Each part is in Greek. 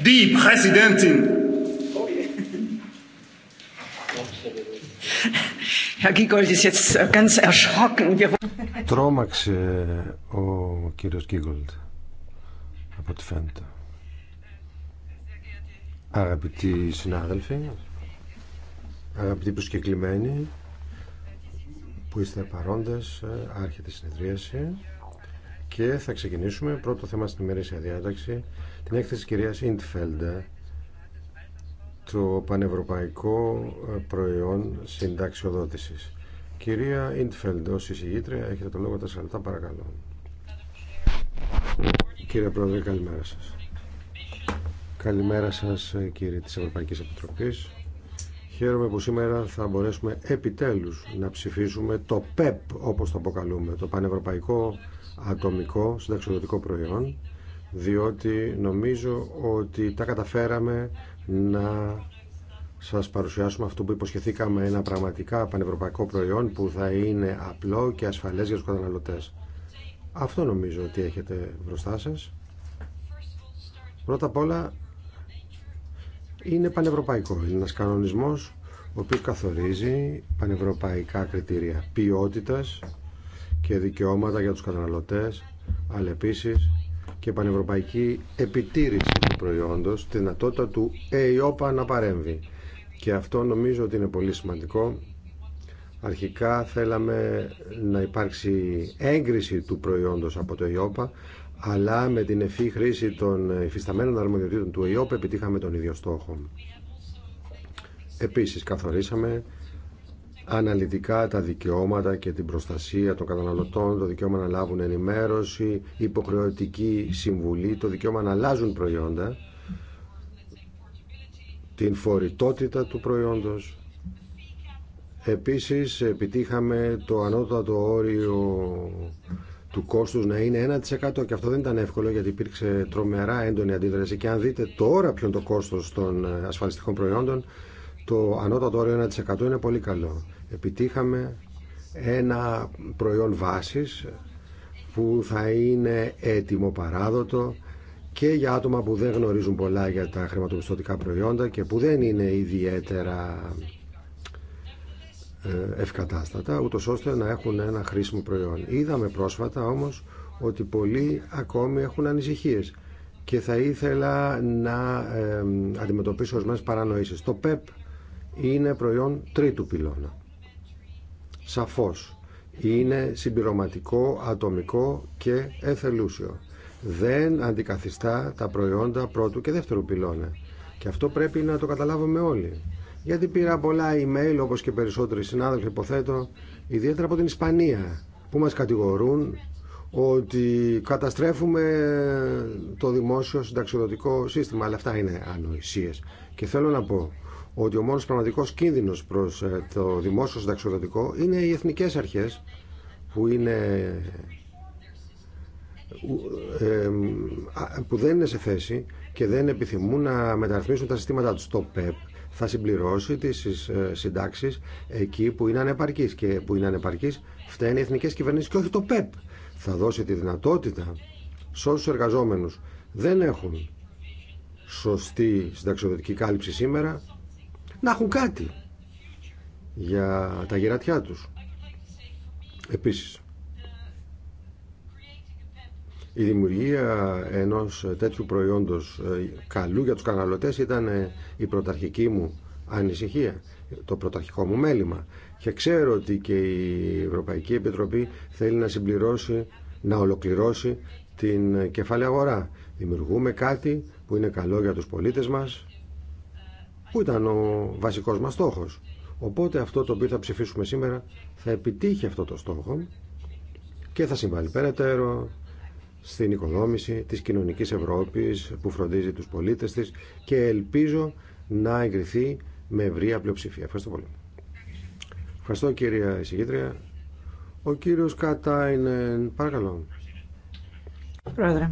die Präsidentin. Herr Giegold ist jetzt ganz erschrocken. Τρόμαξε ο κύριος Γκίγκολτ από τη Φέντα. Αγαπητοί συνάδελφοι, αγαπητοί προσκεκλημένοι που είστε παρόντες, ε, άρχεται η συνεδρίαση. Και θα ξεκινήσουμε πρώτο θέμα στην ημερήσια διάταξη την έκθεση της κυρίας Ιντφέλντα το πανευρωπαϊκό ε, προϊόν συνταξιοδότησης. Κυρία Ιντφέλντ, ως εισηγήτρια, έχετε το λόγο τα λεπτά παρακαλώ. Κύριε Πρόεδρε, καλημέρα σας. Καλημέρα σας, ε, κύριε της Ευρωπαϊκής Επιτροπής. Χαίρομαι που σήμερα θα μπορέσουμε επιτέλους να ψηφίσουμε το ΠΕΠ, όπως το αποκαλούμε, το Πανευρωπαϊκό ατομικό συνταξιοδοτικό προϊόν διότι νομίζω ότι τα καταφέραμε να σας παρουσιάσουμε αυτό που υποσχεθήκαμε ένα πραγματικά πανευρωπαϊκό προϊόν που θα είναι απλό και ασφαλές για τους καταναλωτές. Αυτό νομίζω ότι έχετε μπροστά σας. Πρώτα απ' όλα είναι πανευρωπαϊκό. Είναι ένας κανονισμός ο οποίος καθορίζει πανευρωπαϊκά κριτήρια ποιότητας και δικαιώματα για τους καταναλωτές, αλλά επίσης και πανευρωπαϊκή επιτήρηση του προϊόντος, τη δυνατότητα του ΕΙΟΠΑ να παρέμβει. Και αυτό νομίζω ότι είναι πολύ σημαντικό. Αρχικά θέλαμε να υπάρξει έγκριση του προϊόντος από το ΕΙΟΠΑ, αλλά με την ευφύ χρήση των υφισταμένων αρμοδιοτήτων του ΕΙΟΠΑ επιτύχαμε τον ίδιο στόχο. Επίσης καθορίσαμε αναλυτικά τα δικαιώματα και την προστασία των καταναλωτών, το δικαίωμα να λάβουν ενημέρωση, υποχρεωτική συμβουλή, το δικαίωμα να αλλάζουν προϊόντα, την φορητότητα του προϊόντος. Επίσης επιτύχαμε το ανώτατο όριο του κόστους να είναι 1% και αυτό δεν ήταν εύκολο γιατί υπήρξε τρομερά έντονη αντίδραση και αν δείτε τώρα ποιο είναι το κόστος των ασφαλιστικών προϊόντων το ανώτατο όριο 1% είναι πολύ καλό επιτύχαμε ένα προϊόν βάσης που θα είναι έτοιμο παράδοτο και για άτομα που δεν γνωρίζουν πολλά για τα χρηματοπιστωτικά προϊόντα και που δεν είναι ιδιαίτερα ε, ευκατάστατα, ούτως ώστε να έχουν ένα χρήσιμο προϊόν. Είδαμε πρόσφατα όμως ότι πολλοί ακόμη έχουν ανησυχίες και θα ήθελα να ε, αντιμετωπίσω μας παρανοήσεις. Το ΠΕΠ e είναι προϊόν τρίτου πυλώνα σαφώς. Είναι συμπληρωματικό, ατομικό και εθελούσιο. Δεν αντικαθιστά τα προϊόντα πρώτου και δεύτερου πυλώνα. Και αυτό πρέπει να το καταλάβουμε όλοι. Γιατί πήρα πολλά email, όπως και περισσότεροι συνάδελφοι υποθέτω, ιδιαίτερα από την Ισπανία, που μας κατηγορούν ότι καταστρέφουμε το δημόσιο συνταξιδοτικό σύστημα. Αλλά αυτά είναι ανοησίες. Και θέλω να πω ότι ο μόνος πραγματικός κίνδυνος προς ε, το δημόσιο συνταξιοδοτικό είναι οι εθνικές αρχές που είναι ε, που δεν είναι σε θέση και δεν επιθυμούν να μεταρρυθμίσουν τα συστήματά του Το ΠΕΠ θα συμπληρώσει τις ε, συντάξεις εκεί που είναι ανεπαρκής και που είναι ανεπαρκής φταίνει οι εθνικές κυβερνήσεις και όχι το ΠΕΠ. Θα δώσει τη δυνατότητα σε όσου εργαζόμενους δεν έχουν σωστή συνταξιοδοτική κάλυψη σήμερα να έχουν κάτι για τα γερατιά τους. Επίσης, η δημιουργία ενός τέτοιου προϊόντος ε, καλού για τους καναλωτές ήταν ε, η πρωταρχική μου ανησυχία, το πρωταρχικό μου μέλημα. Και ξέρω ότι και η Ευρωπαϊκή Επιτροπή θέλει να συμπληρώσει, να ολοκληρώσει την ε, κεφάλαια αγορά. Δημιουργούμε κάτι που είναι καλό για τους πολίτες μας, που ήταν ο βασικός μας στόχος. Οπότε αυτό το οποίο θα ψηφίσουμε σήμερα θα επιτύχει αυτό το στόχο και θα συμβάλλει περαιτέρω στην οικοδόμηση της κοινωνικής Ευρώπης που φροντίζει τους πολίτες της και ελπίζω να εγκριθεί με ευρία πλειοψηφία. Ευχαριστώ πολύ. Ευχαριστώ κυρία εισηγήτρια. Ο κύριος Κατάινεν, παρακαλώ. Πρόεδρε,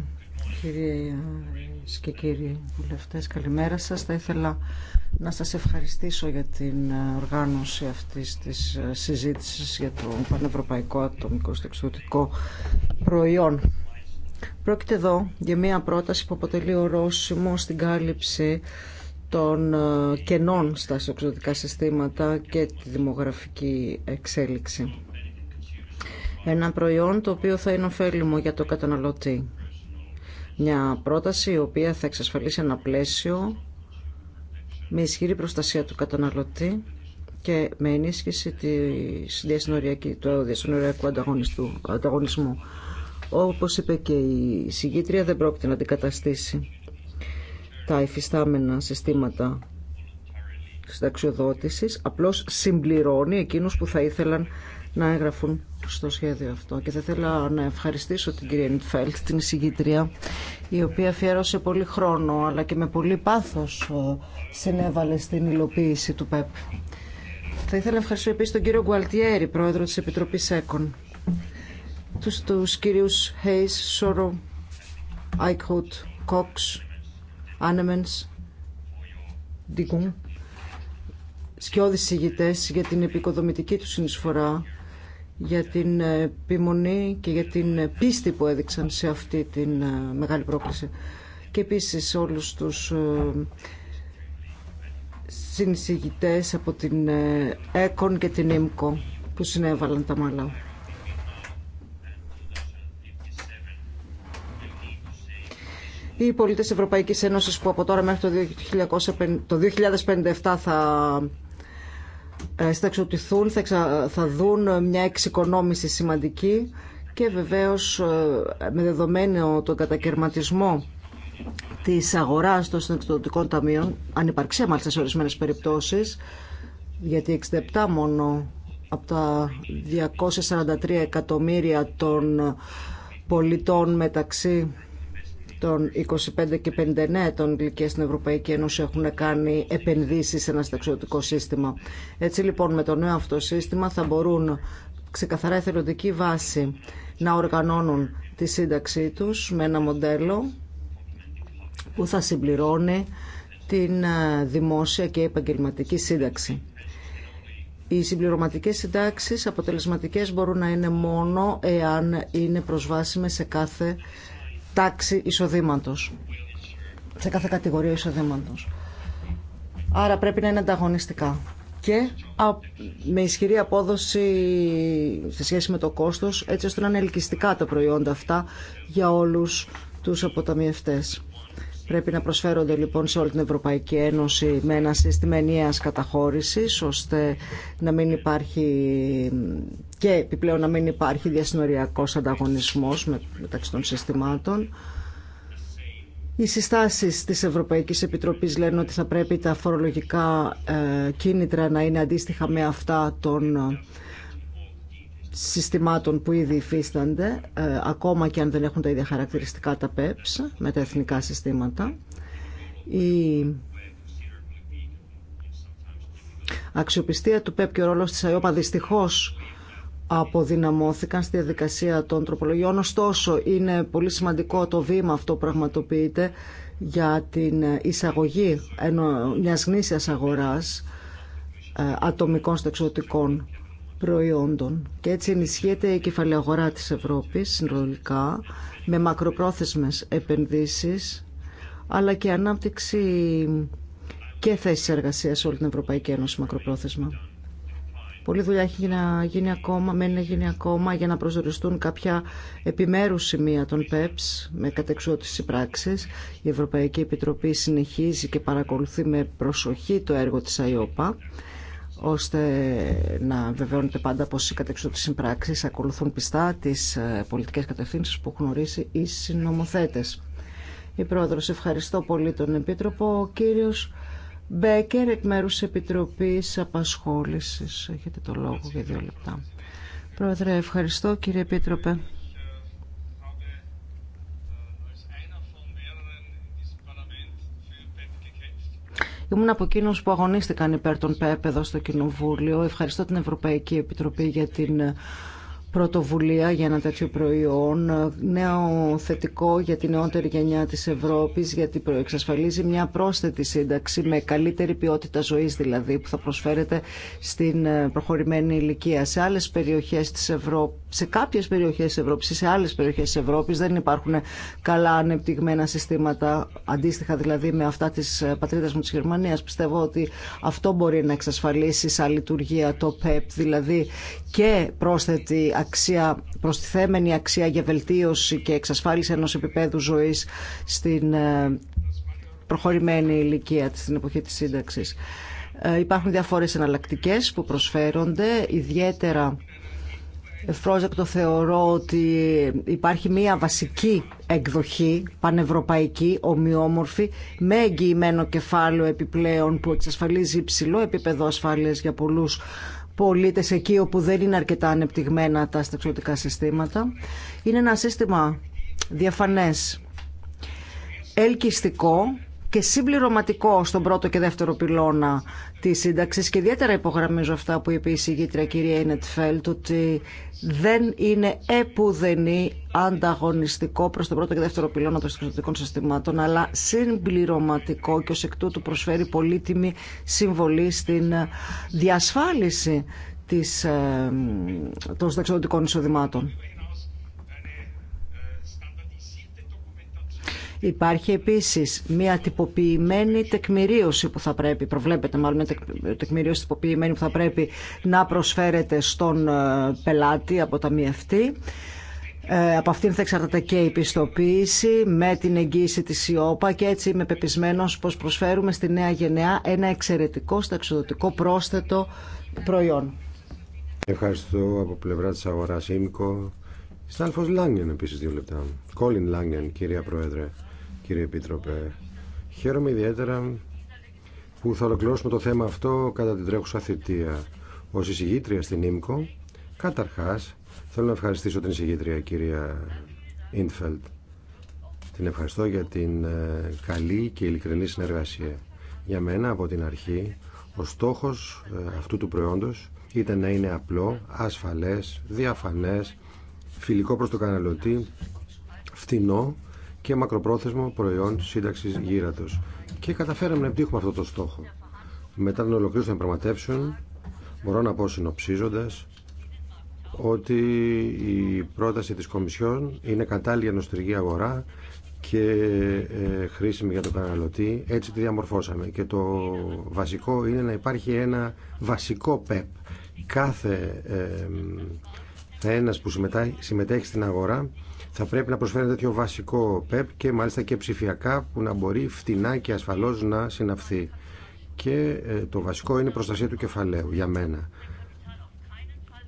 κύριε και κύριοι βουλευτές, καλημέρα σας. Θα ήθελα να σας ευχαριστήσω για την ε, οργάνωση αυτής της ε, συζήτησης για το Πανευρωπαϊκό Ατομικό Στεξιωτικό Προϊόν. Πρόκειται εδώ για μια πρόταση που αποτελεί ορόσημο στην κάλυψη των ε, κενών στα στεξιωτικά συστήματα και τη δημογραφική εξέλιξη. Ένα προϊόν το οποίο θα είναι ωφέλιμο για το καταναλωτή. Μια πρόταση η οποία θα εξασφαλίσει ένα πλαίσιο με ισχυρή προστασία του καταναλωτή και με ενίσχυση της του διασυνοριακού ανταγωνισμού. Όπως είπε και η συγκήτρια, δεν πρόκειται να αντικαταστήσει τα υφιστάμενα συστήματα ταξιοδότησης. απλώς συμπληρώνει εκείνους που θα ήθελαν να έγραφουν στο σχέδιο αυτό. Και θα ήθελα να ευχαριστήσω την κυρία Νιτφέλτ, την εισηγήτρια, η οποία αφιέρωσε πολύ χρόνο αλλά και με πολύ πάθος ε, συνέβαλε στην υλοποίηση του ΠΕΠ. Θα ήθελα να ευχαριστήσω επίσης τον κύριο Γκουαλτιέρη, πρόεδρο της Επιτροπής ΕΚΟΝ, τους, τους κύριους Χέις, Σόρο, Άικχουτ, Κόξ, Άνεμενς, Ντίκουμ, σκιώδεις ηγητές για την επικοδομητική του συνεισφορά για την επιμονή και για την πίστη που έδειξαν σε αυτή την ε, μεγάλη πρόκληση. Και επίσης όλους τους ε, συνεισηγητές από την ε, ΕΚΟΝ και την ΕΜΚΟ που συνέβαλαν τα μάλλα. Οι πολίτες Ευρωπαϊκής Ένωσης που από τώρα μέχρι το 2057 θα ε, θα, θα δουν μια εξοικονόμηση σημαντική και βεβαίως ε, με δεδομένο τον κατακαιρματισμό της αγοράς των συνταξιδοτικών ταμείων, ανυπαρξία μάλιστα σε ορισμένες περιπτώσεις, γιατί 67 μόνο από τα 243 εκατομμύρια των πολιτών μεταξύ των 25 και 59 ετών ηλικία στην Ευρωπαϊκή Ένωση έχουν κάνει επενδύσεις σε ένα συνταξιωτικό σύστημα. Έτσι λοιπόν με το νέο αυτό σύστημα θα μπορούν σε καθαρά εθελοντική βάση να οργανώνουν τη σύνταξή τους με ένα μοντέλο που θα συμπληρώνει την ε, δημόσια και επαγγελματική σύνταξη. Οι συμπληρωματικές συντάξεις αποτελεσματικές μπορούν να είναι μόνο εάν είναι προσβάσιμες σε κάθε τάξη εισοδήματο. Σε κάθε κατηγορία εισοδήματο. Άρα πρέπει να είναι ανταγωνιστικά και με ισχυρή απόδοση σε σχέση με το κόστος, έτσι ώστε να είναι ελκυστικά τα προϊόντα αυτά για όλους τους αποταμιευτές. Πρέπει να προσφέρονται λοιπόν σε όλη την Ευρωπαϊκή Ένωση με ένα σύστημα ενιαία καταχώρησης ώστε να μην υπάρχει και επιπλέον να μην υπάρχει διασυνοριακός ανταγωνισμός μεταξύ των συστημάτων. Οι συστάσεις της Ευρωπαϊκής Επιτροπής λένε ότι θα πρέπει τα φορολογικά ε, κίνητρα να είναι αντίστοιχα με αυτά των συστημάτων που ήδη υφίστανται, ε, ακόμα και αν δεν έχουν τα ίδια χαρακτηριστικά τα PEPS ε με τα εθνικά συστήματα. Η αξιοπιστία του ΠΕΠ ε και ο ρόλος της ΑΕΟΠΑ δυστυχώς αποδυναμώθηκαν στη διαδικασία των τροπολογιών. Ωστόσο, είναι πολύ σημαντικό το βήμα αυτό που πραγματοποιείται για την εισαγωγή μιας γνήσιας αγοράς ατομικών στεξιωτικών προϊόντων και έτσι ενισχύεται η κεφαλαιαγορά αγορά της Ευρώπης συνολικά με μακροπρόθεσμες επενδύσεις αλλά και ανάπτυξη και θέσεις εργασία σε όλη την Ευρωπαϊκή Ένωση μακροπρόθεσμα. Πολλή δουλειά έχει να γίνει ακόμα, μένει να γίνει ακόμα για να προσδιοριστούν κάποια επιμέρους σημεία των ΠΕΠΣ e με κατεξότηση πράξης. Η Ευρωπαϊκή Επιτροπή συνεχίζει και παρακολουθεί με προσοχή το έργο της ΑΙΟΠΑ ώστε να βεβαιώνεται πάντα πως οι κατεξοδοτήσεις συμπράξεις ακολουθούν πιστά τις ε, πολιτικές κατευθύνσεις που έχουν ορίσει οι συνομοθέτες. Η Πρόεδρος, ευχαριστώ πολύ τον Επίτροπο. Ο κύριος Μπέκερ, εκ μέρους της Επιτροπής Έχετε το λόγο για δύο λεπτά. Πρόεδρε, ευχαριστώ κύριε Επίτροπε. Ήμουν από εκείνου που αγωνίστηκαν υπέρ των ΠΕΠ εδώ στο Κοινοβούλιο. Ευχαριστώ την Ευρωπαϊκή Επιτροπή για την πρωτοβουλία για ένα τέτοιο προϊόν, νέο θετικό για την νεότερη γενιά της Ευρώπης, γιατί εξασφαλίζει μια πρόσθετη σύνταξη με καλύτερη ποιότητα ζωής δηλαδή που θα προσφέρεται στην ε, προχωρημένη ηλικία. Σε άλλες περιοχές της Ευρώπης, σε κάποιες περιοχές της Ευρώπης ή σε άλλες περιοχές της Ευρώπης δεν υπάρχουν καλά ανεπτυγμένα συστήματα, αντίστοιχα δηλαδή με αυτά της ε, πατρίδας μου της Γερμανίας. Πιστεύω ότι αυτό μπορεί να εξασφαλίσει σαν λειτουργία το ΠΕΠ, δηλαδή και πρόσθετη αξία, προστιθέμενη αξία για βελτίωση και εξασφάλιση ενός επίπεδου ζωής στην ε, προχωρημένη ηλικία στην εποχή της σύνταξης. Ε, υπάρχουν διαφορές εναλλακτικέ που προσφέρονται, ιδιαίτερα το θεωρώ ότι υπάρχει μία βασική εκδοχή, πανευρωπαϊκή, ομοιόμορφη, με εγγυημένο κεφάλαιο επιπλέον που εξασφαλίζει υψηλό επίπεδο ασφάλειας για πολλούς πολίτες εκεί όπου δεν είναι αρκετά ανεπτυγμένα τα σταξιωτικά συστήματα. Είναι ένα σύστημα διαφανές, ελκυστικό, και συμπληρωματικό στον πρώτο και δεύτερο πυλώνα τη σύνταξη. Και ιδιαίτερα υπογραμμίζω αυτά που είπε η συγγήτρια κυρία Ινετφέλτ, ότι δεν είναι επουδενή ανταγωνιστικό προ τον πρώτο και δεύτερο πυλώνα των συνταξιδοτικών συστημάτων, αλλά συμπληρωματικό και ω εκ τούτου προσφέρει πολύτιμη συμβολή στην διασφάλιση ε, των συνταξιδοτικών εισοδημάτων. Υπάρχει επίση μια τυποποιημένη τεκμηρίωση που θα πρέπει, προβλέπεται μάλλον μια τεκμηρίωση που θα πρέπει να προσφέρεται στον ε, πελάτη από τα μια Ε, από αυτήν θα εξαρτάται και η πιστοποίηση με την εγγύηση της ΙΟΠΑ και έτσι είμαι πεπισμένος πως προσφέρουμε στη νέα γενεά ένα εξαιρετικό σταξιδοτικό πρόσθετο προϊόν. Ευχαριστώ από πλευρά της αγοράς ΙΜΚΟ. Στάλφος Λάγγεν επίσης δύο λεπτά. Κόλιν Λάγγεν κυρία Πρόεδρε κύριε Επίτροπε. Χαίρομαι ιδιαίτερα που θα ολοκληρώσουμε το θέμα αυτό κατά την τρέχουσα θητεία. Ω εισηγήτρια στην ΙΜΚΟ, καταρχά θέλω να ευχαριστήσω την εισηγήτρια κυρία Ινφελτ. Την ευχαριστώ για την ε, καλή και ειλικρινή συνεργασία. Για μένα από την αρχή ο στόχος ε, αυτού του προϊόντος ήταν να είναι απλό, ασφαλές, διαφανές, φιλικό προς το καναλωτή, φτηνό και μακροπρόθεσμο προϊόν σύνταξη σύνταξης γύρατος. Και καταφέραμε να επιτύχουμε αυτό το στόχο. Μετά την ολοκλήρωση των πραγματεύσεων, μπορώ να πω συνοψίζοντας, ότι η πρόταση της Κομισιόν είναι κατάλληλη για νοστιργή αγορά και ε, χρήσιμη για τον καταναλωτή. Έτσι τη διαμορφώσαμε. Και το βασικό είναι να υπάρχει ένα βασικό ΠΕΠ. Κάθε ε, ένας που συμμετέχει στην αγορά θα πρέπει να προσφέρει τέτοιο βασικό ΠΕΠ και μάλιστα και ψηφιακά που να μπορεί φτηνά και ασφαλώς να συναυθεί. Και ε, το βασικό είναι η προστασία του κεφαλαίου για μένα.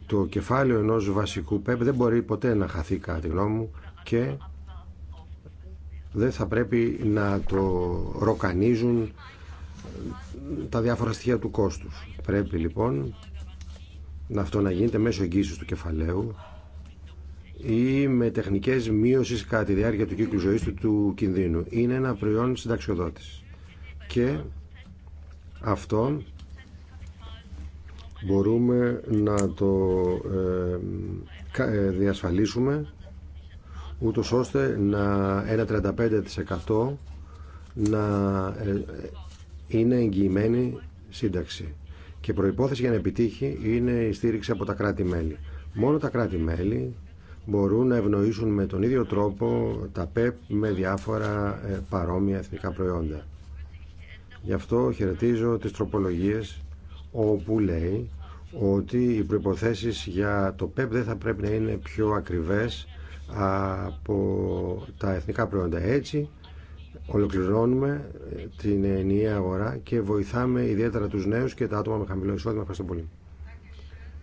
Το κεφάλαιο ενός βασικού ΠΕΠ δεν μπορεί ποτέ να χαθεί κατά τη γνώμη μου και δεν θα πρέπει να το ροκανίζουν ε, τα διάφορα στοιχεία του κόστους. Πρέπει λοιπόν αυτό να γίνεται μέσω εγγύησης του κεφαλαίου ή με τεχνικές μείωση κατά τη διάρκεια του κύκλου ζωής του, του κινδύνου. Είναι ένα προϊόν συνταξιοδότης. Και αυτό μπορούμε να το ε, ε, διασφαλίσουμε ούτω ώστε να ένα 35% να ε, είναι εγγυημένη σύνταξη. Και προϋπόθεση για να επιτύχει είναι η στήριξη από τα κράτη-μέλη. Μόνο τα κράτη-μέλη μπορούν να ευνοήσουν με τον ίδιο τρόπο τα ΠΕΠ με διάφορα ε, παρόμοια εθνικά προϊόντα. Γι' αυτό χαιρετίζω τις τροπολογίες όπου λέει ότι οι προϋποθέσεις για το ΠΕΠ δεν θα πρέπει να είναι πιο ακριβές από τα εθνικά προϊόντα. Έτσι ολοκληρώνουμε ε, την ενιαία αγορά και βοηθάμε ιδιαίτερα τους νέους και τα άτομα με χαμηλό εισόδημα. Ευχαριστώ πολύ.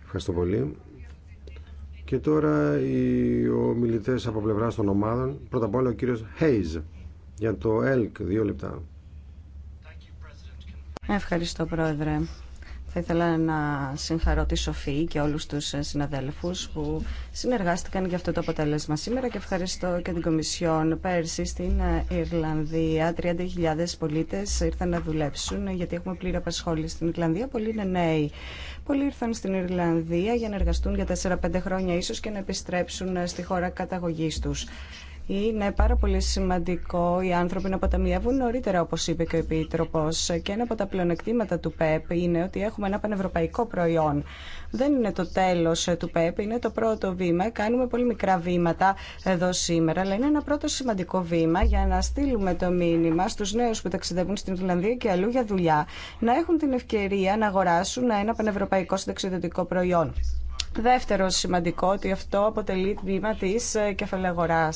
Ευχαριστώ πολύ. Και τώρα οι ομιλητέ από πλευρά των ομάδων. Πρώτα απ' όλα ο κύριο Hayes για το ΕΛΚ. Δύο λεπτά. Ευχαριστώ πρόεδρε. Θα ήθελα να συγχαρώ τη Σοφή και όλους τους συναδέλφους που συνεργάστηκαν για αυτό το αποτέλεσμα σήμερα και ευχαριστώ και την Κομισιόν. Πέρσι στην Ιρλανδία 30.000 πολίτες ήρθαν να δουλέψουν γιατί έχουμε πλήρη απασχόληση στην Ιρλανδία. Πολλοί είναι νέοι. Πολλοί ήρθαν στην Ιρλανδία για να εργαστούν για 4-5 χρόνια ίσως και να επιστρέψουν στη χώρα καταγωγής τους. Είναι πάρα πολύ σημαντικό οι άνθρωποι να αποταμιεύουν νωρίτερα, όπω είπε και ο επίτροπο, Και ένα από τα πλεονεκτήματα του ΠΕΠ είναι ότι έχουμε ένα πανευρωπαϊκό προϊόν. Δεν είναι το τέλο του ΠΕΠ, είναι το πρώτο βήμα. Κάνουμε πολύ μικρά βήματα εδώ σήμερα, αλλά είναι ένα πρώτο σημαντικό βήμα για να στείλουμε το μήνυμα στου νέου που ταξιδεύουν στην Ιρλανδία και αλλού για δουλειά, να έχουν την ευκαιρία να αγοράσουν ένα πανευρωπαϊκό συνταξιδοτικό προϊόν. Δεύτερο σημαντικό ότι αυτό αποτελεί τμήμα τη ε, κεφαλαγορά.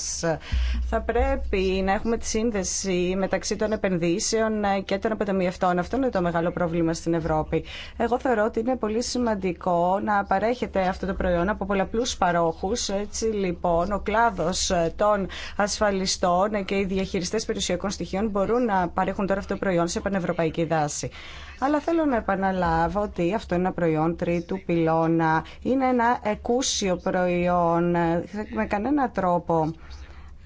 Θα πρέπει να έχουμε τη σύνδεση μεταξύ των επενδύσεων ε, και των αποταμιευτών. Αυτό είναι το μεγάλο πρόβλημα στην Ευρώπη. Εγώ θεωρώ ότι είναι πολύ σημαντικό να παρέχεται αυτό το προϊόν από πολλαπλού παρόχου. Έτσι λοιπόν, ο κλάδο ε, των ασφαλιστών και οι διαχειριστέ περιουσιακών στοιχείων μπορούν να παρέχουν τώρα αυτό το προϊόν σε πανευρωπαϊκή δάση αλλά θέλω να επαναλάβω ότι αυτό είναι ένα προϊόν τρίτου πυλώνα. Είναι ένα εκούσιο προϊόν, με κανένα τρόπο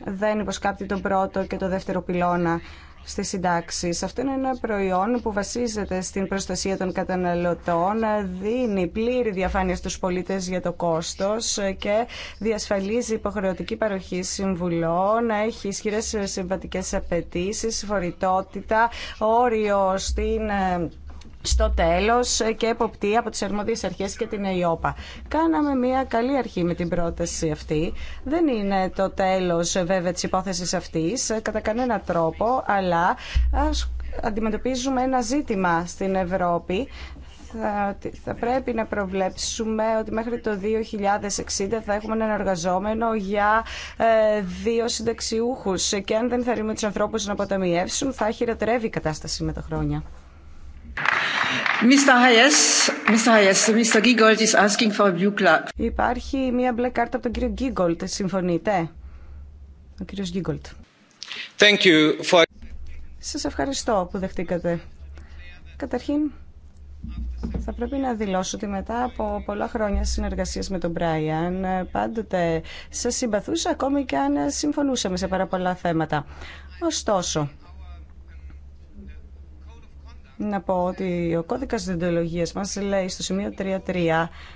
δεν υποσκάπτει τον πρώτο και το δεύτερο πυλώνα στι συντάξει. Αυτό είναι ένα προϊόν που βασίζεται στην προστασία των καταναλωτών, δίνει πλήρη διαφάνεια στους πολίτες για το κόστος και διασφαλίζει υποχρεωτική παροχή συμβουλών, έχει ισχυρέ συμβατικέ απαιτήσει, φορητότητα, όριο στην ε, στο τέλος και εποπτεία από τις αρμόδιε αρχές και την ΕΙΟΠΑ. Κάναμε μια καλή αρχή με την πρόταση αυτή. Δεν είναι το τέλος βέβαια τη υπόθεση αυτής κατά κανένα τρόπο, αλλά αντιμετωπίζουμε ένα ζήτημα στην Ευρώπη θα πρέπει να προβλέψουμε ότι μέχρι το 2060 θα έχουμε έναν εργαζόμενο για ε, δύο συνταξιούχους και αν δεν θέλουμε τους ανθρώπους να αποταμιεύσουν θα χειροτερεύει η κατάσταση με τα χρόνια. Υπάρχει μια μπλε κάρτα από τον κύριο Γκίγκολτ. Συμφωνείτε. Ο κύριος Γκίγκολτ. Thank for... Σας ευχαριστώ που δεχτήκατε. Καταρχήν, θα πρέπει να δηλώσω ότι μετά από πολλά χρόνια συνεργασίας με τον Μπράιαν, πάντοτε σας συμπαθούσα ακόμη και αν συμφωνούσαμε σε πάρα πολλά θέματα. Ωστόσο, να πω ότι ο κώδικας διοντολογίας μας λέει στο σημείο 3.3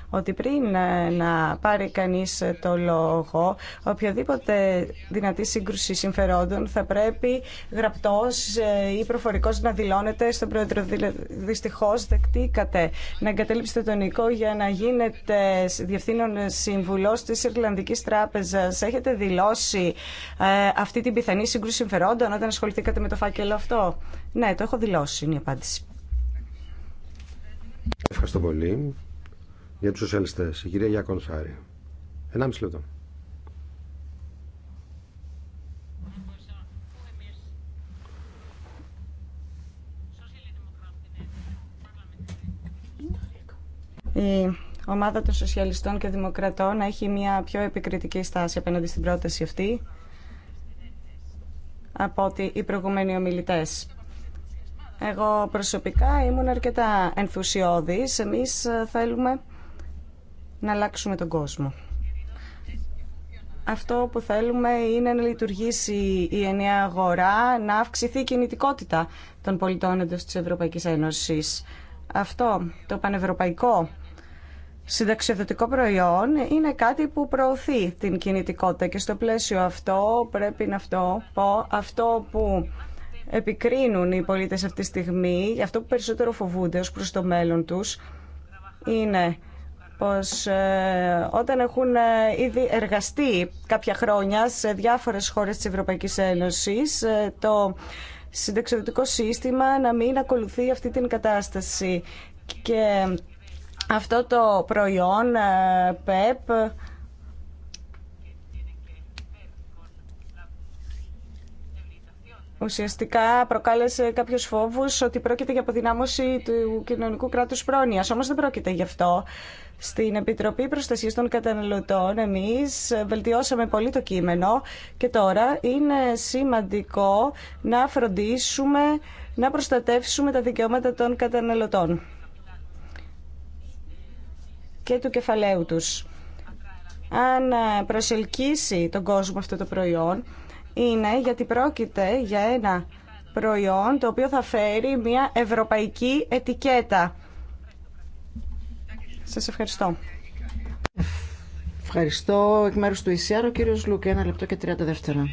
ότι πριν ε, να πάρει κανείς το λόγο, οποιοδήποτε δυνατή σύγκρουση συμφερόντων θα πρέπει γραπτός ε, ή προφορικός να δηλώνεται στον πρόεδρο. Δυστυχώς δεκτήκατε να εγκατέλειψετε τον οικό για να γίνετε διευθύνων σύμβουλος της Ιρλανδικής Τράπεζας. Έχετε δηλώσει ε, αυτή την πιθανή σύγκρουση συμφερόντων όταν ασχοληθήκατε με το φάκελο αυτό. Ναι, το έχω δηλώσει, είναι η απάντηση. Ευχαριστώ πολύ. Για τους σοσιαλιστέ, η κυρία Γιάκον Σάρη. Ένα λεπτό. Η ομάδα των Σοσιαλιστών και Δημοκρατών έχει μια πιο επικριτική στάση απέναντι στην πρόταση αυτή από ότι οι προηγούμενοι ομιλητές. Εγώ προσωπικά ήμουν αρκετά ενθουσιώδης. Εμείς ε, θέλουμε να αλλάξουμε τον κόσμο. Αυτό που θέλουμε είναι να λειτουργήσει η ενιαία αγορά, να αυξηθεί η κινητικότητα των πολιτών εντός της Ευρωπαϊκής Ένωσης. Αυτό το πανευρωπαϊκό συνταξιοδοτικό προϊόν είναι κάτι που προωθεί την κινητικότητα και στο πλαίσιο αυτό πρέπει να αυτό πω αυτό που επικρίνουν οι πολίτες αυτή τη στιγμή, αυτό που περισσότερο φοβούνται ως προς το μέλλον τους, είναι πως ε, όταν έχουν ε, ήδη εργαστεί κάποια χρόνια σε διάφορες χώρες της Ευρωπαϊκής Ένωσης, ε, το συνταξιδοτικό σύστημα να μην ακολουθεί αυτή την κατάσταση. Και αυτό το προϊόν ΠΕΠ ουσιαστικά προκάλεσε κάποιους φόβους ότι πρόκειται για αποδυνάμωση του κοινωνικού κράτους πρόνοιας. Όμως δεν πρόκειται γι' αυτό. Στην Επιτροπή Προστασίας των Καταναλωτών εμείς βελτιώσαμε πολύ το κείμενο και τώρα είναι σημαντικό να φροντίσουμε να προστατεύσουμε τα δικαιώματα των καταναλωτών και του κεφαλαίου τους. Αν προσελκύσει τον κόσμο αυτό το προϊόν, είναι γιατί πρόκειται για ένα προϊόν το οποίο θα φέρει μια ευρωπαϊκή ετικέτα. Σας ευχαριστώ. Ευχαριστώ εκ μέρους του ΙΣΙΑΡ, ο κύριος Λουκ, ένα λεπτό και 30 δεύτερα.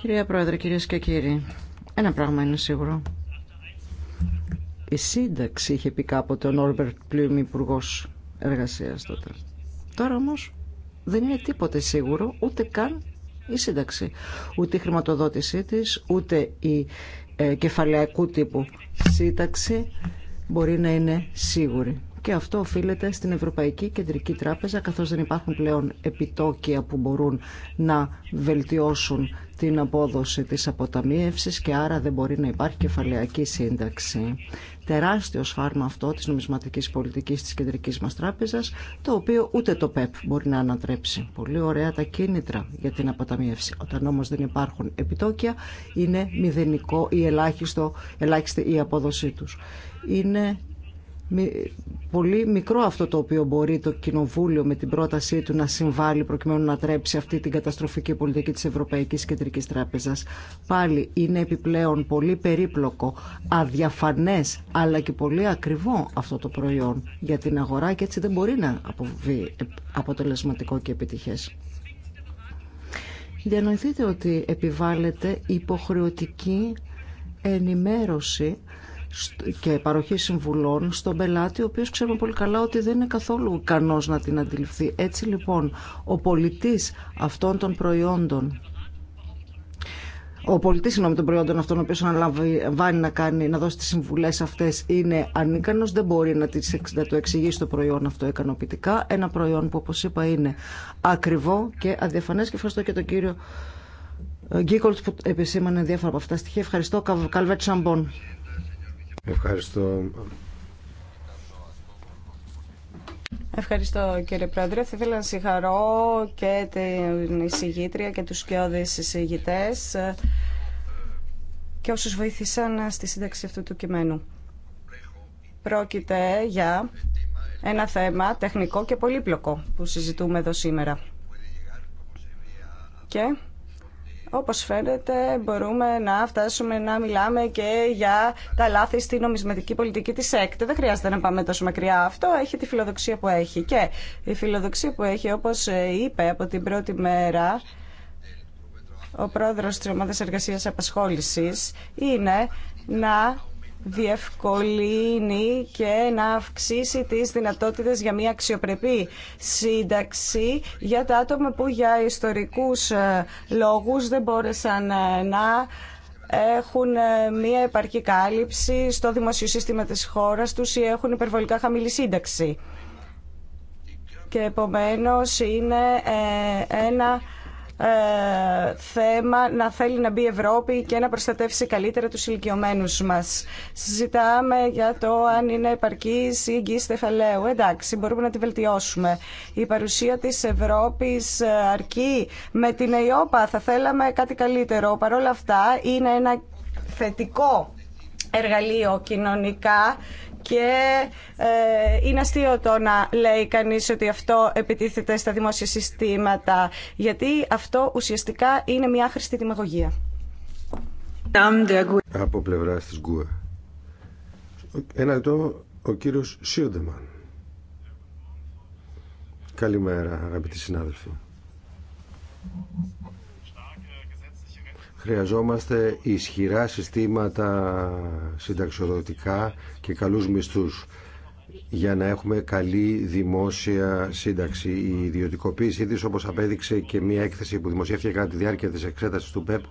Κυρία Πρόεδρε, κυρίες και κύριοι, ένα πράγμα είναι σίγουρο. Η σύνταξη είχε πει κάποτε ο Νόρμπερτ Πλουμ, υπουργό εργασία τότε. Τώρα όμω δεν είναι τίποτε σίγουρο, ούτε καν η σύνταξη. Ούτε η χρηματοδότησή της, ούτε η ε, κεφαλαϊκού τύπου σύνταξη μπορεί να είναι σίγουρη. Και αυτό οφείλεται στην Ευρωπαϊκή Κεντρική Τράπεζα, καθώς δεν υπάρχουν πλέον επιτόκια που μπορούν να βελτιώσουν την απόδοση της αποταμίευσης και άρα δεν μπορεί να υπάρχει κεφαλαιακή σύνταξη. Τεράστιο σφάρμα αυτό της νομισματικής πολιτικής της Κεντρικής μας Τράπεζας, το οποίο ούτε το ΠΕΠ μπορεί να ανατρέψει. Πολύ ωραία τα κίνητρα για την αποταμίευση. Όταν όμως δεν υπάρχουν επιτόκια, είναι μηδενικό ή ελάχιστο, ελάχιστη η απόδοσή τους. Είναι πολύ μικρό αυτό το οποίο μπορεί το Κοινοβούλιο με την πρότασή του να συμβάλλει προκειμένου να τρέψει αυτή την καταστροφική πολιτική της Ευρωπαϊκής Κεντρικής Τράπεζας. Πάλι είναι επιπλέον πολύ περίπλοκο, αδιαφανές αλλά και πολύ ακριβό αυτό το προϊόν για την αγορά και έτσι δεν μπορεί να αποβεί αποτελεσματικό και επιτυχές. Διανοηθείτε ότι επιβάλλεται υποχρεωτική ενημέρωση και παροχή συμβουλών στον πελάτη, ο οποίος ξέρουμε πολύ καλά ότι δεν είναι καθόλου ικανός να την αντιληφθεί. Έτσι λοιπόν, ο πολιτής αυτών των προϊόντων ο πολιτή συγγνώμη των προϊόντων αυτών, ο οποίο αναλαμβάνει να, κάνει, να δώσει τι συμβουλέ αυτέ, είναι ανίκανο, δεν μπορεί να, τις, το εξηγήσει το προϊόν αυτό ικανοποιητικά. Ένα προϊόν που, όπω είπα, είναι ακριβό και αδιαφανέ. Και ευχαριστώ και τον κύριο Γκίκολτ που επισήμανε διάφορα από αυτά στοιχεία. Ευχαριστώ, Καλβέτ Σαμπον. Ευχαριστώ. Ευχαριστώ κύριε Πρόεδρε. Θα ήθελα να συγχαρώ και την εισηγήτρια και τους σκιώδεις εισηγητές και όσους βοήθησαν στη σύνταξη αυτού του κειμένου. Πρόκειται για ένα θέμα τεχνικό και πολύπλοκο που συζητούμε εδώ σήμερα. Και όπως φαίνεται μπορούμε να φτάσουμε να μιλάμε και για τα λάθη στη νομισματική πολιτική της ΕΚΤ. Δεν χρειάζεται να πάμε τόσο μακριά. Αυτό έχει τη φιλοδοξία που έχει. Και η φιλοδοξία που έχει, όπως ε, είπε από την πρώτη μέρα, ο πρόεδρος της Ομάδας Εργασίας Απασχόλησης είναι να διευκολύνει και να αυξήσει τις δυνατότητες για μια αξιοπρεπή σύνταξη για τα άτομα που για ιστορικούς ε, λόγους δεν μπόρεσαν ε, να έχουν ε, μια επαρκή κάλυψη στο δημοσιο σύστημα της χώρας τους ή έχουν υπερβολικά χαμηλή σύνταξη. Και επομένως είναι ένα ε, θέμα να θέλει να μπει η Ευρώπη και να προστατεύσει καλύτερα τους ηλικιωμένου μας. Συζητάμε για το αν είναι επαρκή ή εγγύης θεφαλαίου. Εντάξει, μπορούμε να τη βελτιώσουμε. Η παρουσία της Ευρώπης ε, αρκεί με την ΕΙΟΠΑ. Θα θέλαμε κάτι καλύτερο. Παρ' όλα αυτά είναι ένα θετικό εργαλείο κοινωνικά και ε, είναι αστείο το να λέει κανείς ότι αυτό επιτίθεται στα δημόσια συστήματα, γιατί αυτό ουσιαστικά είναι μια άχρηστη δημαγωγία. Από πλευρά της ΓΚΟΕ. Ένα λεπτό, ο κύριος Σίοντεμαν. Καλημέρα, αγαπητοί συνάδελφοι. Χρειαζόμαστε ισχυρά συστήματα συνταξιοδοτικά και καλούς μισθούς για να έχουμε καλή δημόσια σύνταξη. Η ιδιωτικοποίησή της, όπως απέδειξε και μία έκθεση που δημοσιεύτηκε κατά τη διάρκεια της εξέτασης του ΠΕΠ,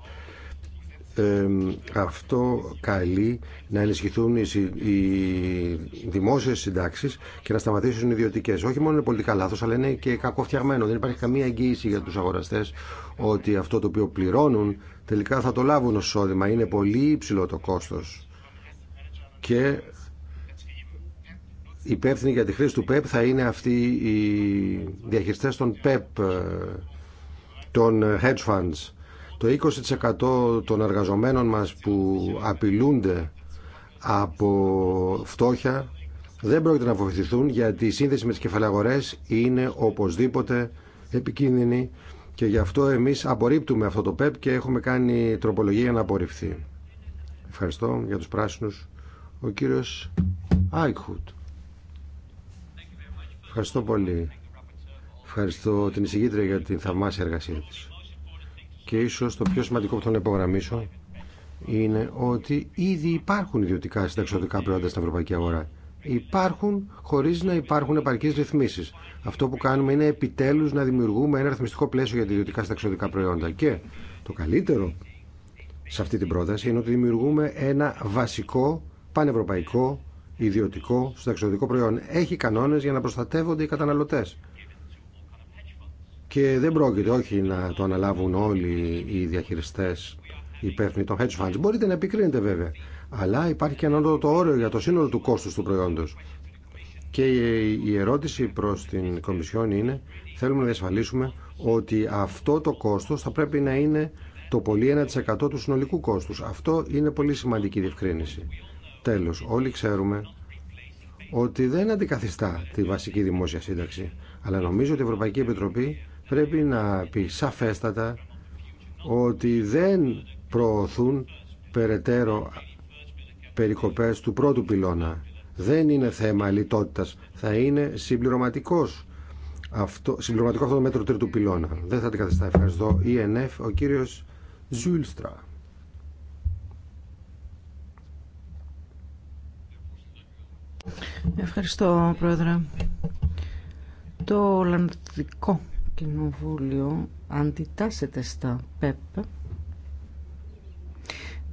ε, αυτό καλεί να ενισχυθούν οι, οι δημόσιες συντάξεις και να σταματήσουν οι ιδιωτικές. Όχι μόνο είναι πολιτικά λάθος, αλλά είναι και κακοφτιαγμένο. Δεν υπάρχει καμία εγγύηση για τους αγοραστές ότι αυτό το οποίο πληρώνουν τελικά θα το λάβουν ως εισόδημα. Είναι πολύ υψηλό το κόστος και υπεύθυνοι για τη χρήση του ΠΕΠ θα είναι αυτοί οι διαχειριστές των ΠΕΠ, ε, των hedge funds. Το 20% των εργαζομένων μας που απειλούνται από φτώχεια δεν πρόκειται να βοηθηθούν γιατί η σύνδεση με τις κεφαλαγορές είναι οπωσδήποτε επικίνδυνη και γι' αυτό εμείς απορρίπτουμε αυτό το ΠΕΠ και έχουμε κάνει τροπολογία να απορριφθεί. Ευχαριστώ για τους πράσινους. Ο κύριος Άικχουτ. Ευχαριστώ πολύ. Ευχαριστώ την εισηγήτρια για την θαυμάσια εργασία της. Και ίσως το πιο σημαντικό που θέλω να υπογραμμίσω είναι ότι ήδη υπάρχουν ιδιωτικά συνταξιωτικά προϊόντα στην ευρωπαϊκή αγορά υπάρχουν χωρίς να υπάρχουν επαρκείς ρυθμίσεις. Αυτό που κάνουμε είναι επιτέλους να δημιουργούμε ένα ρυθμιστικό πλαίσιο για τα ιδιωτικά σταξιωτικά προϊόντα. Και το καλύτερο σε αυτή την πρόταση είναι ότι δημιουργούμε ένα βασικό πανευρωπαϊκό ιδιωτικό συνταξιδοτικό προϊόν. Έχει κανόνες για να προστατεύονται οι καταναλωτές. Και δεν πρόκειται όχι να το αναλάβουν όλοι οι διαχειριστές υπεύθυνοι των hedge funds. Μπορείτε να επικρίνετε βέβαια αλλά υπάρχει και ένα το όριο για το σύνολο του κόστους του προϊόντος. Και η ερώτηση προς την Κομισιόν είναι, θέλουμε να διασφαλίσουμε ότι αυτό το κόστος θα πρέπει να είναι το πολύ 1% του συνολικού κόστους. Αυτό είναι πολύ σημαντική διευκρίνηση. Τέλος, όλοι ξέρουμε ότι δεν αντικαθιστά τη βασική δημόσια σύνταξη, αλλά νομίζω ότι η Ευρωπαϊκή Επιτροπή πρέπει να πει σαφέστατα ότι δεν προωθούν περαιτέρω περικοπές του πρώτου πυλώνα. Δεν είναι θέμα λιτότητας. Θα είναι συμπληρωματικός αυτό, συμπληρωματικό αυτό το μέτρο τρίτου πυλώνα. Δεν θα αντικαθιστά. Ευχαριστώ. ΕΝΕΦ, e ο κύριος Ζούλστρα. Ευχαριστώ, Πρόεδρε. Το Ολλανδικό Κοινοβούλιο αντιτάσσεται στα ΠΕΠ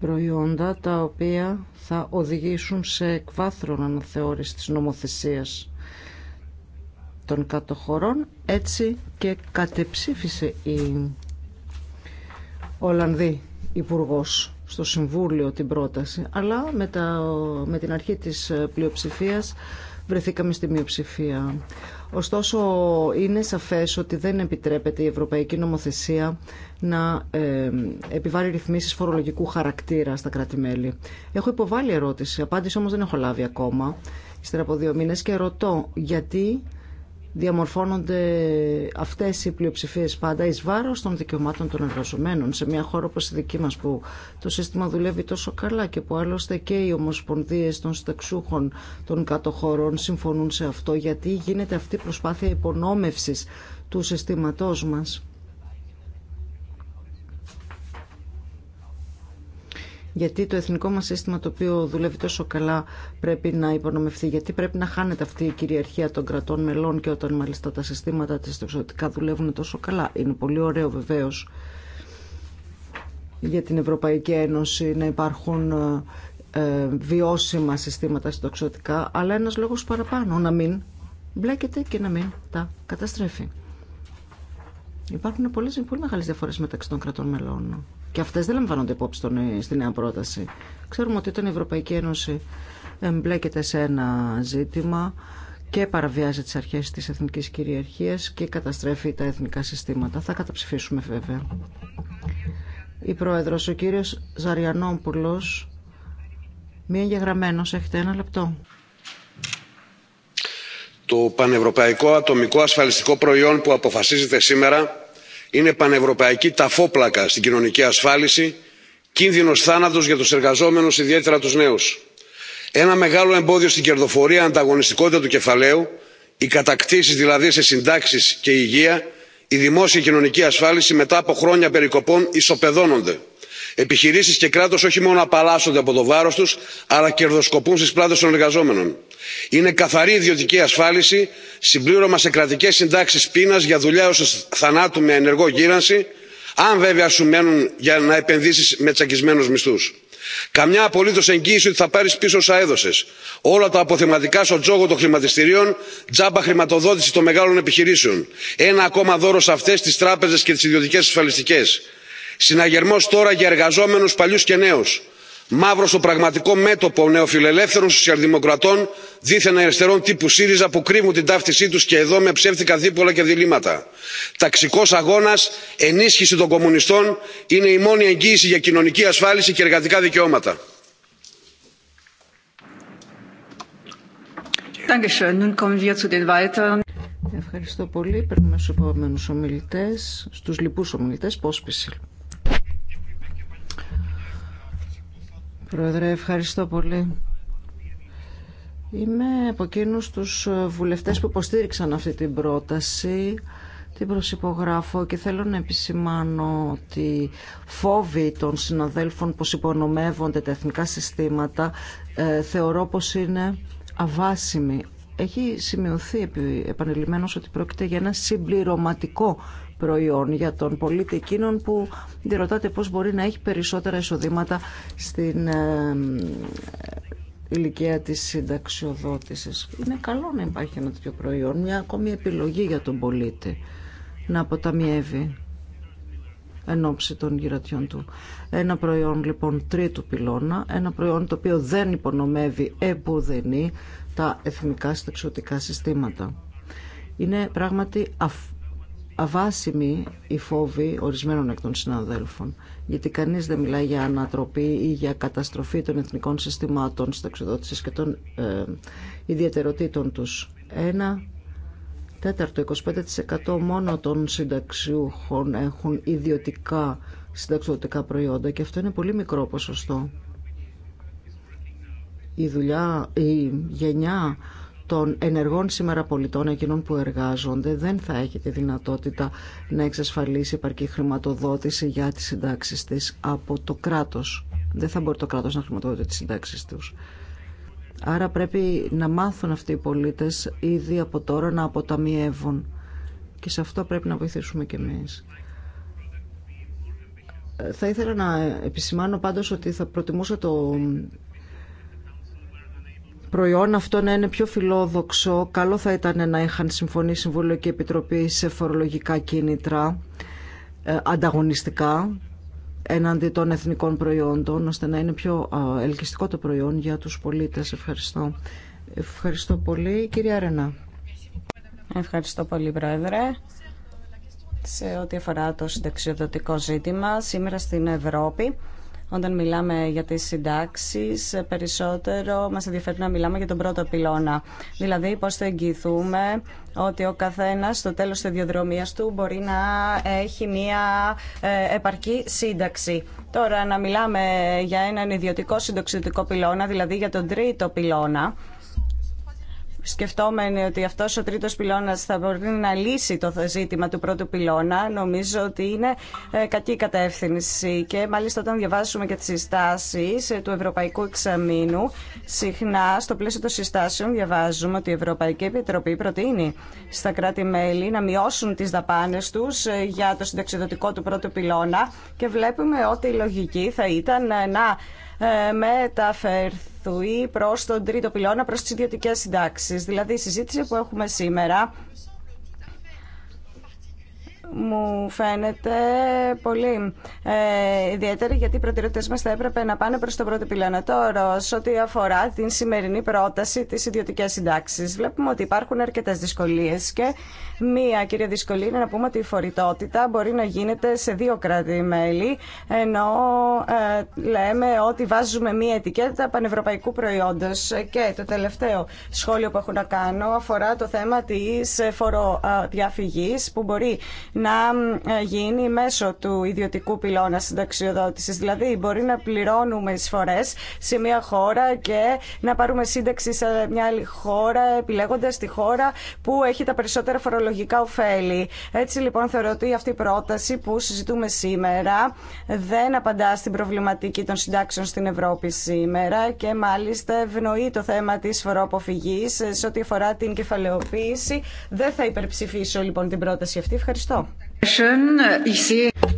προϊόντα τα οποία θα οδηγήσουν σε εκβάθρον αναθεώρηση της νομοθεσίας των κατοχωρών έτσι και κατεψήφισε η Ολλανδή υπουργό στο Συμβούλιο την πρόταση αλλά με, με την αρχή της πλειοψηφίας βρεθήκαμε στη μειοψηφία. Ωστόσο, είναι σαφές ότι δεν επιτρέπεται η Ευρωπαϊκή Νομοθεσία να ε, επιβάλλει ρυθμίσεις φορολογικού χαρακτήρα στα κράτη-μέλη. Έχω υποβάλει ερώτηση, απάντηση όμως δεν έχω λάβει ακόμα, ύστερα από δύο μήνες, και ρωτώ γιατί διαμορφώνονται αυτές οι πλειοψηφίες πάντα εις βάρος των δικαιωμάτων των εργαζομένων σε μια χώρα όπως η δική μας που το σύστημα δουλεύει τόσο καλά και που άλλωστε και οι ομοσπονδίες των στεξούχων των κατοχωρών συμφωνούν σε αυτό γιατί γίνεται αυτή η προσπάθεια υπονόμευσης του συστήματός μας. γιατί το εθνικό μας σύστημα το οποίο δουλεύει τόσο καλά πρέπει να υπονομευθεί, γιατί πρέπει να χάνεται αυτή η κυριαρχία των κρατών μελών και όταν μάλιστα τα συστήματα της εξωτικά δουλεύουν τόσο καλά. Είναι πολύ ωραίο βεβαίως για την Ευρωπαϊκή Ένωση να υπάρχουν ε, βιώσιμα συστήματα συντοξιωτικά αλλά ένας λόγος παραπάνω, να μην μπλέκεται και να μην τα καταστρέφει. Υπάρχουν πολλές, πολύ μεγάλες διαφορές μεταξύ των κρατών μελών. Και αυτές δεν λαμβάνονται υπόψη στη νέα πρόταση. Ξέρουμε ότι όταν η Ευρωπαϊκή Ένωση εμπλέκεται σε ένα ζήτημα και παραβιάζει τι αρχές τη εθνική κυριαρχία και καταστρέφει τα εθνικά συστήματα. Θα καταψηφίσουμε βέβαια. Η πρόεδρο, ο κύριο Ζαριανόπουλο, μία εγγεγραμμένο, έχετε ένα λεπτό. Το πανευρωπαϊκό ατομικό ασφαλιστικό προϊόν που αποφασίζεται σήμερα είναι πανευρωπαϊκή ταφόπλακα στην κοινωνική ασφάλιση κίνδυνος θάνατος για τους εργαζόμενους ιδιαίτερα τους νέους. ένα μεγάλο εμπόδιο στην κερδοφορία ανταγωνιστικότητα του κεφαλαίου οι κατακτήσεις δηλαδή σε συντάξεις και υγεία η δημόσια κοινωνική ασφάλιση μετά από χρόνια περικοπών ισοπεδώνονται. Επιχειρήσει και κράτο όχι μόνο απαλλάσσονται από το βάρο του, αλλά κερδοσκοπούν στι πλάτε των εργαζόμενων. είναι καθαρή ιδιωτική ασφάλιση συμπλήρωμα σε κρατικέ συντάξει πείνα για δουλειά ω θανάτου με ενεργό γύρανση αν βέβαια σου μένουν για να επενδύσει με τσακισμένου μισθού. Καμιά απολύτω εγγύηση ότι θα πάρει πίσω όσα έδωσε. Όλα τα αποθεματικά στο τζόγο των χρηματιστηρίων, τζάμπα χρηματοδότηση των μεγάλων επιχειρήσεων. Ένα ακόμα δώρο σε αυτέ τι τράπεζε και τι ιδιωτικέ ασφαλιστικέ συναγερμός τώρα για εργαζόμενους παλιούς και νέους μαύρο στο πραγματικό μέτωπο νεοφιλελεύθερων σοσιαλδημοκρατών δίθεν αριστερών τύπου σύριζα που κρύβουν την ταύτισή τους και εδώ με ψεύτικα δίπολα και διλήμματα. ταξικός αγώνας ενίσχυση των κομμουνιστών είναι η μόνη εγγύηση για κοινωνική ασφάλιση και εργατικά δικαιώματα. Ευχαριστώ πολύ. Περνούμε στους επόμενους ομιλητές, στους ομιλητές, Πρόεδρε, ευχαριστώ πολύ. Είμαι από εκείνου τους βουλευτές που υποστήριξαν αυτή την πρόταση. Την προσυπογράφω και θέλω να επισημάνω ότι φόβοι των συναδέλφων που υπονομεύονται τα εθνικά συστήματα ε, θεωρώ πως είναι αβάσιμοι. Έχει σημειωθεί επανειλημμένως ότι πρόκειται για ένα συμπληρωματικό προϊόν για τον πολίτη εκείνον που ρωτάτε πώς μπορεί να έχει περισσότερα εισοδήματα στην ε, ε, ηλικία της συνταξιοδότησης. Είναι καλό να υπάρχει ένα τέτοιο προϊόν, μια ακόμη επιλογή για τον πολίτη να αποταμιεύει εν ώψη των γυρατιών του. Ένα προϊόν λοιπόν τρίτου πυλώνα, ένα προϊόν το οποίο δεν υπονομεύει εμποδενή τα εθνικά συνταξιωτικά συστήματα. Είναι πράγματι Αβάσιμη η φόβη ορισμένων εκ των συναδέλφων, γιατί κανείς δεν μιλάει για ανατροπή ή για καταστροφή των εθνικών συστημάτων συνταξιδότησης και των ε, ιδιαιτεροτήτων τους. Ένα τέταρτο, 25% μόνο των συνταξιούχων έχουν ιδιωτικά συνταξιδοτικά προϊόντα και αυτό είναι πολύ μικρό ποσοστό. Η δουλειά, η γενιά των ενεργών σήμερα πολιτών, εκείνων που εργάζονται, δεν θα έχει τη δυνατότητα να εξασφαλίσει επαρκή χρηματοδότηση για τις συντάξεις της από το κράτος. Δεν θα μπορεί το κράτος να χρηματοδοτεί τις συντάξεις τους. Άρα πρέπει να μάθουν αυτοί οι πολίτες ήδη από τώρα να αποταμιεύουν. Και σε αυτό πρέπει να βοηθήσουμε κι εμείς. Θα ήθελα να επισημάνω πάντως ότι θα προτιμούσα το προϊόν αυτό να είναι πιο φιλόδοξο. Καλό θα ήταν να είχαν συμφωνήσει Συμβούλιο και Επιτροπή σε φορολογικά κίνητρα ε, ανταγωνιστικά έναντι των εθνικών προϊόντων, ώστε να είναι πιο ελκυστικό το προϊόν για τους πολίτες. Ευχαριστώ. Ευχαριστώ πολύ. Κυρία Ρενά. Ευχαριστώ πολύ, Πρόεδρε. Σε ό,τι αφορά το συνταξιοδοτικό ζήτημα, σήμερα στην Ευρώπη όταν μιλάμε για τις συντάξεις, περισσότερο μας ενδιαφέρει να μιλάμε για τον πρώτο πυλώνα. Δηλαδή, πώς θα εγγυηθούμε ότι ο καθένας στο τέλος της διαδρομίας του μπορεί να έχει μια ε, επαρκή σύνταξη. Τώρα, να μιλάμε για έναν ιδιωτικό συντοξιδικό πυλώνα, δηλαδή για τον τρίτο πυλώνα, σκεφτόμενοι ότι αυτό ο τρίτο πυλώνα θα μπορεί να λύσει το ζήτημα του πρώτου πυλώνα, νομίζω ότι είναι ε, κακή κατεύθυνση. Και μάλιστα όταν διαβάζουμε και τις συστάσεις ε, του Ευρωπαϊκού Εξαμήνου, συχνά στο πλαίσιο των συστάσεων διαβάζουμε ότι η Ευρωπαϊκή Επιτροπή προτείνει στα κράτη-μέλη να μειώσουν τις δαπάνες τους ε, για το συνταξιδοτικό του πρώτου πυλώνα και βλέπουμε ότι η λογική θα ήταν να ε, μεταφερθεί προς τον τρίτο πυλώνα, προς τις ιδιωτικές συντάξεις. Δηλαδή η συζήτηση που έχουμε σήμερα μου φαίνεται πολύ ε, ιδιαίτερη γιατί οι προτεραιότητε μα θα έπρεπε να πάνε προ τον πρώτο πυλώνα. Τώρα, σε ό,τι αφορά την σημερινή πρόταση τη ιδιωτική συντάξη, βλέπουμε ότι υπάρχουν αρκετέ δυσκολίε και μία κυρία δυσκολία είναι να πούμε ότι η φορητότητα μπορεί να γίνεται σε δύο κράτη-μέλη, ενώ ε, λέμε ότι βάζουμε μία ετικέτα πανευρωπαϊκού προϊόντο. Και το τελευταίο σχόλιο που έχω να κάνω αφορά το θέμα τη φοροδιαφυγή που μπορεί να ε, γίνει μέσω του ιδιωτικού πυλώνα συνταξιοδότηση. Δηλαδή, μπορεί να πληρώνουμε εισφορέ σε μια χώρα και να πάρουμε σύνταξη σε μια άλλη χώρα, επιλέγοντα τη χώρα που έχει τα περισσότερα φορολογικά ωφέλη. Έτσι, λοιπόν, θεωρώ ότι αυτή η πρόταση που συζητούμε σήμερα δεν απαντά στην προβληματική των συντάξεων στην Ευρώπη σήμερα και μάλιστα ευνοεί το θέμα τη φοροαποφυγή σε ό,τι αφορά την κεφαλαιοποίηση. Δεν θα υπερψηφίσω λοιπόν την πρόταση αυτή. Ευχαριστώ.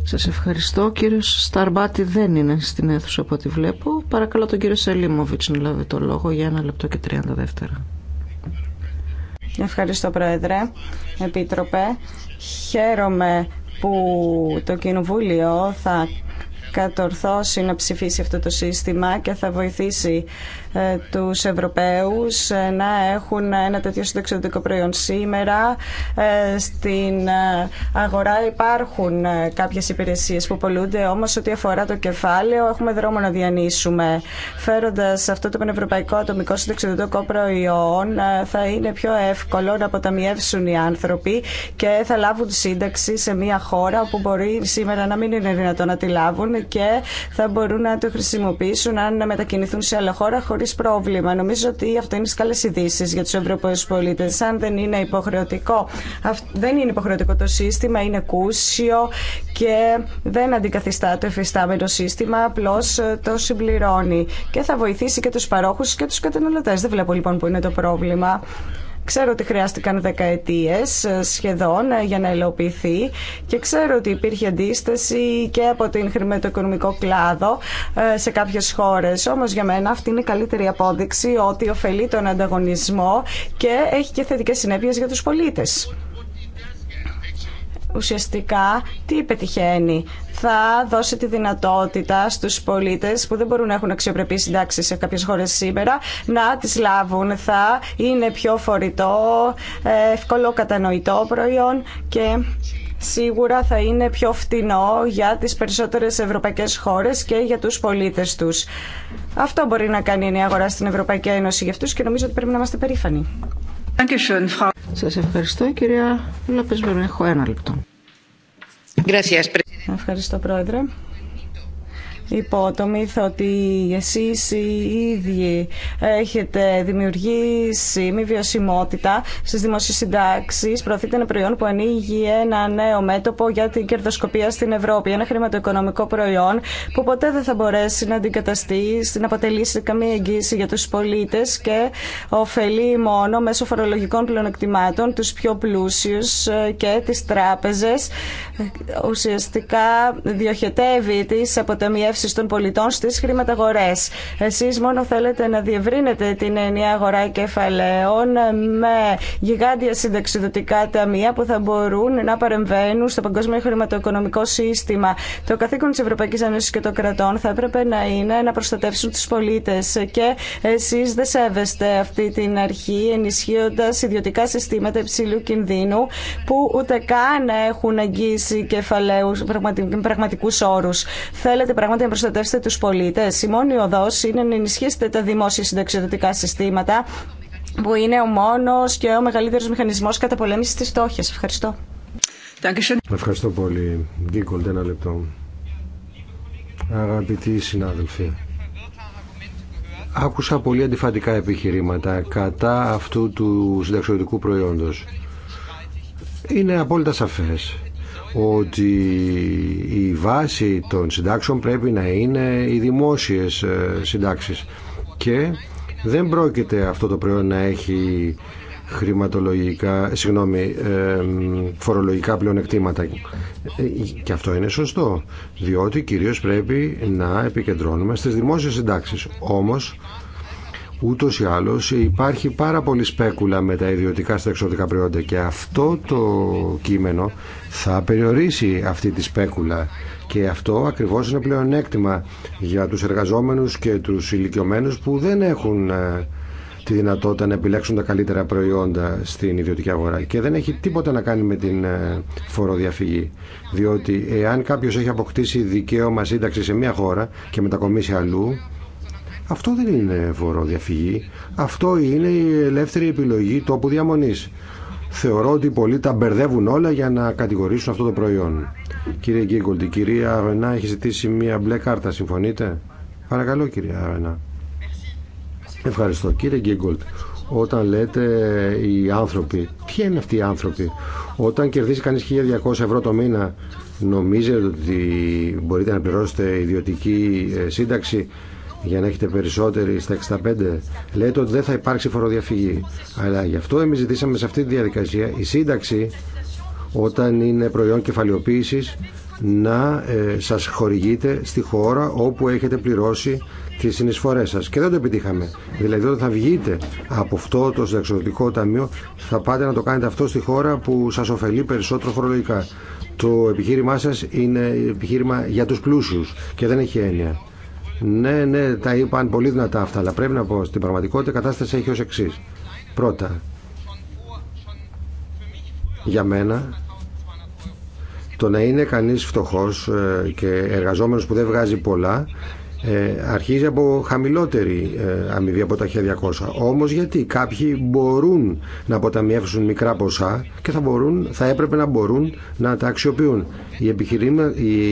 Σας ευχαριστώ. Κύριος Σταρμπάτη δεν είναι στην αίθουσα από ό,τι βλέπω. Παρακαλώ τον κύριο Σελίμωβιτς να λάβει το λόγο για ένα λεπτό και τριάντα δεύτερα. Ευχαριστώ Πρόεδρε, Επίτροπε. Χαίρομαι που το Κοινοβούλιο θα κατορθώσει να ψηφίσει αυτό το σύστημα και θα βοηθήσει ε, τους Ευρωπαίους ε, να έχουν ένα τέτοιο συνταξιδοτικό προϊόν. Σήμερα ε, στην αγορά υπάρχουν κάποιες υπηρεσίες που πολλούνται, όμως ό,τι αφορά το κεφάλαιο έχουμε δρόμο να διανύσουμε. Φέροντας αυτό το πανευρωπαϊκό ατομικό συνταξιδοτικό προϊόν θα είναι πιο εύκολο να αποταμιεύσουν οι άνθρωποι και θα λάβουν σύνταξη σε μια χώρα όπου μπορεί σήμερα να μην είναι δυνατό να τη λάβουν και θα μπορούν να το χρησιμοποιήσουν αν μετακινηθούν σε άλλα χώρα χωρί Νομίζω ότι αυτό είναι στι καλέ ειδήσει για του Ευρωπαίου πολίτε. Αν δεν είναι υποχρεωτικό, δεν είναι υποχρεωτικό το σύστημα, είναι κούσιο και δεν αντικαθιστά το εφιστάμενο σύστημα, απλώ ε, το συμπληρώνει. Και θα βοηθήσει και του παρόχου και του καταναλωτέ. Δεν βλέπω λοιπόν που είναι το πρόβλημα. Ξέρω ότι χρειάστηκαν δεκαετίες ε, σχεδόν ε, για να υλοποιηθεί και ξέρω ότι υπήρχε αντίσταση και από την χρηματοοικονομικό κλάδο ε, σε κάποιες χώρες. Όμως για μένα αυτή είναι η καλύτερη απόδειξη ότι ωφελεί τον ανταγωνισμό και έχει και θετικές συνέπειες για τους πολίτες ουσιαστικά τι πετυχαίνει. Θα δώσει τη δυνατότητα στους πολίτες που δεν μπορούν να έχουν αξιοπρεπή συντάξει σε κάποιες χώρες σήμερα να τις λάβουν. Θα είναι πιο φορητό, ευκολό κατανοητό προϊόν και σίγουρα θα είναι πιο φτηνό για τις περισσότερες ευρωπαϊκές χώρες και για τους πολίτες τους. Αυτό μπορεί να κάνει η αγορά στην Ευρωπαϊκή Ένωση για αυτούς και νομίζω ότι πρέπει να είμαστε περήφανοι. Σας ευχαριστώ κυρία έχω Ένα λεπτό. Ευχαριστώ πρόεδρε υπό το μύθο ότι εσείς οι ίδιοι έχετε δημιουργήσει μη βιωσιμότητα στις δημοσίες συντάξεις, προωθείτε ένα προϊόν που ανοίγει ένα νέο μέτωπο για την κερδοσκοπία στην Ευρώπη, ένα χρηματοοικονομικό προϊόν που ποτέ δεν θα μπορέσει να αντικαταστεί, να αποτελήσει καμία εγγύηση για τους πολίτες και ωφελεί μόνο μέσω φορολογικών πλεονεκτημάτων τους πιο πλούσιους ε, και τις τράπεζες. Ουσιαστικά διοχετεύει τις αποταμιεύσεις των πολιτών στι χρηματαγορέ. Εσεί μόνο θέλετε να διευρύνετε την ενιαία αγορά κεφαλαίων με γιγάντια συνταξιδοτικά ταμεία που θα μπορούν να παρεμβαίνουν στο παγκόσμιο χρηματοοικονομικό σύστημα. Το καθήκον τη Ευρωπαϊκή Ένωση και των κρατών θα έπρεπε να είναι να προστατεύσουν του πολίτε. και εσεί δεν σέβεστε αυτή την αρχή ενισχύοντα ιδιωτικά συστήματα υψηλού κινδύνου που ούτε καν έχουν αγγίσει κεφαλαίου πραγματικού όρου. Θέλετε πράγματι προστατεύσετε τους πολίτες. Η μόνη οδός είναι να ενισχύσετε τα δημόσια συνταξιδοτικά συστήματα που είναι ο μόνος και ο μεγαλύτερος μηχανισμός καταπολέμησης της στόχης. Ευχαριστώ. Ευχαριστώ πολύ. Γκίκολτ, ένα λεπτό. Αγαπητοί συνάδελφοι, άκουσα πολύ αντιφατικά επιχειρήματα κατά αυτού του συνταξιωτικού προϊόντος. Είναι απόλυτα σαφές ότι η βάση των συντάξεων πρέπει να είναι οι δημόσιες ε, συντάξεις και δεν πρόκειται αυτό το προϊόν να έχει χρηματολογικά, συγγνώμη, ε, φορολογικά πλεονεκτήματα. Και αυτό είναι σωστό, διότι κυρίως πρέπει να επικεντρώνουμε στις δημόσιες συντάξεις. Όμως, Ούτως ή άλλως υπάρχει πάρα πολύ σπέκουλα με τα ιδιωτικά στα εξωτικά προϊόντα και αυτό το κείμενο θα περιορίσει αυτή τη σπέκουλα και αυτό ακριβώς είναι πλεονέκτημα για τους εργαζόμενους και τους ηλικιωμένους που δεν έχουν ε, τη δυνατότητα να επιλέξουν τα καλύτερα προϊόντα στην ιδιωτική αγορά και δεν έχει τίποτα να κάνει με την ε, φοροδιαφυγή. Διότι εάν κάποιος έχει αποκτήσει δικαίωμα σύνταξη σε μια χώρα και μετακομίσει αλλού, αυτό δεν είναι φοροδιαφυγή. Αυτό είναι η ελεύθερη επιλογή τόπου διαμονής. Θεωρώ ότι πολλοί τα μπερδεύουν όλα για να κατηγορήσουν αυτό το προϊόν. Κύριε Γκίγκολτ, η κυρία Αβενά έχει ζητήσει μία μπλε κάρτα. Συμφωνείτε. Παρακαλώ, κυρία Αβενά. Ευχαριστώ. Κύριε Γκίγκολτ, όταν λέτε οι άνθρωποι, ποιοι είναι αυτοί οι άνθρωποι, όταν κερδίσει κανείς 1200 ευρώ το μήνα, νομίζετε ότι μπορείτε να πληρώσετε ιδιωτική ε, σύνταξη για να έχετε περισσότεροι στα 65, λέτε ότι δεν θα υπάρξει φοροδιαφυγή. Αλλά γι' αυτό εμείς ζητήσαμε σε αυτή τη διαδικασία η σύνταξη όταν είναι προϊόν κεφαλαιοποίησης να ε, σας χορηγείτε στη χώρα όπου έχετε πληρώσει τις συνεισφορές σας. Και δεν το επιτύχαμε. Δηλαδή όταν θα βγείτε από αυτό το συνταξιδοτικό ταμείο θα πάτε να το κάνετε αυτό στη χώρα που σας ωφελεί περισσότερο φορολογικά. Το επιχείρημά σας είναι επιχείρημα για τους πλούσιους και δεν έχει έννοια. Ναι, ναι, τα είπαν πολύ δυνατά αυτά, αλλά πρέπει να πω στην πραγματικότητα η κατάσταση έχει ως εξή. Πρώτα, για μένα το να είναι κανείς φτωχός ε, και εργαζόμενος που δεν βγάζει πολλά ε, αρχίζει από χαμηλότερη ε, αμοιβή από τα 1200. Όμως γιατί κάποιοι μπορούν να αποταμιεύσουν μικρά ποσά και θα, μπορούν, θα έπρεπε να μπορούν να τα αξιοποιούν. Η, επιχειρημα, η,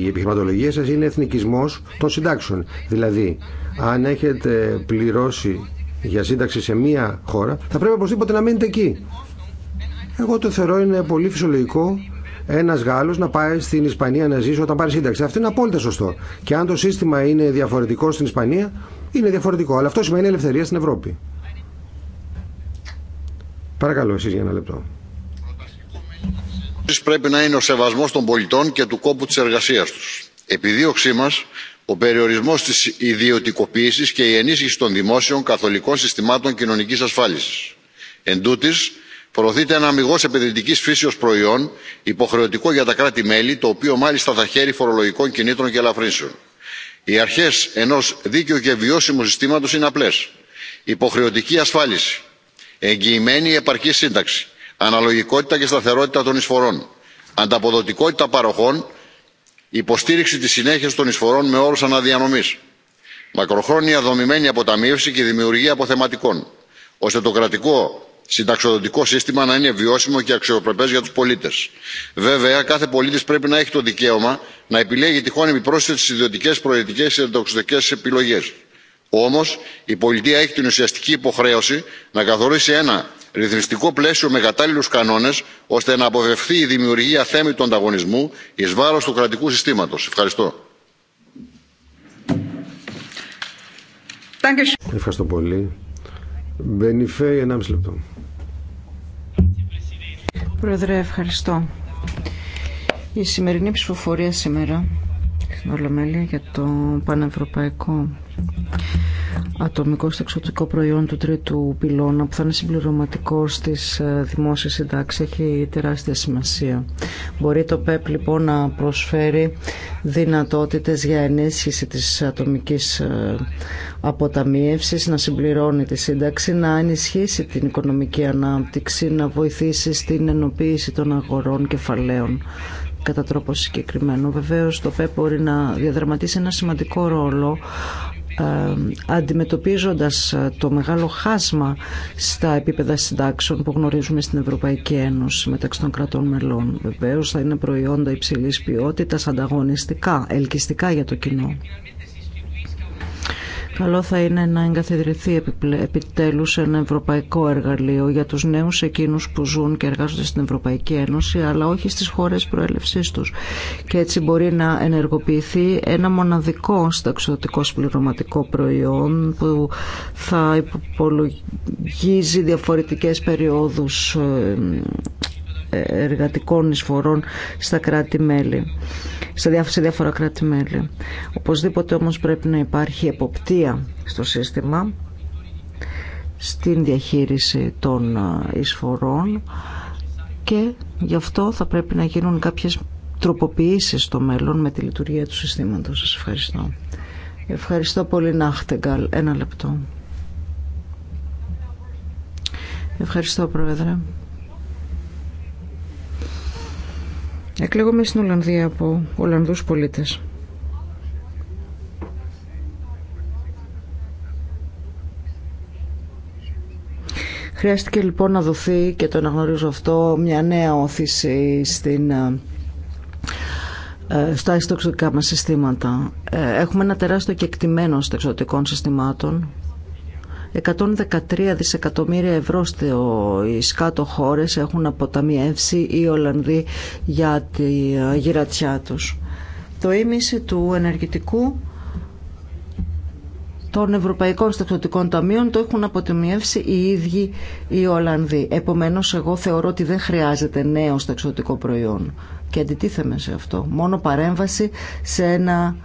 η επιχειρηματολογία σας είναι εθνικισμός των συντάξεων. Δηλαδή, αν έχετε πληρώσει για σύνταξη σε μία χώρα, θα πρέπει οπωσδήποτε να μείνετε εκεί. Εγώ το θεωρώ είναι πολύ φυσιολογικό ένα Γάλλο να πάει στην Ισπανία να ζήσει όταν πάρει σύνταξη. Αυτό είναι απόλυτα σωστό. Και αν το σύστημα είναι διαφορετικό στην Ισπανία, είναι διαφορετικό. Αλλά αυτό σημαίνει ελευθερία στην Ευρώπη. Παρακαλώ, εσεί για ένα λεπτό. Πρέπει να είναι ο σεβασμό των πολιτών και του κόπου τη εργασία του. Επιδίωξή μα, ο περιορισμό τη ιδιωτικοποίηση και η ενίσχυση των δημόσιων καθολικών συστημάτων κοινωνική ασφάλιση. Εν προωθείται ένα αμυγό επενδυτική φύσεω προϊόν υποχρεωτικό για τα κράτη μέλη το οποίο μάλιστα θα χαίρει φορολογικών κινήτρων και ελαφρύνσεων. οι αρχέ ενό δίκαιου και βιώσιμου συστήματο είναι απλέ υποχρεωτική ασφάλιση εγγυημένη επαρκή σύνταξη αναλογικότητα και σταθερότητα των εισφορών ανταποδοτικότητα παροχών υποστήριξη της συνέχεια των εισφορών με όρους αναδιανομής μακροχρόνια δομημένη αποταμίευση και δημιουργία αποθεματικών ώστε το κρατικό συνταξιοδοτικό σύστημα να είναι βιώσιμο και αξιοπρεπέ για του πολίτε. βέβαια κάθε πολίτη πρέπει να έχει το δικαίωμα να επιλέγει τυχόν επιπρόσθετε ιδιωτικέ συνταξιοδοτικέ επιλογέ. Όμω, και συνταξιοδοτικές επιλογέ. Όμω, η πολιτεία έχει την ουσιαστική υποχρέωση να καθορίσει ένα ρυθμιστικό πλαίσιο με κατάλληλου κανόνε ώστε να αποφευχθεί η δημιουργία του ανταγωνισμού ει βάρο του κρατικού συστήματο. Ευχαριστώ. Ευχαριστώ πολύ. Μπενιφέη, 1,5 λεπτό. Πρόεδρε, ευχαριστώ. Η σημερινή ψηφοφορία σήμερα στην Ολομέλεια για το Πανευρωπαϊκό ατομικό εξωτικό προϊόν του τρίτου πυλώνα που θα είναι συμπληρωματικό στις ε, δημόσιε συντάξει έχει τεράστια σημασία. Μπορεί το ΠΕΠ λοιπόν να προσφέρει δυνατότητες για ενίσχυση της ατομικής ε, αποταμίευσης, να συμπληρώνει τη σύνταξη, να ενισχύσει την οικονομική ανάπτυξη, να βοηθήσει στην ενοποίηση των αγορών κεφαλαίων κατά τρόπο συγκεκριμένο. Βεβαίω το ΠΕΠ μπορεί να διαδραματίσει ένα σημαντικό ρόλο αντιμετωπίζοντας ε, το μεγάλο χάσμα στα επίπεδα συντάξεων που γνωρίζουμε στην Ευρωπαϊκή Ένωση μεταξύ των κρατών μελών. Βεβαίως θα είναι προϊόντα υψηλής ποιότητας, ανταγωνιστικά, ελκυστικά για το κοινό. Καλό θα είναι να εγκαθιδρυθεί επιτέλους ένα ευρωπαϊκό εργαλείο για τους νέους εκείνους που ζουν και εργάζονται στην Ευρωπαϊκή Ένωση αλλά όχι στις χώρες προέλευσής τους. Και έτσι μπορεί να ενεργοποιηθεί ένα μοναδικό συνταξιδοτικό σπληρωματικό προϊόν που θα υπολογίζει διαφορετικές περιόδους ε, εργατικών εισφορών στα κράτη-μέλη, σε διάφορα κράτη-μέλη. Οπωσδήποτε όμως πρέπει να υπάρχει εποπτεία στο σύστημα, στην διαχείριση των ε, εισφορών και γι' αυτό θα πρέπει να γίνουν κάποιες τροποποιήσεις στο μέλλον με τη λειτουργία του συστήματος. Σας ευχαριστώ. Ευχαριστώ πολύ Νάχτεγκαλ. Ένα λεπτό. Ευχαριστώ Πρόεδρε. Εκλέγομαι στην Ολλανδία από Ολλανδούς πολίτες. Χρειάστηκε λοιπόν να δοθεί και το αναγνωρίζω αυτό μια νέα όθηση στην ε, ε, στα εξωτερικά μας συστήματα. Ε, έχουμε ένα τεράστιο κεκτημένο εξωτικών συστημάτων 113 δισεκατομμύρια ευρώ στι κάτω χώρες έχουν αποταμιεύσει οι Ολλανδοί για τη ε, γυρατσιά τους. Το ίμιση του ενεργητικού των Ευρωπαϊκών Στατιωτικών Ταμείων το έχουν αποταμιεύσει οι ίδιοι οι Ολλανδοί. Επομένως, εγώ θεωρώ ότι δεν χρειάζεται νέο στατιωτικό προϊόν και αντιτίθεμαι σε αυτό. Μόνο παρέμβαση σε ένα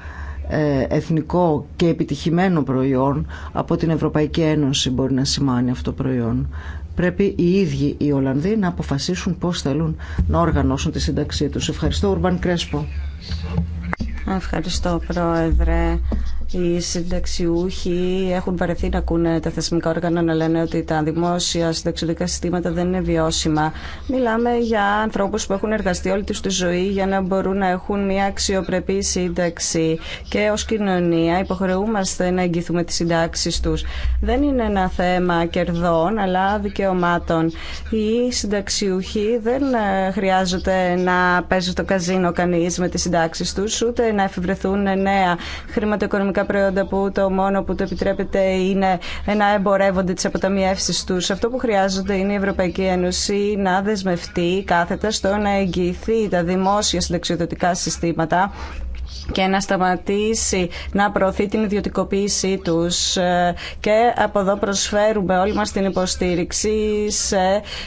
ε, εθνικό και επιτυχημένο προϊόν από την Ευρωπαϊκή Ένωση μπορεί να σημάνει αυτό το προϊόν. Πρέπει οι ίδιοι οι Ολλανδοί να αποφασίσουν πώς θέλουν να οργανώσουν τη σύνταξή τους. Ευχαριστώ, Ουρμπαν Κρέσπο. Ευχαριστώ, Πρόεδρε οι συνταξιούχοι έχουν βαρεθεί να ακούνε τα θεσμικά όργανα να λένε ότι τα δημόσια συνταξιδικά συστήματα δεν είναι βιώσιμα. Μιλάμε για ανθρώπους που έχουν εργαστεί όλη τους τη ζωή για να μπορούν να έχουν μια αξιοπρεπή σύνταξη και ως κοινωνία υποχρεούμαστε να εγγυθούμε τις συντάξεις τους. Δεν είναι ένα θέμα κερδών αλλά δικαιωμάτων. Οι συνταξιούχοι δεν ε, χρειάζονται να παίζουν το καζίνο κανείς με τις συντάξεις τους ούτε να εφευρεθούν νέα χρηματοοικονομικά προϊόντα που το μόνο που το επιτρέπεται είναι να εμπορεύονται τι αποταμιεύσει του. Αυτό που χρειάζονται είναι η Ευρωπαϊκή Ένωση να δεσμευτεί κάθετα στο να εγγυηθεί τα δημόσια συνταξιοδοτικά συστήματα και να σταματήσει να προωθεί την ιδιωτικοποίησή τους ε, και από εδώ προσφέρουμε όλη μας την υποστήριξη σε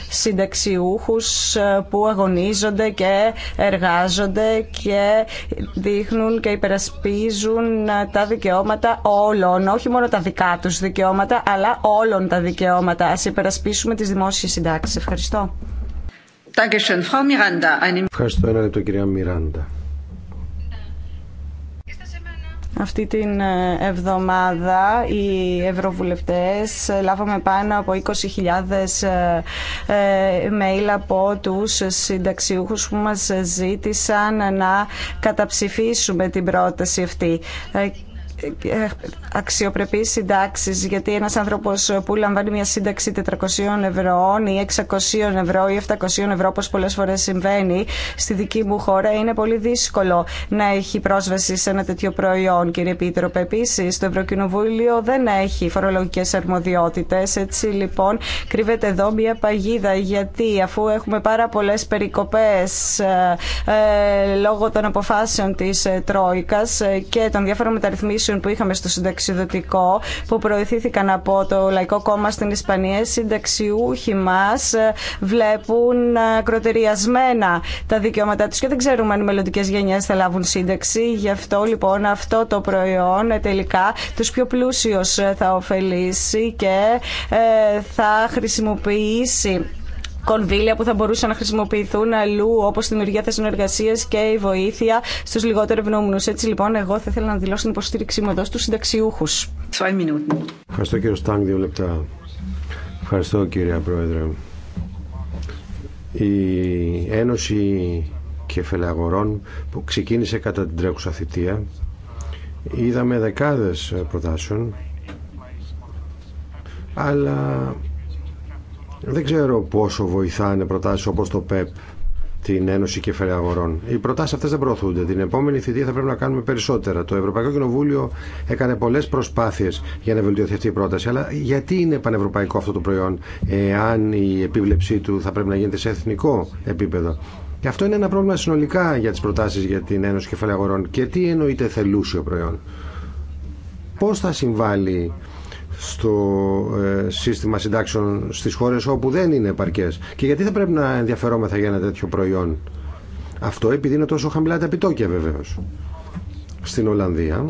συνταξιούχους ε, που αγωνίζονται και εργάζονται και δείχνουν και υπερασπίζουν ε, τα δικαιώματα όλων, όχι μόνο τα δικά τους δικαιώματα, αλλά όλων τα δικαιώματα. Ας υπερασπίσουμε τις δημόσιες συντάξεις. Ευχαριστώ. Ευχαριστώ ένα λεπτό κυρία Μιράντα. Αυτή την ε, εβδομάδα οι ευρωβουλευτές ε, λάβαμε πάνω από 20.000 ε, mail από τους συνταξιούχους που μας ζήτησαν να καταψηφίσουμε την πρόταση αυτή αξιοπρεπείς συντάξει, γιατί ένας άνθρωπος που λαμβάνει μια σύνταξη 400 ευρώ ή 600 ευρώ ή 700 ευρώ όπω πολλές φορές συμβαίνει στη δική μου χώρα είναι πολύ δύσκολο να έχει πρόσβαση σε ένα τέτοιο προϊόν κύριε Επίτροπε. Επίση, το Ευρωκοινοβούλιο δεν έχει φορολογικές αρμοδιότητες έτσι λοιπόν κρύβεται εδώ μια παγίδα γιατί αφού έχουμε πάρα πολλές περικοπές ε, ε λόγω των αποφάσεων της ε, Τρόικας ε, και των διάφορων μεταρρυθμίσεων που είχαμε στο συνταξιδοτικό που προηθήθηκαν από το Λαϊκό Κόμμα στην Ισπανία, οι συνταξιούχοι μα ε, βλέπουν ε, ακροτεριασμένα τα δικαιώματά του και δεν ξέρουμε αν οι μελλοντικέ γενιέ θα λάβουν σύνταξη. Γι' αυτό λοιπόν αυτό το προϊόν ε, τελικά του πιο πλούσιου θα ωφελήσει και θα χρησιμοποιήσει κονδύλια που θα μπορούσαν να χρησιμοποιηθούν αλλού, όπω η δημιουργία θέσεων εργασία και η βοήθεια στου λιγότερο ευνόμενου. Έτσι λοιπόν, εγώ θα ήθελα να δηλώσω την υποστήριξή μου εδώ στου συνταξιούχου. Ευχαριστώ κύριο Στάνγκ, δύο λεπτά. Ευχαριστώ κύριε Πρόεδρε. Η Ένωση Κεφαλαγορών που ξεκίνησε κατά την τρέχουσα θητεία είδαμε δεκάδες προτάσεων αλλά δεν ξέρω πόσο βοηθάνε προτάσεις όπως το ΠΕΠ την Ένωση Κεφαλαίου Αγορών. Οι προτάσει αυτέ δεν προωθούνται. Την επόμενη θητεία θα πρέπει να κάνουμε περισσότερα. Το Ευρωπαϊκό Κοινοβούλιο έκανε πολλέ προσπάθειε για να βελτιωθεί αυτή η πρόταση. Αλλά γιατί είναι πανευρωπαϊκό αυτό το προϊόν, εάν η επίβλεψή του θα πρέπει να γίνεται σε εθνικό επίπεδο. Και αυτό είναι ένα πρόβλημα συνολικά για τι προτάσει για την Ένωση Κεφαλαίου Αγορών. Και τι εννοείται θελούσιο προϊόν. Πώ θα συμβάλλει στο ε, σύστημα συντάξεων στις χώρες όπου δεν είναι επαρκές. Και γιατί θα πρέπει να ενδιαφερόμεθα για ένα τέτοιο προϊόν. Αυτό επειδή είναι τόσο χαμηλά τα επιτόκια βεβαίως. Στην Ολλανδία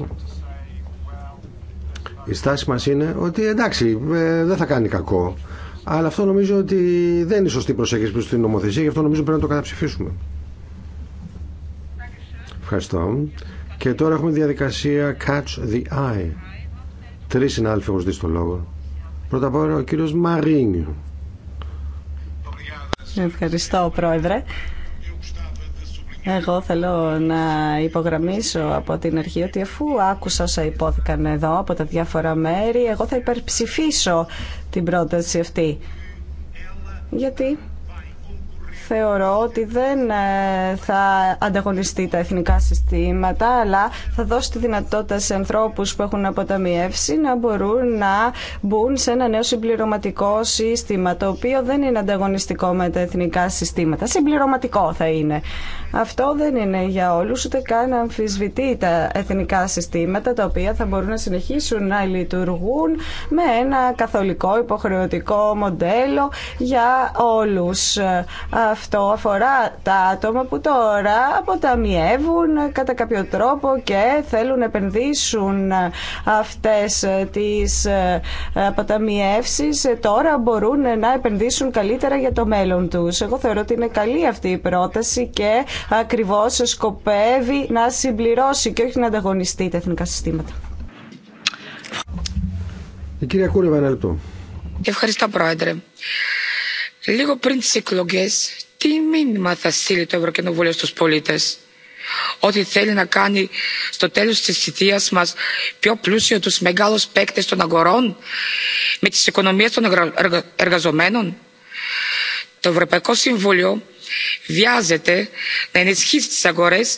η στάση μας είναι ότι εντάξει ε, δεν θα κάνει κακό αλλά αυτό νομίζω ότι δεν είναι σωστή προσέγγιση προς την νομοθεσία γι' αυτό νομίζω πρέπει να το καταψηφίσουμε. Ευχαριστώ. Και τώρα έχουμε διαδικασία Catch the Eye. Τρεις συνάδελφοι έχουν ζητήσει το λόγο. Πρώτα απ' όλα ο κύριος Μαρίνιο. Ευχαριστώ, Πρόεδρε. Εγώ θέλω να υπογραμμίσω από την αρχή ότι αφού άκουσα όσα υπόθηκαν εδώ από τα διάφορα μέρη, εγώ θα υπερψηφίσω την πρόταση αυτή. Γιατί θεωρώ ότι δεν ε, θα ανταγωνιστεί τα εθνικά συστήματα, αλλά θα δώσει τη δυνατότητα σε ανθρώπους που έχουν αποταμιεύσει να μπορούν να μπουν σε ένα νέο συμπληρωματικό σύστημα, το οποίο δεν είναι ανταγωνιστικό με τα εθνικά συστήματα. Συμπληρωματικό θα είναι. Αυτό δεν είναι για όλους, ούτε καν αμφισβητεί τα εθνικά συστήματα, τα οποία θα μπορούν να συνεχίσουν να λειτουργούν με ένα καθολικό υποχρεωτικό μοντέλο για όλους ε, αυτό αφορά τα άτομα που τώρα αποταμιεύουν κατά κάποιο τρόπο και θέλουν να επενδύσουν αυτές τις ε, αποταμιεύσεις ε, τώρα μπορούν να επενδύσουν καλύτερα για το μέλλον τους. Εγώ θεωρώ ότι είναι καλή αυτή η πρόταση και ακριβώς σκοπεύει να συμπληρώσει και όχι να ανταγωνιστεί τα εθνικά συστήματα. Η κυρία Κούρεβα, ένα λεπτό. Ευχαριστώ, Πρόεδρε λίγο πριν τις εκλογές τι μήνυμα θα στείλει το Ευρωκοινοβούλιο στους πολίτες ότι θέλει να κάνει στο τέλος της θητείας μας πιο πλούσιο τους μεγάλους παίκτες των αγορών με τις οικονομίες των εργαζομένων. Το Ευρωπαϊκό Συμβούλιο βιάζεται να ενισχύσει τις αγορές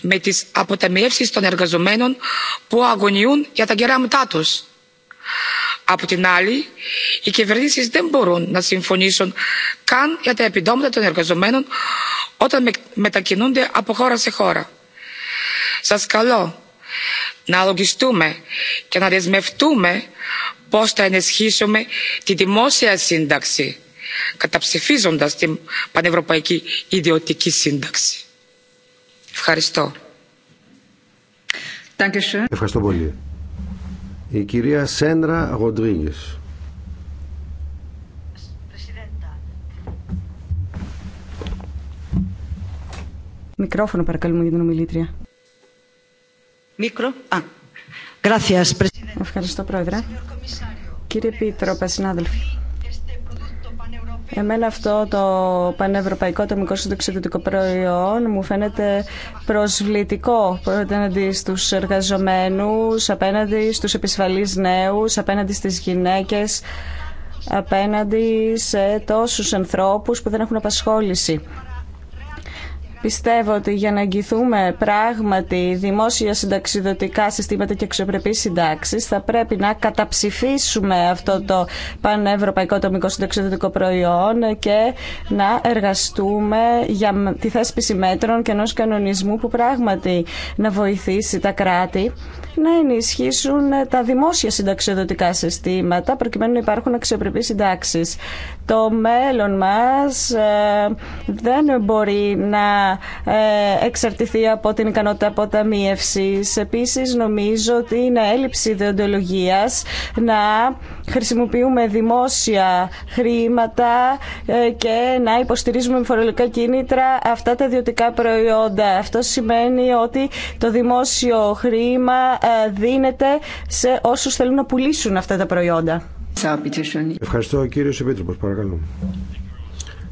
με τις αποταμιεύσεις των εργαζομένων που αγωνιούν για τα κεράματά τους από την άλλη, οι κυβερνήσει δεν μπορούν να συμφωνήσουν καν για τα επιδόματα των εργαζομένων όταν μετακινούνται από χώρα σε χώρα. Σας καλώ να αλογιστούμε και να δεσμευτούμε πώς θα ενισχύσουμε τη δημόσια σύνταξη καταψηφίζοντας την πανευρωπαϊκή ιδιωτική σύνταξη. Ευχαριστώ. Ευχαριστώ πολύ. Η κυρία Σέντρα Γοντρίγες. Μικρόφωνο παρακαλούμε για την ομιλήτρια. Μικρό. Α. Ευχαριστώ, Πρόεδρε. Κύριε Πίτροπε, συνάδελφοι. Εμένα αυτό το πανευρωπαϊκό τομικό συντοξιδοτικό προϊόν μου φαίνεται προσβλητικό απέναντι στους εργαζομένους, απέναντι στους επισφαλείς νέους, απέναντι στις γυναίκες, απέναντι σε τόσους ανθρώπους που δεν έχουν απασχόληση. Πιστεύω ότι για να εγγυηθούμε πράγματι δημόσια συνταξιδοτικά συστήματα και αξιοπρεπεί συντάξει, θα πρέπει να καταψηφίσουμε αυτό το πανευρωπαϊκό τομικό συνταξιδοτικό προϊόν και να εργαστούμε για τη θέσπιση μέτρων και ενό κανονισμού που πράγματι να βοηθήσει τα κράτη να ενισχύσουν τα δημόσια συνταξιδοτικά συστήματα προκειμένου να υπάρχουν αξιοπρεπεί συντάξει το μέλλον μας ε, δεν μπορεί να ε, εξαρτηθεί από την ικανότητα αποταμίευσης. Επίσης νομίζω ότι είναι έλλειψη ιδεοντολογίας να χρησιμοποιούμε δημόσια χρήματα ε, και να υποστηρίζουμε με φορολογικά κίνητρα αυτά τα ιδιωτικά προϊόντα. Αυτό σημαίνει ότι το δημόσιο χρήμα δίνεται σε όσους θέλουν να πουλήσουν αυτά τα προϊόντα. Ευχαριστώ κύριο Επίτροπος, παρακαλώ.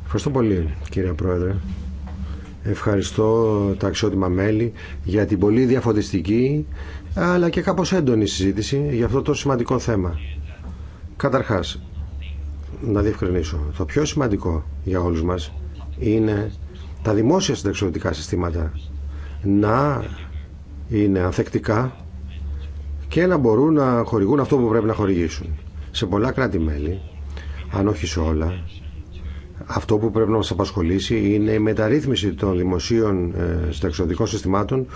Ευχαριστώ πολύ κύριε Πρόεδρε. Ευχαριστώ τα αξιότιμα μέλη για την πολύ διαφωτιστική αλλά και κάπως έντονη συζήτηση για αυτό το σημαντικό θέμα. Καταρχάς, να διευκρινίσω, το πιο σημαντικό για όλους μας είναι τα δημόσια συνταξιωτικά συστήματα να είναι ανθεκτικά και να μπορούν να χορηγούν αυτό που πρέπει να χορηγήσουν σε πολλά κράτη-μέλη, αν όχι σε όλα, αυτό που πρέπει να μας απασχολήσει είναι η μεταρρύθμιση των δημοσίων ε, συνταξιδοτικών συστημάτων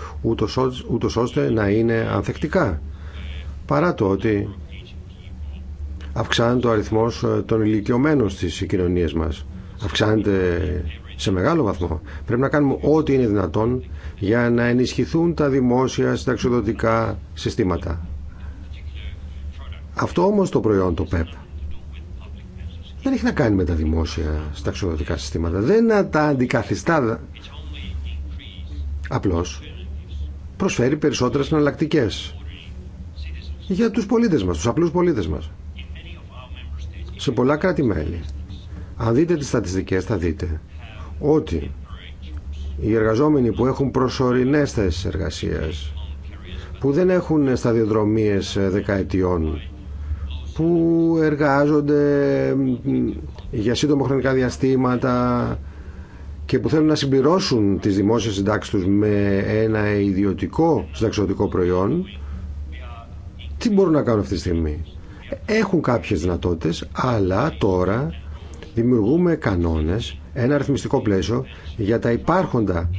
ούτως ώστε να είναι ανθεκτικά. Παρά το ότι αυξάνεται ο αριθμός ε, των ηλικιωμένων στις κοινωνίες μας. Αυξάνεται σε μεγάλο βαθμό. Πρέπει να κάνουμε ό,τι είναι δυνατόν για να ενισχυθούν τα δημόσια συνταξιδοτικά συστήματα. Αυτό όμως το προϊόν, το ΠΕΠ, δεν έχει να κάνει με τα δημόσια σταξιοδοτικά συστήματα. Δεν τα αντικαθιστά. Απλώς προσφέρει περισσότερες εναλλακτικέ για τους πολίτες μας, τους απλούς πολίτες μας. Σε πολλά κράτη-μέλη. Αν δείτε τις στατιστικές θα δείτε ότι οι εργαζόμενοι που έχουν προσωρινές θέσεις εργασίας που δεν έχουν σταδιοδρομίες δεκαετιών που εργάζονται για σύντομα χρονικά διαστήματα και που θέλουν να συμπληρώσουν τις δημόσιες συντάξεις τους με ένα ιδιωτικό συνταξιωτικό προϊόν, τι μπορούν να κάνουν αυτή τη στιγμή. Έχουν κάποιες δυνατότητες, αλλά τώρα δημιουργούμε κανόνες, ένα αριθμιστικό πλαίσιο για τα υπάρχοντα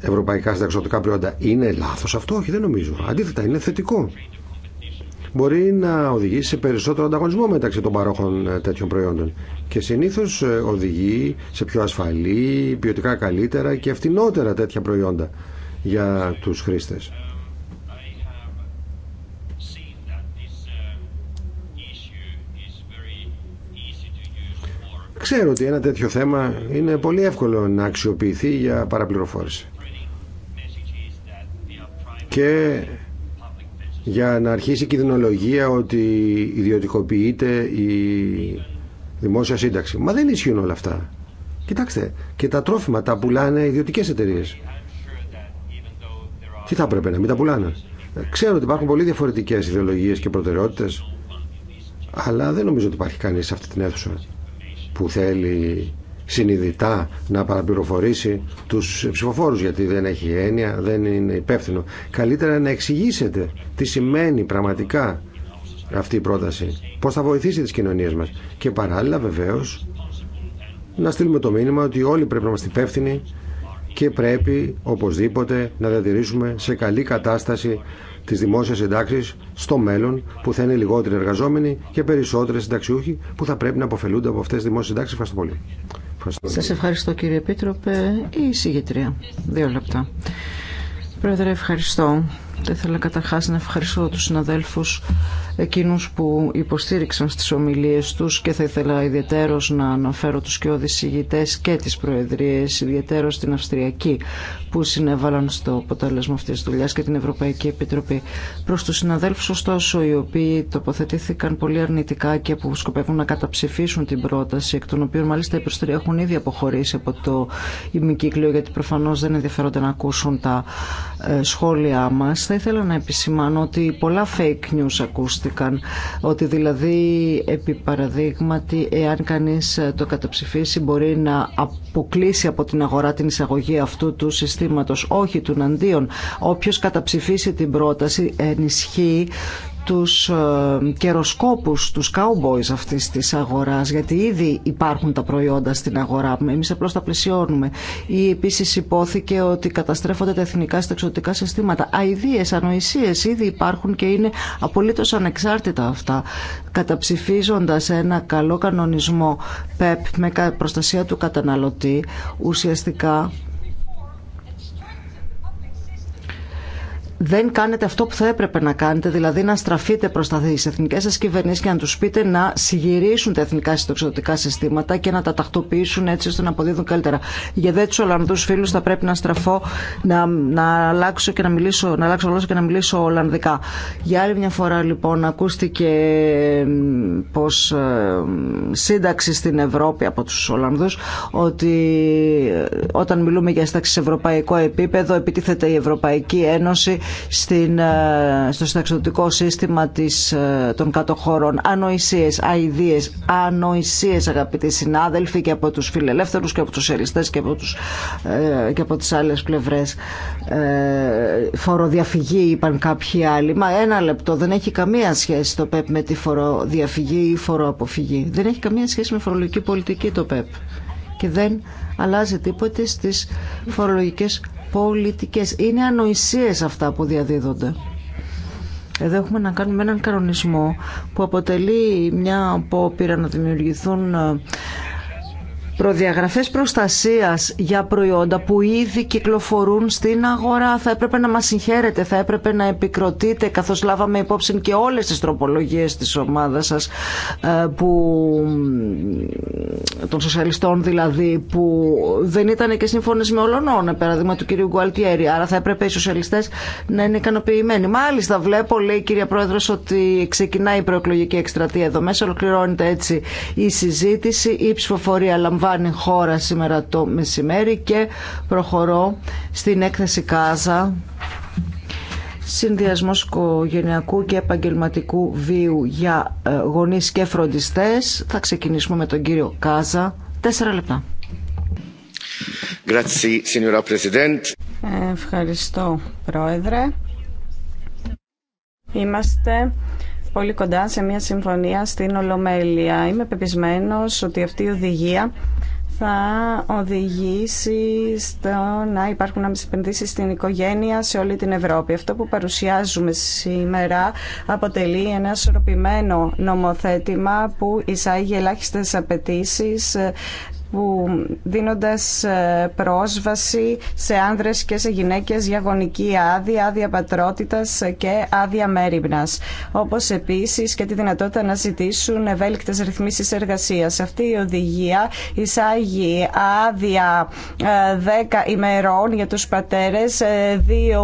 ευρωπαϊκά συνταξιωτικά προϊόντα. Είναι λάθος αυτό, όχι δεν νομίζω. Αντίθετα, είναι θετικό μπορεί να οδηγήσει σε περισσότερο ανταγωνισμό μεταξύ των παρόχων ε, τέτοιων προϊόντων και συνήθω ε, οδηγεί σε πιο ασφαλή, ποιοτικά καλύτερα και φτηνότερα τέτοια προϊόντα για τους χρήστες. Ξέρω ότι ένα τέτοιο θέμα είναι πολύ εύκολο να αξιοποιηθεί για παραπληροφόρηση. Και για να αρχίσει η κινδυνολογία ότι ιδιωτικοποιείται η δημόσια σύνταξη. Μα δεν ισχύουν όλα αυτά. Κοιτάξτε, και τα τρόφιμα τα πουλάνε ιδιωτικέ εταιρείε. Τι θα έπρεπε να μην τα πουλάνε. Ξέρω ότι υπάρχουν πολύ διαφορετικέ ιδεολογίε και προτεραιότητε, αλλά δεν νομίζω ότι υπάρχει κανεί σε αυτή την αίθουσα που θέλει συνειδητά να παραπληροφορήσει του ψηφοφόρου γιατί δεν έχει έννοια, δεν είναι υπεύθυνο. Καλύτερα να εξηγήσετε τι σημαίνει πραγματικά αυτή η πρόταση, πώ θα βοηθήσει τις κοινωνίες μα. και παράλληλα βεβαίω, να στείλουμε το μήνυμα ότι όλοι πρέπει να είμαστε υπεύθυνοι και πρέπει οπωσδήποτε να διατηρήσουμε σε καλή κατάσταση τι δημόσιε συντάξει στο μέλλον, που θα είναι λιγότεροι εργαζόμενοι και περισσότεροι συνταξιούχοι που θα πρέπει να αποφελούνται από αυτέ τι δημόσιε συντάξει. Ευχαριστώ πολύ. Σας ευχαριστώ κύριε Επίτροπε ή συγγετρία. Δύο λεπτά. Πρόεδρε, ευχαριστώ. Θα ήθελα καταρχάς να ευχαριστώ τους συναδέλφους εκείνους που υποστήριξαν στις ομιλίες τους και θα ήθελα ιδιαίτερος να αναφέρω τους και οδησηγητές και τις προεδρίες, ιδιαίτερος την Αυστριακή που συνέβαλαν στο αποτέλεσμα αυτής της δουλειάς και την Ευρωπαϊκή Επιτροπή. Προς τους συναδέλφους ωστόσο οι οποίοι τοποθετήθηκαν πολύ αρνητικά και που σκοπεύουν να καταψηφίσουν την πρόταση εκ των οποίων μάλιστα οι περισσότεροι έχουν ήδη αποχωρήσει από το ημικύκλιο γιατί προφανώς δεν ενδιαφέρονται να ακούσουν τα ε, σχόλια μας. Θα ήθελα να επισημάνω ότι πολλά fake news ακούστηκαν ότι δηλαδή, επί παραδείγματι, εάν κανείς το καταψηφίσει μπορεί να αποκλείσει από την αγορά την εισαγωγή αυτού του συστήματος. Όχι, του αντίον. Όποιος καταψηφίσει την πρόταση ενισχύει τους ε, καιροσκόπους, τους cowboys αυτής της αγοράς, γιατί ήδη υπάρχουν τα προϊόντα στην αγορά, εμείς απλώς τα πλησιώνουμε. Ή επίσης υπόθηκε ότι καταστρέφονται τα εθνικά στα εξωτικά συστήματα. Αιδίες, ανοησίες ήδη υπάρχουν και είναι απολύτως ανεξάρτητα αυτά. Καταψηφίζοντας ένα καλό κανονισμό ΠΕΠ e με προστασία του καταναλωτή, ουσιαστικά δεν κάνετε αυτό που θα έπρεπε να κάνετε, δηλαδή να στραφείτε προ τι εθνικέ σα κυβερνήσει και να του πείτε να συγυρίσουν τα εθνικά συντοξιδοτικά συστήματα και να τα τακτοποιήσουν έτσι ώστε να αποδίδουν καλύτερα. Για δε του Ολλανδού φίλου θα πρέπει να στραφώ, να, να αλλάξω και να μιλήσω, να αλλάξω γλώσσα και να μιλήσω Ολλανδικά. Για άλλη μια φορά λοιπόν ακούστηκε πω ε, σύνταξη στην Ευρώπη από του Ολλανδού ότι ε, όταν μιλούμε για σύνταξη σε ευρωπαϊκό επίπεδο επιτίθεται η Ευρωπαϊκή Ένωση ε, στο συνταξιδοτικό σύστημα της, ε, των κατοχωρών. Ανοησίες, αηδίες, ανοησίες αγαπητοί συνάδελφοι και από τους φιλελεύθερους και από τους ελιστές και από, τους, ε, και από τις άλλες πλευρές. φοροδιαφυγή είπαν κάποιοι άλλοι. Μα ένα λεπτό δεν έχει καμία σχέση το ΠΕΠ με τη φοροδιαφυγή ή φοροαποφυγή. Δεν έχει καμία σχέση με φορολογική πολιτική το ΠΕΠ. Και δεν αλλάζει τίποτε στις φορολογικές πολιτικές. Είναι ανοησίες αυτά που διαδίδονται. Εδώ έχουμε να κάνουμε έναν κανονισμό που αποτελεί μια απόπειρα να δημιουργηθούν ε, προδιαγραφές προστασίας για προϊόντα που ήδη κυκλοφορούν στην αγορά. Θα έπρεπε να μας συγχαίρετε, θα έπρεπε να επικροτείτε καθώς λάβαμε υπόψη και όλες τις τροπολογίες της ομάδας σας ε, που, των σοσιαλιστών δηλαδή που δεν ήταν και σύμφωνες με όλων παράδειγμα του κυρίου Γκουαλτιέρη. Άρα θα έπρεπε οι σοσιαλιστές να είναι ικανοποιημένοι. Μάλιστα βλέπω λέει η κυρία Πρόεδρος ότι ξεκινάει η προεκλογική εκστρατεία εδώ μέσα, ολοκληρώνεται έτσι η συζήτηση, η ψηφοφορία λαμβάνει λαμβάνει χώρα σήμερα το μεσημέρι και προχωρώ στην έκθεση Κάζα συνδυασμό οικογενειακού και επαγγελματικού βίου για ε, γονείς και φροντιστές. Θα ξεκινήσουμε με τον κύριο Κάζα. Τέσσερα λεπτά. Ευχαριστώ, Πρόεδρε. Είμαστε πολύ κοντά σε μια συμφωνία στην Ολομέλεια. Είμαι πεπισμένος ότι αυτή η οδηγία θα οδηγήσει στο να υπάρχουν επενδύσει στην οικογένεια σε όλη την Ευρώπη. Αυτό που παρουσιάζουμε σήμερα αποτελεί ένα σωροπημένο νομοθέτημα που εισάγει ελάχιστες απαιτήσει που δίνοντας ε, πρόσβαση σε άνδρες και σε γυναίκες για γονική άδεια, άδεια πατρότητας και άδεια μέρημνας. Όπως επίσης και τη δυνατότητα να ζητήσουν ευέλικτες ρυθμίσεις εργασίας. Αυτή η οδηγία εισάγει άδεια 10 ε, ημερών για τους πατέρες, 2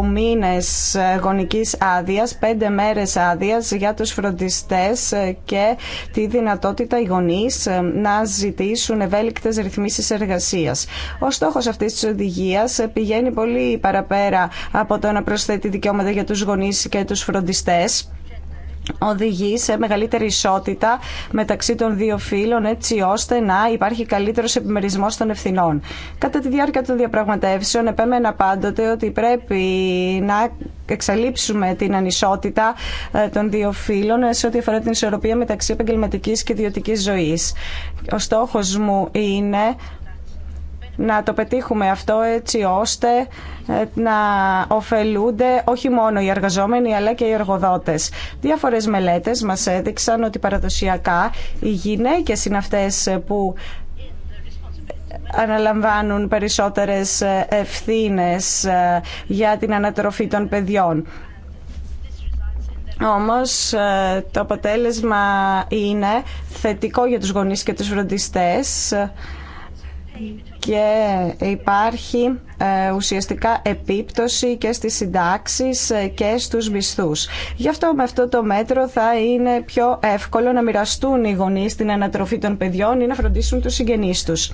ε, μήνες γονικής άδειας, 5 μέρες άδειας για τους φροντιστές και τη δυνατότητα οι γονείς να ζητήσουν ευέλικτες ρυθμίσεις εργασίας. Ο στόχος αυτής της οδηγίας πηγαίνει πολύ παραπέρα από το να προσθέτει δικαιώματα για τους γονείς και τους φροντιστές οδηγεί σε μεγαλύτερη ισότητα μεταξύ των δύο φύλων έτσι ώστε να υπάρχει καλύτερος επιμερισμός των ευθυνών. Κατά τη διάρκεια των διαπραγματεύσεων επέμενα πάντοτε ότι πρέπει να εξαλείψουμε την ανισότητα ε, των δύο φύλων ε, σε ό,τι αφορά την ισορροπία μεταξύ επαγγελματική και ιδιωτική ζωής. Ο στόχο μου είναι να το πετύχουμε αυτό έτσι ώστε ε, να ωφελούνται όχι μόνο οι εργαζόμενοι αλλά και οι εργοδότες. Διάφορες μελέτες μας έδειξαν ότι παραδοσιακά οι γυναίκες είναι αυτές που αναλαμβάνουν περισσότερες ε, ευθύνες ε, για την ανατροφή των παιδιών. Όμως το αποτέλεσμα είναι θετικό για τους γονείς και τους φροντιστές και υπάρχει ε, ουσιαστικά επίπτωση και στις συντάξεις ε, και στους μισθούς. Γι' αυτό με αυτό το μέτρο θα είναι πιο εύκολο να μοιραστούν οι γονείς την ανατροφή των παιδιών ή να φροντίσουν τους συγγενείς τους.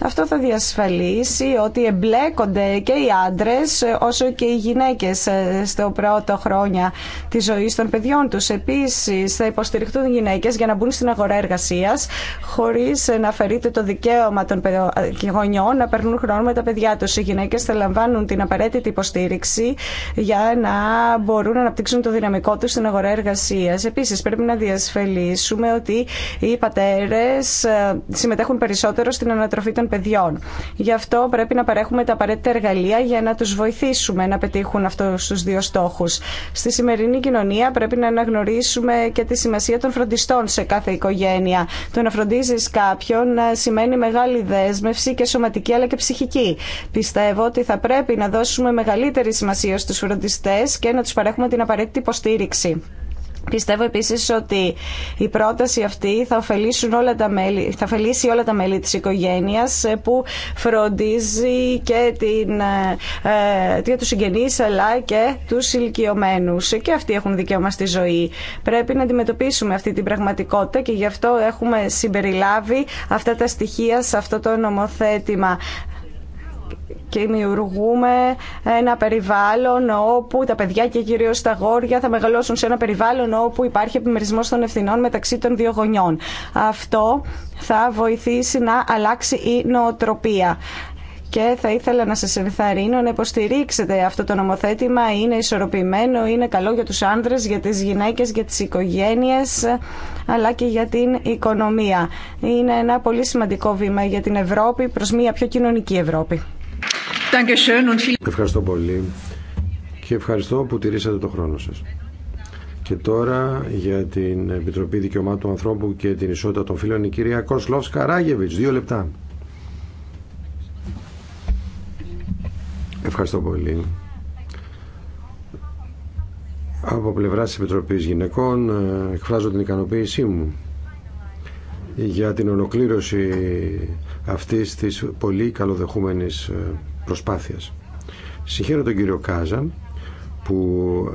Αυτό θα διασφαλίσει ότι εμπλέκονται και οι άντρες ε, όσο και οι γυναίκες στο πρώτο χρόνια της ζωής των παιδιών τους. Επίσης θα υποστηριχτούν οι γυναίκες για να μπουν στην αγορά εργασίας χωρίς να αφαιρείται το δικαίωμα των παιδιών γονιών να περνούν χρόνο με τα παιδιά τους. Οι γυναίκες θα λαμβάνουν την απαραίτητη υποστήριξη για να μπορούν να αναπτύξουν το δυναμικό τους στην αγορά εργασίας. Επίσης πρέπει να διασφαλίσουμε ότι οι πατέρες ε, συμμετέχουν περισσότερο στην ανατροφή των παιδιών. Γι' αυτό πρέπει να παρέχουμε τα απαραίτητα εργαλεία για να τους βοηθήσουμε να πετύχουν αυτούς τους δύο στόχους. Στη σημερινή κοινωνία πρέπει να αναγνωρίσουμε και τη σημασία των φροντιστών σε κάθε οικογένεια. Το να φροντίζει κάποιον ε, σημαίνει μεγάλη δέσμευση και σωματική αλλά και ψυχική. Πιστεύω ότι θα πρέπει να δώσουμε μεγαλύτερη σημασία στους φροντιστές και να τους παρέχουμε την απαραίτητη υποστήριξη. Πιστεύω επίσης ότι η πρόταση αυτή θα, όλα τα μέλη, θα ωφελήσει όλα τα μέλη της οικογένειας ε, που φροντίζει και, την, ε, ε, και τους συγγενείς αλλά και τους ηλικιωμένους. Και αυτοί έχουν δικαίωμα στη ζωή. Πρέπει να αντιμετωπίσουμε αυτή την πραγματικότητα και γι' αυτό έχουμε συμπεριλάβει αυτά τα στοιχεία σε αυτό το νομοθέτημα και δημιουργούμε ένα περιβάλλον όπου τα παιδιά και κυρίως τα γόρια θα μεγαλώσουν σε ένα περιβάλλον όπου υπάρχει επιμερισμός των ευθυνών μεταξύ των δύο γονιών. Αυτό θα βοηθήσει να αλλάξει η νοοτροπία και θα ήθελα να σας ενθαρρύνω να υποστηρίξετε αυτό το νομοθέτημα. Είναι ισορροπημένο, είναι καλό για τους άνδρες, για τις γυναίκες, για τις οικογένειες, αλλά και για την οικονομία. Είναι ένα πολύ σημαντικό βήμα για την Ευρώπη προς μια πιο κοινωνική Ευρώπη. Ευχαριστώ πολύ και ευχαριστώ που τηρήσατε το χρόνο σας. Και τώρα για την Επιτροπή Δικαιωμάτων Ανθρώπου και την Ισότητα των Φίλων η κυρία Κοσλόφ Καράγεβιτς. Δύο λεπτά. Ευχαριστώ πολύ. Από πλευρά τη Επιτροπή Γυναικών ε, εκφράζω την ικανοποίησή μου για την ολοκλήρωση αυτής της πολύ καλοδεχούμενης ε, προσπάθειας. Συγχαίρω τον κύριο Κάζα που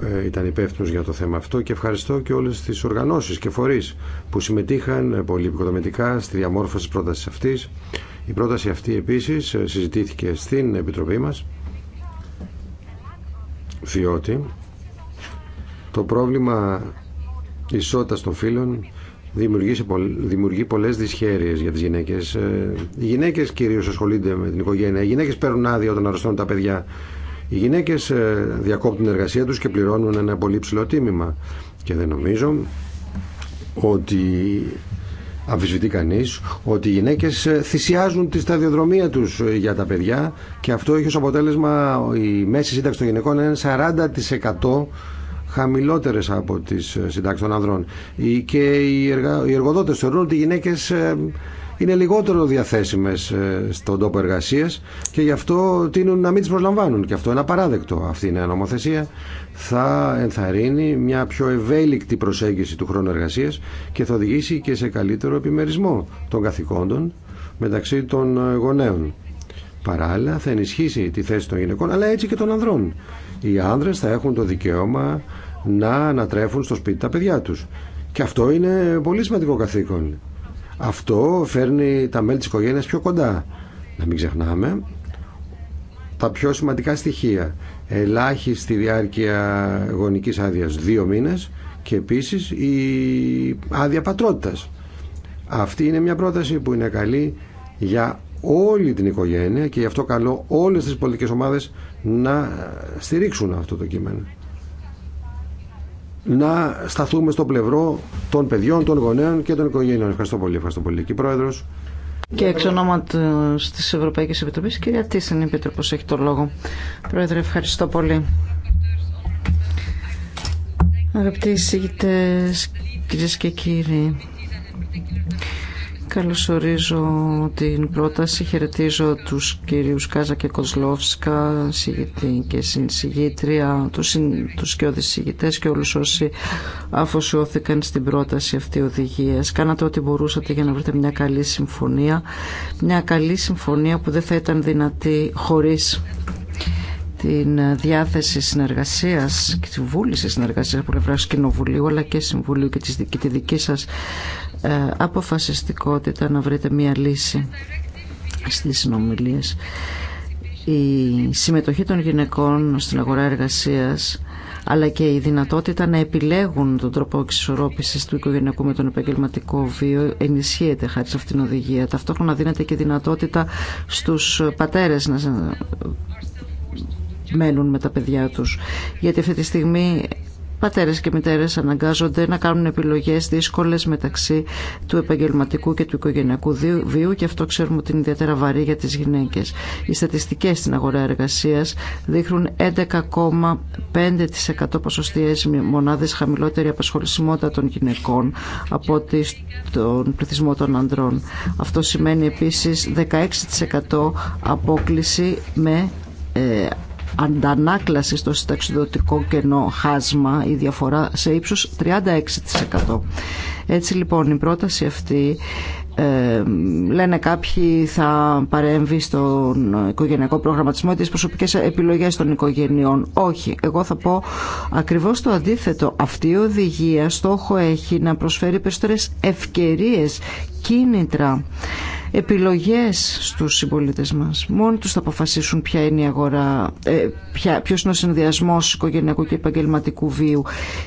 ε, ήταν υπεύθυνο για το θέμα αυτό και ευχαριστώ και όλες τις οργανώσεις και φορείς που συμμετείχαν ε, πολύ επικοδομητικά στη διαμόρφωση της πρότασης αυτής. Η πρόταση αυτή επίσης συζητήθηκε στην Επιτροπή μας διότι το πρόβλημα ισότητας των φύλων δημιουργεί πολλέ δυσχέρειε για τις γυναίκες. Ε, οι γυναίκε κυρίω ασχολούνται με την οικογένεια. Οι γυναίκε παίρνουν άδεια όταν αρρωστούν τα παιδιά. Οι γυναίκες ε, διακόπτουν την εργασία του και πληρώνουν ένα πολύ ψηλό τίμημα. Και δεν νομίζω ότι αμφισβητεί κανεί ότι οι γυναίκε ε, θυσιάζουν τη σταδιοδρομία του για τα παιδιά και αυτό έχει ω αποτέλεσμα η μέση σύνταξη των γυναικών να είναι 40% Χαμηλότερε από τι ε, συντάξει των ανδρών και οι, εργα... εργοδότες θεωρούν ότι οι γυναίκε ε, είναι λιγότερο διαθέσιμε ε, στον τόπο εργασία και γι' αυτό τείνουν να μην τι προσλαμβάνουν και αυτό είναι απαράδεκτο αυτή η νέα νομοθεσία θα ενθαρρύνει μια πιο ευέλικτη προσέγγιση του χρόνου εργασία και θα οδηγήσει και σε καλύτερο επιμερισμό των καθηκόντων μεταξύ των γονέων παράλληλα θα ενισχύσει τη θέση των γυναικών αλλά έτσι και των ανδρών οι άνδρες θα έχουν το δικαίωμα να ανατρέφουν στο σπίτι τα παιδιά τους. Και αυτό είναι πολύ σημαντικό καθήκον. Αυτό φέρνει τα μέλη της οικογένειας πιο κοντά. Να μην ξεχνάμε τα πιο σημαντικά στοιχεία. Ελάχιστη διάρκεια γονικής άδειας δύο μήνες και επίσης η άδεια πατρότητας. Αυτή είναι μια πρόταση που είναι καλή για όλη την οικογένεια και γι' αυτό καλό όλες τις πολιτικές ομάδες να στηρίξουν αυτό το κείμενο να σταθούμε στο πλευρό των παιδιών, των γονέων και των οικογένειων. Ευχαριστώ πολύ, ευχαριστώ πολύ. κύριε πρόεδρος. Και εξ ονόματο τη Ευρωπαϊκή Επιτροπή, κυρία Τίσεν, η Επίτροπο έχει το λόγο. Πρόεδρε, ευχαριστώ πολύ. Αγαπητοί εισηγητέ, κυρίε και κύριοι, Καλωσορίζω την πρόταση. Χαιρετίζω τους κυρίους Κάζα και Κοσλόφσκα, συγητή και συνσηγήτρια, τους, τους και οδησηγητές και όλους όσοι αφοσιώθηκαν στην πρόταση αυτή οδηγία. Κάνατε ό,τι μπορούσατε για να βρείτε μια καλή συμφωνία. Μια καλή συμφωνία που δεν θα ήταν δυνατή χωρίς την διάθεση συνεργασίας και τη βούληση συνεργασίας από πλευρά Κοινοβουλίου αλλά και Συμβουλίου και τη δική σας ε, αποφασιστικότητα να βρείτε μια λύση στις συνομιλίες. Η συμμετοχή των γυναικών στην αγορά εργασίας αλλά και η δυνατότητα να επιλέγουν τον τρόπο εξισορρόπησης του οικογενειακού με τον επαγγελματικό βίο ενισχύεται χάρη σε αυτήν την οδηγία. Ταυτόχρονα δίνεται και δυνατότητα στους πατέρες να μένουν με τα παιδιά τους. Γιατί αυτή τη στιγμή πατέρες και μητέρες αναγκάζονται να κάνουν επιλογές δύσκολες μεταξύ του επαγγελματικού και του οικογενειακού βίου και αυτό ξέρουμε ότι είναι ιδιαίτερα βαρύ για τις γυναίκες. Οι στατιστικές στην αγορά εργασίας δείχνουν 11,5% ποσοστιαίες μονάδες χαμηλότερη απασχολησιμότητα των γυναικών από ότι στον πληθυσμό των ανδρών. Αυτό σημαίνει επίσης 16% απόκληση με ε, αντανάκλαση στο συνταξιδοτικό κενό χάσμα η διαφορά σε ύψος 36%. Έτσι λοιπόν η πρόταση αυτή ε, λένε κάποιοι θα παρέμβει στον οικογενειακό προγραμματισμό ή τις προσωπικές επιλογές των οικογενειών. Όχι, εγώ θα πω ακριβώς το αντίθετο. Αυτή η οδηγία στόχο έχει να προσφέρει περισσότερες ευκαιρίες, κίνητρα επιλογές στους συμπολίτε μας. Μόνοι τους θα αποφασίσουν ποια είναι η αγορά, ε, ποιος είναι ο συνδυασμός οικογενειακού και επαγγελματικού βίου.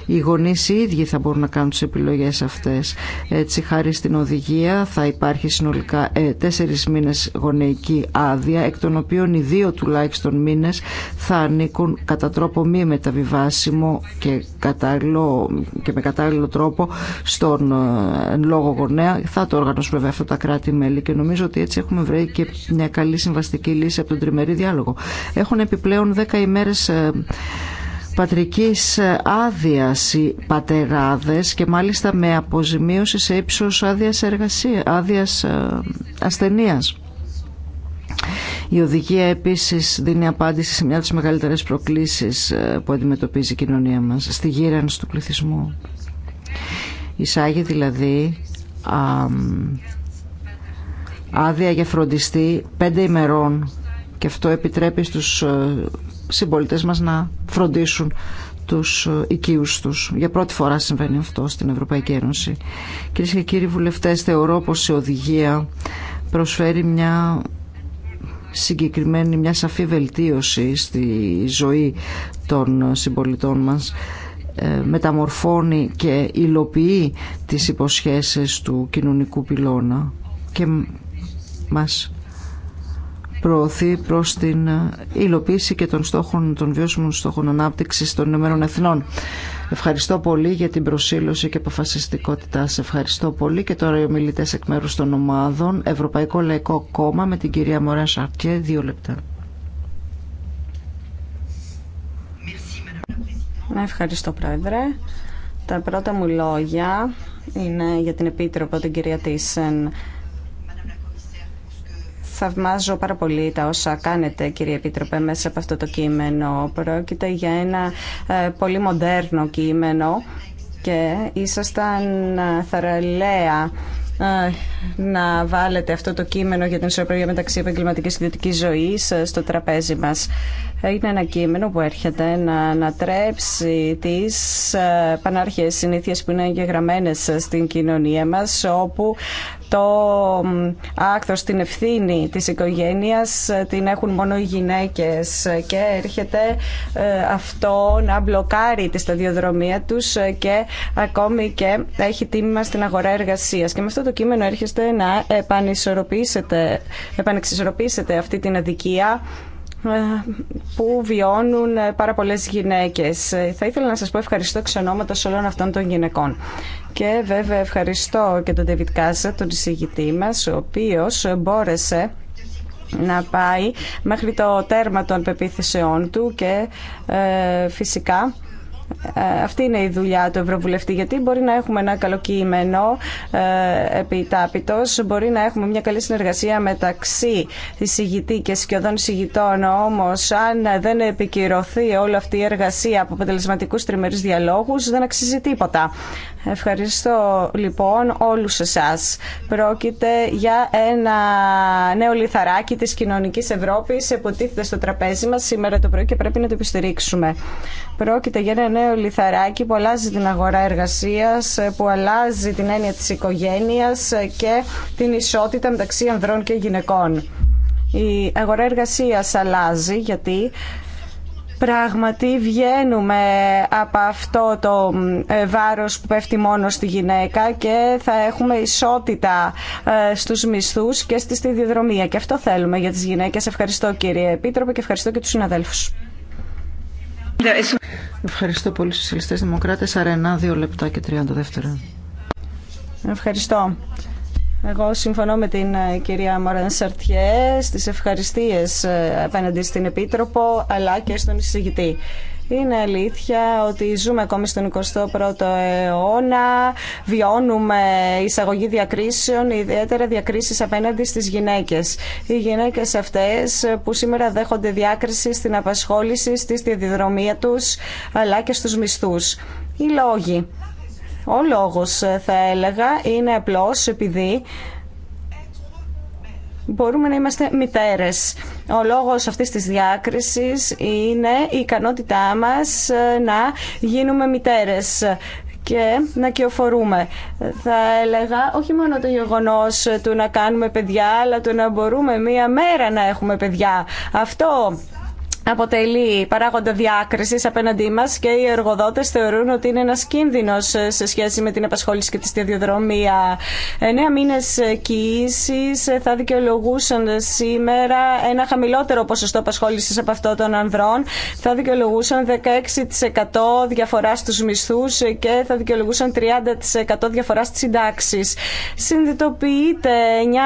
Οι γονείς οι ίδιοι θα μπορούν να κάνουν τις επιλογές αυτές. Έτσι, χάρη στην οδηγία θα υπάρχει συνολικά ε, τέσσερις μήνες γονεϊκή άδεια, εκ των οποίων οι δύο τουλάχιστον μήνες θα ανήκουν κατά τρόπο μη μεταβιβάσιμο και, κατάλληλο, και με κατάλληλο τρόπο στον ε, λόγο γονέα. Θα το οργανώσουν βέβαια αυτό τα κράτη-μέλη και νομίζω ότι έτσι έχουμε βρει και μια καλή συμβαστική λύση από τον τριμερή διάλογο. Έχουν επιπλέον 10 ημέρε ε, πατρικής ε, άδεια οι πατεράδες και μάλιστα με αποζημίωση σε ύψος άδεια εργασία, άδεια ε, ασθενείας. Η οδηγία επίσης δίνει απάντηση σε μια από τις μεγαλύτερες προκλήσεις που αντιμετωπίζει η κοινωνία μας, στη γύρανση του πληθυσμού. Εισάγει δηλαδή άδεια για φροντιστή πέντε ημερών και αυτό επιτρέπει στους ε, συμπολίτες μας να φροντίσουν τους ε, οικείους τους. Για πρώτη φορά συμβαίνει αυτό στην Ευρωπαϊκή Ένωση. Κυρίε και κύριοι βουλευτές, θεωρώ πως η οδηγία προσφέρει μια συγκεκριμένη, μια σαφή βελτίωση στη ζωή των συμπολιτών μας ε, μεταμορφώνει και υλοποιεί τις υποσχέσεις του κοινωνικού πυλώνα και μας προωθεί προς την υλοποίηση και των στόχων των βιώσιμων στόχων ανάπτυξης των Ηνωμένων Εθνών. Ευχαριστώ πολύ για την προσήλωση και αποφασιστικότητά Σε Ευχαριστώ πολύ και τώρα οι ομιλητές εκ μέρους των ομάδων Ευρωπαϊκό Λαϊκό Κόμμα με την κυρία Μωρέα Σαρτιέ, δύο λεπτά. Ευχαριστώ Πρόεδρε. Τα πρώτα μου λόγια είναι για την Επίτροπο, την κυρία Τίσεν. Θαυμάζω πάρα πολύ τα όσα κάνετε, κύριε Επίτροπε, μέσα από αυτό το κείμενο. Πρόκειται για ένα ε, πολύ μοντέρνο κείμενο και ήσασταν ε, θαραλέα ε, να βάλετε αυτό το κείμενο για την ισορροπία μεταξύ επαγγελματικής και ιδιωτικής ζωής στο τραπέζι μας. Είναι ένα κείμενο που έρχεται να ανατρέψει τις πανάρχες συνήθειες που είναι εγγεγραμμένες στην κοινωνία μας όπου το άκθος, την ευθύνη της οικογένειας την έχουν μόνο οι γυναίκες και έρχεται ε, αυτό να μπλοκάρει τη σταδιοδρομία τους ε, και ακόμη και έχει τίμημα στην αγορά εργασίας. Και με αυτό το κείμενο έρχεστε να επανεξισορροπήσετε αυτή την αδικία που βιώνουν πάρα πολλές γυναίκες. Θα ήθελα να σας πω ευχαριστώ εξ ονόματος όλων αυτών των γυναικών. Και βέβαια ευχαριστώ και τον David Κάζα, τον εισηγητή μας, ο οποίος μπόρεσε να πάει μέχρι το τέρμα των πεποίθησεών του και ε, φυσικά ε, αυτή είναι η δουλειά του Ευρωβουλευτή, γιατί μπορεί να έχουμε ένα καλό κείμενο ε, επιτάπητος, μπορεί να έχουμε μια καλή συνεργασία μεταξύ εισηγητή και σκιωδών εισηγητών, όμως αν δεν επικυρωθεί όλη αυτή η εργασία από αποτελεσματικού τριμερείς διαλόγους, δεν αξίζει τίποτα. Ευχαριστώ λοιπόν όλους εσάς. Πρόκειται για ένα νέο λιθαράκι της κοινωνικής Ευρώπης που τίθεται στο τραπέζι μας σήμερα το πρωί και πρέπει να το επιστηρίξουμε. Πρόκειται για ένα νέο λιθαράκι που αλλάζει την αγορά εργασίας, που αλλάζει την έννοια της οικογένειας και την ισότητα μεταξύ ανδρών και γυναικών. Η αγορά εργασίας αλλάζει γιατί Πράγματι βγαίνουμε από αυτό το ε, βάρος που πέφτει μόνο στη γυναίκα και θα έχουμε ισότητα ε, στους μισθούς και στη στιδιοδρομία. Και αυτό θέλουμε για τις γυναίκες. Ευχαριστώ κύριε Επίτροπε και ευχαριστώ και τους συναδέλφους. Ευχαριστώ πολύ στους Δημοκράτες. Αρένα, δύο λεπτά και 30 δεύτερα. Ευχαριστώ. Εγώ συμφωνώ με την ε, κυρία Μωρέν Σαρτιέ στις ευχαριστίες ε, απέναντι στην Επίτροπο αλλά και στον εισηγητή. Είναι αλήθεια ότι ζούμε ακόμη στον 21ο αιώνα, βιώνουμε εισαγωγή διακρίσεων, ιδιαίτερα διακρίσεις απέναντι στις γυναίκες. Οι γυναίκες αυτές ε, που σήμερα δέχονται διάκριση στην απασχόληση, στη διαδρομία τους, αλλά και στους μισθούς. Οι λόγοι ο λόγος ε, θα έλεγα είναι απλώς επειδή μπορούμε να είμαστε μητέρες. Ο λόγος αυτής της διάκρισης είναι η ικανότητά μας ε, να γίνουμε μητέρες και να κοιοφορούμε. Θα έλεγα όχι μόνο το γεγονός ε, του να κάνουμε παιδιά, αλλά το να μπορούμε μία μέρα να έχουμε παιδιά. Αυτό αποτελεί παράγοντα διάκριση απέναντί μα και οι εργοδότε θεωρούν ότι είναι ένα κίνδυνο σε σχέση με την απασχόληση και τη σταδιοδρομία. Εννέα μήνε κοίηση θα δικαιολογούσαν σήμερα ένα χαμηλότερο ποσοστό απασχόληση από αυτό των ανδρών. Θα δικαιολογούσαν 16% διαφορά στου μισθού και θα δικαιολογούσαν 30% διαφορά στι συντάξει. Συνδυτοποιείται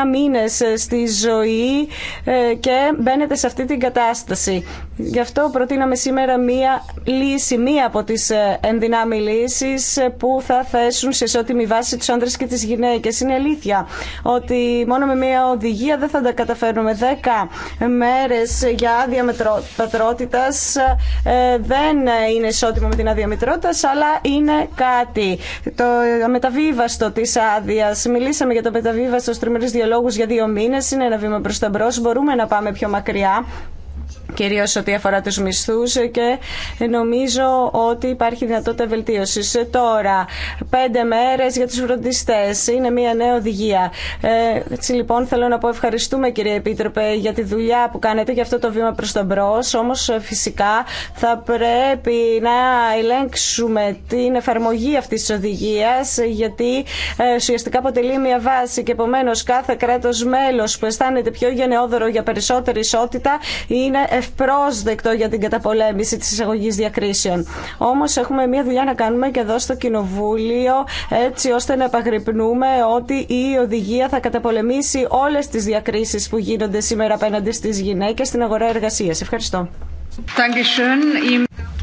9 μήνε στη ζωή ε, και μπαίνετε σε αυτή την κατάσταση. Γι' αυτό προτείναμε σήμερα μία λύση, μία από τις ε, ενδυνάμει λύσεις ε, που θα θέσουν σε ισότιμη βάση τους άντρες και τις γυναίκες. Είναι αλήθεια ότι μόνο με μία οδηγία δεν θα τα καταφέρνουμε. Δέκα μέρες για άδεια μετρότητας ε, δεν είναι ισότιμο με την άδεια μετρότητας, αλλά είναι κάτι. Το μεταβίβαστο της άδεια. Μιλήσαμε για το μεταβίβαστο στριμερείς διαλόγους για δύο μήνες. Είναι ένα βήμα προς τα μπρος. Μπορούμε να πάμε πιο μακριά Κυρίω ό,τι αφορά του μισθού και νομίζω ότι υπάρχει δυνατότητα βελτίωση. Τώρα, πέντε μέρε για του φροντιστέ είναι μια νέα οδηγία. Ε, έτσι λοιπόν θέλω να πω ευχαριστούμε κύριε Επίτροπε για τη δουλειά που κάνετε για αυτό το βήμα προ τον μπρο. Όμω ε, φυσικά θα πρέπει να ελέγξουμε την εφαρμογή αυτή τη οδηγία, γιατί ε, ουσιαστικά αποτελεί μια βάση και επομένω κάθε κράτο μέλο που αισθάνεται πιο γενναιόδωρο για περισσότερη ισότητα είναι ευπρόσδεκτο για την καταπολέμηση τη εισαγωγή διακρίσεων. Όμως έχουμε μια δουλειά να κάνουμε και εδώ στο Κοινοβούλιο έτσι ώστε να επαγρυπνούμε ότι η οδηγία θα καταπολεμήσει όλες τις διακρίσεις που γίνονται σήμερα απέναντι στις γυναίκες στην αγορά εργασία. Ευχαριστώ.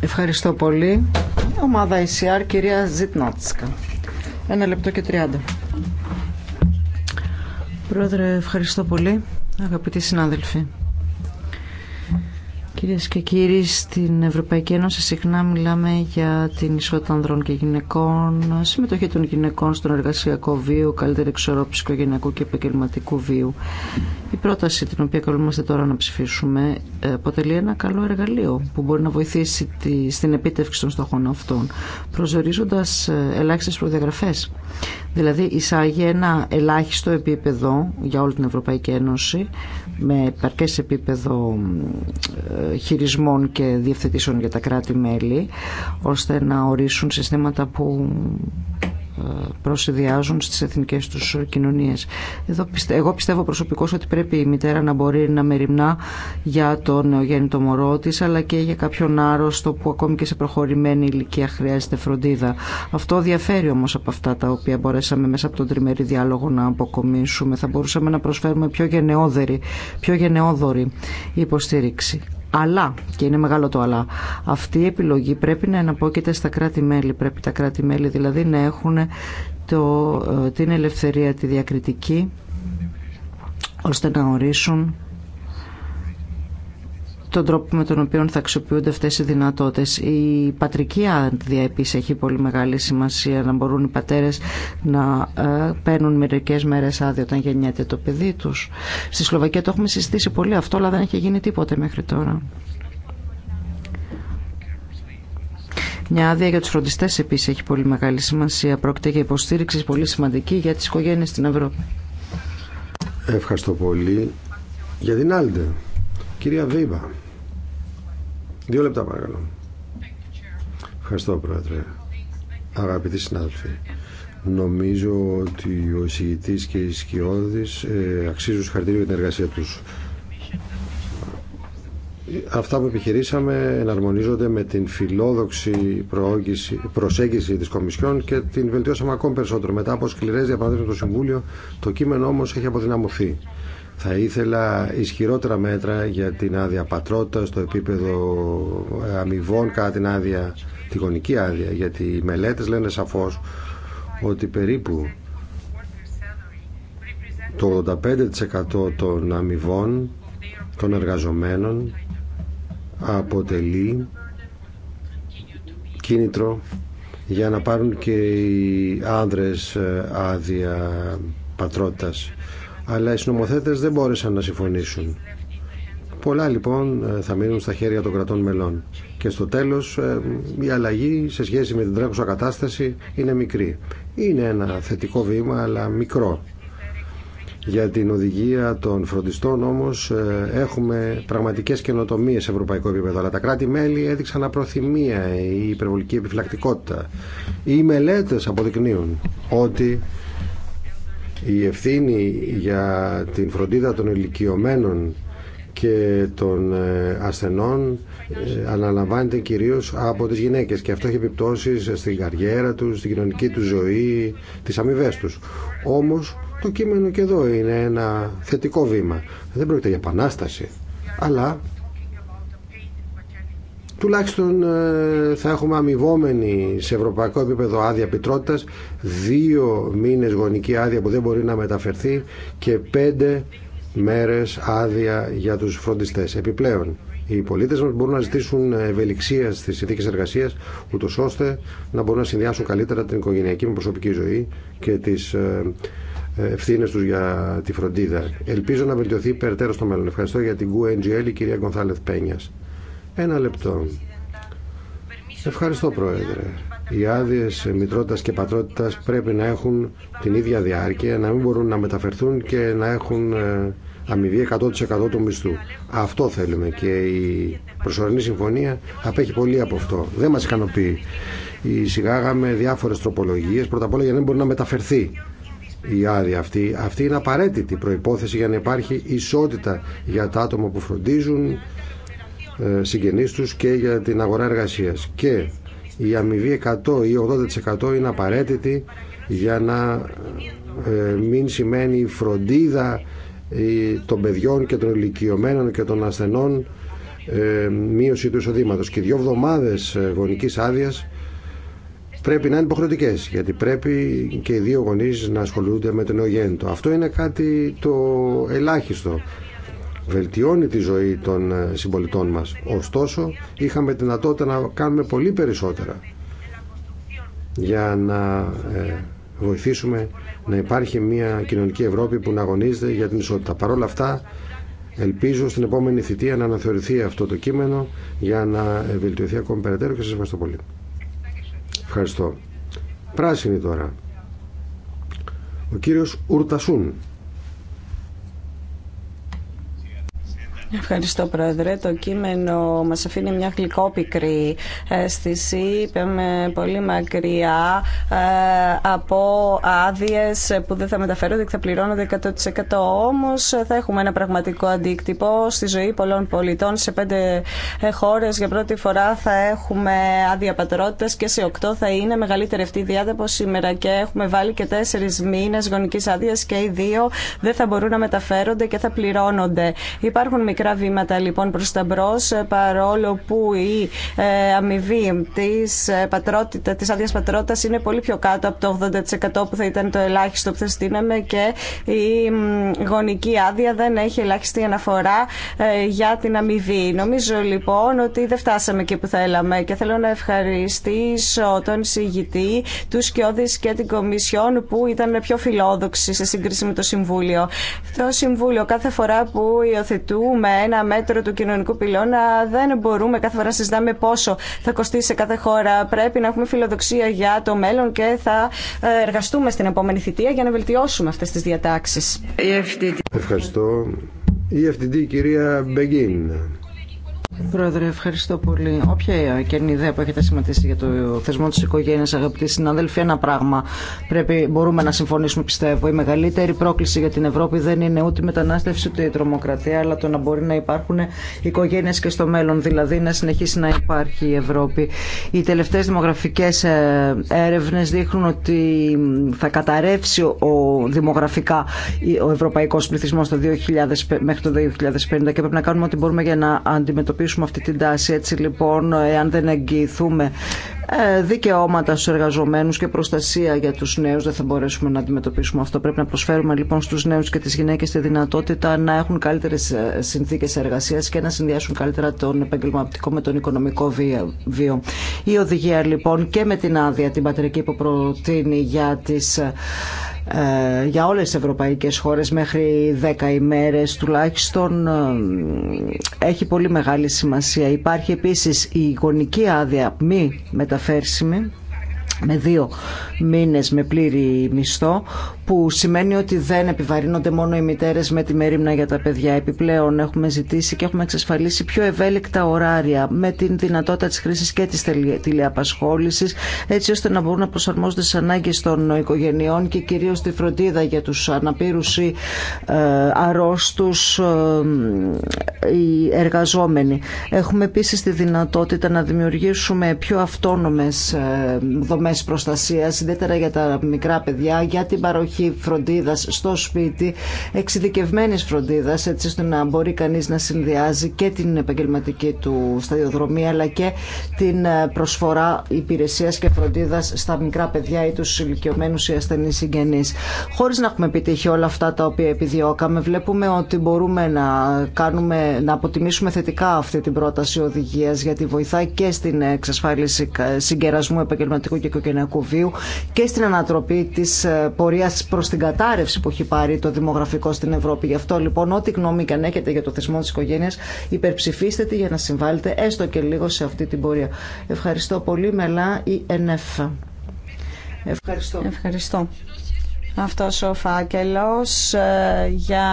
Ευχαριστώ πολύ. Ομάδα ICR, κυρία Ζητνότσκα. Ένα λεπτό και τριάντα. Πρόεδρε, ευχαριστώ πολύ. Αγαπητοί συνάδελφοι. Κυρίες και κύριοι, στην Ευρωπαϊκή Ένωση συχνά μιλάμε για την ισότητα ανδρών και γυναικών, συμμετοχή των γυναικών στον εργασιακό βίο, καλύτερη εξορρόπηση οικογενειακού και επαγγελματικού βίου. Η πρόταση την οποία καλούμαστε τώρα να ψηφίσουμε ε, αποτελεί ένα καλό εργαλείο που μπορεί να βοηθήσει στην επίτευξη των στόχων αυτών, προσδιορίζοντα ε, ελάχιστες προδιαγραφές Δηλαδή εισάγει ένα ελάχιστο επίπεδο για όλη την Ευρωπαϊκή Ένωση με παρκές επίπεδο ε, χειρισμών και διευθετήσεων για τα κράτη-μέλη ώστε να ορίσουν συστήματα που προσυδειάζουν στις εθνικές τους κοινωνίες. Εδώ εγώ πιστεύω προσωπικώς ότι πρέπει η μητέρα να μπορεί να μεριμνά για το νεογέννητο μωρό της αλλά και για κάποιον άρρωστο που ακόμη και σε προχωρημένη ηλικία χρειάζεται φροντίδα. Αυτό διαφέρει όμως από αυτά τα οποία μπορέσαμε μέσα από τον τριμερή διάλογο να αποκομίσουμε. Θα μπορούσαμε να προσφέρουμε πιο πιο γενναιόδορη υποστήριξη. Αλλά, και είναι μεγάλο το αλλά, αυτή η επιλογή πρέπει να εναπόκειται στα κράτη-μέλη. Πρέπει τα κράτη-μέλη δηλαδή να έχουν το, ε, την ελευθερία, τη διακριτική, ώστε να ορίσουν τον τρόπο με τον οποίο θα αξιοποιούνται αυτές οι δυνατότητες. Η πατρική άδεια επίσης έχει πολύ μεγάλη σημασία να μπορούν οι πατέρες να ε, παίρνουν μερικές μέρες άδεια όταν γεννιέται το παιδί τους. Στη Σλοβακία το έχουμε συστήσει πολύ αυτό, αλλά δεν έχει γίνει τίποτε μέχρι τώρα. Μια άδεια για τους φροντιστές επίσης έχει πολύ μεγάλη σημασία. Πρόκειται για υποστήριξη πολύ σημαντική για τις οικογένειες στην Ευρώπη. Ευχαριστώ πολύ. Για την άλλη, κυρία Βίβα. Δύο λεπτά παρακαλώ. Ευχαριστώ Πρόεδρε. Αγαπητοί συνάδελφοι, νομίζω ότι ο εισηγητής και οι σκιώδης ε, αξίζουν συγχαρητήριο για την εργασία τους. Αυτά που επιχειρήσαμε εναρμονίζονται με την φιλόδοξη προσέγγιση της Κομισιόν και την βελτιώσαμε ακόμη περισσότερο. Μετά από σκληρές διαπραγματεύσει με το Συμβούλιο, το κείμενο όμω έχει αποδυναμωθεί. Θα ήθελα ισχυρότερα μέτρα για την άδεια πατρότητα στο επίπεδο ε, αμοιβών κατά την άδεια, τη γονική άδεια, γιατί οι μελέτες λένε σαφώς ότι περίπου το 85% των αμοιβών των εργαζομένων αποτελεί κίνητρο για να πάρουν και οι άνδρες ε, άδεια πατρότητας αλλά οι συνομοθέτες δεν μπόρεσαν να συμφωνήσουν. Πολλά λοιπόν ε, θα μείνουν στα χέρια των κρατών μελών. Και στο τέλος ε, η αλλαγή σε σχέση με την τρέχουσα κατάσταση είναι μικρή. Είναι ένα θετικό βήμα αλλά μικρό. Για την οδηγία των φροντιστών όμως ε, έχουμε πραγματικές καινοτομίες σε ευρωπαϊκό επίπεδο. Αλλά τα κράτη-μέλη έδειξαν απροθυμία ή υπερβολική επιφυλακτικότητα. Οι μελέτες αποδεικνύουν ότι η ευθύνη για την φροντίδα των ηλικιωμένων και των ε, ασθενών ε, αναλαμβάνεται κυρίως από τις γυναίκες και αυτό έχει επιπτώσεις στην καριέρα τους, στην κοινωνική τους ζωή, τις αμοιβέ τους. Όμως το κείμενο και εδώ είναι ένα θετικό βήμα. Δεν πρόκειται για επανάσταση, αλλά τουλάχιστον ε, θα έχουμε αμοιβόμενη σε ευρωπαϊκό επίπεδο άδεια πιτρότητας, δύο μήνε γονική άδεια που δεν μπορεί να μεταφερθεί και πέντε μέρε άδεια για του φροντιστέ. Επιπλέον, οι πολίτε μα μπορούν να ζητήσουν ευελιξία στι συνθήκες εργασία, ούτω ώστε να μπορούν να συνδυάσουν καλύτερα την οικογενειακή με προσωπική ζωή και τι ε, ευθύνε του για τη φροντίδα. Ελπίζω να βελτιωθεί περαιτέρω στο μέλλον. Ευχαριστώ για την QNGL, κυρία Γκονθάλεθ Πένια. Ένα λεπτό. Ευχαριστώ, Πρόεδρε. Οι άδειε μητρότητα και πατρότητα πρέπει να έχουν την ίδια διάρκεια, να μην μπορούν να μεταφερθούν και να έχουν ε, αμοιβή 100% του μισθού. Αυτό θέλουμε και η προσωρινή συμφωνία απέχει πολύ από αυτό. Δεν μα ικανοποιεί. Εισηγάγαμε διάφορε τροπολογίε, πρώτα απ' όλα για να μην μπορεί να μεταφερθεί η άδεια αυτή. Αυτή είναι απαραίτητη προπόθεση για να υπάρχει ισότητα για τα άτομα που φροντίζουν ε, συγγενείς τους και για την αγορά εργασίας. Και η αμοιβή 100 ή 80% είναι απαραίτητη για να ε, μην σημαίνει φροντίδα ε, των παιδιών και των ηλικιωμένων και των ασθενών μείωση του εισοδήματο. Και δύο εβδομάδε γονικής άδεια πρέπει να είναι υποχρεωτικέ, γιατί πρέπει και οι δύο γονεί να ασχολούνται με τον νεογέννητο. Αυτό είναι κάτι το ελάχιστο βελτιώνει τη ζωή των ε, συμπολιτών μας. Ωστόσο, είχαμε δυνατότητα να κάνουμε πολύ περισσότερα για να ε, βοηθήσουμε να υπάρχει μια κοινωνική Ευρώπη που να αγωνίζεται για την ισότητα. Παρ' όλα αυτά, ελπίζω στην επόμενη θητεία να αναθεωρηθεί αυτό το κείμενο για να ε, βελτιωθεί ακόμη περαιτέρω και σας ευχαριστώ πολύ. Ευχαριστώ. Πράσινη τώρα. Ο κύριος Ουρτασούν. Ευχαριστώ Πρόεδρε. Το κείμενο μα αφήνει μια γλυκόπικρη αίσθηση. Είπαμε πολύ μακριά ε, από άδειε που δεν θα μεταφέρονται και θα πληρώνονται 100%. Όμω θα έχουμε ένα πραγματικό αντίκτυπο στη ζωή πολλών πολιτών. Σε πέντε χώρε για πρώτη φορά θα έχουμε άδεια πατρότητα και σε οκτώ θα είναι μεγαλύτερη αυτή η διάδα από σήμερα και έχουμε βάλει και τέσσερι μήνε γονική άδεια και οι δύο δεν θα μπορούν να μεταφέρονται και θα πληρώνονται. Υπάρχουν μικρά βήματα λοιπόν προς τα μπρος ε, παρόλο που η ε, αμοιβή της, ε, πατρότητα, της άδειας πατρότητας είναι πολύ πιο κάτω από το 80% που θα ήταν το ελάχιστο που θα στείναμε και η γονική άδεια δεν έχει ελάχιστη αναφορά για την αμοιβή. Νομίζω λοιπόν ότι δεν φτάσαμε εκεί που θέλαμε και θέλω να ευχαριστήσω τον συγητή, του Σκιώδης και την Κομισιόν που ήταν πιο φιλόδοξοι σε σύγκριση με το Συμβούλιο. Το Συμβούλιο κάθε φορά που υιοθετούμε με ένα μέτρο του κοινωνικού πυλώνα δεν μπορούμε κάθε φορά να συζητάμε πόσο θα κοστίσει σε κάθε χώρα. Πρέπει να έχουμε φιλοδοξία για το μέλλον και θα ε, εργαστούμε στην επόμενη θητεία για να βελτιώσουμε αυτές τις διατάξεις. Ευχαριστώ. Η ευθυντή κυρία Μπεγκίν. Πρόεδρε, ευχαριστώ πολύ. Όποια και είναι η ιδέα που έχετε σχηματίσει για το θεσμό τη οικογένεια, αγαπητοί συνάδελφοι, ένα πράγμα πρέπει, μπορούμε να συμφωνήσουμε, πιστεύω. Η μεγαλύτερη πρόκληση για την Ευρώπη δεν είναι ούτε η μετανάστευση ούτε η τρομοκρατία, αλλά το να μπορεί να υπάρχουν οικογένειε και στο μέλλον, δηλαδή να συνεχίσει να υπάρχει η Ευρώπη. Οι τελευταίε δημογραφικέ ε, έρευνε δείχνουν ότι θα καταρρεύσει ο, δημογραφικά ο ευρωπαϊκό πληθυσμό μέχρι το 2050 και πρέπει να κάνουμε ό,τι μπορούμε για να αντιμετωπίσουμε αντιμετωπίσουμε αυτή την τάση. Έτσι λοιπόν, εάν δεν εγγυηθούμε ε, δικαιώματα στους εργαζόμενου και προστασία για τους νέους δεν θα μπορέσουμε να αντιμετωπίσουμε αυτό. Πρέπει να προσφέρουμε λοιπόν στους νέους και τις γυναίκες τη δυνατότητα να έχουν καλύτερες ε, συνθήκες εργασίας και να συνδυάσουν καλύτερα τον επαγγελματικό με τον οικονομικό βίο. Η οδηγία λοιπόν και με την άδεια την πατρική που προτείνει για τις ε, ε, για όλες τις ευρωπαϊκές χώρες μέχρι 10 ημέρες τουλάχιστον ε, έχει πολύ μεγάλη σημασία. Υπάρχει επίσης η γονική άδεια μη μεταφέρσιμη με δύο μήνες με πλήρη μισθό που σημαίνει ότι δεν επιβαρύνονται μόνο οι μητέρες με τη μερίμνα για τα παιδιά. Επιπλέον έχουμε ζητήσει και έχουμε εξασφαλίσει πιο ευέλικτα ωράρια με την δυνατότητα της χρήσης και της τηλεαπασχόλησης έτσι ώστε να μπορούν να προσαρμόζονται στις ανάγκες των οικογενειών και κυρίως τη φροντίδα για τους αναπήρους ή ε, αρρώστους ε, οι εργαζόμενοι. Έχουμε επίσης τη δυνατότητα να δημιουργήσουμε πιο αυτόνομες ε, δομέ δομές προστασίας, ιδιαίτερα για τα μικρά παιδιά, για την παροχή φροντίδας στο σπίτι, εξειδικευμένης φροντίδας, έτσι ώστε να μπορεί κανείς να συνδυάζει και την επαγγελματική του σταδιοδρομία, αλλά και την ε, προσφορά υπηρεσίας και φροντίδας στα μικρά παιδιά ή τους ηλικιωμένους ή ασθενείς συγγενείς. Χωρίς να έχουμε επιτύχει όλα αυτά τα οποία επιδιώκαμε, βλέπουμε ότι μπορούμε να, κάνουμε, να αποτιμήσουμε θετικά αυτή την πρόταση οδηγίας, γιατί βοηθάει και στην εξασφάλιση ε, συγκερασμού επαγγελματικού και του βίου και στην ανατροπή τη ε, πορεία προ την κατάρρευση που έχει πάρει το δημογραφικό στην Ευρώπη. Γι' αυτό λοιπόν, ό,τι γνώμη και αν έχετε για το θεσμό τη οικογένεια, υπερψηφίστε τη για να συμβάλλετε έστω και λίγο σε αυτή την πορεία. Ευχαριστώ πολύ. Μελά η ΕΝΕΦ. Ευχαριστώ. Ευχαριστώ. Αυτός ο φάκελος ε, για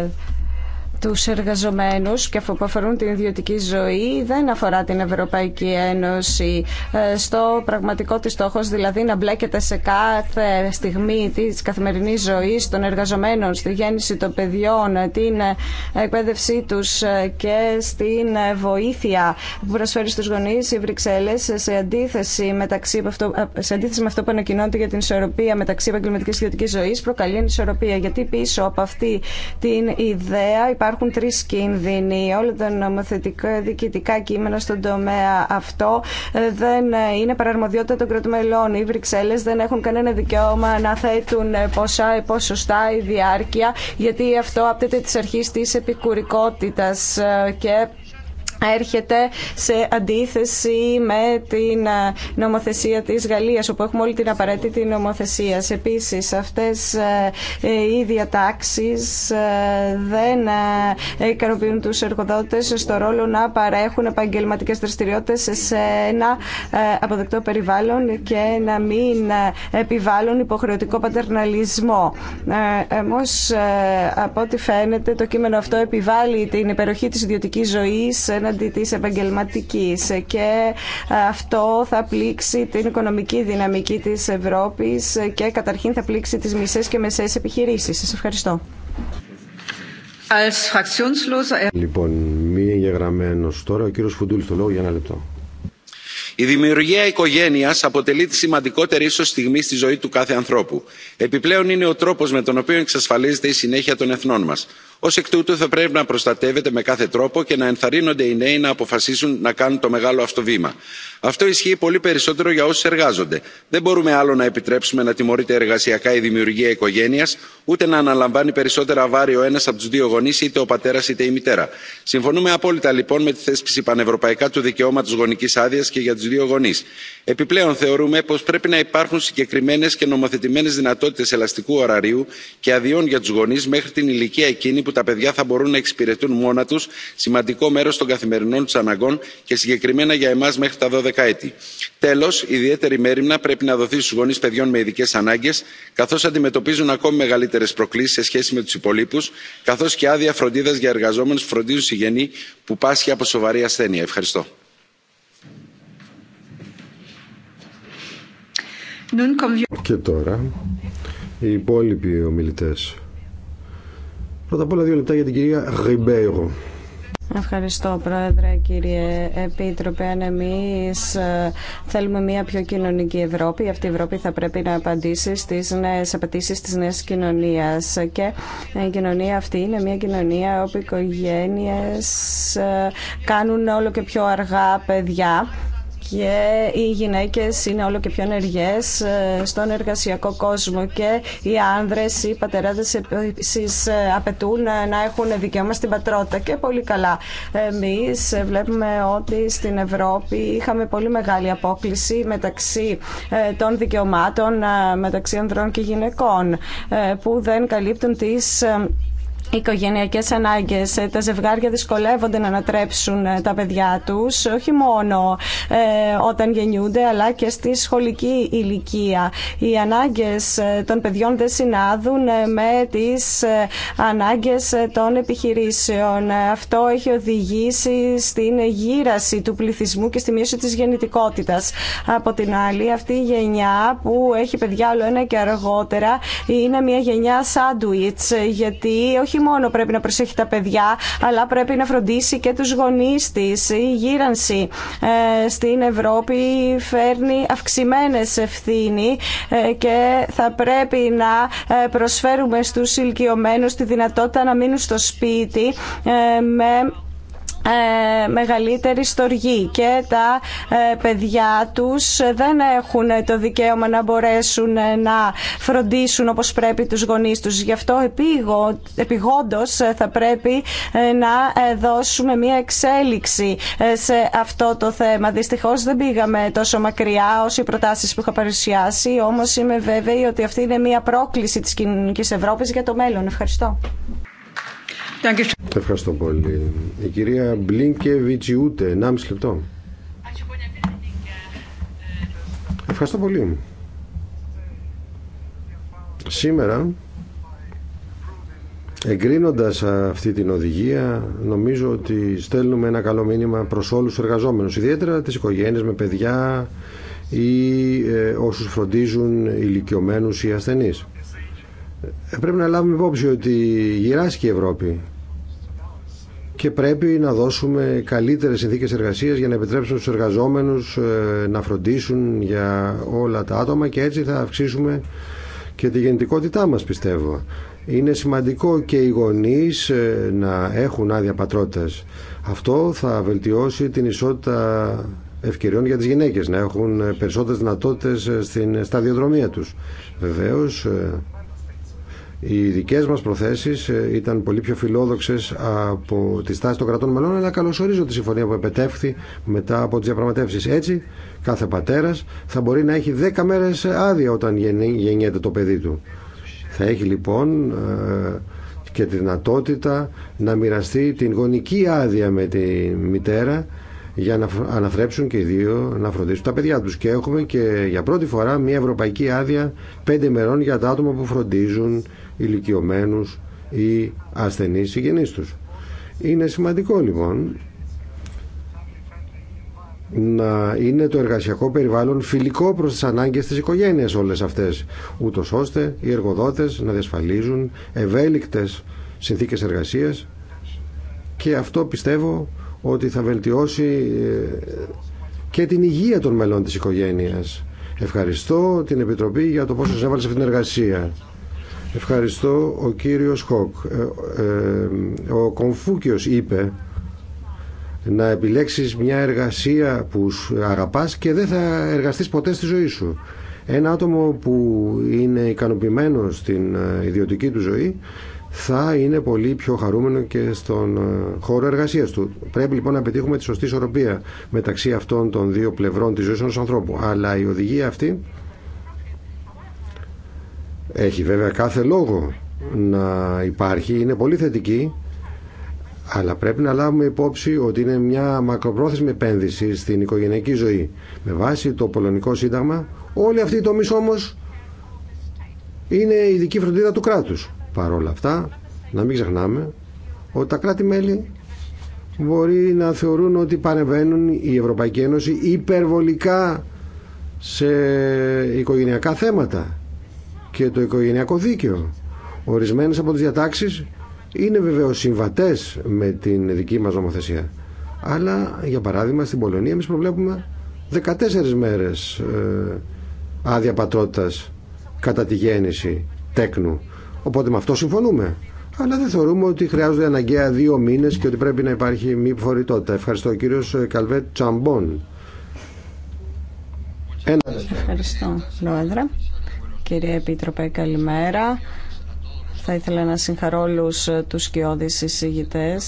ε, του εργαζομένου και αφού αφορούν την ιδιωτική ζωή δεν αφορά την Ευρωπαϊκή Ένωση ε, στο πραγματικό τη στόχο δηλαδή να μπλέκεται σε κάθε στιγμή τη καθημερινή ζωή, των εργαζομένων στη γέννηση των παιδιών, την εκπαίδευσή τους ε, και στην βοήθεια που προσφέρει στους γονείς οι Βρυξέλλες ε, σε αντίθεση, μεταξύ, σε αντίθεση με αυτό που ανακοινώνεται για την ισορροπία μεταξύ επαγγελματική και ιδιωτική ζωή προκαλεί ανισορροπία γιατί πίσω από αυτή την ιδέα υπάρχουν υπάρχουν τρεις κίνδυνοι. Όλα τα νομοθετικά διοικητικά κείμενα στον τομέα αυτό ε, δεν ε, είναι παραρμοδιότητα των κρατομελών. Οι Βρυξέλλες δεν έχουν κανένα δικαίωμα να θέτουν ε, ποσά, ποσοστά ή διάρκεια γιατί αυτό άπτεται τη αρχή τη επικουρικότητας και έρχεται σε αντίθεση με την ε, νομοθεσία της Γαλλίας όπου έχουμε όλη την απαραίτητη νομοθεσία. Επίσης αυτές ε, οι διατάξεις ε, δεν ικανοποιούν τους εργοδότες στο ρόλο να παρέχουν επαγγελματικές δραστηριότητες σε ένα αποδεκτό περιβάλλον και να μην επιβάλλουν υποχρεωτικό πατερναλισμό. Όμω, από ό,τι φαίνεται το κείμενο αυτό επιβάλλει την υπεροχή της ιδιωτικής ζωής ένα απέναντι της επαγγελματικής και ε, αυτό θα πλήξει την οικονομική δυναμική της Ευρώπης και καταρχήν θα πλήξει τις μισές και μεσαίες επιχειρήσεις. Σας ευχαριστώ. Λοιπόν, μη εγγεγραμμένος τώρα ο κύριος Φουντούλης το λόγο για ένα λεπτό. Η δημιουργία οικογένεια αποτελεί τη σημαντικότερη ίσω στιγμή στη ζωή του κάθε ανθρώπου. Επιπλέον είναι ο τρόπο με τον οποίο εξασφαλίζεται η συνέχεια των εθνών μα ω εκ τούτου θα πρέπει να προστατεύεται με κάθε τρόπο και να ενθαρρύνονται οι νέοι να αποφασίσουν να κάνουν το μεγάλο αυτό βήμα. αυτό ισχύει πολύ περισσότερο για όσου εργάζονται. δεν μπορούμε άλλο να επιτρέψουμε να τιμωρείται εργασιακά η δημιουργία οικογένεια ούτε να αναλαμβάνει περισσότερα βάρη ο ένα από του δύο γονεί είτε ο πατέρα είτε η μητέρα. συμφωνούμε απόλυτα λοιπόν με τη θέσπιση πανευρωπαϊκά του δικαιώματο γονική άδεια και για του δύο γονεί. επιπλέον θεωρούμε πω πρέπει να υπάρχουν συγκεκριμένε και νομοθετημένε δυνατότητε ελαστικού ωραρίου και αδειών για του γονεί μέχρι την ηλικία εκείνη τα παιδιά θα μπορούν να εξυπηρετούν μόνα τους σημαντικό μέρος των καθημερινών τους αναγκών και συγκεκριμένα για εμάς μέχρι τα 12 έτη. Τέλος, ιδιαίτερη μέρημνα πρέπει να δοθεί στους γονείς παιδιών με ειδικέ ανάγκες, καθώς αντιμετωπίζουν ακόμη μεγαλύτερες προκλήσεις σε σχέση με τους υπολείπους, καθώς και άδεια φροντίδας για εργαζόμενους φροντίζουν συγγενή που πάσχει από σοβαρή ασθένεια. Ευχαριστώ. Και τώρα οι υπόλοιποι ομιλητές. Πρώτα απ' όλα δύο λεπτά για την κυρία Ριμπέιρο. Ευχαριστώ Πρόεδρε, κύριε Επίτροπε. Αν εμεί ε, θέλουμε μια πιο κοινωνική Ευρώπη, αυτή η Ευρώπη θα πρέπει να απαντήσει στι νέε απαιτήσει τη νέα κοινωνία. Και η κοινωνία αυτή είναι μια κοινωνία όπου οι οικογένειε ε, κάνουν όλο και πιο αργά παιδιά και οι γυναίκες είναι όλο και πιο ενεργές ε, στον εργασιακό κόσμο και οι άνδρες, οι πατεράδες επίσης ε, απαιτούν ε, να έχουν δικαίωμα στην πατρότητα και πολύ καλά. Εμείς βλέπουμε ότι στην Ευρώπη είχαμε πολύ μεγάλη απόκληση μεταξύ των δικαιωμάτων μεταξύ ανδρών και γυναικών που δεν καλύπτουν τις οικογενειακές ανάγκες. Ε, τα ζευγάρια δυσκολεύονται να ανατρέψουν ε, τα παιδιά τους, όχι μόνο ε, όταν γεννιούνται, αλλά και στη σχολική ηλικία. Οι ανάγκες των παιδιών δεν συνάδουν με τις ανάγκες των επιχειρήσεων. Αυτό έχει οδηγήσει στην γύραση του πληθυσμού και στη μείωση της γεννητικότητας. Από την άλλη, αυτή η γενιά που έχει παιδιά όλο ένα και αργότερα είναι μια γενιά σάντουιτ, γιατί όχι μόνο πρέπει να προσέχει τα παιδιά, αλλά πρέπει να φροντίσει και τους γονείς της. Η γύρανση ε, στην Ευρώπη φέρνει αυξημένες ευθύνη ε, και θα πρέπει να ε, προσφέρουμε στους ηλικιωμένους τη δυνατότητα να μείνουν στο σπίτι με ε, μεγαλύτερη στοργή και τα ε, παιδιά τους δεν έχουν το δικαίωμα να μπορέσουν ε, να φροντίσουν όπως πρέπει τους γονείς τους. Γι' αυτό επιγόντως θα πρέπει να δώσουμε μία εξέλιξη σε αυτό το θέμα. Δυστυχώς δεν πήγαμε τόσο μακριά όσο οι προτάσεις που είχα παρουσιάσει, όμως είμαι βέβαιη ότι αυτή είναι μία πρόκληση της κοινωνικής Ευρώπης για το μέλλον. Ευχαριστώ. Ευχαριστώ πολύ. Η κυρία Μπλίνκε Βιτσιούτε. 1,5 λεπτό. Ευχαριστώ πολύ. Σήμερα Εγκρίνοντας αυτή την οδηγία νομίζω ότι στέλνουμε ένα καλό μήνυμα προς όλους τους εργαζόμενους ιδιαίτερα τις οικογένειες με παιδιά ή ε, όσους φροντίζουν ηλικιωμένους ή ασθενείς. Ε, πρέπει να λάβουμε υπόψη ότι γυράσκει η Ευρώπη και πρέπει να δώσουμε καλύτερες συνθήκες εργασίας για να επιτρέψουμε στους εργαζόμενους ε, να φροντίσουν για όλα τα άτομα και έτσι θα αυξήσουμε και τη γεννητικότητά μας πιστεύω. Είναι σημαντικό και οι γονείς ε, να έχουν άδεια πατρότητας. Αυτό θα βελτιώσει την ισότητα ευκαιριών για τις γυναίκες να έχουν περισσότερες δυνατότητες ε, στην σταδιοδρομία τους. Βεβαίως οι δικέ μα προθέσει ε, ήταν πολύ πιο φιλόδοξε από τη στάση των κρατών μελών, αλλά καλωσορίζω τη συμφωνία που επετεύχθη μετά από τι διαπραγματεύσει. Έτσι, κάθε πατέρα θα μπορεί να έχει 10 μέρε άδεια όταν γεννιέται το παιδί του. Θα έχει λοιπόν ε, και τη δυνατότητα να μοιραστεί την γονική άδεια με τη μητέρα για να αναθρέψουν και οι δύο να φροντίσουν τα παιδιά τους. Και έχουμε και για πρώτη φορά μια ευρωπαϊκή άδεια πέντε μερών για τα άτομα που φροντίζουν ηλικιωμένους ή ασθενείς συγγενείς τους. Είναι σημαντικό λοιπόν να είναι το εργασιακό περιβάλλον φιλικό προς τις ανάγκες της οικογένειας όλες αυτές, ούτως ώστε οι εργοδότες να διασφαλίζουν ευέλικτες συνθήκες εργασίας και αυτό πιστεύω ότι θα βελτιώσει ε, και την υγεία των μελών της οικογένειας. Ευχαριστώ την Επιτροπή για το πόσο έβαλε σε αυτήν την εργασία. Ευχαριστώ ο κύριος Χοκ. Ε, ε, ο Κομφούκιος είπε να επιλέξεις μια εργασία που αγαπάς και δεν θα εργαστείς ποτέ στη ζωή σου. Ένα άτομο που είναι ικανοποιημένο στην ε, ιδιωτική του ζωή θα είναι πολύ πιο χαρούμενο και στον χώρο εργασίας του. Πρέπει λοιπόν να πετύχουμε τη σωστή ισορροπία μεταξύ αυτών των δύο πλευρών της ζωής ενός ανθρώπου. Αλλά η οδηγία αυτή έχει βέβαια κάθε λόγο να υπάρχει, είναι πολύ θετική, αλλά πρέπει να λάβουμε υπόψη ότι είναι μια μακροπρόθεσμη επένδυση στην οικογενειακή ζωή. Με βάση το Πολωνικό Σύνταγμα, όλη αυτή οι τομεί όμω είναι η ειδική φροντίδα του κράτου. Παρ' όλα αυτά, να μην ξεχνάμε ότι τα κράτη-μέλη μπορεί να θεωρούν ότι παρεμβαίνουν η Ευρωπαϊκή Ένωση υπερβολικά σε οικογενειακά θέματα και το οικογενειακό δίκαιο. Ορισμένες από τις διατάξεις είναι βεβαίω συμβατέ με την δική μας νομοθεσία. Αλλά, για παράδειγμα, στην Πολωνία εμείς προβλέπουμε 14 μέρες ε, άδεια πατρότητας κατά τη γέννηση τέκνου. Οπότε με αυτό συμφωνούμε. Αλλά δεν θεωρούμε ότι χρειάζονται αναγκαία δύο μήνε και ότι πρέπει να υπάρχει μη φορητότητα. Ευχαριστώ κύριο Καλβέτ Τσαμπόν. Ένα... Ευχαριστώ, Λόεδρα. Κύριε Επίτροπε, καλημέρα. Θα ήθελα να συγχαρώ όλου του κοιόδη εισηγητέ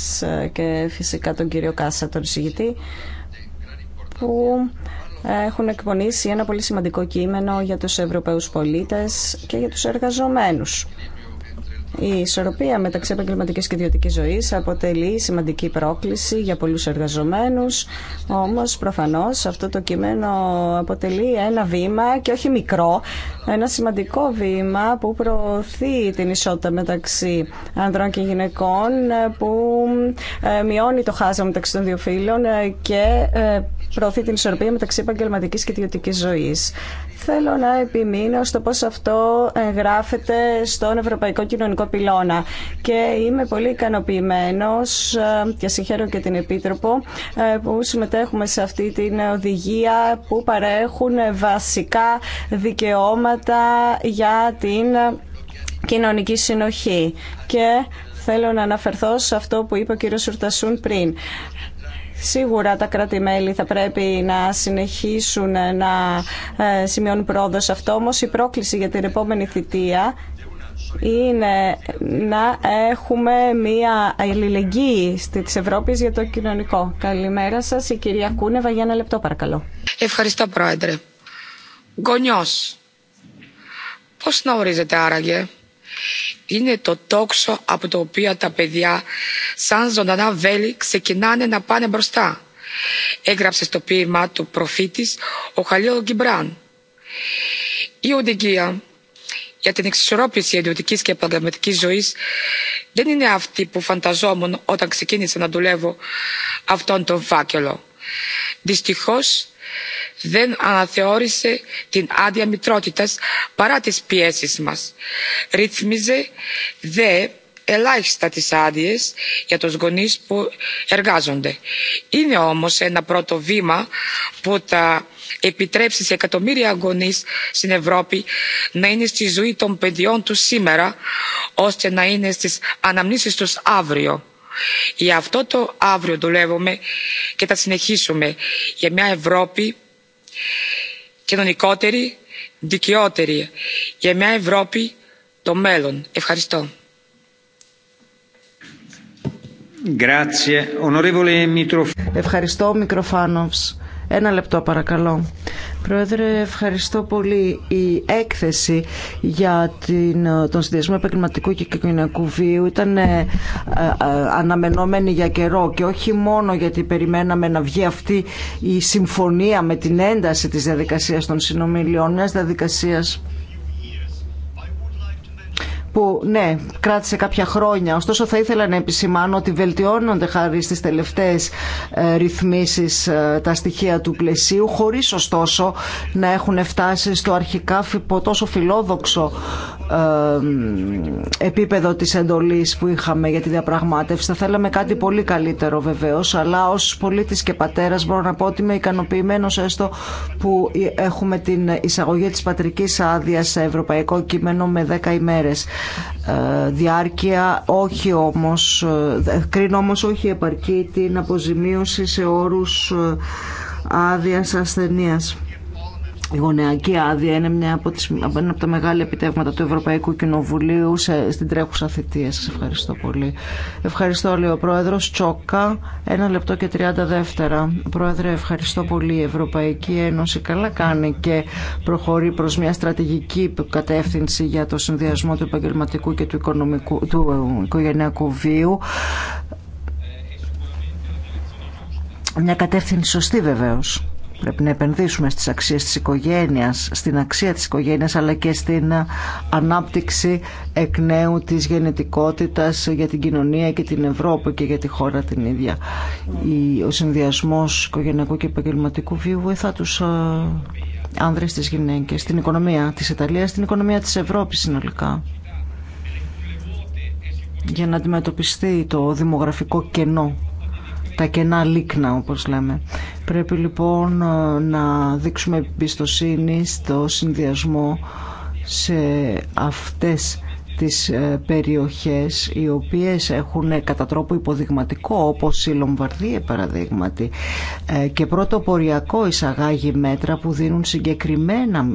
και φυσικά τον κύριο Κάσα, τον εισηγητή, που έχουν εκπονήσει ένα πολύ σημαντικό κείμενο για τους Ευρωπαίους πολίτες και για τους εργαζομένους. Η ισορροπία μεταξύ επαγγελματική και ιδιωτική ζωή αποτελεί σημαντική πρόκληση για πολλού εργαζομένου. Όμω, προφανώ, αυτό το κείμενο αποτελεί ένα βήμα και όχι μικρό, ένα σημαντικό βήμα που προωθεί την ισότητα μεταξύ ανδρών και γυναικών, που ε, μειώνει το χάσμα μεταξύ των δύο φύλων ε, και ε, προωθεί την ισορροπία μεταξύ επαγγελματική και ιδιωτική ζωή. Θέλω να επιμείνω στο πώς αυτό ε, γράφεται στον Ευρωπαϊκό Κοινωνικό Πυλώνα και είμαι πολύ ικανοποιημένος ε, και συγχαίρω και την Επίτροπο ε, που συμμετέχουμε σε αυτή την οδηγία που παρέχουν βασικά δικαιώματα για την κοινωνική συνοχή. Και θέλω να αναφερθώ σε αυτό που είπε ο κύριος Ουρτασούν πριν. Σίγουρα τα κράτη-μέλη θα πρέπει να συνεχίσουν να ε, σημειώνουν πρόοδο σε αυτό, όμως η πρόκληση για την επόμενη θητεία είναι να έχουμε μία αλληλεγγύη τη Ευρώπη για το κοινωνικό. Καλημέρα σας, η κυρία Κούνεβα, για ένα λεπτό παρακαλώ. Ευχαριστώ πρόεδρε. Γονιός, πώς να ορίζετε άραγε είναι το τόξο από το οποίο τα παιδιά σαν ζωντανά βέλη ξεκινάνε να πάνε μπροστά. Έγραψε στο ποίημά του προφήτης ο Χαλίλ Γκυμπράν. Η οδηγία για την εξισορρόπηση ιδιωτικής και επαγγελματικής ζωής δεν είναι αυτή που φανταζόμουν όταν ξεκίνησα να δουλεύω αυτόν τον φάκελο. Δυστυχώς δεν αναθεώρησε την άδεια μητρότητας παρά τις πιέσεις μας. Ρυθμίζε δε ελάχιστα τις άδειε για τους γονείς που εργάζονται. Είναι όμως ένα πρώτο βήμα που θα επιτρέψει σε εκατομμύρια γονείς στην Ευρώπη να είναι στη ζωή των παιδιών τους σήμερα ώστε να είναι στις αναμνήσεις τους αύριο για αυτό το αύριο δουλεύουμε και θα συνεχίσουμε για μια Ευρώπη κοινωνικότερη, δικαιότερη, για μια Ευρώπη το μέλλον. Ευχαριστώ. Ευχαριστώ, ένα λεπτό παρακαλώ. Πρόεδρε, ευχαριστώ πολύ. Η έκθεση για την, τον συνδυασμό επαγγελματικού και κοινωνικού βίου ήταν ε, ε, αναμενόμενη για καιρό και όχι μόνο γιατί περιμέναμε να βγει αυτή η συμφωνία με την ένταση της διαδικασίας των συνομιλιών, μιας διαδικασίας που ναι, κράτησε κάποια χρόνια. Ωστόσο θα ήθελα να επισημάνω ότι βελτιώνονται χάρη στις τελευταίες ε, ρυθμίσεις ε, τα στοιχεία του πλαισίου, χωρίς ωστόσο να έχουν φτάσει στο αρχικά τόσο φιλόδοξο ε, επίπεδο της εντολής που είχαμε για τη διαπραγμάτευση. Θα θέλαμε κάτι πολύ καλύτερο βεβαίως, αλλά ως πολίτης και πατέρας μπορώ να πω ότι είμαι ικανοποιημένος έστω που έχουμε την εισαγωγή της πατρικής άδεια σε ευρωπαϊκό κείμενο με 10 ημέρες. Ε, διάρκεια, όχι όμως, ε, κρίνω όμως όχι επαρκή την αποζημίωση σε όρους ε, άδειας ασθενείας. Η γονεακή άδεια είναι μια από τις, ένα από τα μεγάλα επιτεύγματα του Ευρωπαϊκού Κοινοβουλίου σε, στην τρέχουσα θητεία. Σα ευχαριστώ πολύ. Ευχαριστώ, λέει ο Πρόεδρο Τσόκα, ένα λεπτό και τριάντα δεύτερα. Πρόεδρε, ευχαριστώ πολύ. Η Ευρωπαϊκή Ένωση καλά κάνει και προχωρεί προ μια στρατηγική κατεύθυνση για το συνδυασμό του επαγγελματικού και του, οικονομικού, του οικογενειακού βίου. Μια κατεύθυνση σωστή βεβαίως Πρέπει να επενδύσουμε στις αξίες της οικογένειας, στην αξία της οικογένειας αλλά και στην ανάπτυξη εκ νέου της γενετικότητας για την κοινωνία και την Ευρώπη και για τη χώρα την ίδια. Ο συνδυασμός οικογενειακού και επαγγελματικού βίου βοηθά τους ε, άνδρες της γυναίκες, στην οικονομία της Ιταλίας, στην οικονομία της Ευρώπης συνολικά για να αντιμετωπιστεί το δημογραφικό κενό τα κενά λίκνα όπως λέμε. Πρέπει λοιπόν να δείξουμε εμπιστοσύνη στο συνδυασμό σε αυτές τις ε, περιοχές οι οποίες έχουν ε, κατά τρόπο υποδειγματικό όπως η Λομβαρδία παραδείγματι ε, και πρωτοποριακό εισαγάγει μέτρα που δίνουν συγκεκριμένα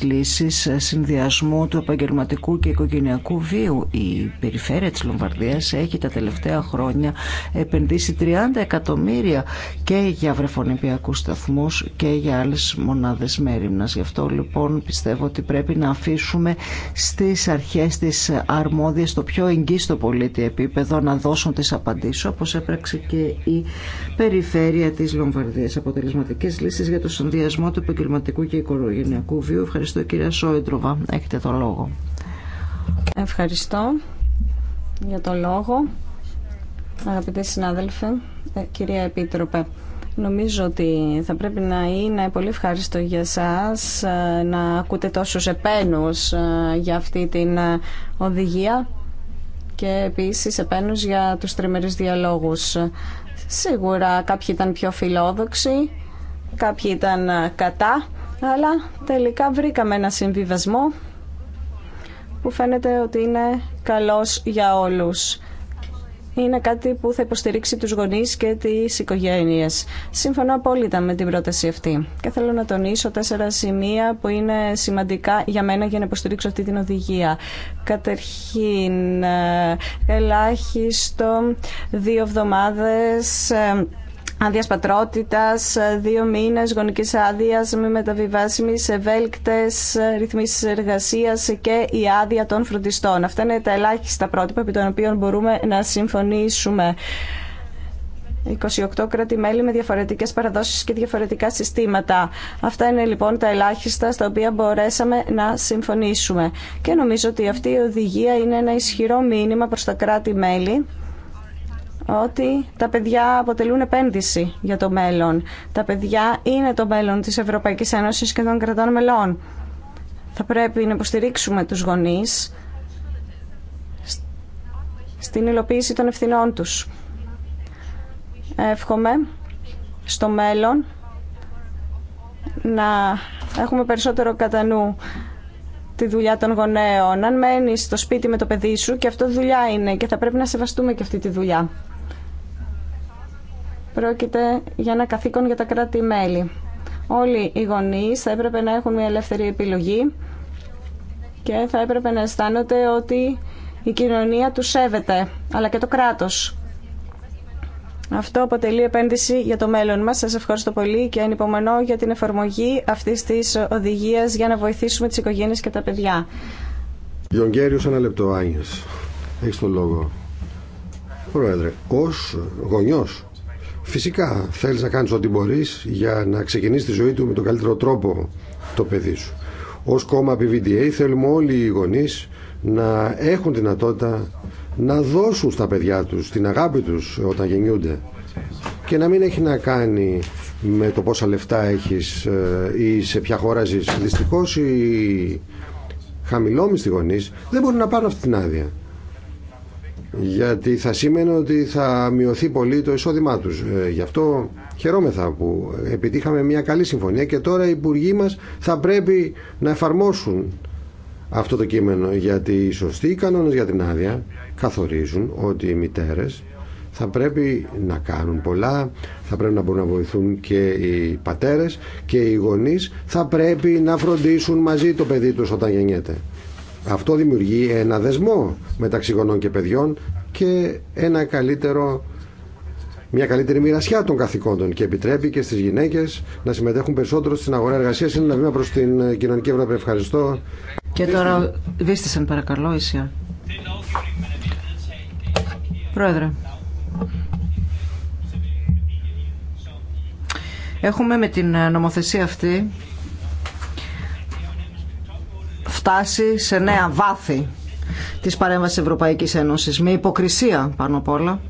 λύσεις συνδυασμού του επαγγελματικού και οικογενειακού βίου. Η περιφέρεια της Λομβαρδίας έχει τα τελευταία χρόνια επενδύσει 30 εκατομμύρια και για βρεφονιπιακούς σταθμούς και για άλλες μονάδες μέρημνας. Γι' αυτό λοιπόν πιστεύω ότι πρέπει να αφήσουμε στις αρχές τις αρμόδιες στο πιο εγγύστο πολίτη επίπεδο να δώσουν τις απαντήσεις όπως έπραξε και η περιφέρεια της Λομβαρδίας. Αποτελεσματικές λύσεις για το συνδυασμό του επαγγελματικού και οικογενειακού βίου. Ευχαριστώ κυρία Σόιντροβα. Έχετε το λόγο. Ευχαριστώ για το λόγο. Αγαπητοί συνάδελφοι, ε, κυρία Επίτροπε, Νομίζω ότι θα πρέπει να είναι πολύ ευχάριστο για σας ε, να ακούτε τόσους επένους ε, για αυτή την ε, οδηγία και επίσης επένους για τους τριμερείς διαλόγους. Σίγουρα κάποιοι ήταν πιο φιλόδοξοι, κάποιοι ήταν κατά, αλλά τελικά βρήκαμε ένα συμβιβασμό που φαίνεται ότι είναι καλός για όλους είναι κάτι που θα υποστηρίξει τους γονείς και τις οικογένειες. Συμφωνώ απόλυτα με την πρόταση αυτή και θέλω να τονίσω τέσσερα σημεία που είναι σημαντικά για μένα για να υποστηρίξω αυτή την οδηγία. Κατερχήν, ε, ελάχιστο δύο εβδομάδες ε, Άδεια πατρότητα, δύο μήνε, γονική άδεια, μη μεταβιβάσιμη, ευέλικτε ρυθμίσει εργασία και η άδεια των φροντιστών. Αυτά είναι τα ελάχιστα πρότυπα επί των οποίων μπορούμε να συμφωνήσουμε. 28 κράτη-μέλη με διαφορετικέ παραδόσει και διαφορετικά συστήματα. Αυτά είναι λοιπόν τα ελάχιστα στα οποία μπορέσαμε να συμφωνήσουμε. Και νομίζω ότι αυτή η οδηγία είναι ένα ισχυρό μήνυμα προ τα κράτη-μέλη ότι τα παιδιά αποτελούν επένδυση για το μέλλον. Τα παιδιά είναι το μέλλον της Ευρωπαϊκής Ένωσης και των κρατών μελών. Θα πρέπει να υποστηρίξουμε τους γονείς στην υλοποίηση των ευθυνών τους. Εύχομαι στο μέλλον να έχουμε περισσότερο κατά νου τη δουλειά των γονέων. Αν μένει στο σπίτι με το παιδί σου και αυτό δουλειά είναι και θα πρέπει να σεβαστούμε και αυτή τη δουλειά. Πρόκειται για ένα καθήκον για τα κράτη-μέλη. Όλοι οι γονείς θα έπρεπε να έχουν μια ελεύθερη επιλογή και θα έπρεπε να αισθάνονται ότι η κοινωνία του σέβεται, αλλά και το κράτος. Αυτό αποτελεί επένδυση για το μέλλον μας. Σας ευχαριστώ πολύ και ανυπομονώ για την εφαρμογή αυτής της οδηγίας για να βοηθήσουμε τις οικογένειες και τα παιδιά. Γιονγκέριος, ένα λεπτό, Έχεις λόγο. ως γονιός Φυσικά θέλεις να κάνεις ό,τι μπορείς για να ξεκινήσει τη ζωή του με τον καλύτερο τρόπο το παιδί σου. Ως κόμμα PVDA θέλουμε όλοι οι γονείς να έχουν δυνατότητα να δώσουν στα παιδιά τους την αγάπη τους όταν γεννιούνται και να μην έχει να κάνει με το πόσα λεφτά έχεις ε, ή σε ποια χώρα ζεις. Δυστυχώς οι χαμηλόμιστοι γονείς δεν μπορούν να πάρουν αυτή την άδεια γιατί θα σημαίνει ότι θα μειωθεί πολύ το εισόδημά τους. Ε, γι' αυτό χαιρόμεθα που επιτύχαμε μια καλή συμφωνία και τώρα οι υπουργοί μας θα πρέπει να εφαρμόσουν αυτό το κείμενο γιατί οι σωστοί κανόνες για την άδεια καθορίζουν ότι οι μητέρες θα πρέπει να κάνουν πολλά, θα πρέπει να μπορούν να βοηθούν και οι πατέρες και οι γονείς θα πρέπει να φροντίσουν μαζί το παιδί τους όταν γεννιέται. Αυτό δημιουργεί ένα δεσμό μεταξύ γονών και παιδιών και ένα καλύτερο, μια καλύτερη μοιρασιά των καθηκόντων και επιτρέπει και στις γυναίκες να συμμετέχουν περισσότερο στην αγορά εργασίας. Είναι ένα βήμα προς την κοινωνική Ευρώπη. Ευχαριστώ. Και τώρα βίστησαν παρακαλώ Ισία. Πρόεδρε. Έχουμε με την νομοθεσία αυτή φτάσει σε νέα βάθη της παρέμβασης Ευρωπαϊκής Ένωσης με υποκρισία πάνω απ' όλα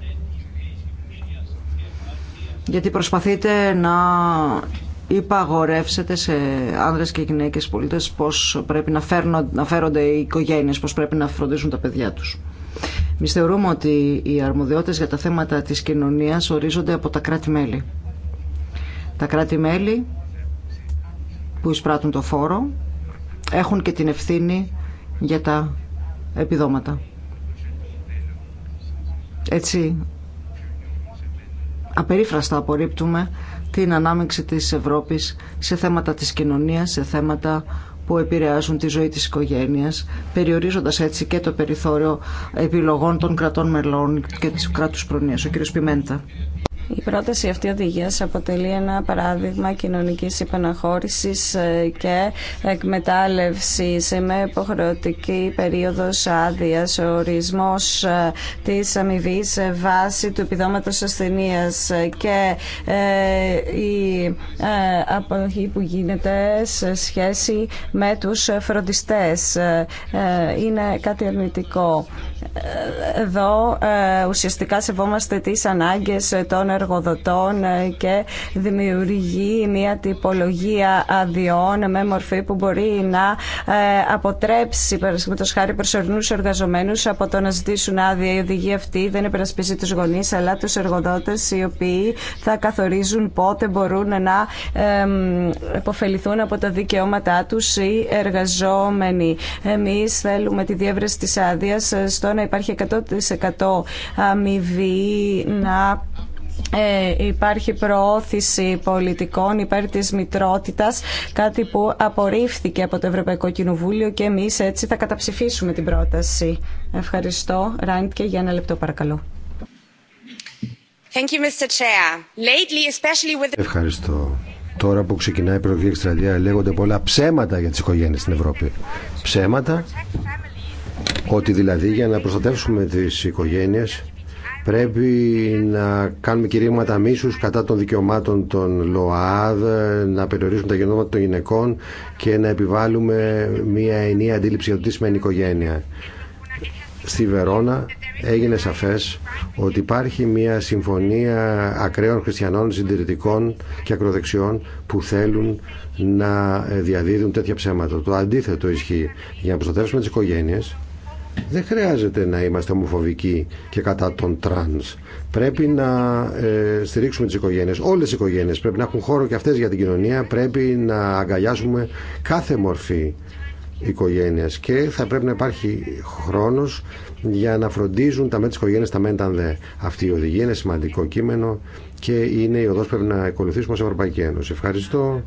γιατί προσπαθείτε να υπαγορεύσετε σε άνδρες και γυναίκες πολίτες πώς πρέπει να, να φέρονται οι οικογένειες, πώς πρέπει να φροντίζουν τα παιδιά τους. Εμεί θεωρούμε ότι οι αρμοδιότητες για τα θέματα της κοινωνίας ορίζονται από τα κράτη-μέλη. Τα κράτη-μέλη που εισπράττουν το φόρο έχουν και την ευθύνη για τα επιδόματα. Έτσι, απερίφραστα απορρίπτουμε την ανάμειξη της Ευρώπης σε θέματα της κοινωνίας, σε θέματα που επηρεάζουν τη ζωή της οικογένειας, περιορίζοντας έτσι και το περιθώριο επιλογών των κρατών μελών και της κράτους προνοίας. Ο Πιμέντα. Η πρόταση αυτή οδηγία αποτελεί ένα παράδειγμα κοινωνική υπαναχώρηση ε, και εκμετάλλευση με υποχρεωτική περίοδο άδεια. Ο ορισμό ε, τη αμοιβή βάση του επιδόματο ασθενεία ε, και η αποδοχή που γίνεται σε σχέση με τους φροντιστές. Είναι κάτι αρνητικό. Εδώ ε, ουσιαστικά σεβόμαστε τις ανάγκες των εργοδοτών ε, και δημιουργεί μια τυπολογία αδειών με μορφή που μπορεί να ε, αποτρέψει το χάρη προσωρινούς εργαζομένους από το να ζητήσουν άδεια. Η οδηγία αυτή δεν επερασπίζει τους γονείς αλλά τους εργοδότες οι οποίοι θα καθορίζουν πότε μπορούν να υποφεληθούν από τα δικαιώματά τους οι εργαζόμενοι. Εμείς θέλουμε τη διεύρεση της άδειας να υπάρχει 100% αμοιβή, να ε, υπάρχει προώθηση πολιτικών υπέρ της μητρότητας, κάτι που απορρίφθηκε από το Ευρωπαϊκό Κοινοβούλιο και εμείς έτσι θα καταψηφίσουμε την πρόταση. Ευχαριστώ. Ράιντ και για ένα λεπτό παρακαλώ. Ευχαριστώ. Τώρα που ξεκινάει η προεκλογική εκστρατεία λέγονται πολλά ψέματα για τις οικογένειες στην Ευρώπη. Ψέματα ότι δηλαδή για να προστατεύσουμε τις οικογένειες πρέπει να κάνουμε κηρύγματα μίσους κατά των δικαιωμάτων των ΛΟΑΔ, να περιορίσουμε τα γεννόματα των γυναικών και να επιβάλλουμε μια ενιαία αντίληψη για το τι σημαίνει οικογένεια. Στη Βερόνα έγινε σαφές ότι υπάρχει μια συμφωνία ακραίων χριστιανών, συντηρητικών και ακροδεξιών που θέλουν να διαδίδουν τέτοια ψέματα. Το αντίθετο ισχύει. Για να προστατεύσουμε τις οικογένειες δεν χρειάζεται να είμαστε ομοφοβικοί και κατά των τρανς. Πρέπει να ε, στηρίξουμε τις οικογένειες. Όλες οι οικογένειες πρέπει να έχουν χώρο και αυτές για την κοινωνία. Πρέπει να αγκαλιάσουμε κάθε μορφή οικογένειας και θα πρέπει να υπάρχει χρόνος για να φροντίζουν τα μέτρα της οικογένειας τα μεν δε. Αυτή η οδηγία είναι σημαντικό κείμενο και είναι η οδός που πρέπει να ακολουθήσουμε ως Ευρωπαϊκή Ένωση. Ευχαριστώ.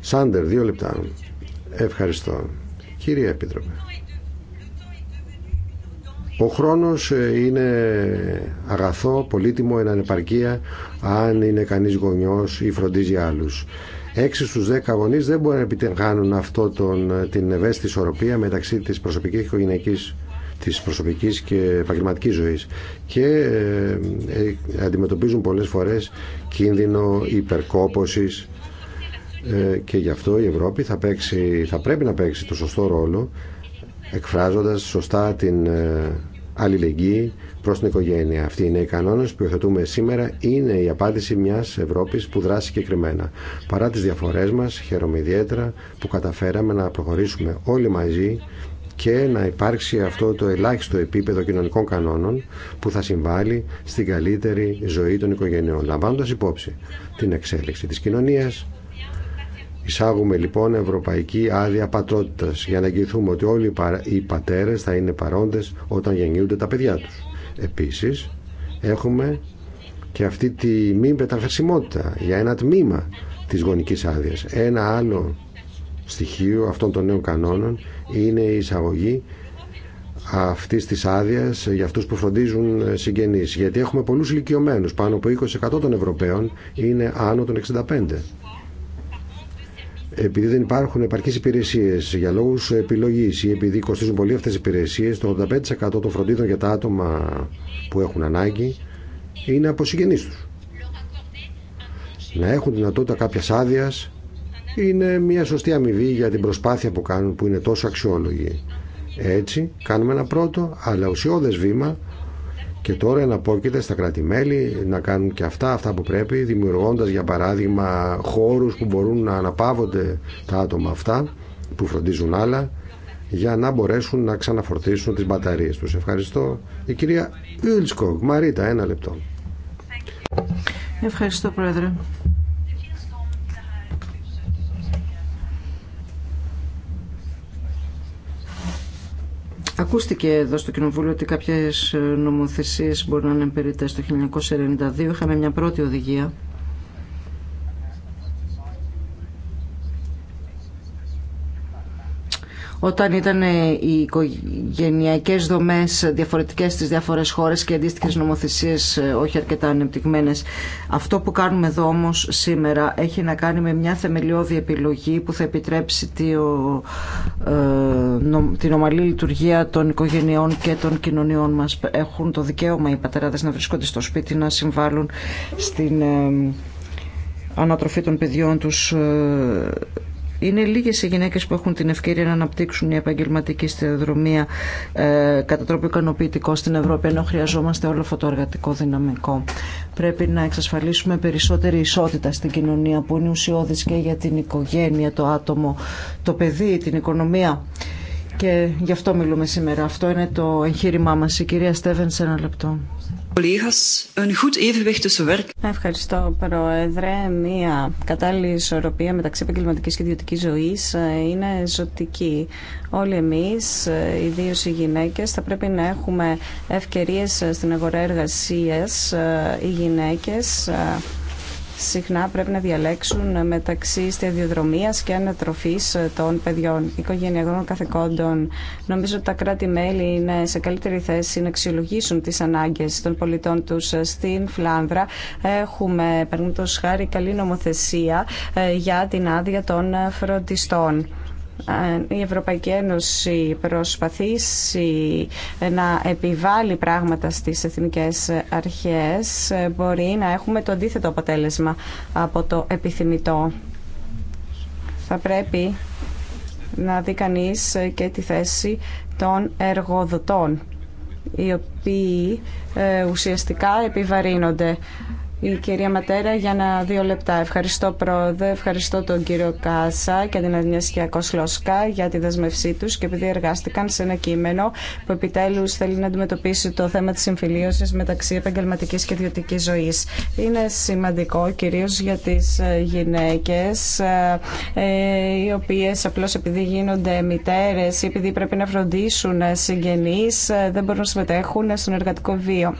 Σάντερ, δύο λεπτά. Ευχαριστώ. Κύριε Επίτροπε. Ο χρόνος ε, είναι αγαθό, πολύτιμο, έναν ανεπαρκία αν είναι κανείς γονιός ή φροντίζει άλλους. Έξι στους δέκα γονείς δεν μπορούν να επιτυγχάνουν αυτό τον, ε, την ευαίσθητη ισορροπία μεταξύ της προσωπικής και οικογενειακής της προσωπικής και επαγγελματικής ζωής και ε, αντιμετωπίζουν πολλές φορές κίνδυνο υπερκόπωσης και γι' αυτό η Ευρώπη θα, θα πρέπει να παίξει το σωστό ρόλο εκφράζοντας σωστά την ε, αλληλεγγύη προς την οικογένεια. Αυτοί είναι οι κανόνες που υιοθετούμε σήμερα. Είναι η απάντηση μιας Ευρώπης που δράσει συγκεκριμένα. Παρά τις διαφορές μας, χαίρομαι ιδιαίτερα που καταφέραμε να προχωρήσουμε όλοι μαζί και να υπάρξει αυτό το ελάχιστο επίπεδο κοινωνικών κανόνων που θα συμβάλλει στην καλύτερη ζωή των οικογενειών, λαμβάνοντας υπόψη την εξέλιξη της κοινωνίας, Εισάγουμε λοιπόν ευρωπαϊκή άδεια πατρότητα για να εγγυηθούμε ότι όλοι οι πατέρε θα είναι παρόντε όταν γεννιούνται τα παιδιά του. Επίση, έχουμε και αυτή τη μη μεταφερσιμότητα για ένα τμήμα τη γονική άδεια. Ένα άλλο στοιχείο αυτών των νέων κανόνων είναι η εισαγωγή αυτή της άδεια για αυτούς που φροντίζουν συγγενείς. Γιατί έχουμε πολλούς ηλικιωμένους, πάνω από 20% των Ευρωπαίων είναι άνω των 65 επειδή δεν υπάρχουν επαρκείς υπηρεσίες για λόγους επιλογής ή επειδή κοστίζουν πολύ αυτές οι υπηρεσίες, το 85% των φροντίδων για τα άτομα που έχουν ανάγκη είναι από συγγενείς τους. Να έχουν δυνατότητα κάποια άδεια είναι μια σωστή αμοιβή για την προσπάθεια που κάνουν που είναι τόσο αξιόλογη. Έτσι κάνουμε ένα πρώτο αλλά ουσιώδες βήμα και τώρα εναπόκειται στα κράτη-μέλη να κάνουν και αυτά, αυτά που πρέπει, δημιουργώντας για παράδειγμα χώρους που μπορούν να αναπαύονται τα άτομα αυτά, που φροντίζουν άλλα, για να μπορέσουν να ξαναφορτίσουν τις μπαταρίες τους. Ευχαριστώ. Η κυρία Ιλσκογ, Μαρίτα, ένα λεπτό. Ευχαριστώ, Πρόεδρε. Ακούστηκε εδώ στο Κοινοβούλιο ότι κάποιες νομοθεσίες μπορούν να είναι περίτες. Το 1992 είχαμε μια πρώτη οδηγία όταν ήταν οι οικογενειακές δομές διαφορετικές στις διάφορες χώρες και αντίστοιχες νομοθεσίες ε, όχι αρκετά ανεπτυγμένες. Αυτό που κάνουμε εδώ όμως σήμερα έχει να κάνει με μια θεμελιώδη επιλογή που θα επιτρέψει ε, την ομαλή λειτουργία των οικογενειών και των κοινωνιών μας. Έχουν το δικαίωμα οι πατεράδες να βρίσκονται στο σπίτι, να συμβάλλουν στην ε, ανατροφή των παιδιών τους είναι λίγες οι γυναίκε που έχουν την ευκαιρία να αναπτύξουν μια επαγγελματική σταδιοδρομία ε, κατά τρόπο ικανοποιητικό στην Ευρώπη, ενώ χρειαζόμαστε όλο αυτό το εργατικό δυναμικό. Πρέπει να εξασφαλίσουμε περισσότερη ισότητα στην κοινωνία που είναι ουσιώδη και για την οικογένεια, το άτομο, το παιδί, την οικονομία. Και γι' αυτό μιλούμε σήμερα. Αυτό είναι το εγχείρημά μα. Η κυρία Στέβεν, σε ένα λεπτό. Ευχαριστώ, Πρόεδρε. Μία κατάλληλη ισορροπία μεταξύ επαγγελματική και ιδιωτική ζωή ε, είναι ζωτική. Όλοι εμεί, ε, ιδίω οι γυναίκε, θα πρέπει να έχουμε ευκαιρίε ε, στην αγορά εργασία. Οι γυναίκε συχνά πρέπει να διαλέξουν μεταξύ στεδιοδρομίας και ανατροφής των παιδιών, οικογενειακών καθηκόντων. Νομίζω ότι τα κράτη-μέλη είναι σε καλύτερη θέση να αξιολογήσουν τις ανάγκες των πολιτών τους στην Φλάνδρα. Έχουμε, παραδείγματος χάρη, καλή νομοθεσία ε, για την άδεια των φροντιστών η Ευρωπαϊκή Ένωση προσπαθήσει να επιβάλλει πράγματα στις εθνικές αρχές μπορεί να έχουμε το αντίθετο αποτέλεσμα από το επιθυμητό. Θα πρέπει να δει κανείς και τη θέση των εργοδοτών οι οποίοι ε, ουσιαστικά επιβαρύνονται η κυρία Ματέρα για ένα δύο λεπτά. Ευχαριστώ πρόεδρε, ευχαριστώ τον κύριο Κάσα και την Αγνιέσια Κοσλόσκα για τη δεσμευσή τους και επειδή εργάστηκαν σε ένα κείμενο που επιτέλους θέλει να αντιμετωπίσει το θέμα της συμφιλίωσης μεταξύ επαγγελματικής και ιδιωτικής ζωής. Είναι σημαντικό κυρίως για τις ε, γυναίκες ε, ε, οι οποίες απλώς επειδή γίνονται μητέρες ή επειδή πρέπει να φροντίσουν συγγενείς δεν μπορούν να συμμετέχουν στον εργατικό βίο.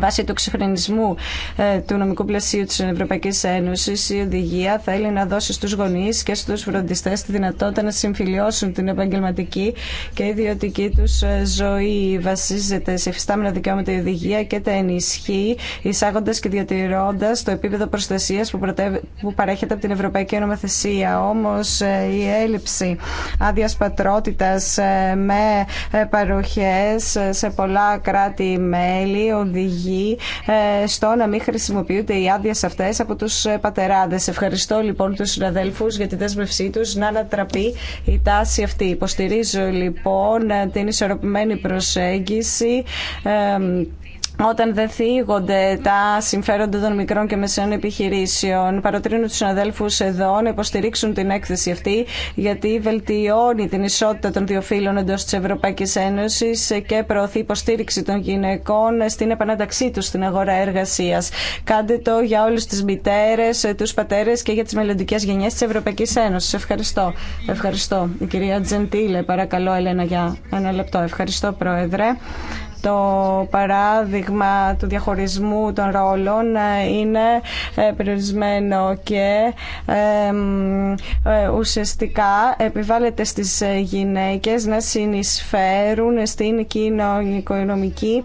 Βάσει του εξυγχρονισμού ε, του νομικού πλαισίου της Ευρωπαϊκής Ένωσης, η οδηγία θέλει να δώσει στους γονείς και στους φροντιστές τη δυνατότητα να συμφιλιώσουν την επαγγελματική και ιδιωτική τους ε, ζωή. Βασίζεται σε εφιστάμενα δικαιώματα η οδηγία και τα ενισχύει, εισάγοντα και διατηρώντα το επίπεδο προστασίας που, παρέχεται από την Ευρωπαϊκή Νομοθεσία. Όμως ε, η έλλειψη άδεια πατρότητας με παροχές σε πολλά κράτη-μέλη οδηγεί ε, στο να μην χρησιμοποιούνται οι άδειε αυτέ από του ε, πατεράδε. Ευχαριστώ λοιπόν του συναδέλφου για τη δέσμευσή του να ανατραπεί η τάση αυτή. Υποστηρίζω λοιπόν ε, την ισορροπημένη προσέγγιση όταν δεν θίγονται τα συμφέροντα των μικρών και μεσαίων επιχειρήσεων. Παροτρύνω του συναδέλφους εδώ να υποστηρίξουν την έκθεση αυτή γιατί βελτιώνει την ισότητα των δύο φύλων εντό της Ευρωπαϊκής Ένωσης και προωθεί υποστήριξη των γυναικών στην επανάταξή του στην αγορά εργασία. Κάντε το για όλους τι μητέρε, του πατέρε και για τι μελλοντικέ γενιέ τη Ευρωπαϊκή Ένωση. Ευχαριστώ. Ευχαριστώ. Η κυρία Τζεντήλε, παρακαλώ Ελένα για ένα λεπτό. Ευχαριστώ Πρόεδρε το παράδειγμα του διαχωρισμού των ρόλων ε, είναι ε, περιορισμένο και ε, ουσιαστικά επιβάλλεται στις γυναίκες να συνεισφέρουν στην κοινωνικο-οικονομική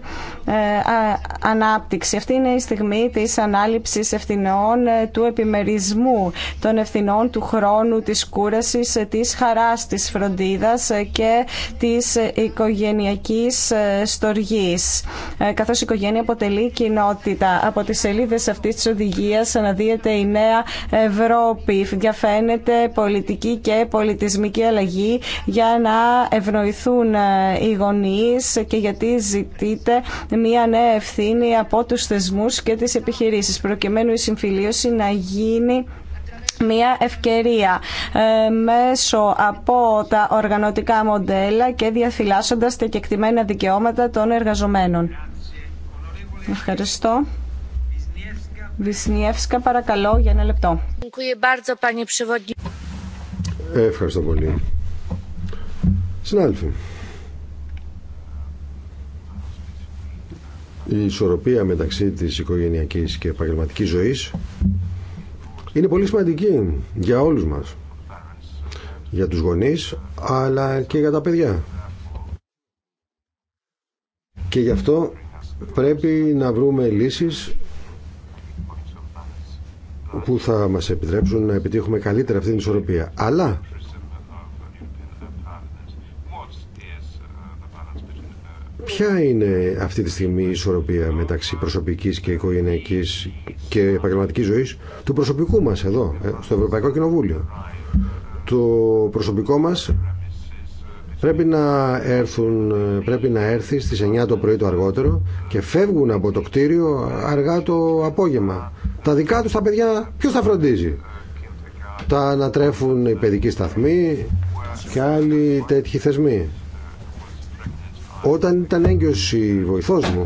ανάπτυξη. Αυτή είναι η στιγμή της ανάληψης ευθυνών του επιμερισμού των ευθυνών του χρόνου, της κούρασης, της χαράς, της φροντίδας και της οικογενειακής στοργής Καθώ ε, Καθώς η οικογένεια αποτελεί κοινότητα. Από τις σελίδες αυτής της οδηγίας αναδύεται η νέα Ευρώπη. Διαφαίνεται πολιτική και πολιτισμική αλλαγή για να ευνοηθούν ε, οι γονείς και γιατί ζητείται μια νέα ευθύνη από τους θεσμούς και τις επιχειρήσεις προκειμένου η συμφιλίωση να γίνει μια ευκαιρία ε, μέσω από τα οργανωτικά μοντέλα και διαφυλάσσοντας τα κεκτημένα δικαιώματα των εργαζομένων. Ευχαριστώ. Βυσνιεύσκα, παρακαλώ, για ένα λεπτό. Ευχαριστώ πολύ. Συνάδελφοι, η ισορροπία μεταξύ της οικογενειακής και επαγγελματικής ζωής είναι πολύ σημαντική για όλους μας. Για τους γονείς, αλλά και για τα παιδιά. Και γι' αυτό πρέπει να βρούμε λύσεις που θα μας επιτρέψουν να επιτύχουμε καλύτερα αυτήν την ισορροπία. Αλλά Ποια είναι αυτή τη στιγμή η ισορροπία μεταξύ προσωπικής και οικογενειακής και επαγγελματικής ζωής του προσωπικού μας εδώ, ε, στο Ευρωπαϊκό Κοινοβούλιο. Το προσωπικό μας πρέπει να, έρθουν, πρέπει να έρθει στις 9 το πρωί το αργότερο και φεύγουν από το κτίριο αργά το απόγευμα. Τα δικά τους τα παιδιά ποιος τα φροντίζει. Τα ανατρέφουν οι παιδικοί σταθμοί και άλλοι τέτοιοι θεσμοί. Όταν ήταν έγκυος η βοηθός μου,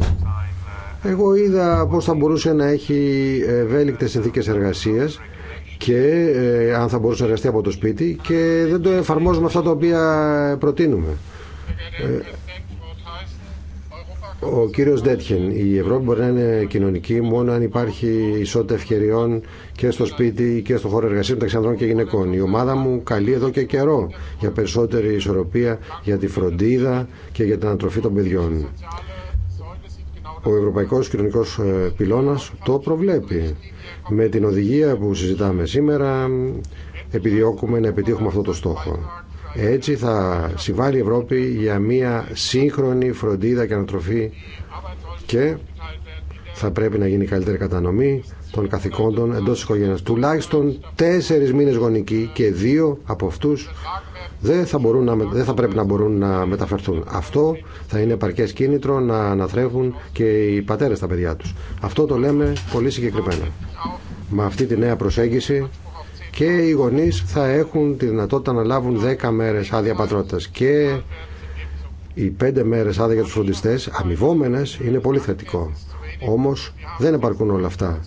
εγώ είδα πώς θα μπορούσε να έχει ευέλικτες συνθήκες εργασίας και ε, αν θα μπορούσε να εργαστεί από το σπίτι και δεν το εφαρμόζουμε αυτά τα οποία προτείνουμε. Ε, ο κύριος Ντέτχεν, η Ευρώπη μπορεί να είναι κοινωνική μόνο αν υπάρχει ισότητα ευκαιριών και στο σπίτι και στο χώρο εργασίας μεταξύ ανδρών και γυναικών. Η ομάδα μου καλεί εδώ και καιρό για περισσότερη ισορροπία, για τη φροντίδα και για την ανατροφή των παιδιών. Ο Ευρωπαϊκός Κοινωνικός ε, Πυλώνας το προβλέπει. Με την οδηγία που συζητάμε σήμερα επιδιώκουμε να επιτύχουμε αυτό το στόχο. Έτσι θα συμβάλλει η Ευρώπη για μια σύγχρονη φροντίδα και ανατροφή και θα πρέπει να γίνει καλύτερη κατανομή των καθηκόντων εντό τη οικογένεια. Τουλάχιστον τέσσερι μήνε γονική και δύο από αυτού δεν θα, μπορούν να, δεν θα πρέπει να μπορούν να μεταφερθούν. Αυτό θα είναι επαρκές κίνητρο να αναθρέφουν και οι πατέρες τα παιδιά τους. Αυτό το λέμε πολύ συγκεκριμένα. Με αυτή τη νέα προσέγγιση και οι γονείς θα έχουν τη δυνατότητα να λάβουν 10 μέρες άδεια πατρότητας και οι 5 μέρες άδεια για τους φροντιστές αμοιβόμενες είναι πολύ θετικό όμως δεν επαρκούν όλα αυτά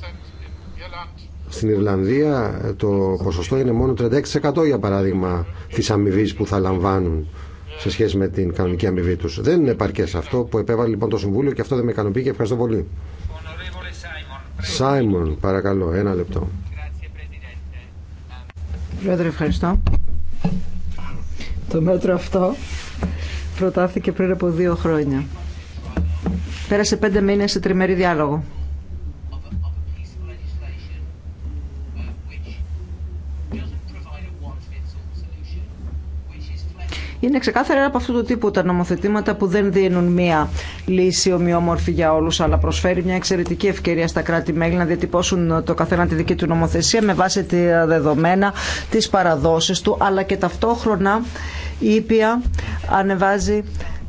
στην Ιρλανδία το ποσοστό είναι μόνο 36% για παράδειγμα της αμοιβή που θα λαμβάνουν σε σχέση με την κανονική αμοιβή του. Δεν είναι επαρκές αυτό που επέβαλε λοιπόν το Συμβούλιο και αυτό δεν με ικανοποιεί και ευχαριστώ πολύ. Σάιμον, παρακαλώ, ένα λεπτό. Πρόεδρε, ευχαριστώ. Το μέτρο αυτό προτάθηκε πριν από δύο χρόνια. Πέρασε πέντε μήνες σε τριμερή διάλογο. Είναι ξεκάθαρα από αυτού του τύπου τα νομοθετήματα που δεν δίνουν μία λύση ομοιόμορφη για όλου, αλλά προσφέρει μια εξαιρετική ευκαιρία στα κράτη-μέλη να διατυπώσουν το καθένα τη δική του νομοθεσία με βάση τα δεδομένα, τι παραδόσει του, αλλά και ταυτόχρονα η ήπια ανεβάζει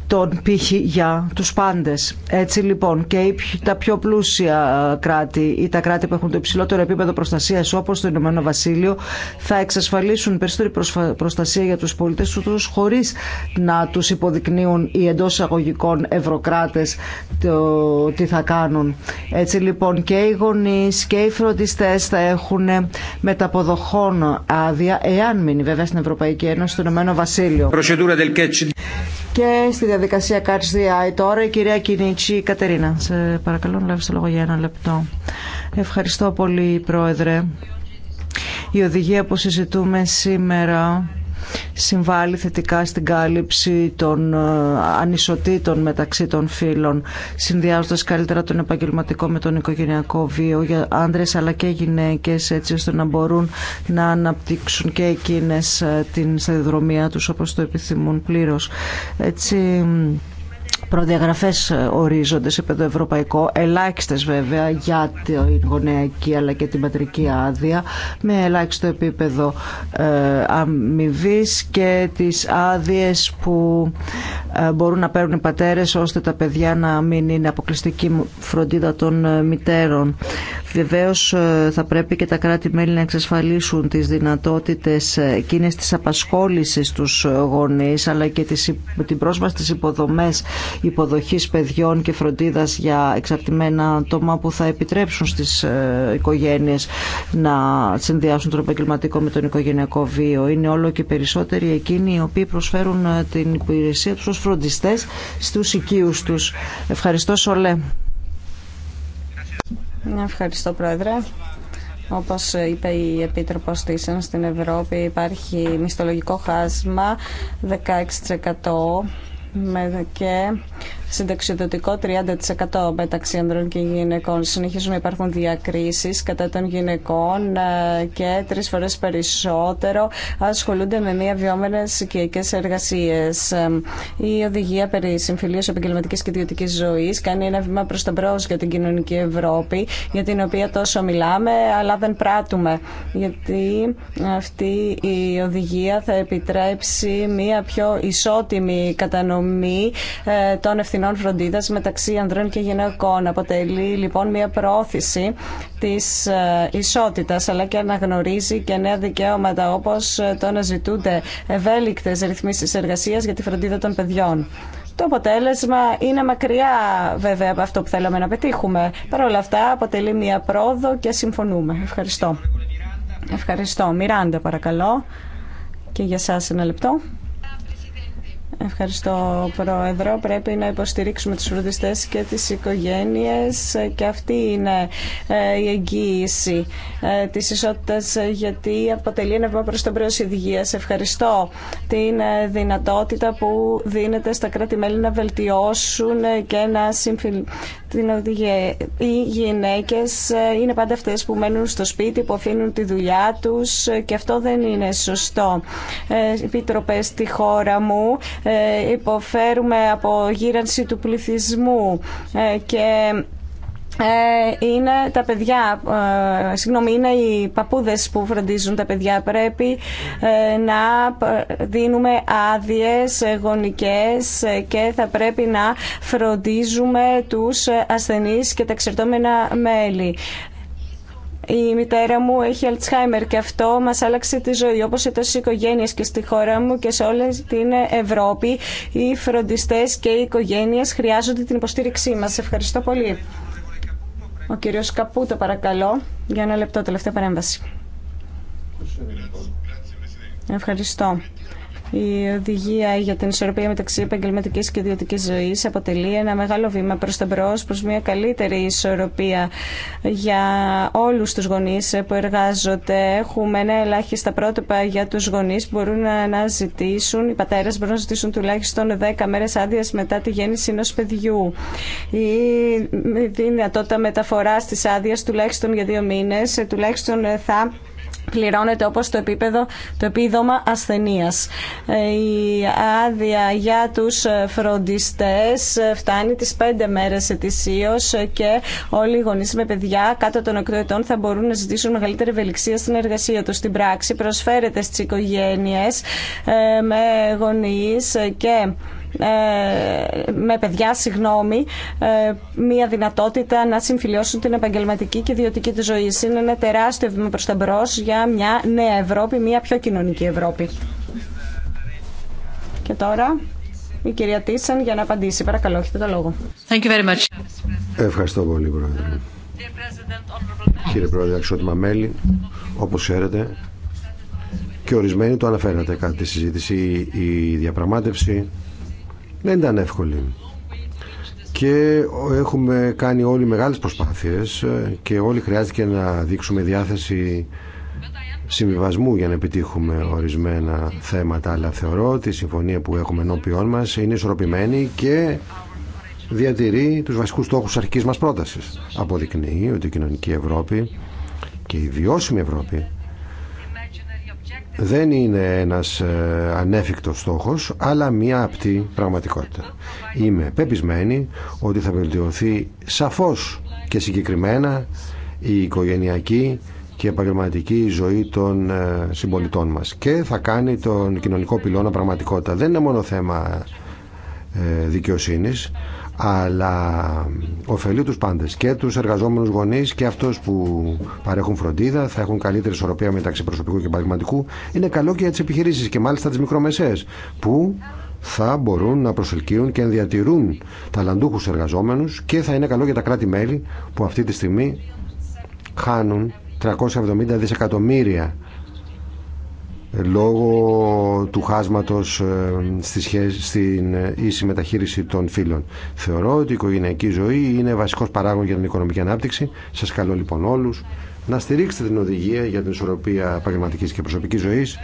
τον πύχη για τους πάντες. Έτσι λοιπόν και τα πιο πλούσια ε, κράτη ή τα κράτη που έχουν το υψηλότερο επίπεδο προστασίας όπως το Ηνωμένο Βασίλειο θα εξασφαλίσουν περισσότερη προστασία για τους πολίτες τους χωρίς να τους υποδεικνύουν οι εντό αγωγικών ευρωκράτες το τι θα κάνουν. Έτσι λοιπόν και οι γονείς και οι φροντιστές θα έχουν μεταποδοχών άδεια εάν μείνει βέβαια στην Ευρωπαϊκή Ένωση το Ηνωμένο Βασίλειο και στη διαδικασία Eye τώρα η κυρία Κινίτσι Κατερίνα. Σε παρακαλώ να λάβεις το λόγο για ένα λεπτό. Ευχαριστώ πολύ Πρόεδρε. Η οδηγία που συζητούμε σήμερα συμβάλλει θετικά στην κάλυψη των ε, ανισοτήτων μεταξύ των φύλων, συνδυάζοντας καλύτερα τον επαγγελματικό με τον οικογενειακό βίο για άνδρες αλλά και γυναίκες έτσι ώστε να μπορούν να αναπτύξουν και εκείνες ε, την σταδιοδρομία τους όπως το επιθυμούν πλήρως. Έτσι, προδιαγραφές ε, ορίζονται σε επίπεδο ευρωπαϊκό, ελάχιστες βέβαια για την γονεακή αλλά και την πατρική άδεια, με ελάχιστο επίπεδο ε, αμοιβή και τις άδειες που ε, μπορούν να παίρνουν οι πατέρες ώστε τα παιδιά να μην είναι αποκλειστική φροντίδα των ε, μητέρων. Βεβαίως ε, θα πρέπει και τα κράτη-μέλη να εξασφαλίσουν τις δυνατότητες εκείνες της απασχόλησης τους γονείς αλλά και την πρόσβαση στις υποδομές υποδοχής παιδιών και φροντίδας για εξαρτημένα άτομα που θα επιτρέψουν στις οικογένειες να συνδυάσουν τον επαγγελματικό με τον οικογενειακό βίο. Είναι όλο και περισσότεροι εκείνοι οι οποίοι προσφέρουν την υπηρεσία τους φροντιστές στους οικείους τους. Ευχαριστώ Σολέ. Ναι, ευχαριστώ Πρόεδρε. Όπως είπε η Επίτροπος Τήσεων στην Ευρώπη υπάρχει μισθολογικό χάσμα 16% και συνταξιδοτικό 30% μεταξύ ανδρών και γυναικών. Συνεχίζουν να υπάρχουν διακρίσει κατά των γυναικών ε, και τρει φορέ περισσότερο ασχολούνται με μία βιώμενε οικιακέ εργασίε. Ε, η οδηγία περί συμφιλίωσης επαγγελματική και ιδιωτική ζωή κάνει ένα βήμα προ τα μπρο για την κοινωνική Ευρώπη για την οποία τόσο μιλάμε αλλά δεν πράττουμε γιατί αυτή η οδηγία θα επιτρέψει μία πιο ισότιμη κατανομή ε, των ευθυνών κοινών φροντίδας μεταξύ ανδρών και γυναικών. Αποτελεί λοιπόν μια προώθηση της ε, ισότητας αλλά και αναγνωρίζει και νέα δικαιώματα όπως ε, το να ζητούνται ευέλικτες ρυθμίσεις εργασίας για τη φροντίδα των παιδιών. Το αποτέλεσμα είναι μακριά βέβαια από αυτό που θέλαμε να πετύχουμε. Παρ' όλα αυτά αποτελεί μια πρόοδο και συμφωνούμε. Ευχαριστώ. Ευχαριστώ. Μιράντα παρακαλώ. Και για σας ένα λεπτό. Ευχαριστώ, Πρόεδρο. Πρέπει να υποστηρίξουμε τους φροντιστές και τις οικογένειες και αυτή είναι ε, η εγγύηση ε, της ισότητας ε, γιατί αποτελεί ένα βήμα προς τον τη Ευχαριστώ την δυνατότητα που δίνεται στα κράτη-μέλη να βελτιώσουν και να συμφιλίσουν την Οι γυναίκες είναι πάντα αυτές που μένουν στο σπίτι, που αφήνουν τη δουλειά τους και αυτό δεν είναι σωστό. Επίτροπε στη χώρα μου ε, υποφέρουμε από γύρανση του πληθυσμού ε, και ε, είναι τα παιδιά, συγγνώμη, είναι οι παππούδες που φροντίζουν τα παιδιά. Πρέπει να δίνουμε άδειες γονικές και θα πρέπει να φροντίζουμε τους ασθενείς και τα εξερτώμενα μέλη. Η μητέρα μου έχει Αλτσχάιμερ και αυτό μας άλλαξε τη ζωή, όπω σε τόσε οικογένειες και στη χώρα μου και σε όλη την Ευρώπη. Οι φροντιστές και οι οικογένειε χρειάζονται την υποστήριξή μα. Ευχαριστώ πολύ. Ο κύριος Καπούτο παρακαλώ για ένα λεπτό τελευταία παρέμβαση. Ευχαριστώ. Η οδηγία για την ισορροπία μεταξύ επαγγελματική και ιδιωτική ζωή αποτελεί ένα μεγάλο βήμα προ τα μπρο, προ μια καλύτερη ισορροπία για όλου του γονεί που εργάζονται. Έχουμε ένα ελάχιστα πρότυπα για του γονεί που μπορούν να ζητήσουν, οι πατέρε μπορούν να ζητήσουν τουλάχιστον 10 μέρε άδεια μετά τη γέννηση ενό παιδιού. Η δυνατότητα μεταφορά τη άδεια τουλάχιστον για δύο μήνε, τουλάχιστον θα πληρώνεται όπως το επίπεδο, το επίδομα ασθενείας. Ε, η άδεια για τους ε, φροντιστές ε, φτάνει τις πέντε μέρες ετησίως και όλοι οι γονείς με παιδιά κάτω των 8 ετών θα μπορούν να ζητήσουν μεγαλύτερη ευελιξία στην εργασία τους. Στην πράξη προσφέρεται στις οικογένειες με γονείς και ε, με παιδιά, συγγνώμη, ε, μια δυνατότητα να συμφιλιώσουν την επαγγελματική και ιδιωτική τη ζωή. Είναι ένα τεράστιο βήμα προ τα μπρο για μια νέα Ευρώπη, μια πιο κοινωνική Ευρώπη. Και τώρα η κυρία Τίσεν για να απαντήσει. Παρακαλώ, έχετε το λόγο. Thank you very much. Ευχαριστώ πολύ, Πρόεδρε. Κύριε Πρόεδρε, αξιότιμα μέλη, όπως ξέρετε, και ορισμένοι το αναφέρατε κάτι στη συζήτηση, η διαπραγμάτευση δεν ήταν εύκολη. Και έχουμε κάνει όλοι μεγάλες προσπάθειες ε, και όλοι χρειάζεται να δείξουμε διάθεση συμβιβασμού για να επιτύχουμε ορισμένα θέματα, αλλά θεωρώ ότι η συμφωνία που έχουμε ενώπιόν μας είναι ισορροπημένη και διατηρεί τους βασικούς στόχους αρχικής μας πρότασης. Αποδεικνύει ότι η κοινωνική Ευρώπη και η βιώσιμη Ευρώπη δεν είναι ένας ε, ανέφικτος στόχος, αλλά μια απτή πραγματικότητα. Είμαι πεπισμένη ότι θα βελτιωθεί σαφώς και συγκεκριμένα η οικογενειακή και επαγγελματική ζωή των ε, συμπολιτών μας και θα κάνει τον κοινωνικό πυλώνα πραγματικότητα. Δεν είναι μόνο θέμα ε, δικαιοσύνης, αλλά ωφελεί τους πάντες και τους εργαζόμενους γονείς και αυτούς που παρέχουν φροντίδα θα έχουν καλύτερη ισορροπία μεταξύ προσωπικού και επαγγελματικού είναι καλό και για τις επιχειρήσεις και μάλιστα τις μικρομεσαίες που θα μπορούν να προσελκύουν και να διατηρούν ταλαντούχους εργαζόμενους και θα είναι καλό για τα κράτη-μέλη που αυτή τη στιγμή χάνουν 370 δισεκατομμύρια λόγω του χάσματος ε, στη σχέση, στην ε, ίση μεταχείριση των φίλων. Θεωρώ ότι η οικογενειακή ζωή είναι βασικός παράγον για την οικονομική ανάπτυξη. Σας καλώ λοιπόν όλους να στηρίξετε την οδηγία για την ισορροπία επαγγελματική και προσωπικής ζωής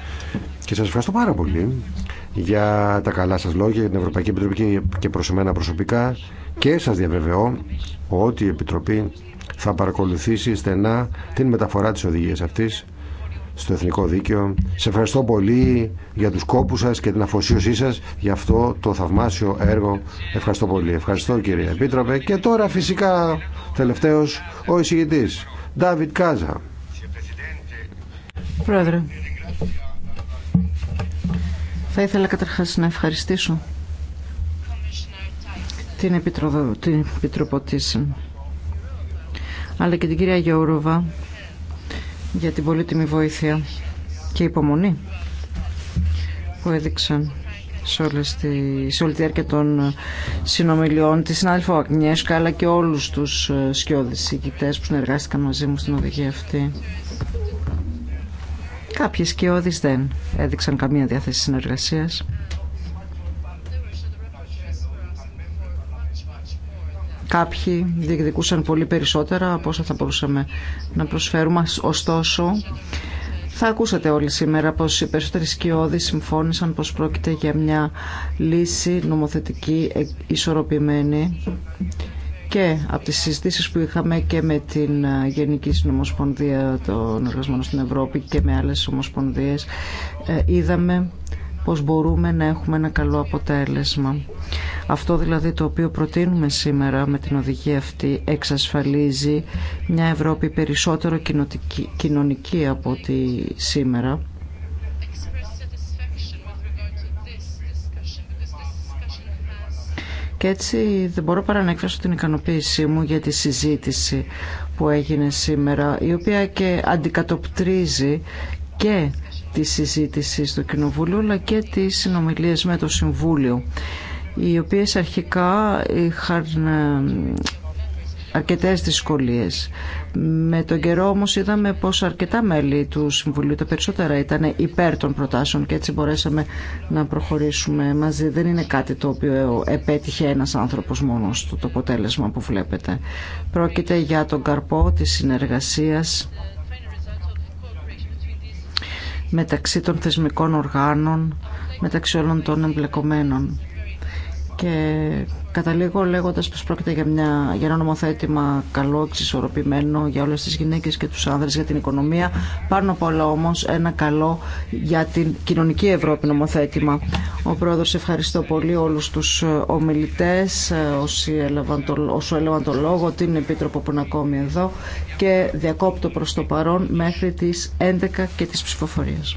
Και σας ευχαριστώ πάρα πολύ για τα καλά σας λόγια για την Ευρωπαϊκή Επιτροπή και προ εμένα προσωπικά. Και σας διαβεβαιώ ότι η Επιτροπή θα παρακολουθήσει στενά την μεταφορά τη οδηγία αυτή στο Εθνικό Δίκαιο. Σε ευχαριστώ πολύ για τους κόπους σας και την αφοσίωσή σας για αυτό το θαυμάσιο έργο. Ευχαριστώ πολύ. Ευχαριστώ κύριε Επίτροπε. Και τώρα φυσικά τελευταίος ο εισηγητής, Ντάβιτ Κάζα. Πρόεδρε, θα ήθελα καταρχάς να ευχαριστήσω την, Επιτροπο, την αλλά και την κυρία Γιώργοβα για την πολύτιμη βοήθεια και υπομονή που έδειξαν σε, τη, όλη τη διάρκεια των συνομιλιών τη συνάδελφο Αγνιέσκα αλλά και όλους τους ε, σκιώδεις συγκητές που συνεργάστηκαν μαζί μου στην οδηγία αυτή. Κάποιοι σκιώδεις δεν έδειξαν καμία διάθεση συνεργασίας. Κάποιοι διεκδικούσαν πολύ περισσότερα από όσα θα μπορούσαμε να προσφέρουμε. Ωστόσο, θα ακούσατε όλοι σήμερα πως οι περισσότεροι σκιώδεις συμφώνησαν πως πρόκειται για μια λύση νομοθετική ισορροπημένη και από τις συζητήσεις που είχαμε και με την Γενική Συνομοσπονδία των Εργασμών στην Ευρώπη και με άλλες ομοσπονδίες ε, είδαμε πως μπορούμε να έχουμε ένα καλό αποτέλεσμα. Αυτό δηλαδή το οποίο προτείνουμε σήμερα με την οδηγία αυτή εξασφαλίζει μια Ευρώπη περισσότερο κοινωνική από ότι σήμερα. Και έτσι δεν μπορώ παρά να εκφράσω την ικανοποίησή μου για τη συζήτηση που έγινε σήμερα, η οποία και αντικατοπτρίζει και Τη συζήτηση στο Κοινοβούλιο αλλά και τι συνομιλίε με το Συμβούλιο οι οποίες αρχικά είχαν ε, αρκετέ δυσκολίε. Με τον καιρό όμω είδαμε πως αρκετά μέλη του Συμβουλίου, τα περισσότερα ήταν υπέρ των προτάσεων και έτσι μπορέσαμε να προχωρήσουμε μαζί. Δεν είναι κάτι το οποίο επέτυχε ένας άνθρωπος μόνο του το αποτέλεσμα που βλέπετε. Πρόκειται για τον καρπό της συνεργασία μεταξύ των θεσμικών οργάνων, μεταξύ όλων των εμπλεκομένων και καταλήγω λέγοντας πως πρόκειται για, μια, για ένα νομοθέτημα καλό, εξισορροπημένο για όλες τις γυναίκες και τους άνδρες για την οικονομία πάνω απ' όλα όμως ένα καλό για την κοινωνική Ευρώπη νομοθέτημα. Ο Πρόεδρος ευχαριστώ πολύ όλους τους ομιλητές όσοι έλαβαν το, όσο έλαβαν λόγο, την Επίτροπο που είναι ακόμη εδώ και διακόπτω προς το παρόν μέχρι τις 11 και τις ψηφοφορίες.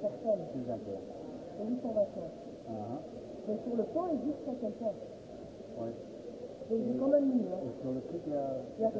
la personne. sur le point, il dit. quand même sur le truc, il y a...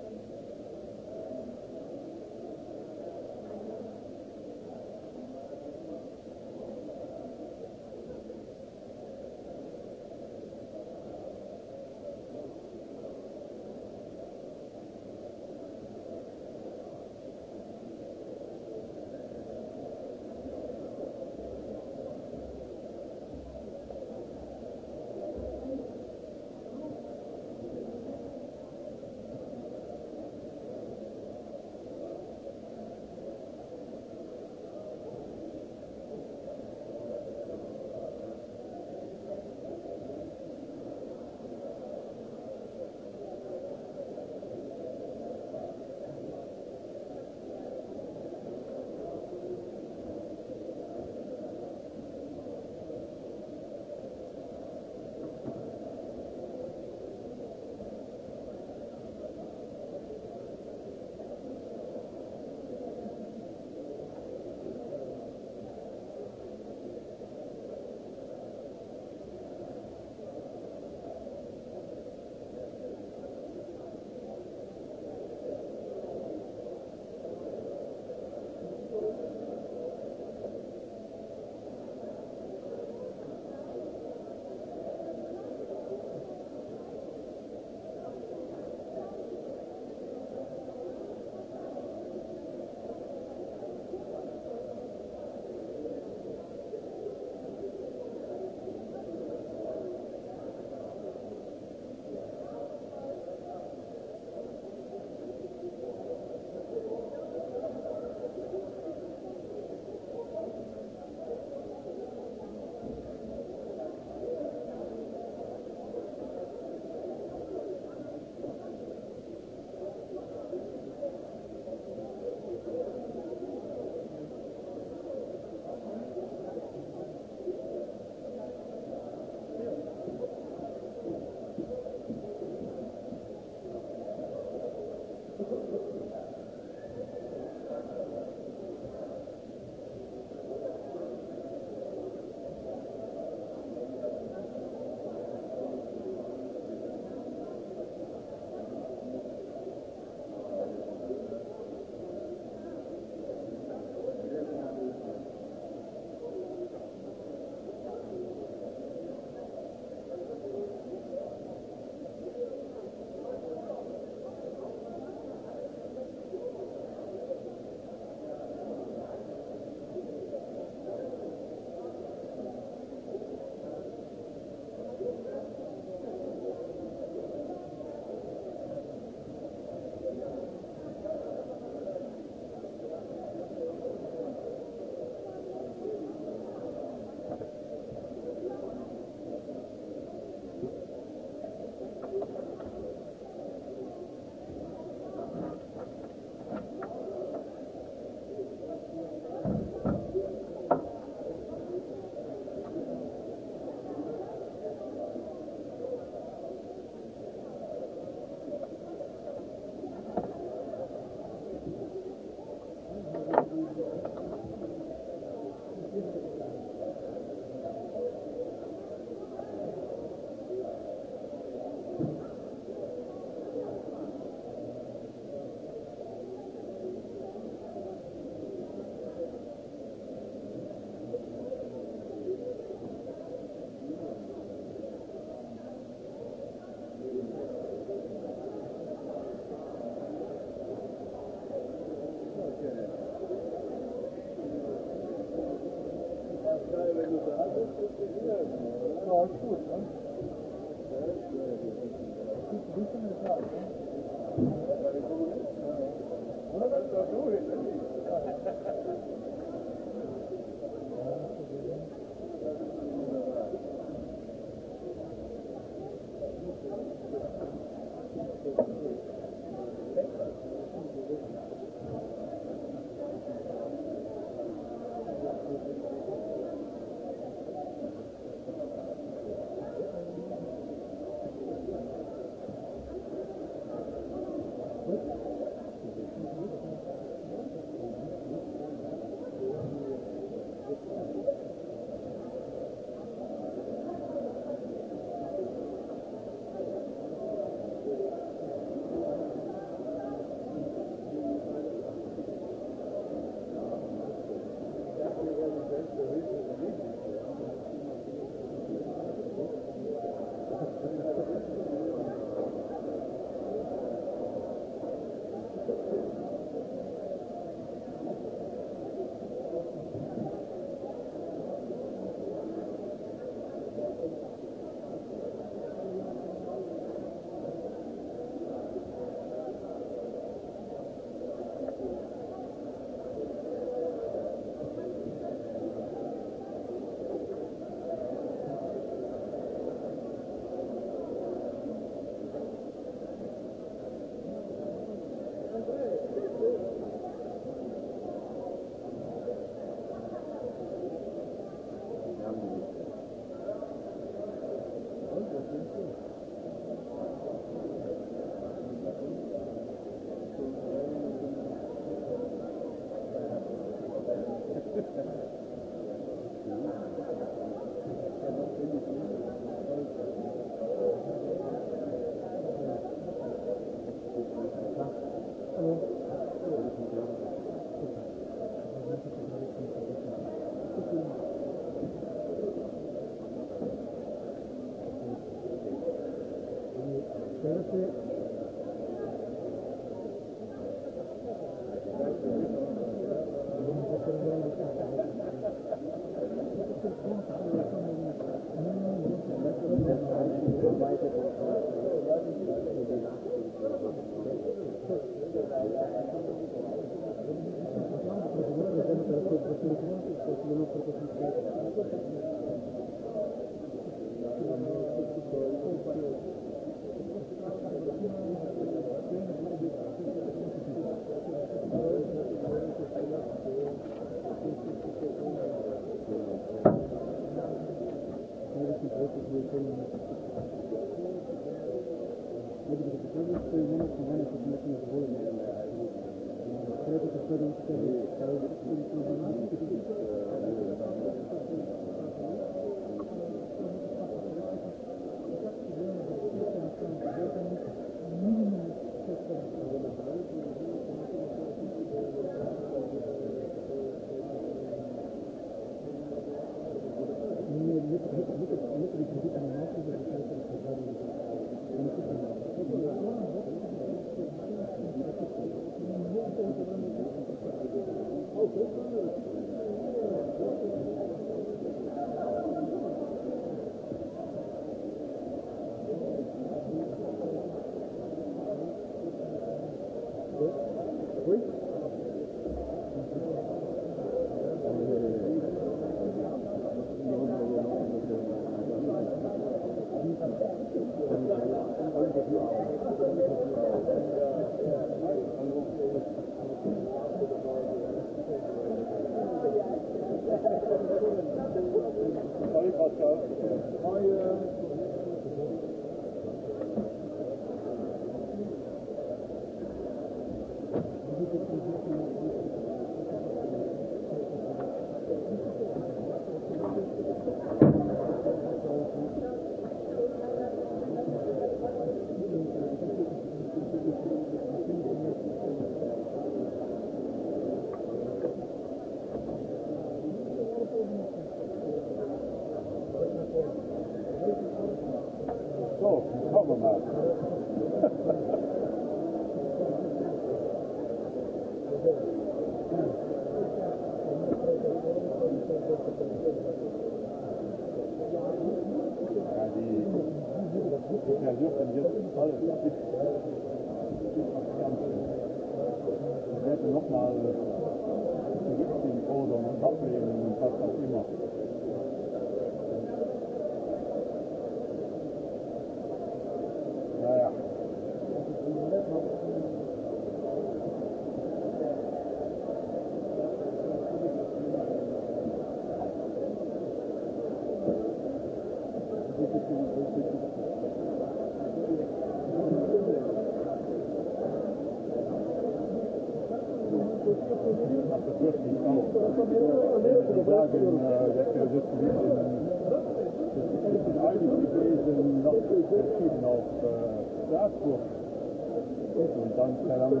καλά να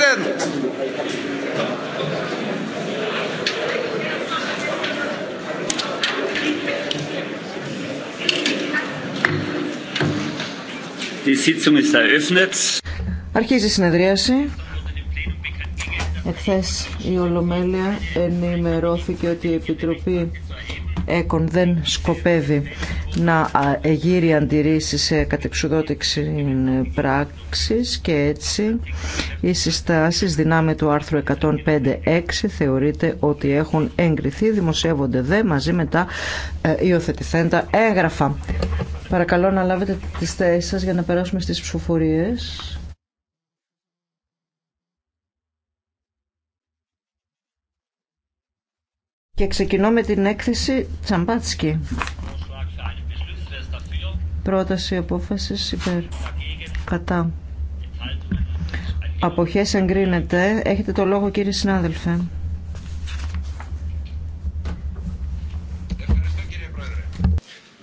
Präsident! Die Sitzung Αρχίζει η συνεδρίαση. Εχθέ η Ολομέλεια ενημερώθηκε ότι η Επιτροπή ΕΚΟΝ δεν σκοπεύει να εγείρει αντιρρήσει σε κατεξουδότηξη πράξη και έτσι οι συστάσει δυνάμει του άρθρου 105.6 θεωρείται ότι έχουν εγκριθεί, δημοσιεύονται δε μαζί με τα ε, υιοθετηθέντα έγγραφα. Παρακαλώ να λάβετε τι θέσει σα για να περάσουμε στι ψηφοφορίε. Και ξεκινώ με την έκθεση Τσαμπάτσκι. Πρόταση απόφασης υπέρ. Κατά. Αποχές εγκρίνεται. Έχετε το λόγο κύριε συνάδελφε.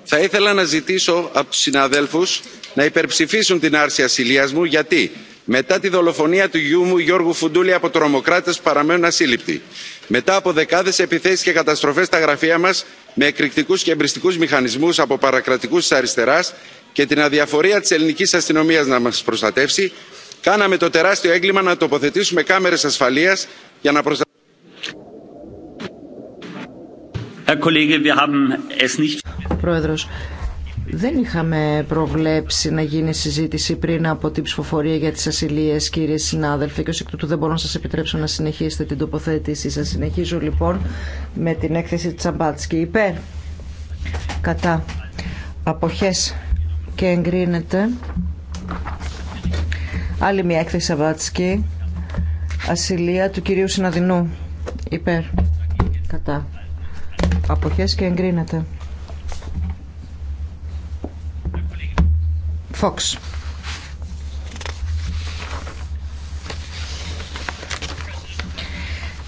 Θα ήθελα να ζητήσω από τους συναδέλφους να υπερψηφίσουν την άρση ασυλίας μου γιατί μετά τη δολοφονία του γιού μου Γιώργου Φουντούλη από τρομοκράτες παραμένουν ασύλληπτοι. Μετά από δεκάδες επιθέσεις και καταστροφές στα γραφεία μας με εκρηκτικούς και εμπριστικούς μηχανισμούς από παρακρατικούς της αριστεράς και την αδιαφορία της ελληνικής αστυνομίας να μας προστατεύσει κάναμε το τεράστιο έγκλημα να τοποθετήσουμε κάμερες ασφαλείας για να προστατεύσουμε Πρόεδρος, δεν είχαμε προβλέψει να γίνει συζήτηση πριν από την ψηφοφορία για τις ασυλίες, κύριε συνάδελφε και ως εκ τούτου δεν μπορώ να σας επιτρέψω να συνεχίσετε την τοποθέτησή σας. Συνεχίζω λοιπόν με την έκθεση Τσαμπάτσκι. Υπέρ, κατά, αποχές και εγκρίνεται Άλλη μια έκθεση Σαββάτσκι. Ασυλία του κυρίου Συναδεινού. Υπέρ. Κατά. Αποχές και εγκρίνεται. Φόξ.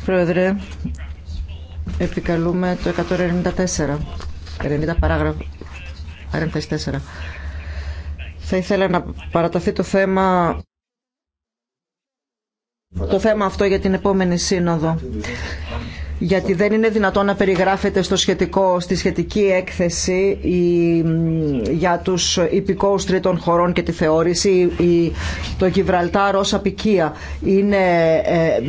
Πρόεδρε, επικαλούμε το 194. 90 παράγραφο. 44. Θα ήθελα να παραταθεί το θέμα το θέμα αυτό για την επόμενη σύνοδο γιατί δεν είναι δυνατόν να περιγράφεται στο σχετικό, στη σχετική έκθεση η, για τους υπηκόους τρίτων χωρών και τη θεώρηση η, το Γιβραλτάρ ως απικία. Είναι ε,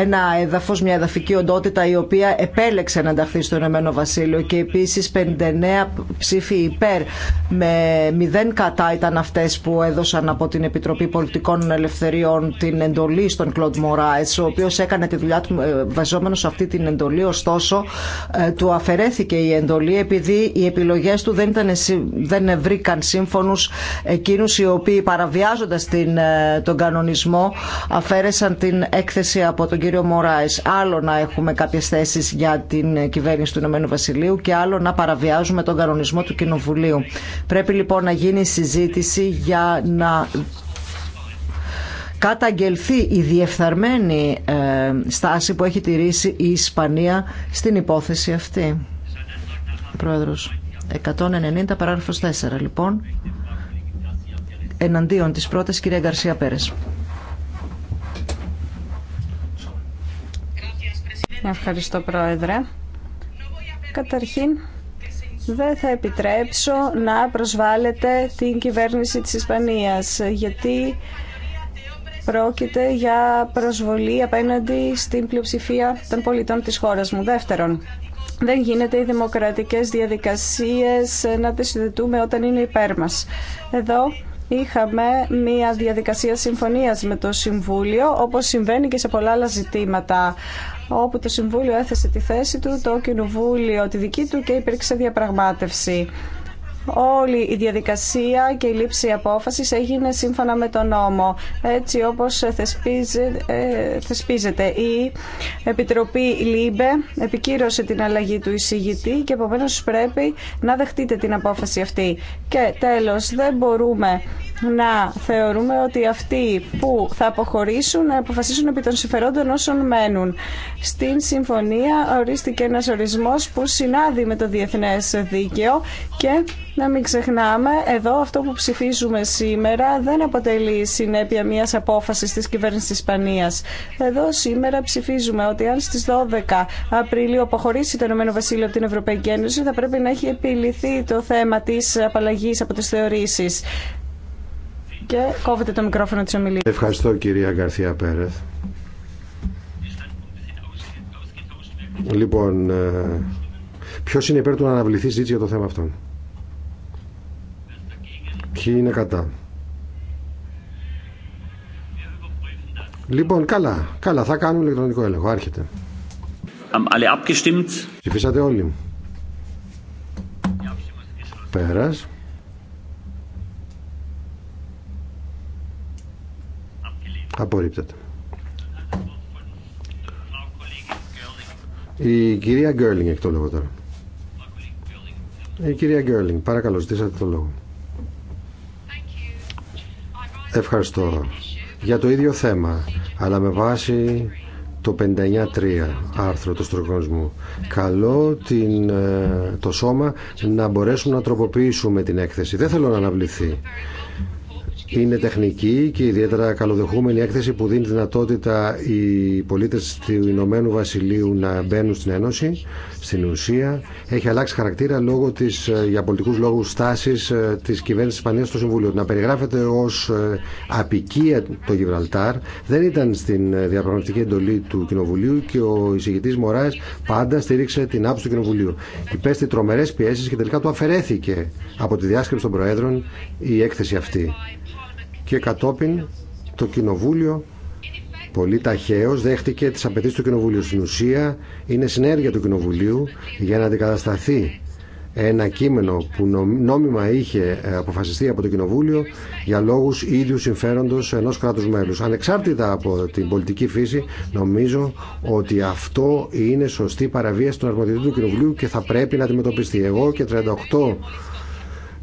ένα έδαφος, μια εδαφική οντότητα η οποία επέλεξε να ενταχθεί στο Ηνωμένο Βασίλειο και επίσης 59 ψήφοι υπέρ με μηδέν κατά ήταν αυτές που έδωσαν από την Επιτροπή Πολιτικών Ελευθεριών την εντολή στον Κλοντ Μωράες ο οποίος έκανε τη δουλειά του ε, βαζόμενος σε αυτή την την εντολή, ωστόσο ε, του αφαιρέθηκε η εντολή επειδή οι επιλογές του δεν, δεν βρήκαν σύμφωνους εκείνους οι οποίοι παραβιάζοντας την, ε, τον κανονισμό αφαίρεσαν την έκθεση από τον κύριο Μωράης. Άλλο να έχουμε κάποιες θέσεις για την κυβέρνηση του Ηνωμένου Βασιλείου και άλλο να παραβιάζουμε τον κανονισμό του Κοινοβουλίου. Πρέπει λοιπόν να γίνει συζήτηση για να καταγγελθεί η διεφθαρμένη ε, στάση που έχει τηρήσει η Ισπανία στην υπόθεση αυτή. Πρόεδρος, 190 παράγραφος 4 λοιπόν, εναντίον της πρώτης κυρία Γκαρσία Πέρες. Ευχαριστώ Πρόεδρε. Καταρχήν, δεν θα επιτρέψω να προσβάλλετε την κυβέρνηση της Ισπανίας, γιατί πρόκειται για προσβολή απέναντι στην πλειοψηφία των πολιτών της χώρας μου. Δεύτερον, δεν γίνεται οι δημοκρατικές διαδικασίες να τις συνδετούμε όταν είναι υπέρ μας. Εδώ είχαμε μια διαδικασία συμφωνίας με το Συμβούλιο, όπως συμβαίνει και σε πολλά άλλα ζητήματα όπου το Συμβούλιο έθεσε τη θέση του, το Κοινοβούλιο τη δική του και υπήρξε διαπραγμάτευση όλη η διαδικασία και η λήψη απόφασης έγινε σύμφωνα με τον νόμο, έτσι όπως ε, θεσπίζεται. Η Επιτροπή ΛΥΜΠΕ επικύρωσε την αλλαγή του εισηγητή και επομένως πρέπει να δεχτείτε την απόφαση αυτή. Και τέλος, δεν μπορούμε να θεωρούμε ότι αυτοί που θα αποχωρήσουν να αποφασίσουν επί των συμφερόντων όσων μένουν. Στην συμφωνία ορίστηκε ένας ορισμός που συνάδει με το διεθνές δίκαιο και να μην ξεχνάμε, εδώ αυτό που ψηφίζουμε σήμερα δεν αποτελεί συνέπεια μιας απόφασης της κυβέρνησης της Ισπανίας. Εδώ σήμερα ψηφίζουμε ότι αν στις 12 Απριλίου αποχωρήσει το Ηνωμένο Βασίλειο από την Ευρωπαϊκή Ένωση θα πρέπει να έχει επιληθεί το θέμα της απαλλαγής από τις θεωρήσεις. Και κόβετε το μικρόφωνο της ομιλίας. Ευχαριστώ κυρία Γκαρθία Πέρεθ. Λοιπόν, ε, ποιο είναι υπέρ του να αναβληθεί ζήτηση για το θέμα αυτό. Ποιοι είναι κατά. Λοιπόν, καλά, καλά, θα κάνουμε ηλεκτρονικό έλεγχο. Άρχεται. Ψηφίσατε όλοι. Πέρας. Απορρίπτεται. Η κυρία Γκέρλινγκ έχει το λόγο τώρα. Η κυρία Γκέρλινγκ, παρακαλώ, ζητήσατε το λόγο. Ευχαριστώ. Για το ίδιο θέμα, αλλά με βάση το 59.3 άρθρο του στροκονισμού. Καλό την, ε, το σώμα να μπορέσουμε να τροποποιήσουμε την έκθεση. Δεν θέλω να αναβληθεί. Είναι τεχνική και ιδιαίτερα καλοδεχούμενη έκθεση που δίνει δυνατότητα οι πολίτες του Ηνωμένου Βασιλείου να μπαίνουν στην Ένωση. Στην ουσία έχει αλλάξει χαρακτήρα λόγω της, ε, για πολιτικούς λόγους στάσης ε, της κυβέρνησης Ισπανίας στο Συμβούλιο. Να περιγράφεται ως ε, απικία το Γιβραλτάρ δεν ήταν στην διαπραγματική εντολή του Κοινοβουλίου και ο εισηγητής Μωράης πάντα στήριξε την άποψη του Κοινοβουλίου. Υπέστη τρομερές πιέσεις και τελικά του αφαιρέθηκε από τη διάσκεψη των Προέδρων η έκθεση αυτή και κατόπιν το Κοινοβούλιο πολύ ταχαίως δέχτηκε τις απαιτήσεις του Κοινοβουλίου. Στην ουσία είναι συνέργεια του Κοινοβουλίου για να αντικατασταθεί ένα κείμενο που νόμιμα είχε ε, αποφασιστεί από το Κοινοβούλιο για λόγους ίδιου συμφέροντος ενός κράτους μέλους. Ανεξάρτητα από την πολιτική φύση, νομίζω ότι αυτό είναι σωστή παραβίαση των αρμοδιοτήτων του Κοινοβουλίου και θα πρέπει να αντιμετωπιστεί. Εγώ και 38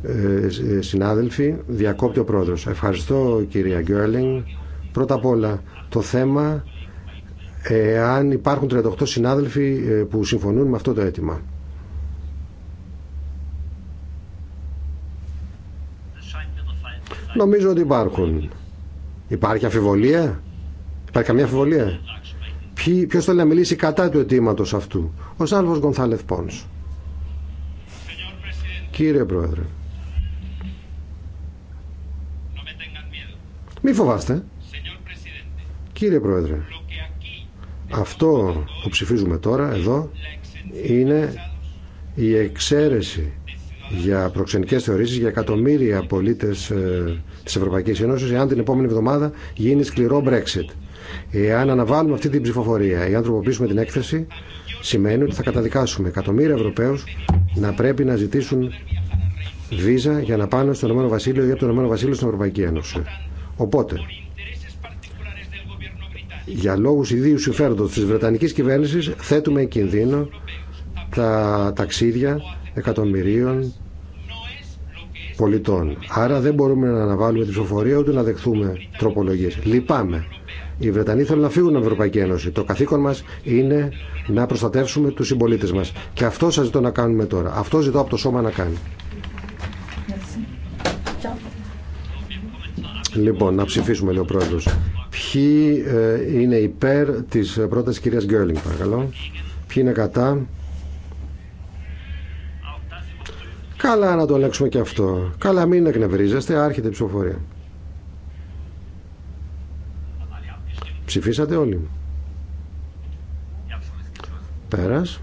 ε, συνάδελφοι, διακόπτει ο πρόεδρος. Ευχαριστώ κυρία Γκέρλινγκ. Πρώτα απ' όλα το θέμα αν υπάρχουν 38 συνάδελφοι ε, που συμφωνούν με αυτό το αίτημα. Νομίζω ότι υπάρχουν. Υπάρχει αφιβολία. Υπάρχει καμία αφιβολία. Ποιο θέλει να μιλήσει κατά του αιτήματο αυτού. Ο Σάλβος Γκονθάλεφ Πόνς. Κύριε Πρόεδρε. Μη φοβάστε. Κύριε Πρόεδρε, αυτό που ψηφίζουμε τώρα εδώ είναι η εξαίρεση για προξενικές θεωρήσεις για εκατομμύρια πολίτες ε, της Ευρωπαϊκής Ένωσης εάν την επόμενη εβδομάδα γίνει σκληρό Brexit. Εάν αναβάλουμε αυτή την ψηφοφορία, αν τροποποιήσουμε την έκθεση, σημαίνει ότι θα καταδικάσουμε εκατομμύρια Ευρωπαίους να πρέπει να ζητήσουν βίζα για να πάνε στο Ηνωμένο Βασίλειο ή από το Ηνωμένο Βασίλειο στην Ευρωπαϊκή Ένωση. Οπότε, για λόγους ιδίου συμφέροντος της Βρετανικής κυβέρνησης θέτουμε κινδύνο τα ταξίδια εκατομμυρίων πολιτών. Άρα δεν μπορούμε να αναβάλουμε την ψηφοφορία ούτε να δεχθούμε τροπολογίες. Λυπάμαι. Οι Βρετανοί θέλουν να φύγουν από την Ευρωπαϊκή Ένωση. Το καθήκον μα είναι να προστατεύσουμε του συμπολίτε μα. Και αυτό σα ζητώ να κάνουμε τώρα. Αυτό ζητώ από το σώμα να κάνει. Λοιπόν, να ψηφίσουμε, λέει ο πρόεδρο. Ποιοι ε, είναι υπέρ τη πρόταση κυρία Γκέρλινγκ, παρακαλώ. Ποιοι είναι κατά. Καλά να το ελέγξουμε και αυτό. Καλά μην εκνευρίζεστε, άρχεται η ψηφοφορία. Ψηφίσατε όλοι. Πέρας.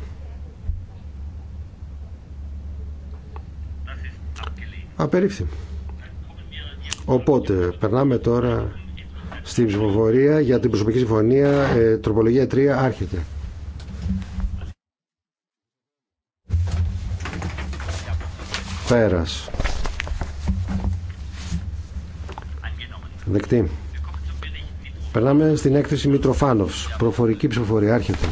Απερίφθη. Οπότε, περνάμε τώρα στην ψηφοφορία για την προσωπική συμφωνία ε, τροπολογία 3 άρχεται. Πέρας. Δεκτή. Περνάμε στην έκθεση Μητροφάνοφς. Προφορική ψηφοφορία άρχεται.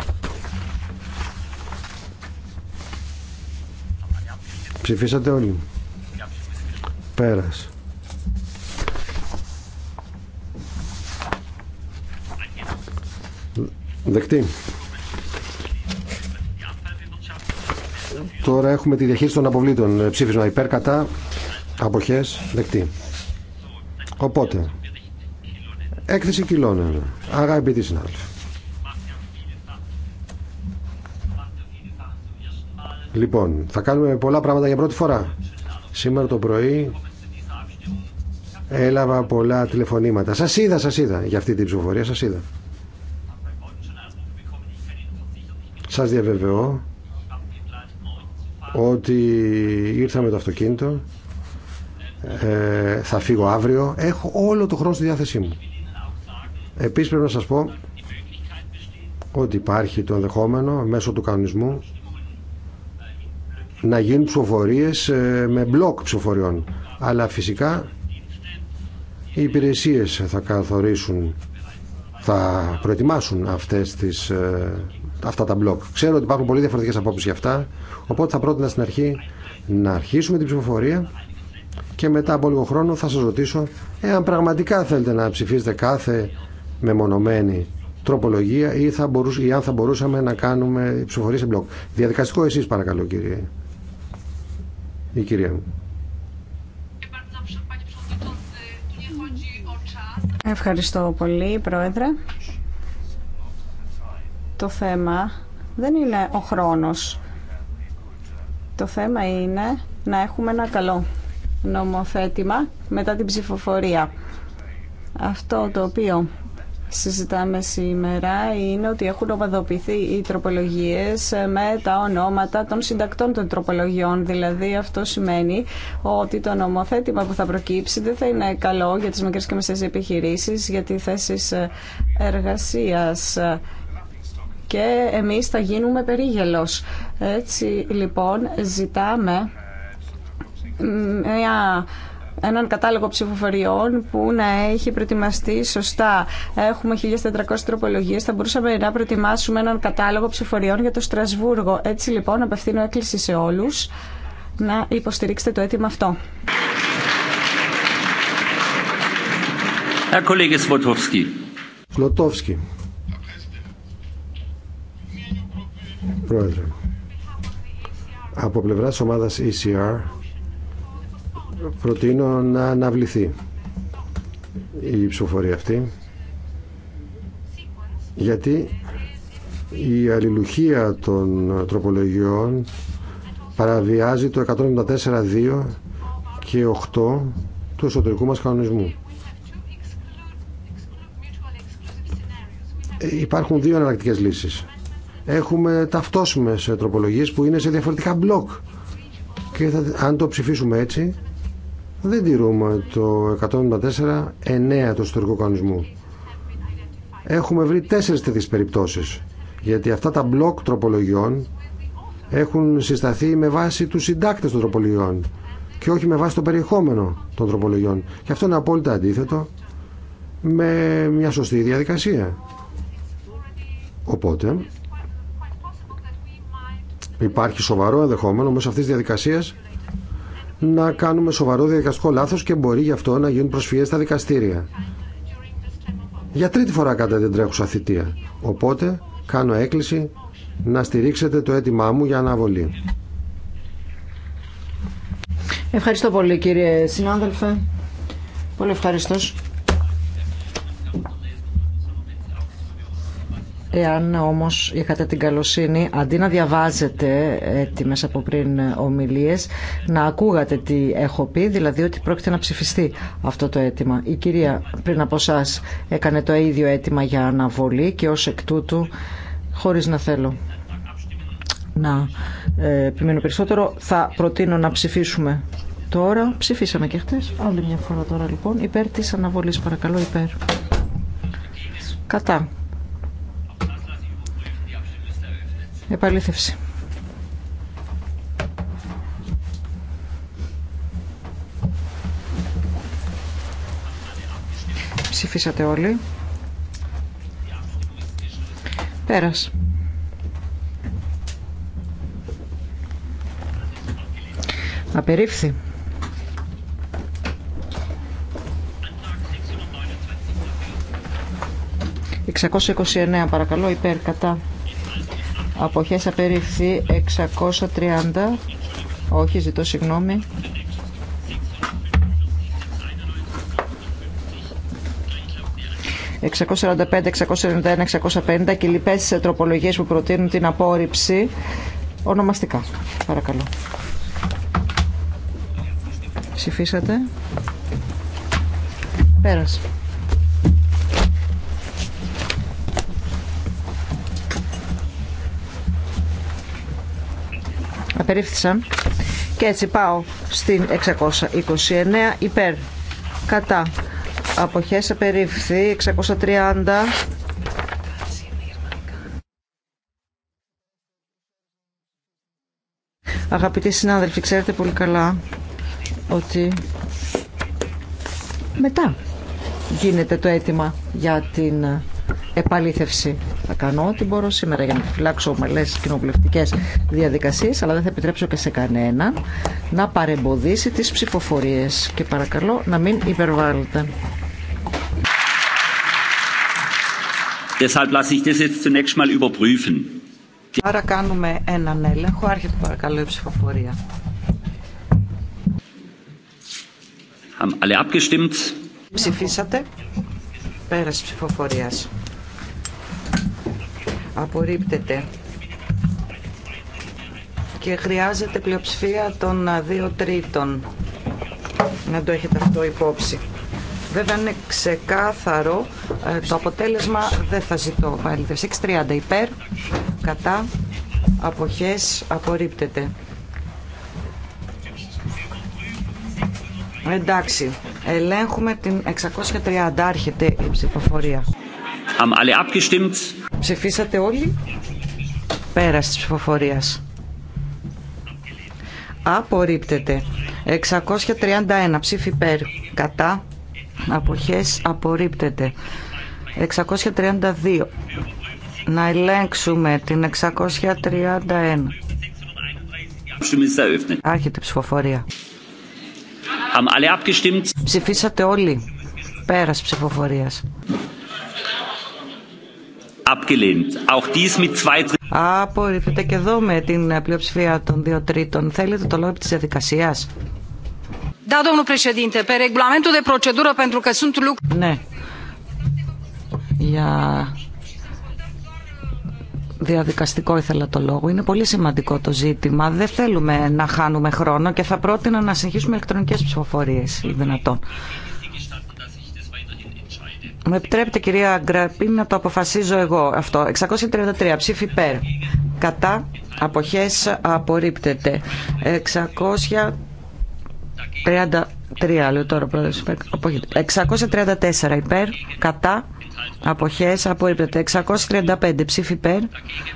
Ψηφίσατε όλοι. Πέρας. Δεκτή. Τώρα έχουμε τη διαχείριση των αποβλήτων. Ε, ψήφισμα υπέρ, κατά, αποχές, δεκτή. Οπότε, έκθεση κιλών. Αγαπητή. Λοιπόν, θα κάνουμε πολλά πράγματα για πρώτη φορά. Σήμερα το πρωί έλαβα πολλά τηλεφωνήματα. Σας είδα, σας είδα για αυτή την ψηφοφορία, σας είδα. Σας διαβεβαιώ ότι ήρθα με το αυτοκίνητο, ε, θα φύγω αύριο, έχω όλο το χρόνο στη διάθεσή μου. Επίσης πρέπει να σας πω ότι υπάρχει το ενδεχόμενο μέσω του κανονισμού να γίνουν ψηφοφορίες ε, με μπλοκ ψηφοφοριών. Αλλά φυσικά οι υπηρεσίες θα καθορίσουν, θα προετοιμάσουν αυτές τις ε, αυτά τα μπλοκ. Ξέρω ότι υπάρχουν πολύ διαφορετικέ απόψει για αυτά, οπότε θα πρότεινα στην αρχή να αρχίσουμε την ψηφοφορία και μετά από λίγο χρόνο θα σας ρωτήσω εάν πραγματικά θέλετε να ψηφίσετε κάθε μεμονωμένη τροπολογία ή, θα ή αν θα μπορούσαμε να κάνουμε ψηφοφορία σε μπλοκ. Διαδικαστικό εσείς παρακαλώ κύριε. Η κυρία μου. Ευχαριστώ πολύ, Πρόεδρε. Το θέμα δεν είναι ο χρόνος. Το θέμα είναι να έχουμε ένα καλό νομοθέτημα μετά την ψηφοφορία. Αυτό το οποίο συζητάμε σήμερα είναι ότι έχουν ομαδοποιηθεί οι τροπολογίες με τα ονόματα των συντακτών των τροπολογιών. Δηλαδή αυτό σημαίνει ότι το νομοθέτημα που θα προκύψει δεν θα είναι καλό για τις μικρές και μεσαίες επιχειρήσεις, για τις θέσεις εργασίας και εμείς θα γίνουμε περίγελος. Έτσι λοιπόν ζητάμε έναν κατάλογο ψηφοφοριών που να έχει προετοιμαστεί σωστά. Έχουμε 1.400 τροπολογίες, θα μπορούσαμε να προετοιμάσουμε έναν κατάλογο ψηφοφοριών για το Στρασβούργο. Έτσι λοιπόν απευθύνω έκκληση σε όλους να υποστηρίξετε το αίτημα αυτό. από πλευρά ομάδας ECR προτείνω να αναβληθεί η ψηφοφορία αυτή γιατί η αλληλουχία των τροπολογιών παραβιάζει το 174.2 και 8 του εσωτερικού μας κανονισμού. Ε, υπάρχουν δύο εναλλακτικέ λύσεις έχουμε ταυτόσιμες τροπολογίες που είναι σε διαφορετικά μπλοκ και θα, αν το ψηφίσουμε έτσι δεν τηρούμε το 194-9 του ιστορικού κανονισμού. Έχουμε βρει τέσσερις τέτοιες περιπτώσεις γιατί αυτά τα μπλοκ τροπολογιών έχουν συσταθεί με βάση τους συντάκτες των τροπολογιών και όχι με βάση το περιεχόμενο των τροπολογιών. Και αυτό είναι απόλυτα αντίθετο με μια σωστή διαδικασία. Οπότε, Υπάρχει σοβαρό ενδεχόμενο μέσα αυτή τη διαδικασία να κάνουμε σοβαρό διαδικαστικό λάθο και μπορεί γι' αυτό να γίνουν προσφυγέ στα δικαστήρια. Για τρίτη φορά κατά την τρέχουσα θητεία. Οπότε κάνω έκκληση να στηρίξετε το αίτημά μου για αναβολή. Ευχαριστώ πολύ κύριε συνάδελφε. Πολύ ευχαριστώ. Εάν όμως είχατε την καλοσύνη, αντί να διαβάζετε έτοιμες από πριν ομιλίες, να ακούγατε τι έχω πει, δηλαδή ότι πρόκειται να ψηφιστεί αυτό το αίτημα. Η κυρία πριν από εσά έκανε το ίδιο αίτημα για αναβολή και ως εκ τούτου, χωρίς να θέλω να ε, επιμείνω περισσότερο, θα προτείνω να ψηφίσουμε τώρα. Ψηφίσαμε και χτες. Άλλη μια φορά τώρα λοιπόν. Υπέρ της αναβολής παρακαλώ υπέρ. Κατά. Επαλήθευση. Ψηφίσατε όλοι. Πέρας. Απερίφθη. Εξακόσια παρακαλώ υπέρ κατά αποχές απερίφθη 630 όχι ζητώ συγγνώμη 645, 691, 650 και λοιπές τροπολογίες που προτείνουν την απόρριψη ονομαστικά. Παρακαλώ. Ψηφίσατε. Πέρασε. απερίφθησαν. Και έτσι πάω στην 629 υπέρ κατά αποχές απερίφθη 630 Αγαπητοί συνάδελφοι, ξέρετε πολύ καλά ότι μετά γίνεται το αίτημα για την επαλήθευση. Θα κάνω ό,τι μπορώ σήμερα για να φυλάξω ομαλέ κοινοβουλευτικέ διαδικασίε, αλλά δεν θα επιτρέψω και σε κανένα να παρεμποδίσει τι ψηφοφορίε. Και παρακαλώ να μην υπερβάλλετε. Deshalb lasse ich das jetzt zunächst mal überprüfen. Άρα κάνουμε έναν έλεγχο. Άρχεται παρακαλώ η ψηφοφορία. Haben alle abgestimmt? Ψηφίσατε. Πέρασε ψηφοφορίας απορρίπτεται και χρειάζεται πλειοψηφία των δύο τρίτων να το έχετε αυτό υπόψη βέβαια είναι ξεκάθαρο ε, το αποτέλεσμα δεν θα ζητώ πάλι 6.30 υπέρ κατά αποχές απορρίπτεται εντάξει ελέγχουμε την 630 άρχεται η ψηφοφορία alle abgestimmt? Ψηφίσατε όλοι. πέρας τη ψηφοφορία. Απορρίπτεται. 631 ψήφι υπέρ. Κατά. Αποχές απορρίπτεται. 632. Να ελέγξουμε την 631. Άρχεται ψηφοφορία. Ψηφίσατε όλοι. Πέρας ψηφοφορίας. Απορρίφεται και εδώ με την πλειοψηφία των δύο τρίτων. Θέλετε το λόγο τη διαδικασία. Ναι. Για διαδικαστικό ήθελα το λόγο. Είναι πολύ σημαντικό το ζήτημα. Δεν θέλουμε να χάνουμε χρόνο και θα πρότεινα να συνεχίσουμε ηλεκτρονικές ψηφοφορίες, δυνατόν. Με επιτρέπετε κυρία Γκραπή να το αποφασίζω εγώ αυτό. 633 ψήφι υπέρ. Κατά αποχές απορρίπτεται. 633 λέω τώρα πρόεδρος. 634 υπέρ. Κατά αποχές απορρίπτεται. 635 ψήφι υπέρ.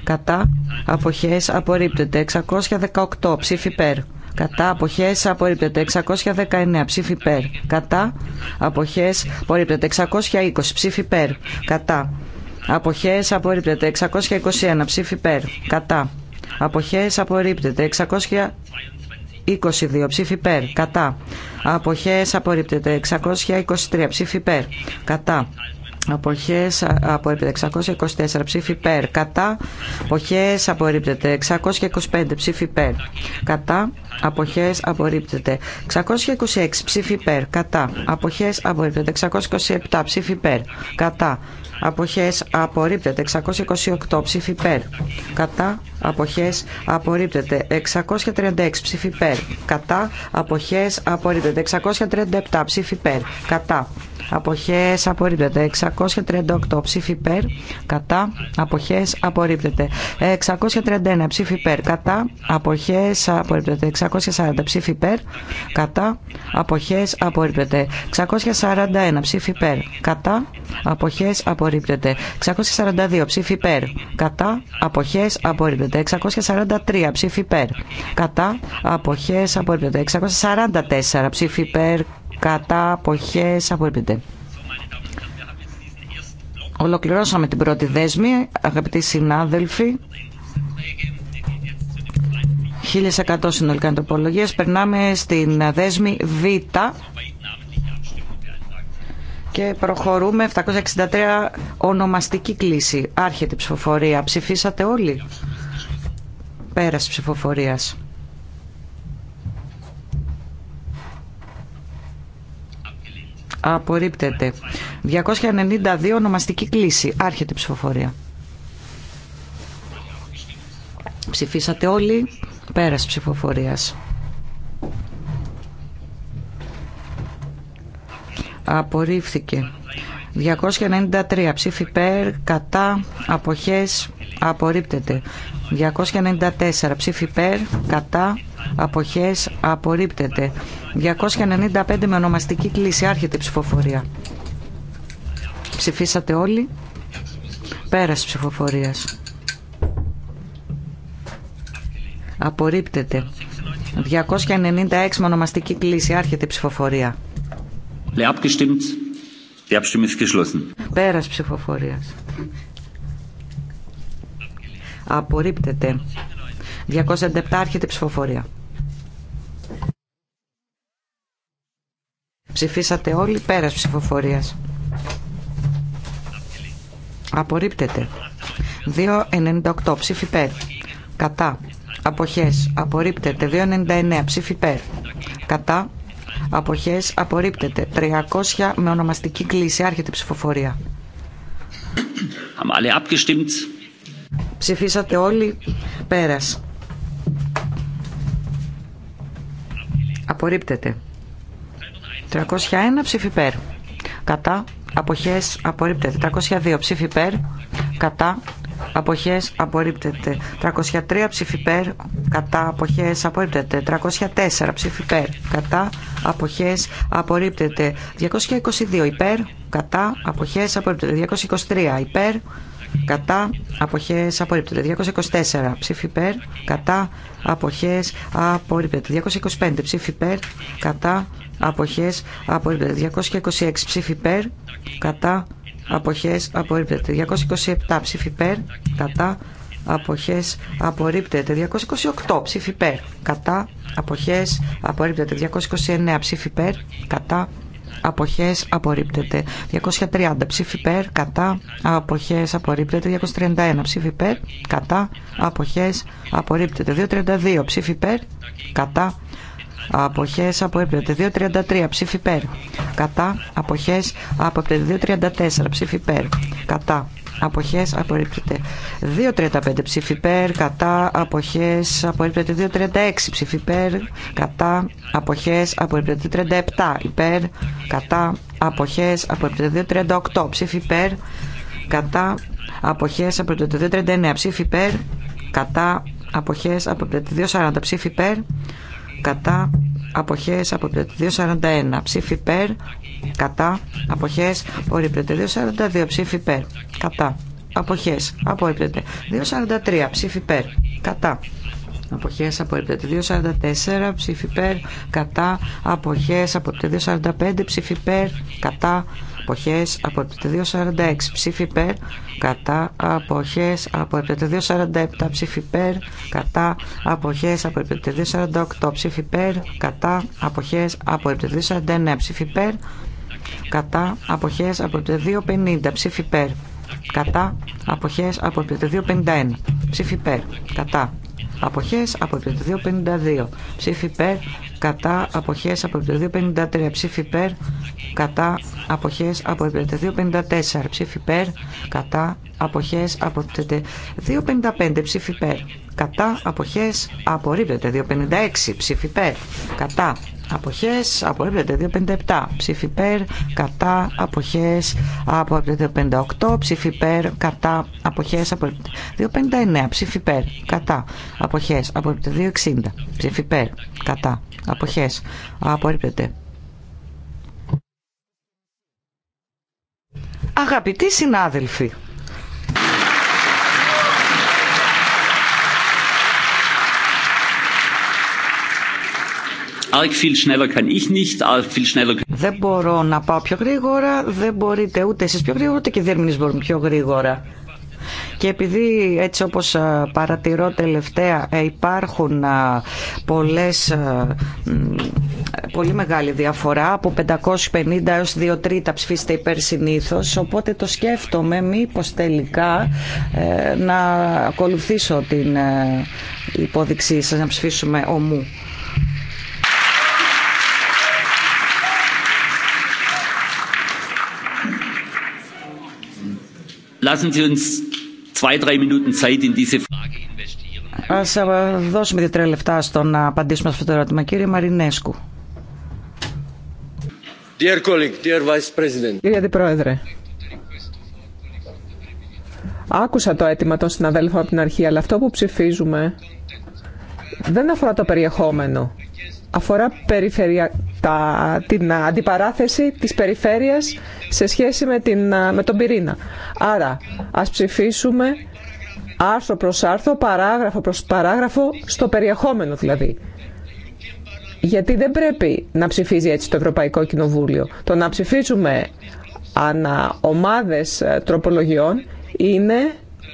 Κατά αποχές απορρίπτεται. 618 ψήφι υπέρ Κατά αποχές απορρίπτεται 619 ψήφι περ. Κατά αποχές απορρίπτεται 620 ψήφι περ. Κατά αποχές απορρίπτεται 621 ψήφι περ. Κατά αποχές απορρίπτεται 622 ψήφι περ. Κατά. Αποχές απορρίπτεται. 623 ψήφι περ. Κατά. Αποχές απορρίπτεται 624 ψήφι περ. Κατά. Αποχές απορρίπτεται 625 ψήφι περ. Κατά. Αποχές απορρίπτεται 626 ψήφι περ. Κατά. Αποχές απορρίπτεται 627 ψήφι περ. Κατά. Αποχές απορρίπτεται 628 ψήφι περ. Κατά αποχές απορρίπτεται 636 ψήφι υπέρ κατά αποχές απορρίπτεται 637 ψήφι υπέρ κατά αποχές απορρίπτεται 638 ψήφι υπέρ κατά αποχές απορρίπτεται 631 ψήφι υπέρ κατά αποχές απορρίπτεται 640 ψήφι υπέρ κατά αποχές απορρίπτεται 641 ψήφι υπέρ κατά αποχές απορρίπτεται 642 ψήφι υπέρ κατά αποχές απορρίπτεται 643 ψήφι υπέρ. Κατά αποχές απορρίπτεται. 644 ψήφι υπέρ. Κατά αποχές απορρίπτεται. Ολοκληρώσαμε την πρώτη δέσμη, αγαπητοί συνάδελφοι. 1100 συνολικά αντροπολογίε. Περνάμε στην δέσμη Β. Και προχωρούμε 763 ονομαστική κλίση. Άρχεται η ψηφοφορία. Ψηφίσατε όλοι. Πέρας ψηφοφορίας. Απορρίπτεται. 292 ονομαστική κλίση. Άρχεται η ψηφοφορία. Ψηφίσατε όλοι. Πέρας ψηφοφορίας. Απορρίφθηκε. 293 ψήφι περ, κατά, αποχές, απορρίπτεται. 294 ψήφι υπέρ, κατά, αποχές, απορρίπτεται. 295 με ονομαστική κλίση, άρχεται η ψηφοφορία. Ψηφίσατε όλοι. Πέρας ψηφοφορίας. Απορρίπτεται. 296 με ονομαστική κλίση, άρχεται η ψηφοφορία. abgestimmt η Πέρας ψηφοφορίας. Απορρίπτεται. 207 άρχεται ψηφοφορία. Ψηφίσατε όλοι πέρας ψηφοφορία. Απορρίπτεται. 2.98 ψήφι περ. Κατά. Αποχές. Απορρίπτεται. 2.99 ψήφι περ. Κατά αποχές απορρίπτεται 300 με ονομαστική κλίση άρχεται η ψηφοφορία ψηφίσατε όλοι πέρας απορρίπτεται 301 ψήφι ΠΕΡ. κατά αποχές απορρίπτεται 302 ψήφι ΠΕΡ. κατά αποχές απορρίπτεται 303 ψηφιπέρ κατά αποχές απορρίπτεται 304 ψηφιπέρ κατά αποχές απορρίπτεται 222 υπέρ κατά αποχές απορρίπτεται 223 υπέρ κατά αποχές απορρίπτεται 224 ψήφι κατά αποχές απορρίπτεται 225 ψήφι υπέρ κατά αποχές απορρίπτεται 226 ψήφι υπέρ κατά αποχές απορρίπτεται. 227 ψήφι υπέρ, κατά, αποχές απορρίπτεται. 228 ψήφι υπέρ, κατά, αποχές απορρίπτεται. 229 ψήφι υπέρ, κατά, αποχές απορρίπτεται. 230 ψήφι υπέρ, κατά, αποχές απορρίπτεται. 231 ψήφι υπέρ, κατά, αποχές απορρίπτεται. 232 ψήφι υπέρ, κατά, αποχές απορρίπτεται 2.33 ψήφι πέρ. κατά αποχές απορρίπτεται 2.34 ψήφι κατά αποχές απορρίπτεται 2.35 ψήφι υπέρ κατά αποχές απορρίπτεται 2.36 ψήφι υπέρ κατά αποχές απορρίπτεται 237 υπέρ κατά αποχές απορρίπτεται 2.38 ψήφι υπέρ κατά αποχές απορρίπτεται 2.39 ψήφι πέρ, κατά αποχές απορρίπτεται 2.40 ψήφι κατά αποχές το 2.41 ψήφι υπέρ κατά αποχές απορρίπτεται 2.42 ψήφι υπέρ κατά αποχές απορρίπτεται 2.43 ψήφι υπέρ κατά Αποχές απορρίπτεται 2.44 ψήφι υπέρ κατά αποχές απορρίπτεται 2.45 ψήφι υπέρ κατά αποχές από το 246 ψήφι υπέρ κατά αποχές από το 247 ψήφι υπέρ κατά αποχές από απορρίπτεται 248 ψήφι κατά αποχές απορρίπτεται 249 ψήφι υπέρ κατά αποχές απορρίπτεται 250 ψήφι πέρ. κατά αποχές απορρίπτεται 251 ψήφι υπέρ κατά αποχές απορρίπτεται. 252 ψήφι υπέρ κατά αποχές απορρίπτεται. 253 ψήφι υπέρ κατά αποχές απορρίπτεται. 254 ψήφι υπέρ κατά αποχές απορρίπτεται. 255 ψήφι υπέρ κατά αποχές απορρίπτεται. 256 ψήφι υπέρ κατά Αποχές απορρίπτεται 257. Ψήφι υπέρ, κατά, αποχές απορρίπτεται 258. Ψήφι υπέρ, κατά, αποχές απορρίπτεται 259. Ψήφι υπέρ, κατά, αποχές απορρίπτεται 260. Ψήφι υπέρ, κατά, αποχές απορρίπτεται. Αγαπητοί συνάδελφοι, Δεν μπορώ να πάω πιο γρήγορα, δεν μπορείτε ούτε εσείς πιο γρήγορα, ούτε και οι διερμηνείς μπορούν πιο γρήγορα. Και επειδή έτσι όπως παρατηρώ τελευταία ε, υπάρχουν πολλές, πολύ μεγάλη διαφορά από 550 έως 2 τρίτα ψηφίστε υπέρ συνήθως, οπότε το σκέφτομαι μήπως τελικά ε, να ακολουθήσω την ε, υπόδειξή σας να ψηφίσουμε ομού. Lassen Ας δώσουμε δύο-τρία λεφτά στο να απαντήσουμε σε αυτό το ερώτημα. Κύριε Μαρινέσκου. Dear colleague, dear Vice President. Κύριε Αντιπρόεδρε, άκουσα το αίτημα των συναδέλφων από την αρχή, αλλά αυτό που ψηφίζουμε δεν αφορά το περιεχόμενο αφορά περιφερεια... τα... την αντιπαράθεση της περιφέρειας σε σχέση με, την... με τον πυρήνα. Άρα, ας ψηφίσουμε άρθρο προς άρθρο, παράγραφο προς παράγραφο, στο περιεχόμενο δηλαδή. Γιατί δεν πρέπει να ψηφίζει έτσι το Ευρωπαϊκό Κοινοβούλιο. Το να ψηφίσουμε ανά ομάδες ε, τροπολογιών είναι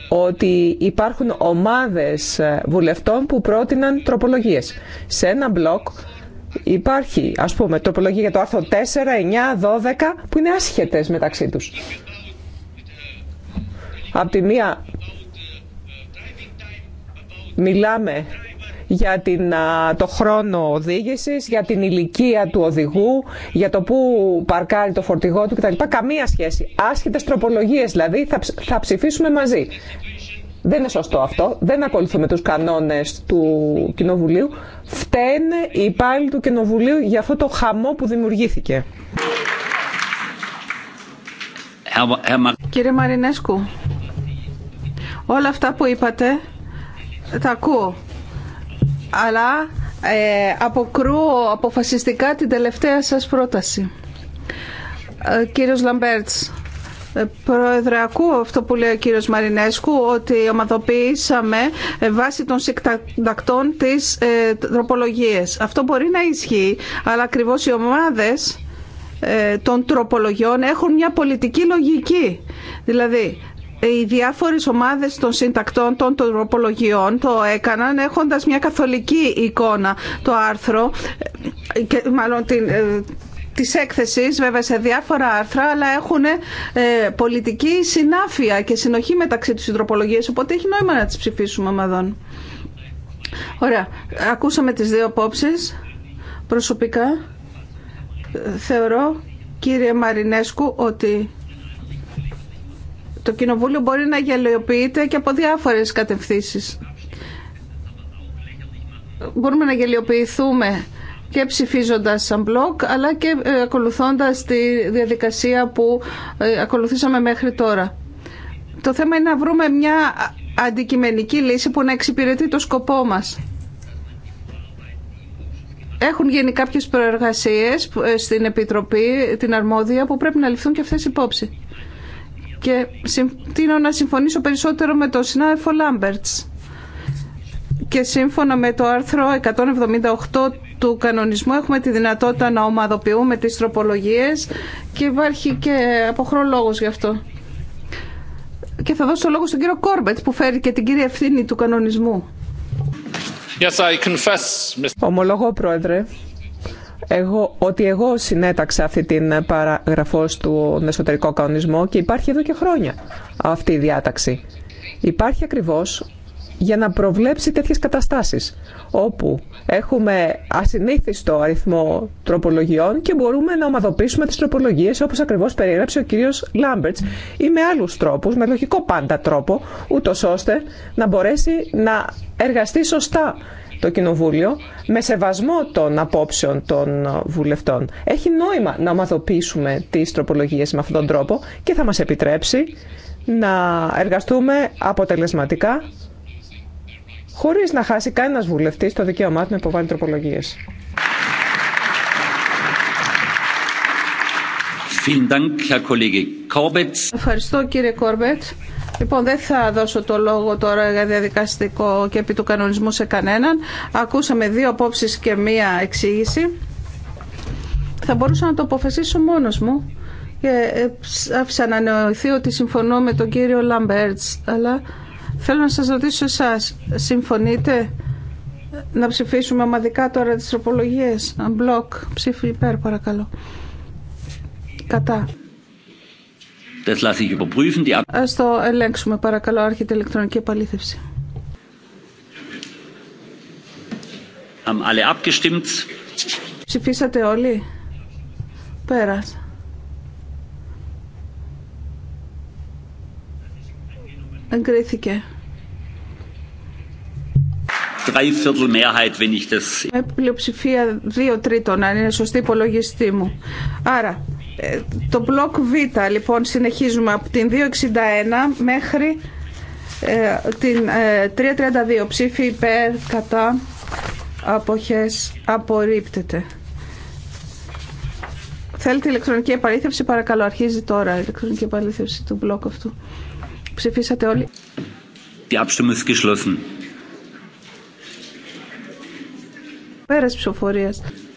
ότι υπάρχουν ομάδες βουλευτών που πρότειναν τροπολογίες. Σε ένα μπλοκ υπάρχει, ας πούμε, τροπολογία για το άρθρο 4, 9, 12, που είναι άσχετες μεταξύ τους. Απ' τη μία μιλάμε για την, το χρόνο οδήγησης, για την ηλικία του οδηγού, για το που παρκάρει το φορτηγό του κτλ. Καμία σχέση. Άσχετες τροπολογίες δηλαδή θα, θα ψηφίσουμε μαζί. Δεν είναι σωστό αυτό. Δεν ακολουθούμε τους κανόνες του Κοινοβουλίου. Φταίνε οι υπάλληλοι του Κοινοβουλίου για αυτό το χαμό που δημιουργήθηκε. Κύριε Μαρινέσκου, όλα αυτά που είπατε τα ακούω αλλά ε, αποκρούω αποφασιστικά την τελευταία σας πρόταση. Ε, κύριος Λαμπέρτς, ε, Πρόεδρε, ακούω αυτό που λέει ο κύριος Μαρινέσκου ότι ομαδοποιήσαμε βάσει των συντακτών της ε, Αυτό μπορεί να ισχύει, αλλά ακριβώς οι ομάδες των τροπολογιών έχουν μια πολιτική λογική. Δηλαδή, οι διάφορες ομάδες των συντακτών των τροπολογιών το έκαναν έχοντας μια καθολική εικόνα το άρθρο και μάλλον την, ε, της έκθεσης βέβαια σε διάφορα άρθρα αλλά έχουν ε, πολιτική συνάφεια και συνοχή μεταξύ τους συντροπολογίες οπότε έχει νόημα να τις ψηφίσουμε ομαδών. Ωραία. Ακούσαμε τις δύο απόψεις. Προσωπικά ε, θεωρώ κύριε Μαρινέσκου ότι το Κοινοβούλιο μπορεί να γελιοποιείται και από διάφορες κατευθύνσεις. Μπορούμε να γελιοποιηθούμε και ψηφίζοντας σαν μπλοκ, αλλά και ε, ακολουθώντας τη διαδικασία που ε, ακολουθήσαμε μέχρι τώρα. Το θέμα είναι να βρούμε μια αντικειμενική λύση που να εξυπηρετεί το σκοπό μας. Έχουν γίνει κάποιες προεργασίες ε, στην Επιτροπή, την Αρμόδια, που πρέπει να ληφθούν και αυτές υπόψη και τίνω να συμφωνήσω περισσότερο με τον συνάδελφο Λάμπερτς. Και σύμφωνα με το άρθρο 178 του κανονισμού έχουμε τη δυνατότητα να ομαδοποιούμε τις τροπολογίες και υπάρχει και αποχρό λόγο γι' αυτό. Και θα δώσω λόγο στον κύριο Κόρμπετ που φέρει και την κύρια ευθύνη του κανονισμού. Yes, Ομολογώ, Πρόεδρε, εγώ, ότι εγώ συνέταξα αυτή την παραγραφό του εσωτερικό κανονισμό και υπάρχει εδώ και χρόνια αυτή η διάταξη. Υπάρχει ακριβώς για να προβλέψει τέτοιες καταστάσεις όπου έχουμε ασυνήθιστο αριθμό τροπολογιών και μπορούμε να ομαδοποιήσουμε τις τροπολογίες όπως ακριβώς περιέγραψε ο κύριος Λάμπερτς ή με άλλους τρόπους, με λογικό πάντα τρόπο ούτω ώστε να μπορέσει να εργαστεί σωστά το Κοινοβούλιο με σεβασμό των απόψεων των βουλευτών. Έχει νόημα να ομαδοποιήσουμε τις τροπολογίες με αυτόν τον τρόπο και θα μας επιτρέψει να εργαστούμε αποτελεσματικά χωρίς να χάσει κανένας βουλευτής το δικαίωμά του να υποβάλει τροπολογίες. Ευχαριστώ κύριε Κόρμπετ. Λοιπόν, δεν θα δώσω το λόγο τώρα για διαδικαστικό και επί του κανονισμού σε κανέναν. Ακούσαμε δύο απόψεις και μία εξήγηση. Θα μπορούσα να το αποφασίσω μόνος μου και ε, άφησα να νεωθεί ότι συμφωνώ με τον κύριο Λαμπέρτς, αλλά θέλω να σας ρωτήσω εσάς, συμφωνείτε να ψηφίσουμε ομαδικά τώρα τις τροπολογίες, μπλοκ, ψήφι υπέρ παρακαλώ. Κατά. Das lasse ich überprüfen. Die... Ας το ελέγξουμε παρακαλώ, άρχεται ηλεκτρονική επαλήθευση. Haben alle abgestimmt. Ψηφίσατε όλοι. Πέρας. Εγκρίθηκε. Με πλειοψηφία δύο τρίτων, αν είναι σωστή υπολογιστή μου. Άρα, το μπλοκ Β, λοιπόν, συνεχίζουμε από την 261 μέχρι ε, την 332. Ε, Ψήφι υπέρ, κατά, αποχές, απορρίπτεται. Θέλετε ηλεκτρονική επαλήθευση, παρακαλώ, αρχίζει τώρα η ηλεκτρονική επαλήθευση του μπλοκ αυτού. Ψηφίσατε όλοι. Die Abstimmung geschlossen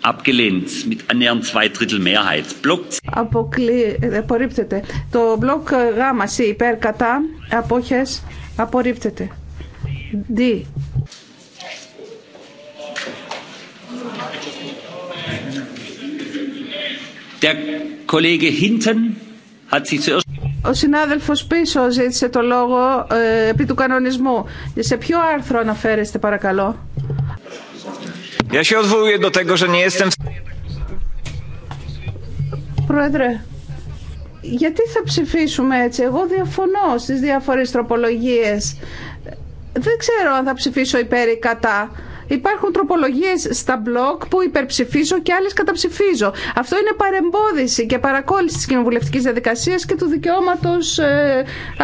abgelehnt mit annähernd zwei Drittel Mehrheit. Block ε, απορρίπτεται. Το μπλοκ ε, Γ, C, υπέρ, κατά, απόχες, απορρίπτεται. D. Der Kollege hinten hat sich zuerst ο συνάδελφο πίσω ζήτησε το λόγο ε, επί του κανονισμού. Σε ποιο άρθρο αναφέρεστε παρακαλώ. Πρόεδρε, γιατί θα ψηφίσουμε έτσι. Εγώ διαφωνώ στις διάφορε τροπολογίες. Δεν ξέρω αν θα ψηφίσω υπέρ ή κατά. Υπάρχουν τροπολογίες στα μπλοκ που υπερψηφίζω και άλλες καταψηφίζω. Αυτό είναι παρεμπόδιση και παρακόλληση της κοινοβουλευτικής διαδικασίας και του δικαιώματος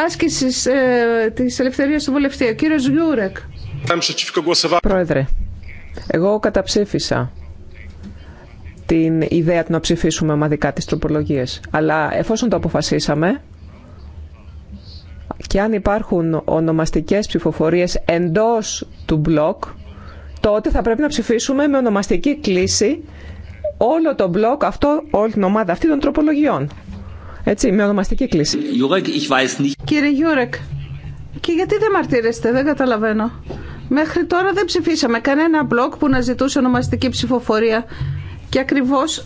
άσκηση ε, άσκησης ελευθερία της ελευθερίας του βουλευτή. Ο κύριος Γιούρεκ. Πρόεδρε, εγώ καταψήφισα την ιδέα του να ψηφίσουμε ομαδικά τις τροπολογίες. Αλλά εφόσον το αποφασίσαμε και αν υπάρχουν ονομαστικές ψηφοφορίες εντός του μπλοκ, τότε θα πρέπει να ψηφίσουμε με ονομαστική κλίση όλο το μπλοκ, αυτό, όλη την ομάδα αυτή των τροπολογιών. Έτσι, με ονομαστική κλίση. Κύριε Γιούρεκ, και γιατί δεν μαρτύρεστε, δεν καταλαβαίνω. Μέχρι τώρα δεν ψηφίσαμε κανένα μπλοκ που να ζητούσε ονομαστική ψηφοφορία και ακριβώς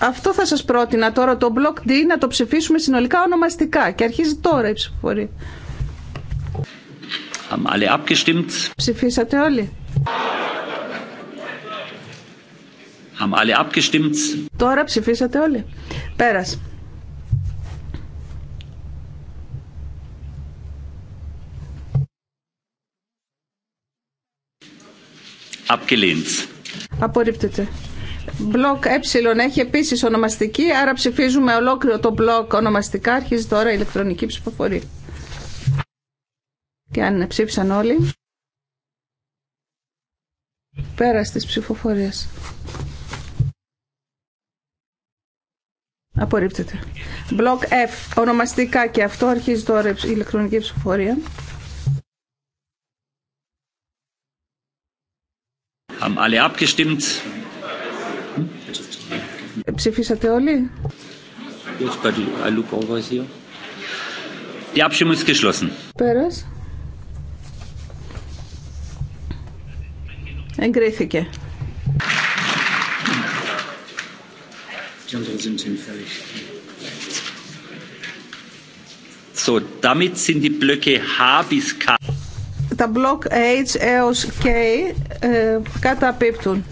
αυτό θα σας πρότεινα τώρα το μπλοκ D να το ψηφίσουμε συνολικά ονομαστικά και αρχίζει τώρα η ψηφοφορία. Ψηφίσατε όλοι. Τώρα ψηφίσατε όλοι. Πέρας. Abgelehnt. Απορρίπτεται. Μπλοκ ε έχει επίση ονομαστική, άρα ψηφίζουμε ολόκληρο το μπλοκ ονομαστικά. Αρχίζει τώρα η ηλεκτρονική ψηφοφορία. Και αν ψήφισαν όλοι. Πέρα τη ψηφοφορία. Απορρίπτεται. Μπλοκ F. Ονομαστικά και αυτό αρχίζει τώρα η ηλεκτρονική ψηφοφορία. Haben alle abgestimmt? Ψήφισατε όλοι. Die Abstimmung ist geschlossen. Πέρας. Εγκρίθηκε. Die So, damit sind die Blöcke H bis K τα block H έως K ε, καταπίπτουν.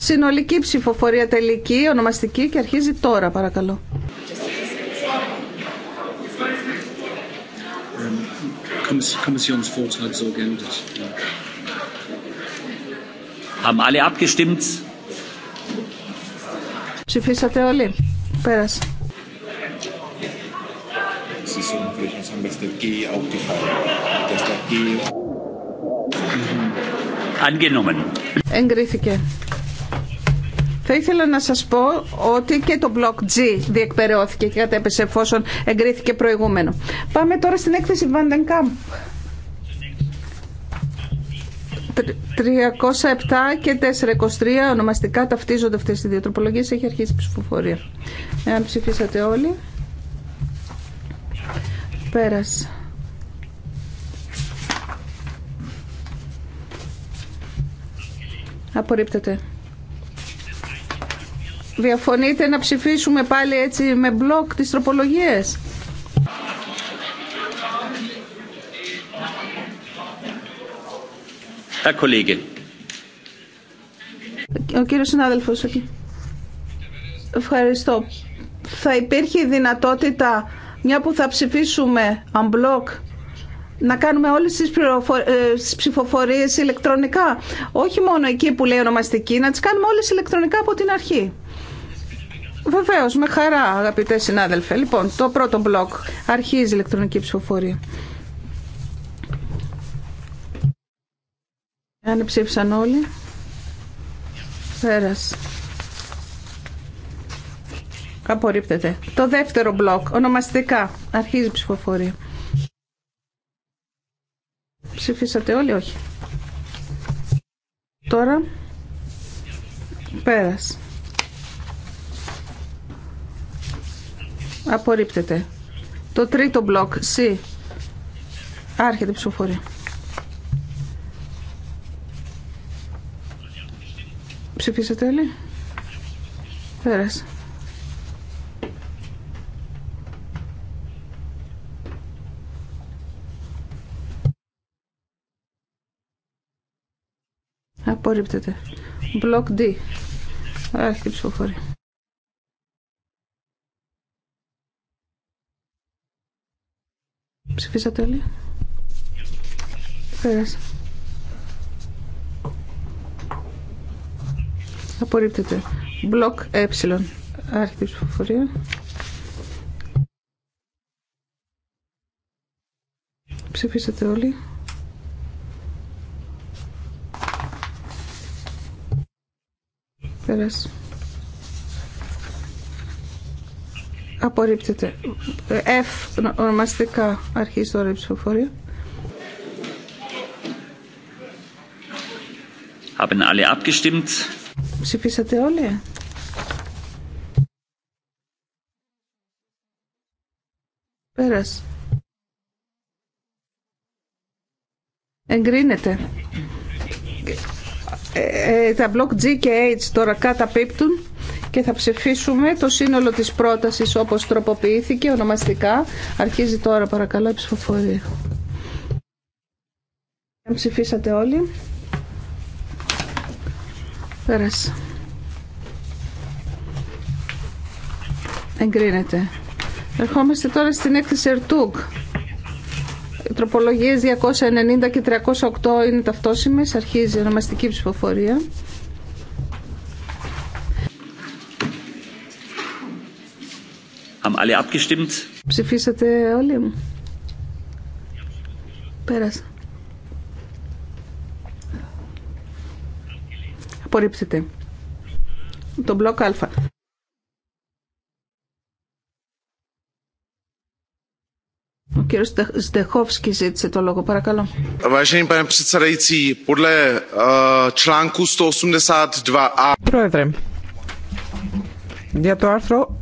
Συνολική ψηφοφορία τελική, ονομαστική και αρχίζει τώρα παρακαλώ. Kommissionsvortrag so geändert. Haben alle abgestimmt? Ψηφίσατε όλοι. Πέρασε. Es ist unglücklich, dass am besten G aufgefallen dass der G. Angenommen. Εγκρίθηκε. Θα ήθελα να σας πω ότι και το Block G διεκπαιρεώθηκε και κατέπεσε εφόσον εγκρίθηκε προηγούμενο. Πάμε τώρα στην έκθεση Κάμπ. 307 και 423 ονομαστικά ταυτίζονται αυτές οι δύο τροπολογίες. Έχει αρχίσει η ψηφοφορία. Εάν ψηφίσατε όλοι. Πέρασε. Απορρίπτεται. Διαφωνείτε να ψηφίσουμε πάλι έτσι με μπλοκ τις τροπολογίες. Ο κύριος συνάδελφος Ευχαριστώ. Θα υπήρχε η δυνατότητα, μια που θα ψηφίσουμε unblock, να κάνουμε όλες τις, ε, τις ψηφοφορίες ηλεκτρονικά. Όχι μόνο εκεί που λέει ονομαστική, να τις κάνουμε όλες ηλεκτρονικά από την αρχή. Βεβαίω, με χαρά, αγαπητέ συνάδελφε. Λοιπόν, το πρώτο μπλοκ. Αρχίζει η ηλεκτρονική ψηφοφορία. Αν ψήφισαν όλοι. Πέρασε. Απορρίπτεται. Το δεύτερο μπλοκ. Ονομαστικά. Αρχίζει η ψηφοφορία. Ψηφίσατε όλοι, όχι. Τώρα. Πέρασε. Απορρίπτεται. Το τρίτο μπλοκ, C. Άρχεται η ψηφοφορία. Ψηφίσατε όλοι. Πέρασε. Απορρίπτεται. Μπλοκ D. Άρχεται η ψηφοφορία. Ψηφίσατε όλοι. Πέρασε. Απορρίπτεται. Μπλοκ ε. Άρχιτη η ψηφοφορία. Ψηφίσατε όλοι. Πέρασε. Απορρίπτεται. F ονομαστικά αρχίζει τώρα η ψηφοφορία. Haben alle abgestimmt. Ψηφίσατε όλοι. Πέρασε. Εγκρίνεται. Ε, ε τα μπλοκ G και H τώρα καταπίπτουν και θα ψηφίσουμε το σύνολο της πρότασης όπως τροποποιήθηκε ονομαστικά. Αρχίζει τώρα παρακαλώ η ψηφοφορία. Ψηφίσατε όλοι. Πέρασε. Εγκρίνεται. Ερχόμαστε τώρα στην έκθεση Ερτούγκ. Οι τροπολογίες 290 και 308 είναι ταυτόσιμες. Αρχίζει η ονομαστική ψηφοφορία. Haben alle abgestimmt? Ψηφίσατε όλοι. Πέρασα. Απορρίψετε. Το μπλοκ Α. Ο κύριος Στεχόφσκι ζήτησε το λόγο. Παρακαλώ. Ε, Πρόεδρε, για το άρθρο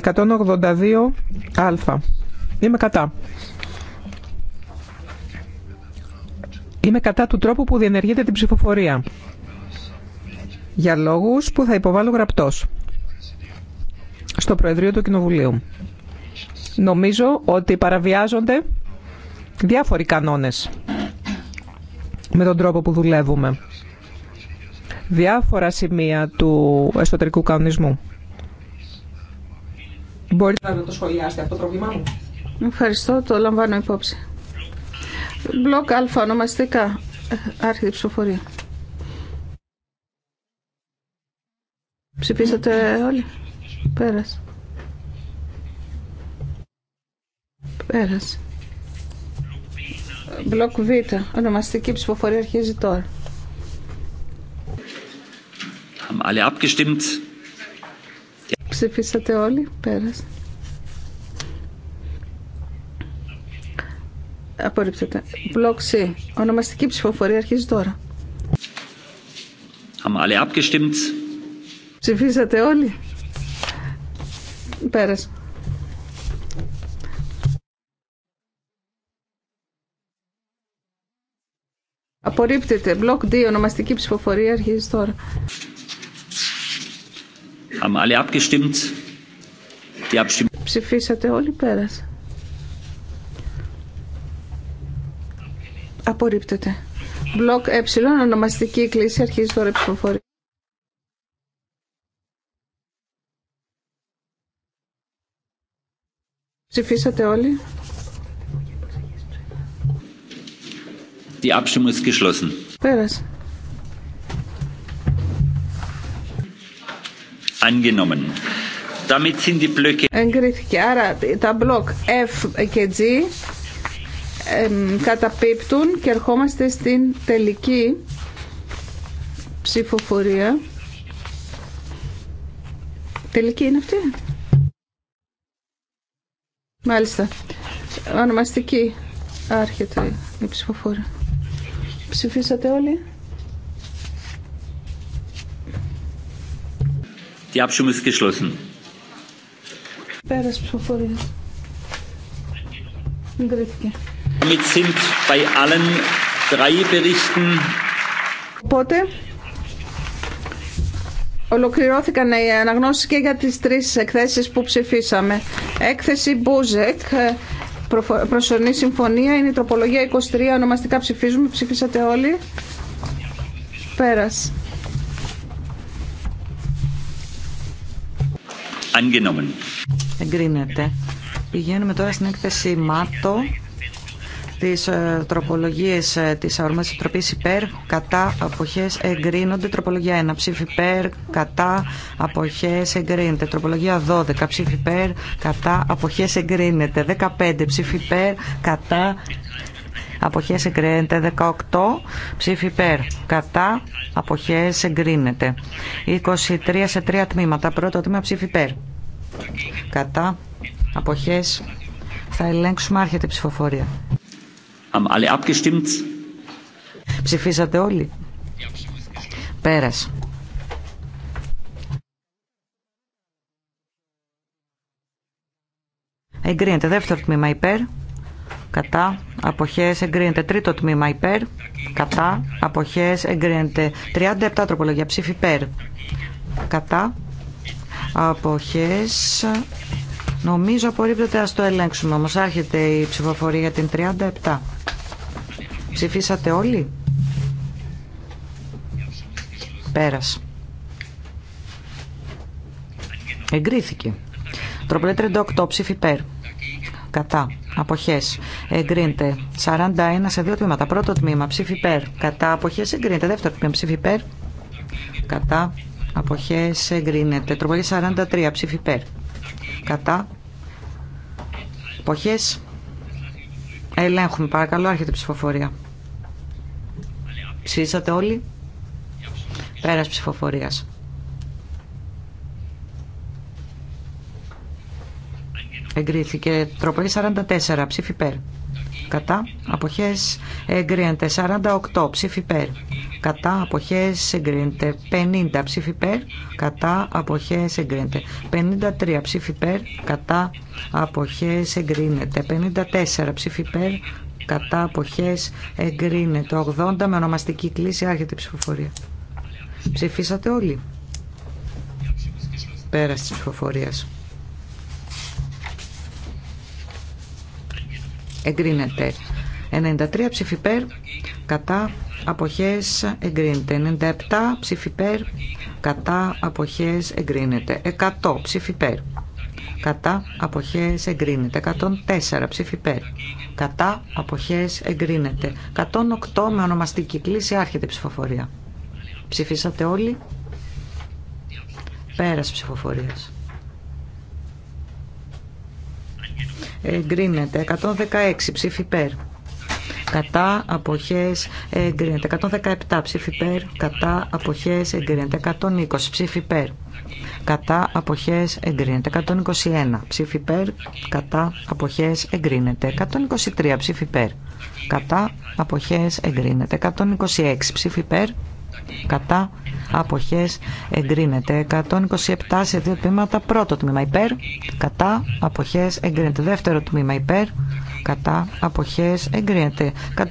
182α. Είμαι κατά. Είμαι κατά του τρόπου που διενεργείται την ψηφοφορία. Για λόγους που θα υποβάλω γραπτός στο Προεδρείο του Κοινοβουλίου. Νομίζω ότι παραβιάζονται διάφοροι κανόνες με τον τρόπο που δουλεύουμε. Διάφορα σημεία του εσωτερικού κανονισμού. Μπορείτε να το σχολιάσετε αυτό το πρόβλημά μου. Ευχαριστώ, το λαμβάνω υπόψη. Μπλοκ Α, ονομαστικά, ε, άρχιτη ψηφοφορία. Ψηφίσατε όλοι. Πέρασε. Πέρασε. Μπλοκ Β, ονομαστική ψηφοφορία αρχίζει τώρα. Haben alle abgestimmt. Ψηφίσατε όλοι. Πέρασε. Απορρίπτεται. Μπλοκ C. Ονομαστική ψηφοφορία αρχίζει τώρα. Ψηφίσατε όλοι. Πέρασε. Απορρίπτεται. Μπλοκ D. Ονομαστική ψηφοφορία αρχίζει τώρα. Ψηφίσατε όλοι πέρας. Απορρίπτεται. Μπλοκ ε, ονομαστική κλίση, αρχίζει τώρα η ψηφοφορία. Ψηφίσατε όλοι. Die Abstimmung ist geschlossen. Πέρασε. Εγκρίθηκε. Άρα τα μπλοκ F και G εμ, καταπίπτουν και ερχόμαστε στην τελική ψηφοφορία. Τελική είναι αυτή. Μάλιστα. Ονομαστική άρχεται η ψηφοφορία. Ψηφίσατε όλοι. Die Abstimmung ist geschlossen. sind bei allen drei Berichten Οπότε ολοκληρώθηκαν οι αναγνώσεις και για τις τρεις εκθέσεις που ψηφίσαμε. Έκθεση Μπούζεκ, προσωρινή συμφωνία, είναι η τροπολογία 23, ονομαστικά ψηφίζουμε, ψηφίσατε όλοι. Πέρασε. angenommen. Εγκρίνεται. Πηγαίνουμε τώρα στην έκθεση ΜΑΤΟ τι ε, τροπολογίε ε, τη Αορμάς Επιτροπής υπέρ, κατά, απόχέ, εγκρίνονται. Τροπολογία 1, ψήφι υπέρ, κατά, αποχές, εγκρίνεται. Τροπολογία 12, ψήφι υπέρ, κατά, αποχές, εγκρίνεται. 15, ψήφι υπέρ, κατά, αποχές εγκρίνεται 18 ψήφι υπέρ κατά αποχές εγκρίνεται 23 σε 3 τμήματα πρώτο τμήμα ψήφι υπέρ κατά αποχές θα ελέγξουμε άρχεται η ψηφοφορία ψηφίσατε όλοι πέρας εγκρίνεται δεύτερο τμήμα υπέρ κατά, αποχές εγκρίνεται. Τρίτο τμήμα υπέρ, κατά, αποχές εγκρίνεται. 37 τροπολογία ψήφι υπέρ, κατά, αποχές... Νομίζω απορρίπτεται, ας το ελέγξουμε όμως. Άρχεται η ψηφοφορία για την 37. Ψηφίσατε όλοι. Πέρας. Εγκρίθηκε. τροπολογία 38 ψήφι υπέρ κατά, αποχές, εγκρίνεται. 41 σε δύο τμήματα. Πρώτο τμήμα, ψήφι υπέρ, κατά, αποχές, εγκρίνεται. Δεύτερο τμήμα, ψήφι υπέρ, κατά, αποχές, εγκρίνεται. Τροπολογία 43, ψήφι υπέρ, κατά, αποχές, ελέγχουμε παρακαλώ, άρχεται η ψηφοφορία. Ψήσατε όλοι. Πέρας ψηφοφορίας. εγκρίθηκε. Τροπολογία 44 ψήφι υπέρ. Κατά αποχές εγκρίνεται 48 ψήφι υπέρ. Κατά αποχές εγκρίνεται 50 ψήφι υπέρ. Κατά αποχές εγκρίνεται 53 ψήφι υπέρ. Κατά αποχές εγκρίνεται 54 ψήφι υπέρ. Κατά αποχές εγκρίνεται 80 με ονομαστική κλίση άρχεται η ψηφοφορία. Ψηφίσατε όλοι. Πέρας της ψηφοφορίας. εγκρίνεται. 93 ψηφιπέρ κατά αποχές εγκρίνεται. 97 ψηφιπέρ κατά αποχές εγκρίνεται. 100 ψηφιπέρ κατά αποχές εγκρίνεται. 104 ψηφιπέρ κατά αποχές εγκρίνεται. 108 με ονομαστική κλίση άρχεται ψηφοφορία. Ψηφίσατε όλοι. Πέρας ψηφοφορίας εγκρίνεται 116 ψήφι υπέρ κατά απόχέ. εγκρίνεται 117 ψήφι υπέρ κατά αποχέ, εγκρίνεται 120 ψήφι υπέρ κατά απόχέ εγκρίνεται 121 ψήφι υπέρ κατά απόχέ εγκρίνεται 123 ψήφι υπέρ κατά απόχέ εγκρίνεται 126 ψήφι υπέρ κατά αποχές εγκρίνεται 127 σε δύο τμήματα πρώτο τμήμα υπέρ κατά αποχές εγκρίνεται δεύτερο τμήμα υπέρ κατά αποχές εγκρίνεται 128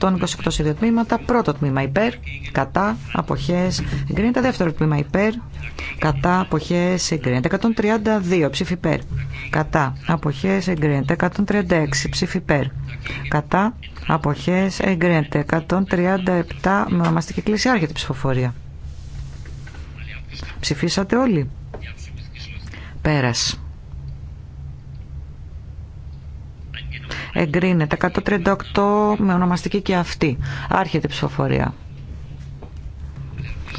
σε δύο τμήματα πρώτο τμήμα υπέρ κατά αποχές εγκρίνεται δεύτερο τμήμα υπέρ κατά αποχές εγκρίνεται 132 ψήφι υπέρ κατά αποχές εγκρίνεται 136 ψήφι υπέρ κατά αποχές εγκρίνεται 137 με ονομαστική κλίση άρχεται ψηφοφορία Ψηφίσατε όλοι. Πέρας. Εγκρίνεται 138 με ονομαστική και αυτή. Άρχεται η ψηφοφορία.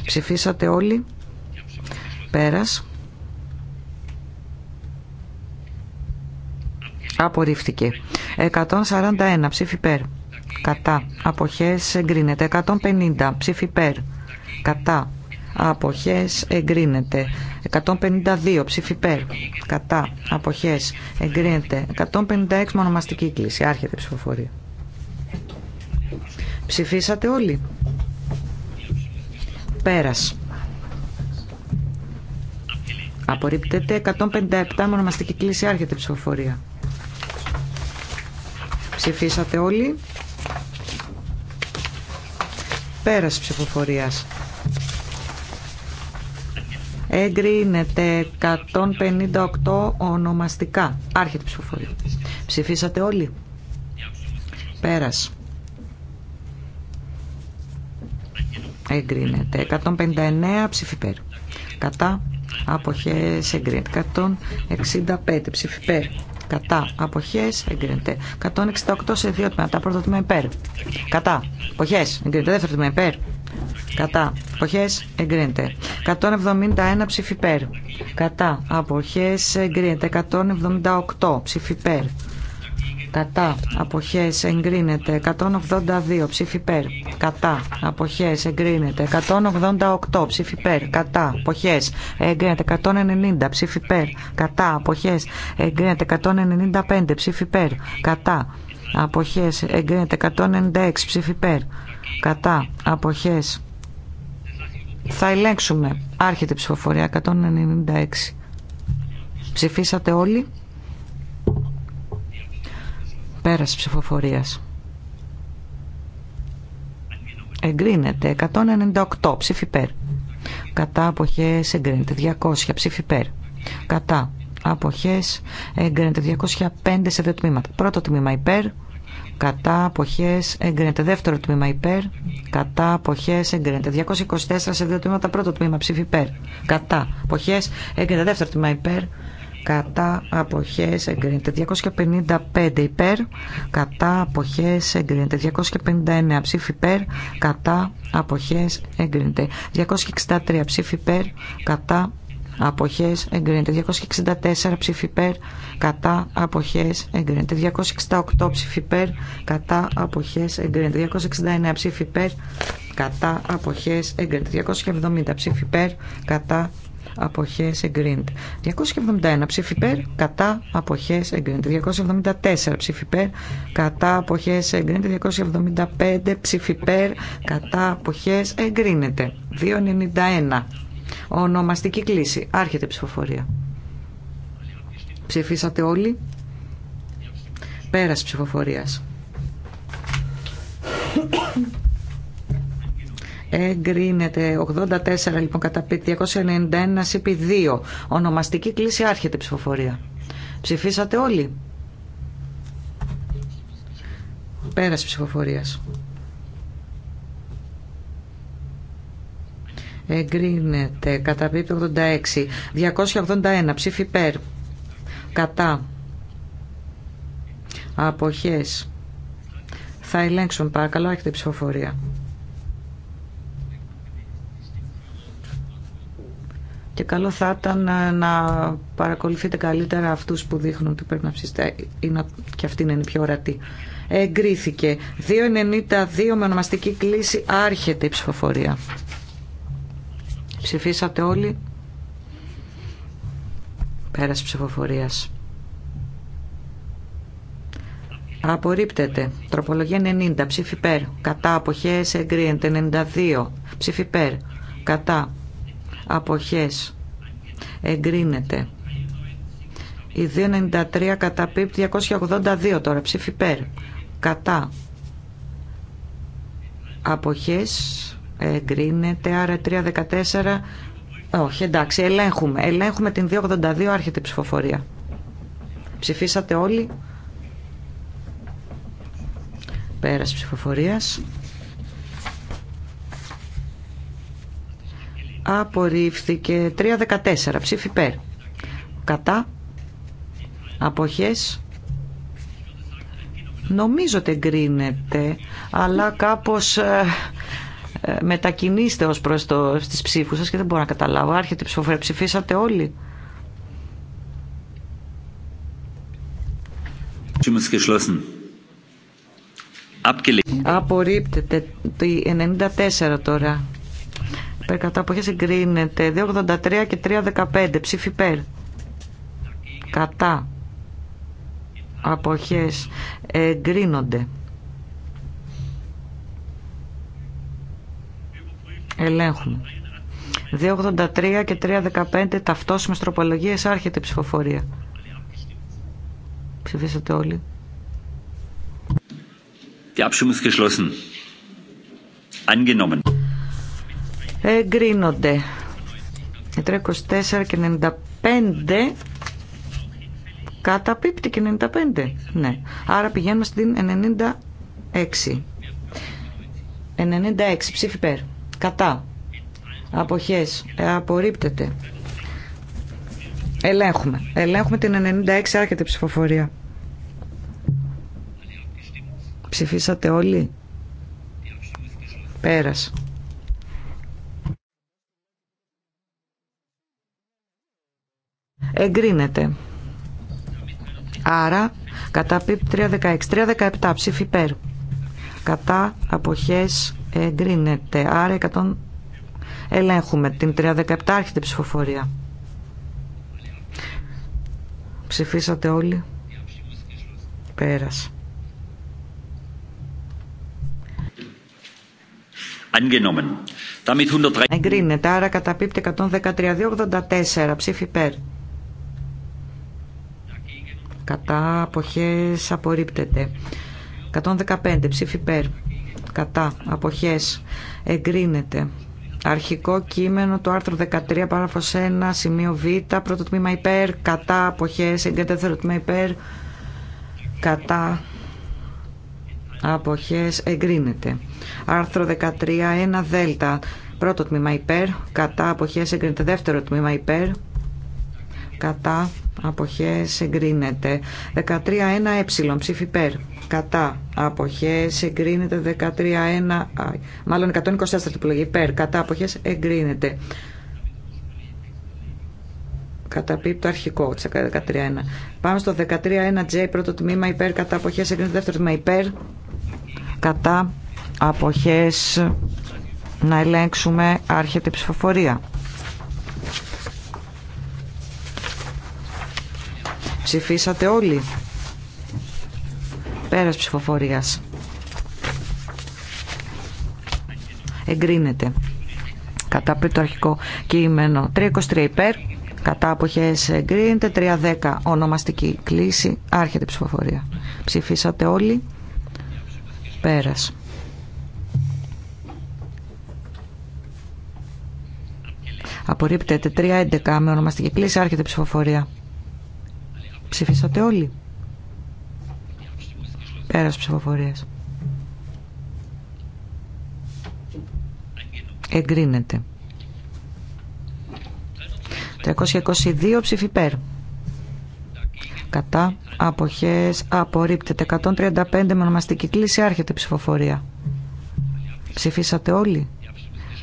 Ψηφίσατε όλοι. Πέρας. Απορρίφθηκε. 141 ψήφι περ. Κατά. Αποχές εγκρίνεται. 150 ψήφι περ. Κατά αποχές εγκρίνεται 152 ψήφι κατά αποχές εγκρίνεται 156 μονομαστική κλίση άρχεται ψηφοφορία ψηφίσατε όλοι πέρας απορρίπτεται 157 μονομαστική κλίση άρχεται ψηφοφορία ψηφίσατε όλοι πέρας ψηφοφορίας Εγκρίνεται 158 ονομαστικά. Άρχεται η ψηφοφορία. Ψηφίσατε όλοι. Πέρας. Εγκρίνεται 159 ψηφιπέρ. Κατά αποχές εγκρίνεται 165 ψηφιπέρ κατά, απόχέ εγκρίνεται. 168 σε δύο τμήματα, πρώτο τμήμα υπέρ, κατά, Αποχέ. εγκρίνεται. Δεύτερο τμήμα υπέρ, κατά, Αποχέ. εγκρίνεται. 171 ψήφι υπέρ, κατά, Αποχέ. εγκρίνεται. 178 ψήφι υπέρ, κατά αποχές εγκρίνεται 182 ψήφι περ κατά αποχές εγκρίνεται 188 ψήφι περ κατά αποχές εγκρίνεται 190 ψήφι περ κατά αποχές εγκρίνεται 195 ψήφι περ κατά αποχές εγκρίνεται 196 ψήφι περ κατά αποχές θα ελέγξουμε άρχεται ψηφοφορία 196 ψηφίσατε όλοι Πέρας ψηφοφορίας. Εγκρίνεται 198 ψήφι υπέρ. Κατά αποχές εγκρίνεται 200 ψήφι πέρ. Κατά αποχές εγκρίνεται 205 σε δύο τμήματα. Πρώτο τμήμα υπέρ. Κατά αποχές εγκρίνεται δεύτερο τμήμα υπέρ. Κατά αποχές εγκρίνεται 224 σε δύο τμήματα. Πρώτο τμήμα ψήφι υπέρ. Κατά αποχές εγκρίνεται δεύτερο τμήμα υπέρ κατά αποχές εγκρίνεται 255 υπέρ κατά αποχές εγκρίνεται 259 ψήφι υπέρ κατά αποχές εγκρίνεται 263 ψήφι υπέρ κατά αποχές εγκρίνεται 264 ψήφι υπέρ κατά αποχές εγκρίνεται 268 ψήφι υπέρ κατά αποχές εγκρίνεται 269 ψήφι υπέρ κατά αποχές εγκρίνεται 270 ψήφι υπέρ κατά αποχές εγκρίνεται. 271 ψήφι υπέρ, κατά αποχές εγκρίνεται. 274 ψήφι υπέρ, κατά αποχές εγκρίνεται. 275 ψήφι υπέρ, κατά αποχές εγκρίνεται. 291 ονομαστική κλίση. Άρχεται η ψηφοφορία. Ψηφίσατε όλοι. Πέρας ψηφοφορίας. Εγκρίνεται 84 λοιπόν κατά 291 CP2. Ονομαστική κλίση άρχεται ψηφοφορία. Ψηφίσατε όλοι. Πέρας ψηφοφορίας. Εγκρίνεται κατά 86. 281 ψήφι περ. Κατά. Αποχές. Θα ελέγξουν παρακαλώ, έχετε ψηφοφορία. Και καλό θα ήταν ε, να παρακολουθείτε καλύτερα αυτούς που δείχνουν ότι πρέπει να ψήσετε είναι, και αυτή είναι η πιο ορατή. Εγκρίθηκε. 2.92 με ονομαστική κλίση άρχεται η ψηφοφορία. Ψηφίσατε όλοι. περαση ψηφοφορίας. Απορρίπτεται. Τροπολογία 90. Ψήφι περ. Κατά αποχές εγκρίνεται. 92. Ψήφι περ. Κατά αποχές εγκρίνεται η 293 κατά 282 τώρα ψήφι ΠΕΡ κατά αποχές εγκρίνεται άρα 314 όχι εντάξει ελέγχουμε ελέγχουμε την 282 άρχεται η ψηφοφορία ψηφίσατε όλοι πέρας ψηφοφορίας απορρίφθηκε 3-14 ψήφι υπέρ κατά αποχές νομίζω ότι εγκρίνεται αλλά κάπως ε, ε, μετακινήστε ως προς το, στις ψήφους σας και δεν μπορώ να καταλάβω άρχεται η ψηφοφορία ψηφίσατε όλοι Απορρίπτεται το 94 τώρα Περκατά κατά αποχές εγκρίνεται. 283 και 315. Ψήφι υπέρ. Κατά αποχές εγκρίνονται. Ελέγχουμε. 283 και 315 ταυτόσιμες τροπολογίες άρχεται η ψηφοφορία. Ψηφίσατε όλοι. Die Abstimmung ist geschlossen. Angenommen εγκρίνονται. 34 και 95 καταπίπτει και 95. Ναι. Άρα πηγαίνουμε στην 96. 96 ψήφι πέρ. Κατά. Αποχές. Ε, απορρίπτεται. Ελέγχουμε. Ελέγχουμε την 96 άρχεται ψηφοφορία. Ψηφίσατε όλοι. Πέρας. Εγκρίνεται. Άρα, κατά πίπ 316, 317 ψήφι υπέρ. Κατά αποχές εγκρίνεται. Άρα 100... ελέγχουμε την 317 άρχεται ψηφοφορία. Ψηφίσατε όλοι. Πέρας. Εγκρίνεται. Άρα καταπίπτει 113-284 ψήφι υπέρ κατά αποχές απορρίπτεται 115 ψήφι περ κατά αποχές εγκρίνεται αρχικό κείμενο του άρθρου 13 παράγραφος 1 σημείο β πρώτο τμήμα υπέρ κατά αποχές εγκρίνεται δεύτερο τμήμα υπέρ κατά αποχές εγκρίνεται άρθρο 13 1 δέλτα πρώτο τμήμα υπέρ κατά αποχές εγκρίνεται δεύτερο τμήμα υπέρ κατά αποχές εγκρίνεται 13 1 ε ψήφι υπέρ κατά αποχές εγκρίνεται 13 1 μάλλον 124 τροπολογία υπέρ κατά αποχές εγκρίνεται κατα το αρχικό πίπτου 13.1. Πάμε στο 13.1J, πρώτο τμήμα υπέρ κατά αποχές εγκρίνεται δεύτερο τμήμα υπέρ κατά αποχέ. Να ελέγξουμε άρχεται η ψηφοφορία. Ψηφίσατε όλοι. Πέρας ψηφοφορίας. Εγκρίνεται. Κατά πριν αρχικό κείμενο. 323 υπέρ. Κατά αποχές εγκρίνεται. 310 ονομαστική κλίση. Άρχεται ψηφοφορία. Ψηφίσατε όλοι. Πέρας. Απορρίπτεται 311 με ονομαστική κλίση. Άρχεται ψηφοφορία. Ψηφίσατε όλοι. Πέρας ψηφοφορία. Εγκρίνεται. 322 ψήφι πέρ. Κατά αποχές απορρίπτεται. 135 με ονομαστική κλίση άρχεται ψηφοφορία. Ψηφίσατε όλοι.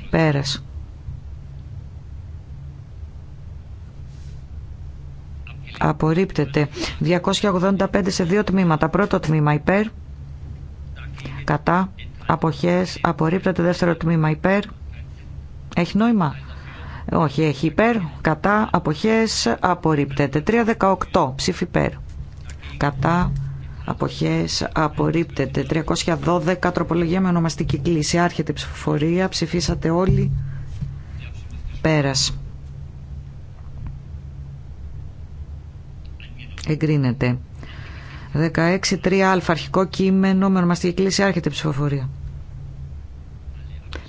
Πέρας. απορρίπτεται 285 σε δύο τμήματα πρώτο τμήμα υπέρ κατά αποχές απορρίπτεται δεύτερο τμήμα υπέρ έχει νόημα όχι έχει υπέρ κατά αποχές απορρίπτεται 318 ψήφι υπέρ κατά αποχές απορρίπτεται 312 τροπολογία με ονομαστική κλίση άρχεται η ψηφοφορία ψηφίσατε όλοι πέρας Εγκρίνεται. 16.3α αρχικό κείμενο με ονομαστική κλίση άρχεται ψηφοφορία.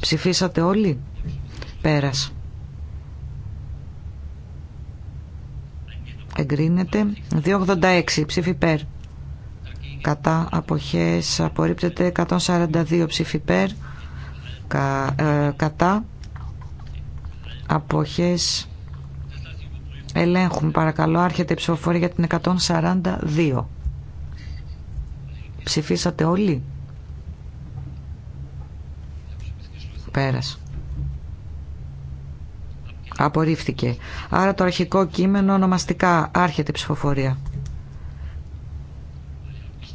Ψηφίσατε όλοι. Πέρας. Εγκρίνεται. 2.86 ψήφι ΠΕΡ. Κατά αποχές απορρίπτεται 142 ψήφι ΠΕΡ. Κα, ε, κατά αποχές Ελέγχουμε παρακαλώ. Άρχεται η ψηφοφορία για την 142. Ψηφίσατε όλοι. Πέρας. Απορρίφθηκε. Άρα το αρχικό κείμενο ονομαστικά άρχεται η ψηφοφορία.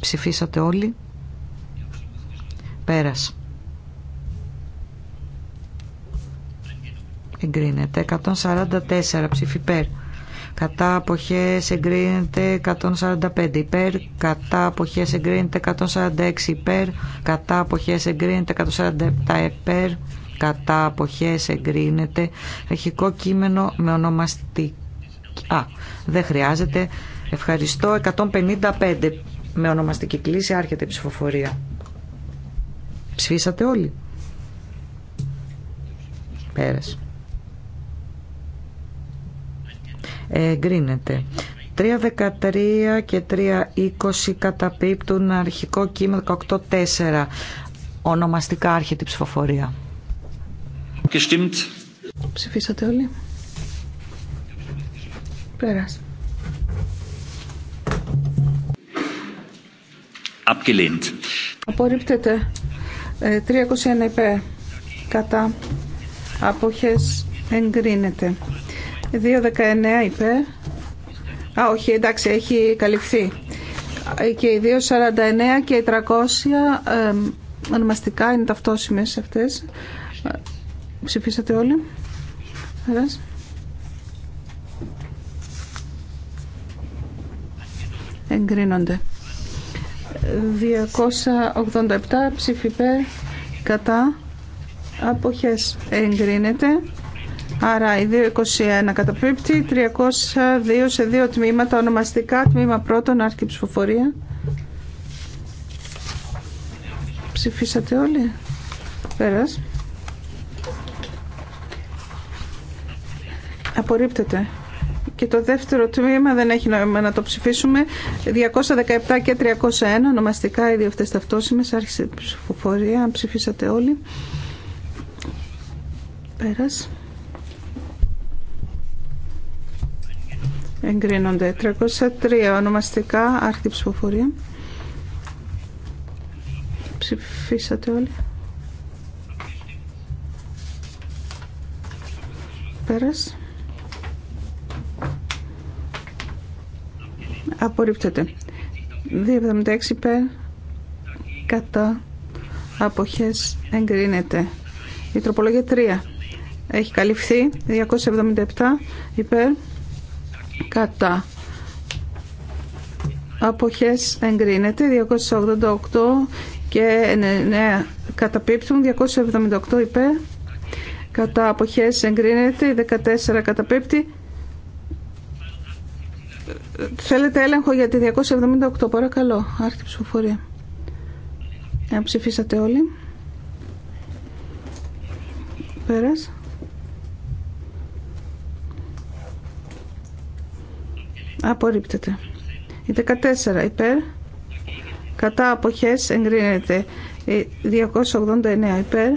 Ψηφίσατε όλοι. Πέρας. Εγκρίνεται. 144 ψήφι πέρα κατά αποχές εγκρίνεται 145 υπέρ, κατά αποχές εγκρίνεται 146 υπέρ, κατά αποχές εγκρίνεται 147 υπέρ, κατά αποχές εγκρίνεται αρχικό κείμενο με ονομαστική. Α, δεν χρειάζεται. Ευχαριστώ. 155 με ονομαστική κλίση άρχεται η ψηφοφορία. Ψηφίσατε όλοι. Πέρασε. εγκρίνεται. 3.13 και 3.20 καταπίπτουν αρχικό κείμενο 18.4 ονομαστικά άρχεται η ψηφοφορία. Ψηφίσατε όλοι. Πέρασε. Abgelehnt. Απορρίπτεται. 321 ε, υπέ Κατά. Αποχές εγκρίνεται. 2.19 είπε. Α, όχι, εντάξει, έχει καλυφθεί. Και οι 2.49 και οι 300 ε, ονομαστικά είναι ταυτόσιμες αυτές. Ψηφίσατε όλοι. Ευχαριστώ. Εγκρίνονται. 287 ψηφίπε κατά αποχές εγκρίνεται Άρα η 221 καταπίπτει, 302 σε δύο τμήματα, ονομαστικά τμήμα πρώτον, άρχη ψηφοφορία. Ψηφίσατε όλοι. Πέρας. Απορρίπτεται. Και το δεύτερο τμήμα δεν έχει νόημα να το ψηφίσουμε. 217 και 301 ονομαστικά οι δύο αυτές ταυτόσημες. Άρχισε ψηφοφορία, ψηφίσατε όλοι. Πέρας. εγκρίνονται. 303 ονομαστικά άρχη ψηφοφορία. Ψηφίσατε όλοι. Πέρας. Απορρίπτεται. 276 υπέρ κατά αποχές εγκρίνεται. Η τροπολογία 3 έχει καλυφθεί. 277 υπέρ κατά αποχές εγκρίνεται 288 και 9 ναι, καταπίπτουν 278 υπέρ κατά αποχές εγκρίνεται 14 καταπίπτει θέλετε έλεγχο για τη 278 παρακαλώ άρχιτε ψηφοφορία Εάν ψηφίσατε όλοι Πέρασε. απορρίπτεται. Η 14 υπέρ, κατά αποχές εγκρίνεται. Η 289 υπέρ,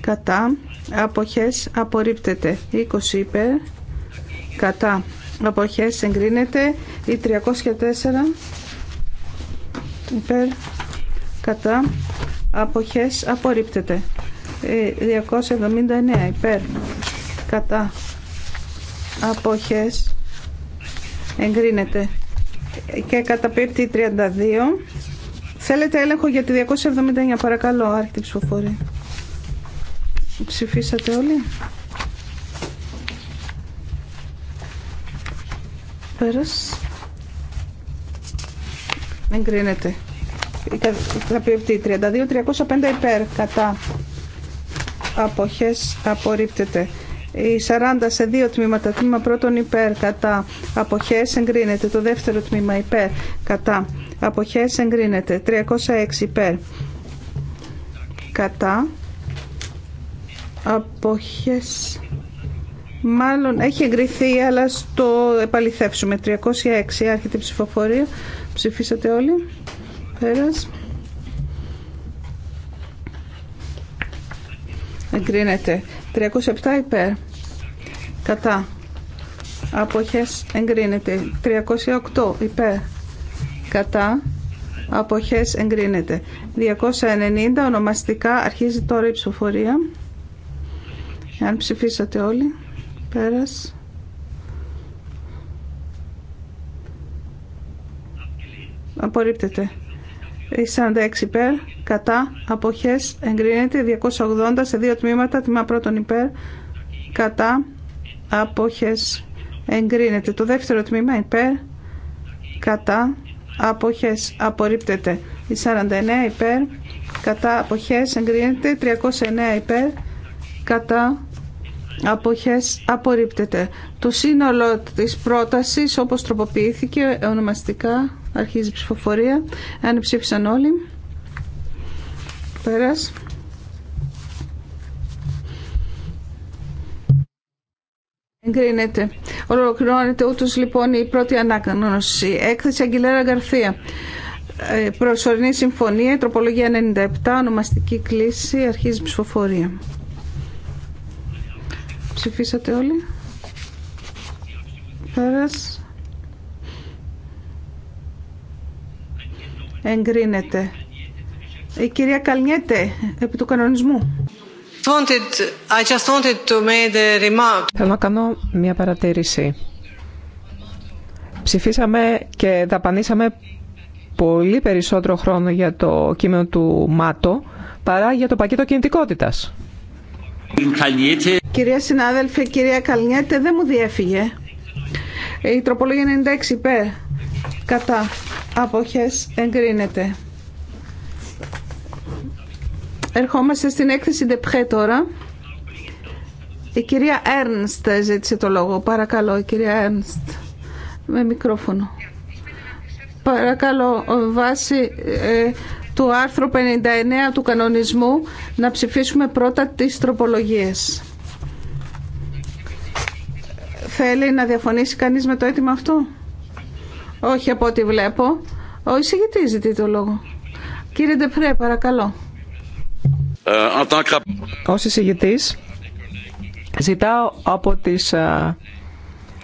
κατά αποχές απορρίπτεται. Η 20 υπέρ, κατά αποχές εγκρίνεται. Η 304 υπέρ, κατά αποχές απορρίπτεται. Η 279 υπέρ, κατά αποχές Εγκρίνεται. Και καταπίπτει 32. Θέλετε έλεγχο για τη 279, παρακαλώ, άρχιτη ψηφοφορία. Ψηφίσατε όλοι. Πέρας. Εγκρίνεται. Καταπίπτει 32, 305 υπέρ, κατά. Αποχές απορρίπτεται οι 40 σε δύο τμήματα. Τμήμα πρώτον υπέρ κατά αποχές εγκρίνεται. Το δεύτερο τμήμα υπέρ κατά αποχές εγκρίνεται. 306 υπέρ κατά αποχές μάλλον έχει εγκριθεί αλλά στο επαληθεύσουμε 306 άρχεται η ψηφοφορία ψηφίσατε όλοι πέρας εγκρίνεται 307 υπέρ. Κατά. Αποχές εγκρίνεται. 308 υπέρ. Κατά. Αποχές εγκρίνεται. 290 ονομαστικά αρχίζει τώρα η ψηφοφορία. Αν ψηφίσατε όλοι. Πέρας. Απορρίπτεται. 46 υπέρ, κατά, αποχές, εγκρίνεται 280 σε δύο τμήματα, τμήμα πρώτον υπέρ, κατά, αποχές, εγκρίνεται. Το δεύτερο τμήμα υπέρ, κατά, αποχές, απορρίπτεται. Η 49 υπέρ, κατά, αποχές, εγκρίνεται. 309 υπέρ, κατά, αποχές, απορρίπτεται. Το σύνολο της πρότασης, όπως τροποποιήθηκε ονομαστικά, Αρχίζει η ψηφοφορία. Αν ψήφισαν όλοι. Πέρας. Εγκρίνεται. Ολοκληρώνεται ούτω λοιπόν η πρώτη ανάγνωση. Έκθεση Αγγιλέρα Γκαρθία. Ε, προσωρινή συμφωνία, τροπολογία 97, ονομαστική κλίση, αρχίζει ψηφοφορία. Ψηφίσατε όλοι. Πέρας. Εγκρίνεται. Η κυρία Καλνιέτε, επί του κανονισμού. Θέλω να κάνω μια παρατήρηση. Ψηφίσαμε και δαπανίσαμε πολύ περισσότερο χρόνο για το κείμενο του ΜΑΤΟ παρά για το πακέτο κινητικότητας. Κυρία συνάδελφε, κυρία Καλνιέτε, δεν μου διέφυγε. Η τροπολογία 96 υπέρ κατά αποχές εγκρίνεται. Ερχόμαστε στην έκθεση ΔΕΠΧΕ τώρα. Η κυρία Έρνστ ζήτησε το λόγο. Παρακαλώ, η κυρία Έρνστ. Με μικρόφωνο. Παρακαλώ, βάσει ε, του άρθρου 59 του κανονισμού, να ψηφίσουμε πρώτα τις τροπολογίες. Θέλει να διαφωνήσει κανείς με το αίτημα αυτό. Όχι από ό,τι βλέπω. Ο εισηγητή ζητεί το λόγο. Κύριε Ντεπρέ, παρακαλώ. Ε, Ω εισηγητή, ζητάω από, τις, ε,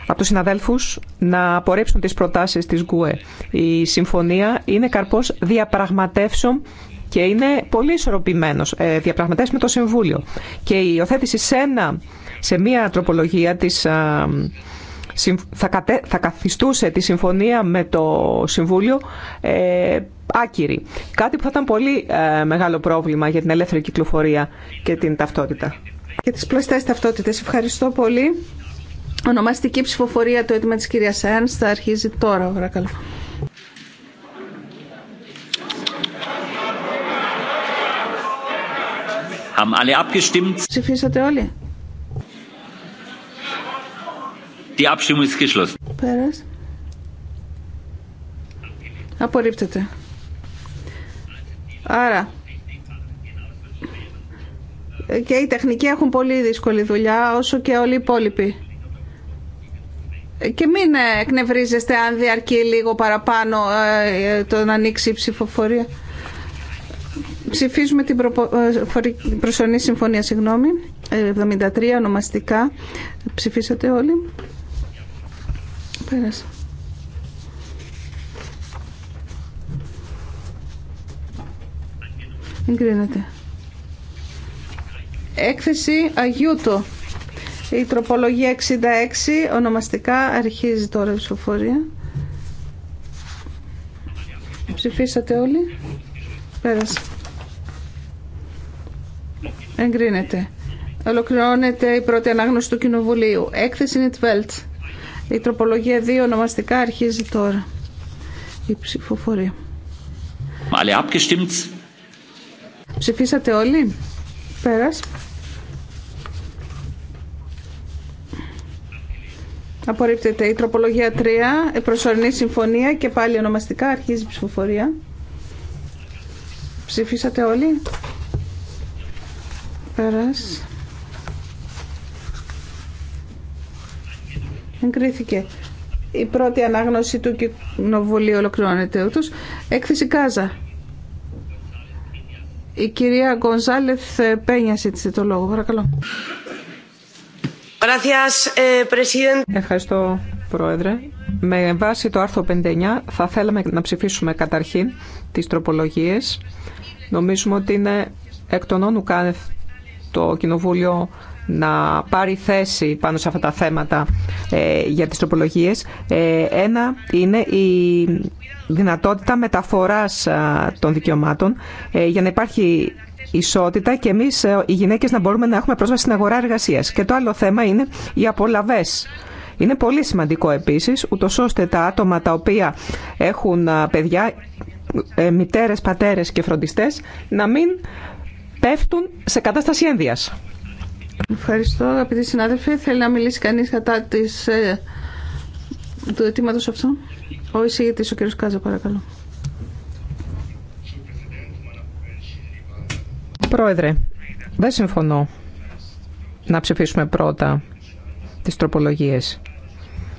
από τους συναδέλφους να απορρίψουν τις προτάσεις της ΓΚΟΕ. Η συμφωνία είναι καρπός διαπραγματεύσεων και είναι πολύ ισορροπημένο ε, διαπραγματεύσει με το Συμβούλιο. Και η υιοθέτηση σε, μία τροπολογία της θα, θα καθιστούσε τη συμφωνία με το Συμβούλιο ε, άκυρη. Κάτι που θα ήταν πολύ ε, μεγάλο πρόβλημα για την ελεύθερη κυκλοφορία και την ταυτότητα. Και τις πλαστές ταυτότητες. Ευχαριστώ πολύ. Ονομαστική ψηφοφορία το αίτημα της κυρίας Σέανς θα αρχίζει τώρα, παρακαλώ. Ψηφίσατε όλοι. Die Abstimmung ist geschlossen. Απορρίπτεται. Άρα, και οι τεχνικοί έχουν πολύ δύσκολη δουλειά, όσο και όλοι οι υπόλοιποι. Και μην εκνευρίζεστε αν διαρκεί λίγο παραπάνω ε, το να ανοίξει η ψηφοφορία. Ψηφίζουμε την προπο... Ε, προσωρινή συμφωνία, συγγνώμη, 73 ονομαστικά. Ψηφίσατε όλοι. Πέρασε. Εγκρίνεται. Έκθεση Αγιούτο. Η τροπολογία 66 ονομαστικά αρχίζει τώρα η ψηφοφορία. Ψηφίσατε όλοι. Πέρασε. Εγκρίνεται. Ολοκληρώνεται η πρώτη ανάγνωση του Κοινοβουλίου. Έκθεση Νιτβέλτ. Η τροπολογία 2 ονομαστικά αρχίζει τώρα. Η ψηφοφορία. Alle abgestimmt. Ψηφίσατε όλοι. Πέρας. Απορρίπτεται η τροπολογία 3, η προσωρινή συμφωνία και πάλι ονομαστικά αρχίζει η ψηφοφορία. Ψηφίσατε όλοι. Πέρας. Εγκρίθηκε. Η πρώτη ανάγνωση του κοινοβουλίου ολοκληρώνεται ούτως. Έκθεση Κάζα. Η κυρία Γκονζάλεθ Πένια ζήτησε το λόγο. Παρακαλώ. Eh, Ευχαριστώ, Πρόεδρε. Με βάση το άρθρο 59 θα θέλαμε να ψηφίσουμε καταρχήν τις τροπολογίες. Νομίζουμε ότι είναι εκ των όνου το Κοινοβούλιο να πάρει θέση πάνω σε αυτά τα θέματα ε, για τις τροπολογίες. Ε, ένα είναι η δυνατότητα μεταφοράς των δικαιωμάτων ε, για να υπάρχει ισότητα και εμείς οι γυναίκες να μπορούμε να έχουμε πρόσβαση στην αγορά εργασίας. Και το άλλο θέμα είναι οι απολαβές. Είναι πολύ σημαντικό επίσης, ούτως ώστε τα άτομα τα οποία έχουν παιδιά, μητέρες, πατέρες και φροντιστές, να μην πέφτουν σε κατάσταση ένδυας. Ευχαριστώ αγαπητοί συνάδελφοι. Θέλει να μιλήσει κανείς κατά της, ε, του αιτήματο αυτού. Ο εισηγητής, ο κ. Κάζα, παρακαλώ. Πρόεδρε, δεν συμφωνώ να ψηφίσουμε πρώτα τις τροπολογίες.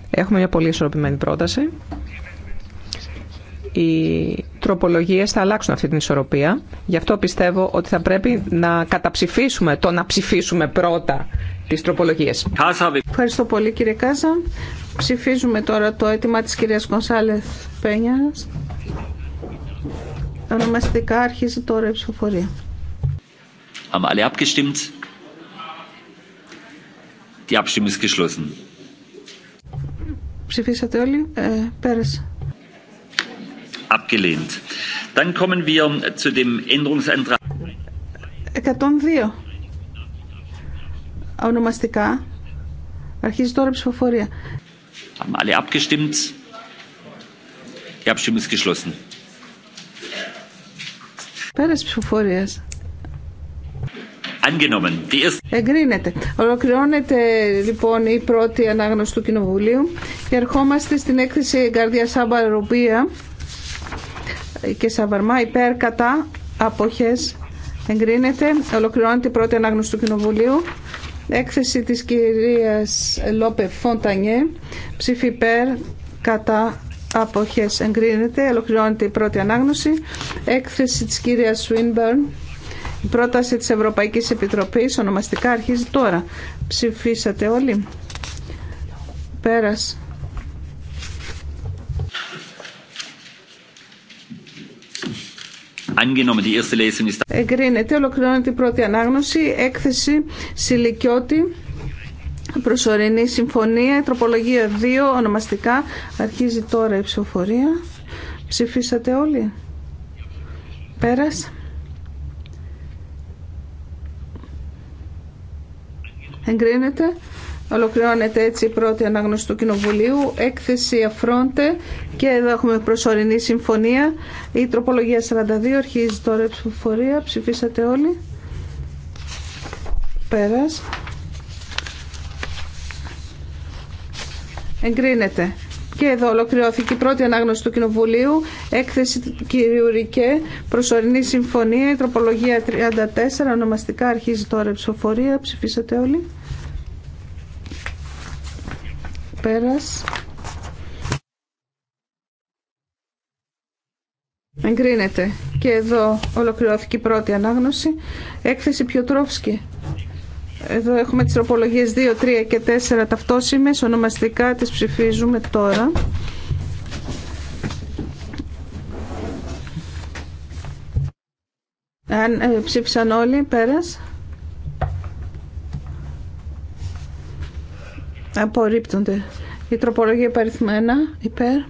Έχουμε μια πολύ ισορροπημένη πρόταση οι τροπολογίε θα αλλάξουν αυτή την ισορροπία. Γι' αυτό πιστεύω ότι θα πρέπει να καταψηφίσουμε το να ψηφίσουμε πρώτα τις τροπολογίες. Ευχαριστώ πολύ κύριε Κάζα. Ψηφίζουμε τώρα το αίτημα της κυρίας Κονσάλεθ Πένιας. Ονομαστικά αρχίζει τώρα η ψηφοφορία. Haben alle abgestimmt? Die Abstimmung ist geschlossen. Ψηφίσατε όλοι. Ε, πέρασε abgelehnt. Dann kommen wir zu dem Änderungsantrag 102. Ονομαστικά. Αρχίζει τώρα η ψηφοφορία. Haben alle abgestimmt? Die Abstimmung ist geschlossen. Πέρας ψηφοφορίας. Angenommen. Die erste... Εγκρίνεται. Ολοκληρώνεται λοιπόν η πρώτη ανάγνωση του Κοινοβουλίου και ερχόμαστε στην έκθεση Γκαρδία Σάμπα Ρουμπία και Σαβαρμά υπέρ κατά αποχές εγκρίνεται. Ολοκληρώνεται η πρώτη ανάγνωση του Κοινοβουλίου. Έκθεση της κυρίας Λόπε Φοντανιέ. Ψήφι υπέρ κατά αποχές εγκρίνεται. Ολοκληρώνεται η πρώτη ανάγνωση. Έκθεση της κυρίας Σουίνμπερν. Η πρόταση της Ευρωπαϊκής Επιτροπής ονομαστικά αρχίζει τώρα. Ψηφίσατε όλοι. Πέρας. Εγκρίνεται, ολοκληρώνεται η πρώτη ανάγνωση, έκθεση Σιλικιώτη, προσωρινή συμφωνία, τροπολογία 2, ονομαστικά, αρχίζει τώρα η ψηφοφορία. Ψηφίσατε όλοι. Πέρας. Εγκρίνεται. Ολοκληρώνεται έτσι η πρώτη ανάγνωση του Κοινοβουλίου, έκθεση αφρόντε και εδώ έχουμε προσωρινή συμφωνία. Η τροπολογία 42 αρχίζει τώρα η ψηφοφορία. Ψηφίσατε όλοι. Πέρας. Εγκρίνεται. Και εδώ ολοκληρώθηκε η πρώτη ανάγνωση του Κοινοβουλίου, έκθεση κυρίου Ρικέ, προσωρινή συμφωνία, η τροπολογία 34, ονομαστικά αρχίζει τώρα η ψηφοφορία. Ψηφίσατε όλοι. Πέρας. Εγκρίνεται. Και εδώ ολοκληρώθηκε η πρώτη ανάγνωση. Έκθεση Πιοτρόφσκι Εδώ έχουμε τις τροπολογίες 2, 3 και 4 ταυτόσημες. Ονομαστικά τις ψηφίζουμε τώρα. Αν ε, ψήφισαν όλοι, πέρας. απορρίπτονται. Η τροπολογία παριθμένα υπέρ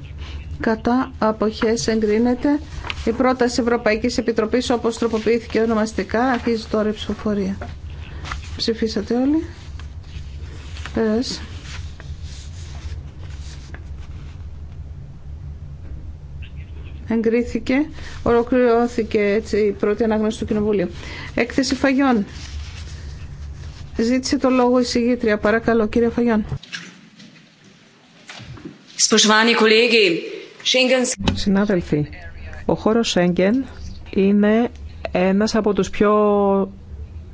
κατά αποχές εγκρίνεται. Η πρόταση Ευρωπαϊκής Επιτροπής όπως τροποποιήθηκε ονομαστικά αρχίζει τώρα η ψηφοφορία. Ψηφίσατε όλοι. Πέρας. Εγκρίθηκε, ολοκληρώθηκε έτσι η πρώτη ανάγνωση του Κοινοβουλίου. Έκθεση φαγιών. Ζήτησε το λόγο η συγγήτρια. Παρακαλώ, κύριε Φαγιάν. Συνάδελφοι, ο χώρος Σέγγεν είναι ένας από τους πιο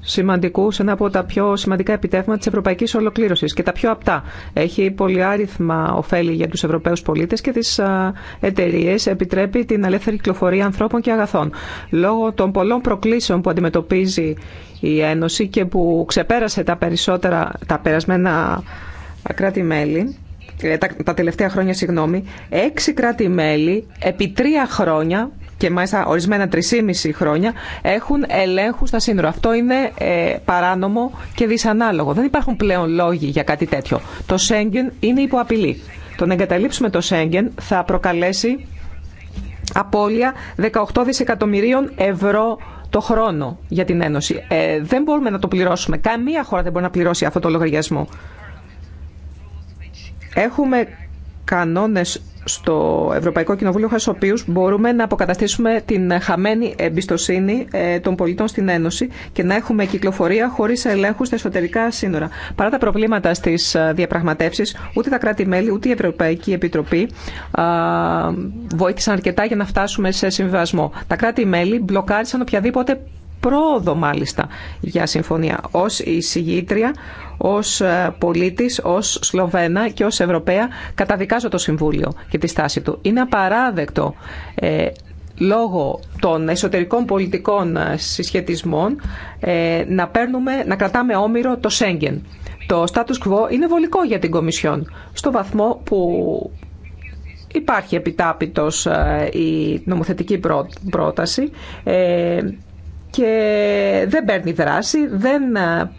σημαντικού, ένα από τα πιο σημαντικά επιτεύγματα τη ευρωπαϊκή ολοκλήρωση και τα πιο απτά. Έχει πολυάριθμα ωφέλη για του Ευρωπαίου πολίτε και τι εταιρείε. Επιτρέπει την ελεύθερη κυκλοφορία ανθρώπων και αγαθών. Λόγω των πολλών προκλήσεων που αντιμετωπίζει η Ένωση και που ξεπέρασε τα περισσότερα, τα περασμένα κράτη-μέλη, ε, τα, τελευταία χρόνια, συγγνώμη, έξι κράτη-μέλη επί τρία χρόνια και μάλιστα ορισμένα 3,5 χρόνια έχουν ελέγχου στα σύνορα. Αυτό είναι ε, παράνομο και δυσανάλογο. Δεν υπάρχουν πλέον λόγοι για κάτι τέτοιο. Το Σέγγεν είναι υπό απειλή. Το να εγκαταλείψουμε το Σέγγεν θα προκαλέσει απώλεια 18 δισεκατομμυρίων ευρώ το χρόνο για την Ένωση. Ε, δεν μπορούμε να το πληρώσουμε. Καμία χώρα δεν μπορεί να πληρώσει αυτό το λογαριασμό. Έχουμε κανόνες στο Ευρωπαϊκό Κοινοβούλιο χωρίς οποίους μπορούμε να αποκαταστήσουμε την χαμένη εμπιστοσύνη ε, των πολιτών στην Ένωση και να έχουμε κυκλοφορία χωρίς ελέγχους στα εσωτερικά σύνορα. Παρά τα προβλήματα στις ε, διαπραγματεύσεις, ούτε τα κράτη-μέλη, ούτε η Ευρωπαϊκή Επιτροπή ε, βοήθησαν αρκετά για να φτάσουμε σε συμβιβασμό. Τα κράτη-μέλη μπλοκάρισαν οποιαδήποτε πρόοδο μάλιστα για συμφωνία ως εισηγήτρια, ως ε, πολίτης, ως Σλοβένα και ως Ευρωπαία καταδικάζω το Συμβούλιο και τη στάση του. Είναι απαράδεκτο ε, λόγω των εσωτερικών πολιτικών ε, συσχετισμών ε, να, παίρνουμε, να κρατάμε όμοιρο το Σέγγεν. Το status quo είναι βολικό για την Κομισιόν στο βαθμό που υπάρχει επιτάπητος η νομοθετική πρόταση και δεν παίρνει δράση, δεν ε,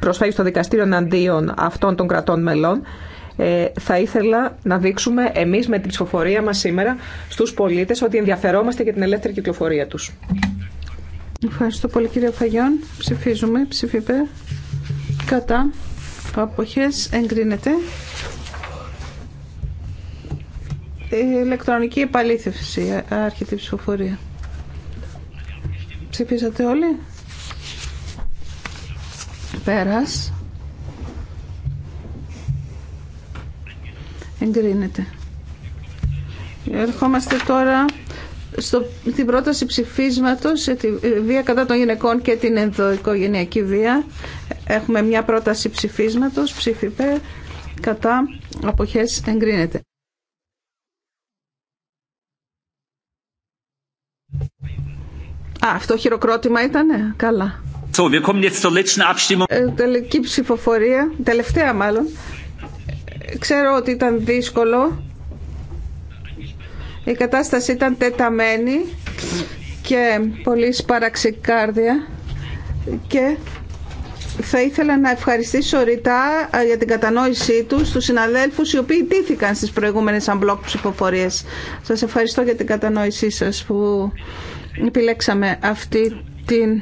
προσφέρει στο δικαστήριο εναντίον αυτών των κρατών μελών. Ε, θα ήθελα να δείξουμε εμείς με την ψηφοφορία μας σήμερα στους πολίτες ότι ενδιαφερόμαστε για την ελεύθερη κυκλοφορία τους. Ευχαριστώ πολύ κύριε Φαγιόν. Ψηφίζουμε. Ψηφίπε. Κατά. Αποχές. Εγκρίνεται. Η ηλεκτρονική επαλήθευση. Άρχεται η ψηφοφορία. Ψηφίσατε όλοι. Πέρας. Εγκρίνεται. Ερχόμαστε τώρα στο, στην πρόταση ψηφίσματος σε τη ε, βία κατά των γυναικών και την ενδοοικογενειακή βία. Έχουμε μια πρόταση ψηφίσματος, ψηφίπε κατά, αποχές εγκρίνεται. Α, αυτό χειροκρότημα ήτανε. Καλά. So, wir kommen jetzt zur letzten Abstimmung. Ε, τελική ψηφοφορία, τελευταία μάλλον. Ξέρω ότι ήταν δύσκολο. Η κατάσταση ήταν τεταμένη και πολύ σπαραξικάρδια και θα ήθελα να ευχαριστήσω ρητά για την κατανόησή τους τους συναδέλφους οι οποίοι τήθηκαν στις προηγούμενες αμπλόκ ψηφοφορίες. Σας ευχαριστώ για την κατανόησή σας που επιλέξαμε αυτή την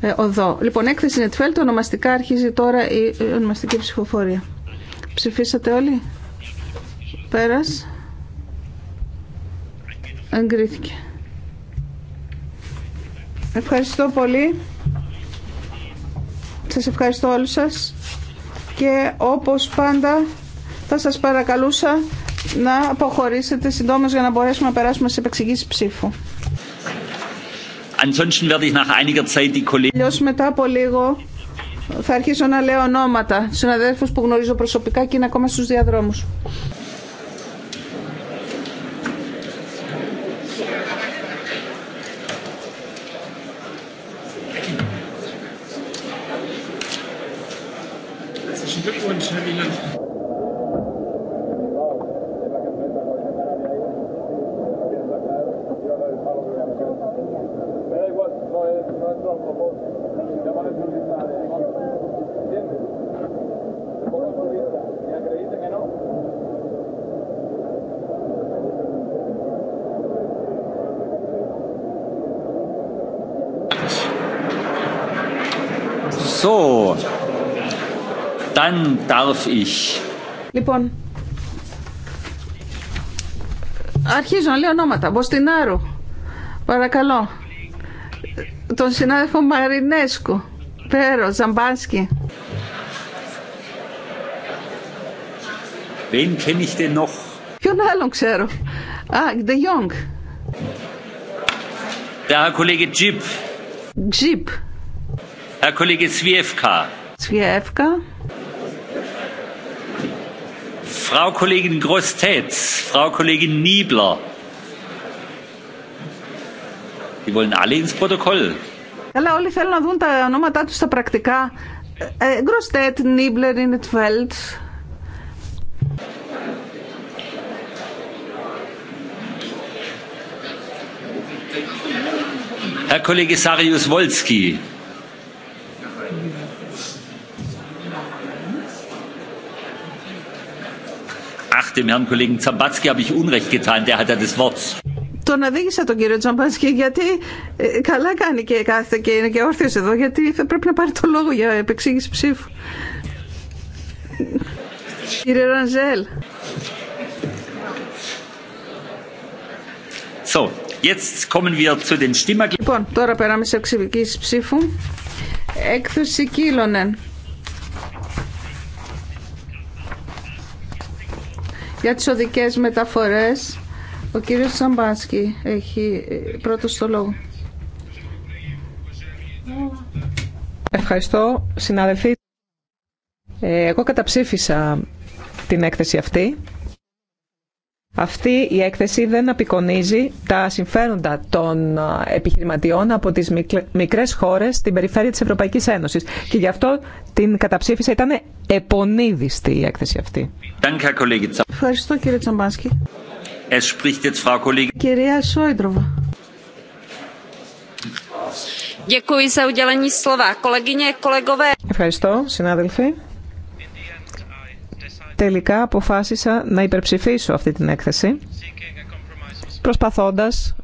ε, οδό. Λοιπόν, έκθεση Νετφέλτ, ονομαστικά αρχίζει τώρα η ε, ονομαστική ψηφοφορία. Ψηφίσατε όλοι. Πέρας. Εγκρίθηκε. Ευχαριστώ πολύ. Σας ευχαριστώ όλους σας. Και όπως πάντα θα σας παρακαλούσα να αποχωρήσετε συντόμως για να μπορέσουμε να περάσουμε σε επεξηγήσεις ψήφου. Ansonsten werde ich nach einiger Zeit die Kollegen. μετά από λίγο θα αρχίσω να λέω ονόματα συναδέλφους που γνωρίζω προσωπικά και είναι ακόμα στους διαδρόμους. Dann darf ich. Λοιπόν, αρχίζω να λέω ονόματα. Μποστινάρου, παρακαλώ. Τον συνάδελφο Μαρινέσκου, Πέρο, Ζαμπάνσκι. Wen kenne ich denn noch? Ποιον άλλον ξέρω. Α, De Jong. Der Herr Kollege Jip. Jip. Herr Kollege Zwiefka. Zwiefka. Frau Kollegin Grostetz, Frau Kollegin Niebler. Die wollen alle ins Protokoll. Καλά, όλοι θέλουν να δουν τα ονόματά τους στα πρακτικά. Γκροστέτ, Νίμπλερ, Ινετφέλτ. Herr Kollege Sarius Wolski. Ach, dem Herrn Kollegen Zambatski habe ich Unrecht getan, der hat ja das Wort. Τον οδήγησα τον κύριο Τζαμπάσκι γιατί ε, καλά κάνει και κάθεται και είναι και όρθιος εδώ γιατί θα πρέπει να πάρει το λόγο για επεξήγηση ψήφου. Κύριε Ρανζέλ. So, jetzt kommen wir zu den Stimmen. Λοιπόν, τώρα περάμε σε εξηγήσεις ψήφου. Έκθεση Κίλωνεν. Για τις οδικές μεταφορές, ο κύριος Σαμπάσκι έχει ε, πρώτος το λόγο. Ευχαριστώ, συναδελφοί. Ε, εγώ καταψήφισα την έκθεση αυτή αυτή η έκθεση δεν απεικονίζει τα συμφέροντα των επιχειρηματιών από τις μικρές χώρες στην περιφέρεια της Ευρωπαϊκής Ένωσης και γι' αυτό την καταψήφισα ήταν επονίδιστη η έκθεση αυτή. Ευχαριστώ κύριε Τσαμπάσκι. Κυρία Σόιντροβα. Ευχαριστώ συνάδελφοι τελικά αποφάσισα να υπερψηφίσω αυτή την έκθεση προσπαθώντας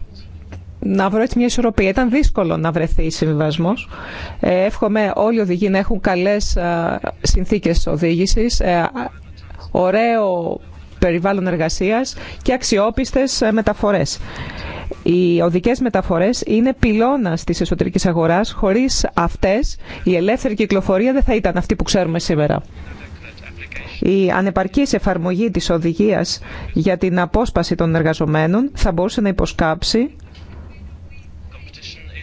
να βρω έτσι μια ισορροπία. Ήταν δύσκολο να βρεθεί συμβιβασμό. Ε, εύχομαι όλοι οι οδηγοί να έχουν καλέ συνθήκε οδήγηση, ε, ωραίο περιβάλλον εργασία και αξιόπιστε μεταφορέ. Οι οδικέ μεταφορέ είναι πυλώνα τη εσωτερική αγορά. Χωρί αυτέ, η ελεύθερη κυκλοφορία δεν θα ήταν αυτή που ξέρουμε σήμερα. Η ανεπαρκής εφαρμογή της οδηγίας για την απόσπαση των εργαζομένων θα μπορούσε να υποσκάψει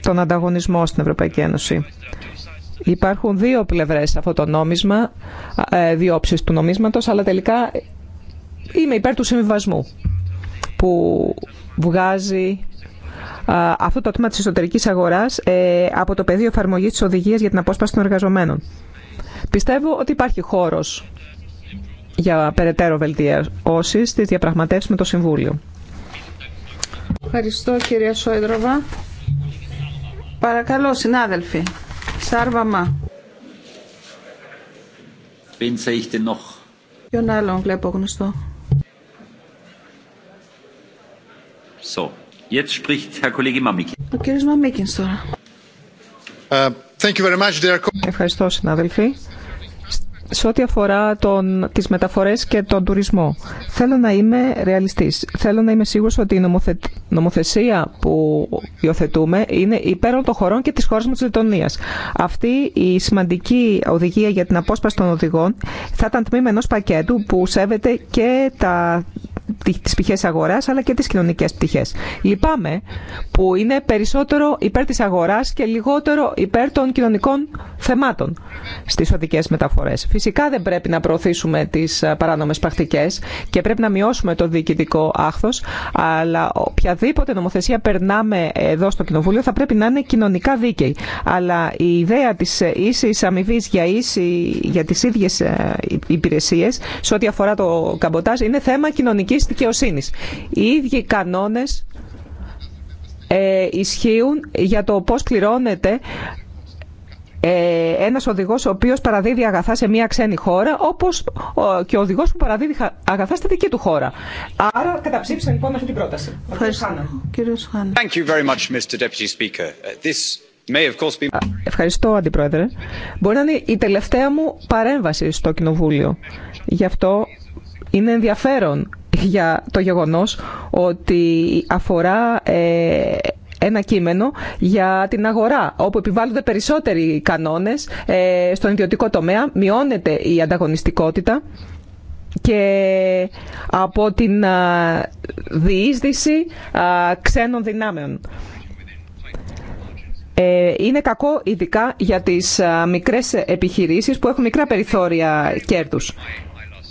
τον ανταγωνισμό στην Ευρωπαϊκή Ένωση. Υπάρχουν δύο πλευρές σε αυτό το νόμισμα, ε, δύο όψεις του νομίσματος, αλλά τελικά είμαι υπέρ του συμβιβασμού που βγάζει ε, αυτό το τμήμα της εσωτερικής αγοράς ε, από το πεδίο εφαρμογής της οδηγίας για την απόσπαση των εργαζομένων. Πιστεύω ότι υπάρχει χώρος για περαιτέρω βελτιώσει στις διαπραγματεύσεις με το Συμβούλιο. Ευχαριστώ κυρία Σόιδροβα. Παρακαλώ συνάδελφοι. Σάρβαμα. Ποιον άλλον βλέπω γνωστό. So, jetzt spricht Herr Kollege Mamikin. Ο κύριος Μαμίκινς τώρα. Uh, thank you very much, dear... Ευχαριστώ συνάδελφοι σε ό,τι αφορά τον, τις μεταφορές και τον τουρισμό. Θέλω να είμαι ρεαλιστής. Θέλω να είμαι σίγουρος ότι η νομοθεσία που υιοθετούμε είναι υπέρ των χωρών και της χώρας μας της Λετωνίας. Αυτή η σημαντική οδηγία για την απόσπαση των οδηγών θα ήταν τμήμα ενός πακέτου που σέβεται και τα τις πτυχές αγοράς αλλά και τις κοινωνικές πτυχές. Λυπάμαι που είναι περισσότερο υπέρ της αγοράς και λιγότερο υπέρ των κοινωνικών θεμάτων στις οδικές μεταφορές. Φυσικά δεν πρέπει να προωθήσουμε τι παράνομε πρακτικέ και πρέπει να μειώσουμε το διοικητικό άχθο, αλλά οποιαδήποτε νομοθεσία περνάμε εδώ στο Κοινοβούλιο θα πρέπει να είναι κοινωνικά δίκαιη. Αλλά η ιδέα τη ε, ίση αμοιβή για, ίση, για τι ίδιε ε, υπηρεσίε σε ό,τι αφορά το καμποτάζ είναι θέμα κοινωνική δικαιοσύνη. Οι ίδιοι κανόνε ε, ισχύουν για το πώς πληρώνεται ε, ένας οδηγό ο οποίος παραδίδει αγαθά σε μια ξένη χώρα όπως και ο οδηγό που παραδίδει αγαθά στη δική του χώρα. Άρα καταψήφισα λοιπόν αυτή την πρόταση. Ευχαριστώ. Thank Ευχαριστώ, Αντιπρόεδρε. Μπορεί να είναι η τελευταία μου παρέμβαση στο Κοινοβούλιο. Γι' αυτό είναι ενδιαφέρον για το γεγονός ότι αφορά ε, ένα κείμενο για την αγορά, όπου επιβάλλονται περισσότεροι κανόνες ε, στον ιδιωτικό τομέα, μειώνεται η ανταγωνιστικότητα και από την ε, διείσδυση ε, ξένων δυνάμεων. Είναι κακό ειδικά για τις μικρές επιχειρήσεις που έχουν μικρά περιθώρια κέρδους.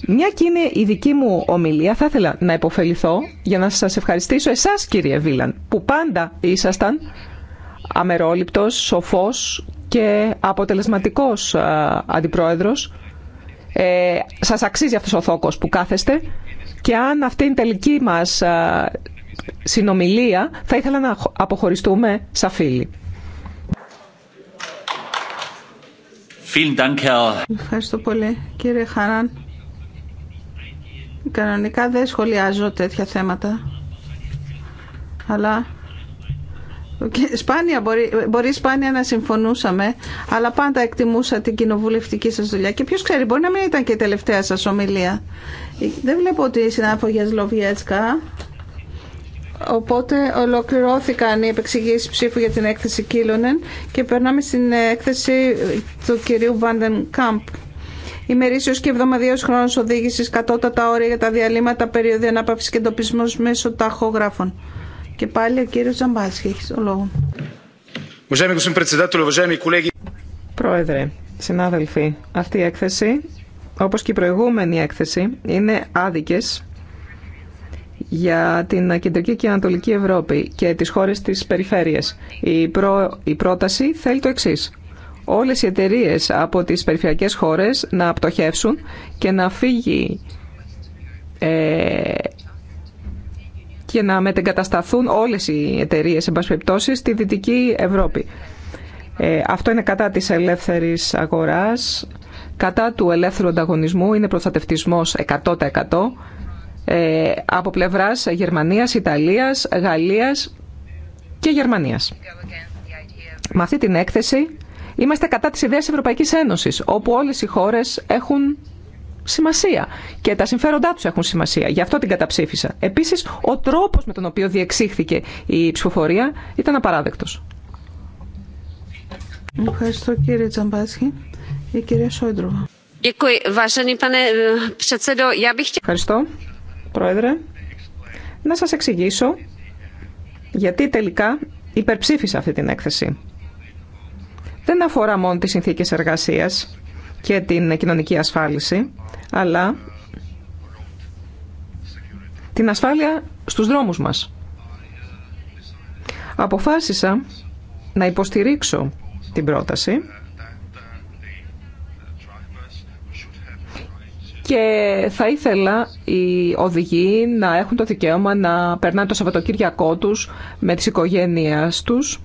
Μια και είναι η δική μου ομιλία, θα ήθελα να υποφεληθώ για να σας ευχαριστήσω εσάς κύριε Βίλαν, που πάντα ήσασταν αμερόληπτος, σοφός και αποτελεσματικός α, αντιπρόεδρος. Ε, σας αξίζει αυτός ο θόκος που κάθεστε και αν αυτή είναι η τελική μας συνομιλία θα ήθελα να αποχωριστούμε σαν φίλοι. Ευχαριστώ πολύ κύριε Χαράν. Κανονικά δεν σχολιάζω τέτοια θέματα. Αλλά σπάνια μπορεί, μπορεί σπάνια να συμφωνούσαμε, αλλά πάντα εκτιμούσα την κοινοβουλευτική σας δουλειά. Και ποιος ξέρει, μπορεί να μην ήταν και η τελευταία σας ομιλία. Δεν βλέπω ότι η συνάδελφο Γιασλοβιέτσκα. Οπότε ολοκληρώθηκαν οι επεξηγήσεις ψήφου για την έκθεση Κίλονεν και περνάμε στην έκθεση του κυρίου Βάντεν Κάμπ ημερήσιο και εβδομαδιαίο χρόνο οδήγηση, κατώτατα όρια για τα διαλύματα, περίοδοι ανάπαυση και εντοπισμό μέσω ταχογράφων. Και πάλι ο κύριο Ζαμπάσχη, έχει το λόγο. Πρόεδρε, συνάδελφοι, αυτή η έκθεση, όπω και η προηγούμενη έκθεση, είναι άδικε για την Κεντρική και Ανατολική Ευρώπη και τις χώρες της περιφέρειας. Η, η πρόταση θέλει το εξής όλες οι εταιρείε από τις περιφερειακές χώρες να πτωχεύσουν και να φύγει ε, και να μετεγκατασταθούν όλες οι εταιρείε εν στη Δυτική Ευρώπη. Ε, αυτό είναι κατά της ελεύθερης αγοράς, κατά του ελεύθερου ανταγωνισμού, είναι προστατευτισμός 100% ε, από πλευράς Γερμανίας, Ιταλίας, Γαλλίας και Γερμανίας. Με αυτή την έκθεση Είμαστε κατά τη ιδέα Ευρωπαϊκή Ευρωπαϊκής Ένωσης, όπου όλες οι χώρες έχουν σημασία και τα συμφέροντά τους έχουν σημασία. Γι' αυτό την καταψήφισα. Επίσης, ο τρόπος με τον οποίο διεξήχθηκε η ψηφοφορία ήταν απαράδεκτος. Ευχαριστώ κύριε Τζαμπάσχη. Η κυρία Σόντροβα. Ε, Ευχαριστώ, Πρόεδρε. Να σας εξηγήσω γιατί τελικά υπερψήφισα αυτή την έκθεση δεν αφορά μόνο τις συνθήκες εργασίας και την κοινωνική ασφάλιση, αλλά την ασφάλεια στους δρόμους μας. Αποφάσισα να υποστηρίξω την πρόταση και θα ήθελα οι οδηγοί να έχουν το δικαίωμα να περνάνε το Σαββατοκύριακό τους με τις οικογένειές τους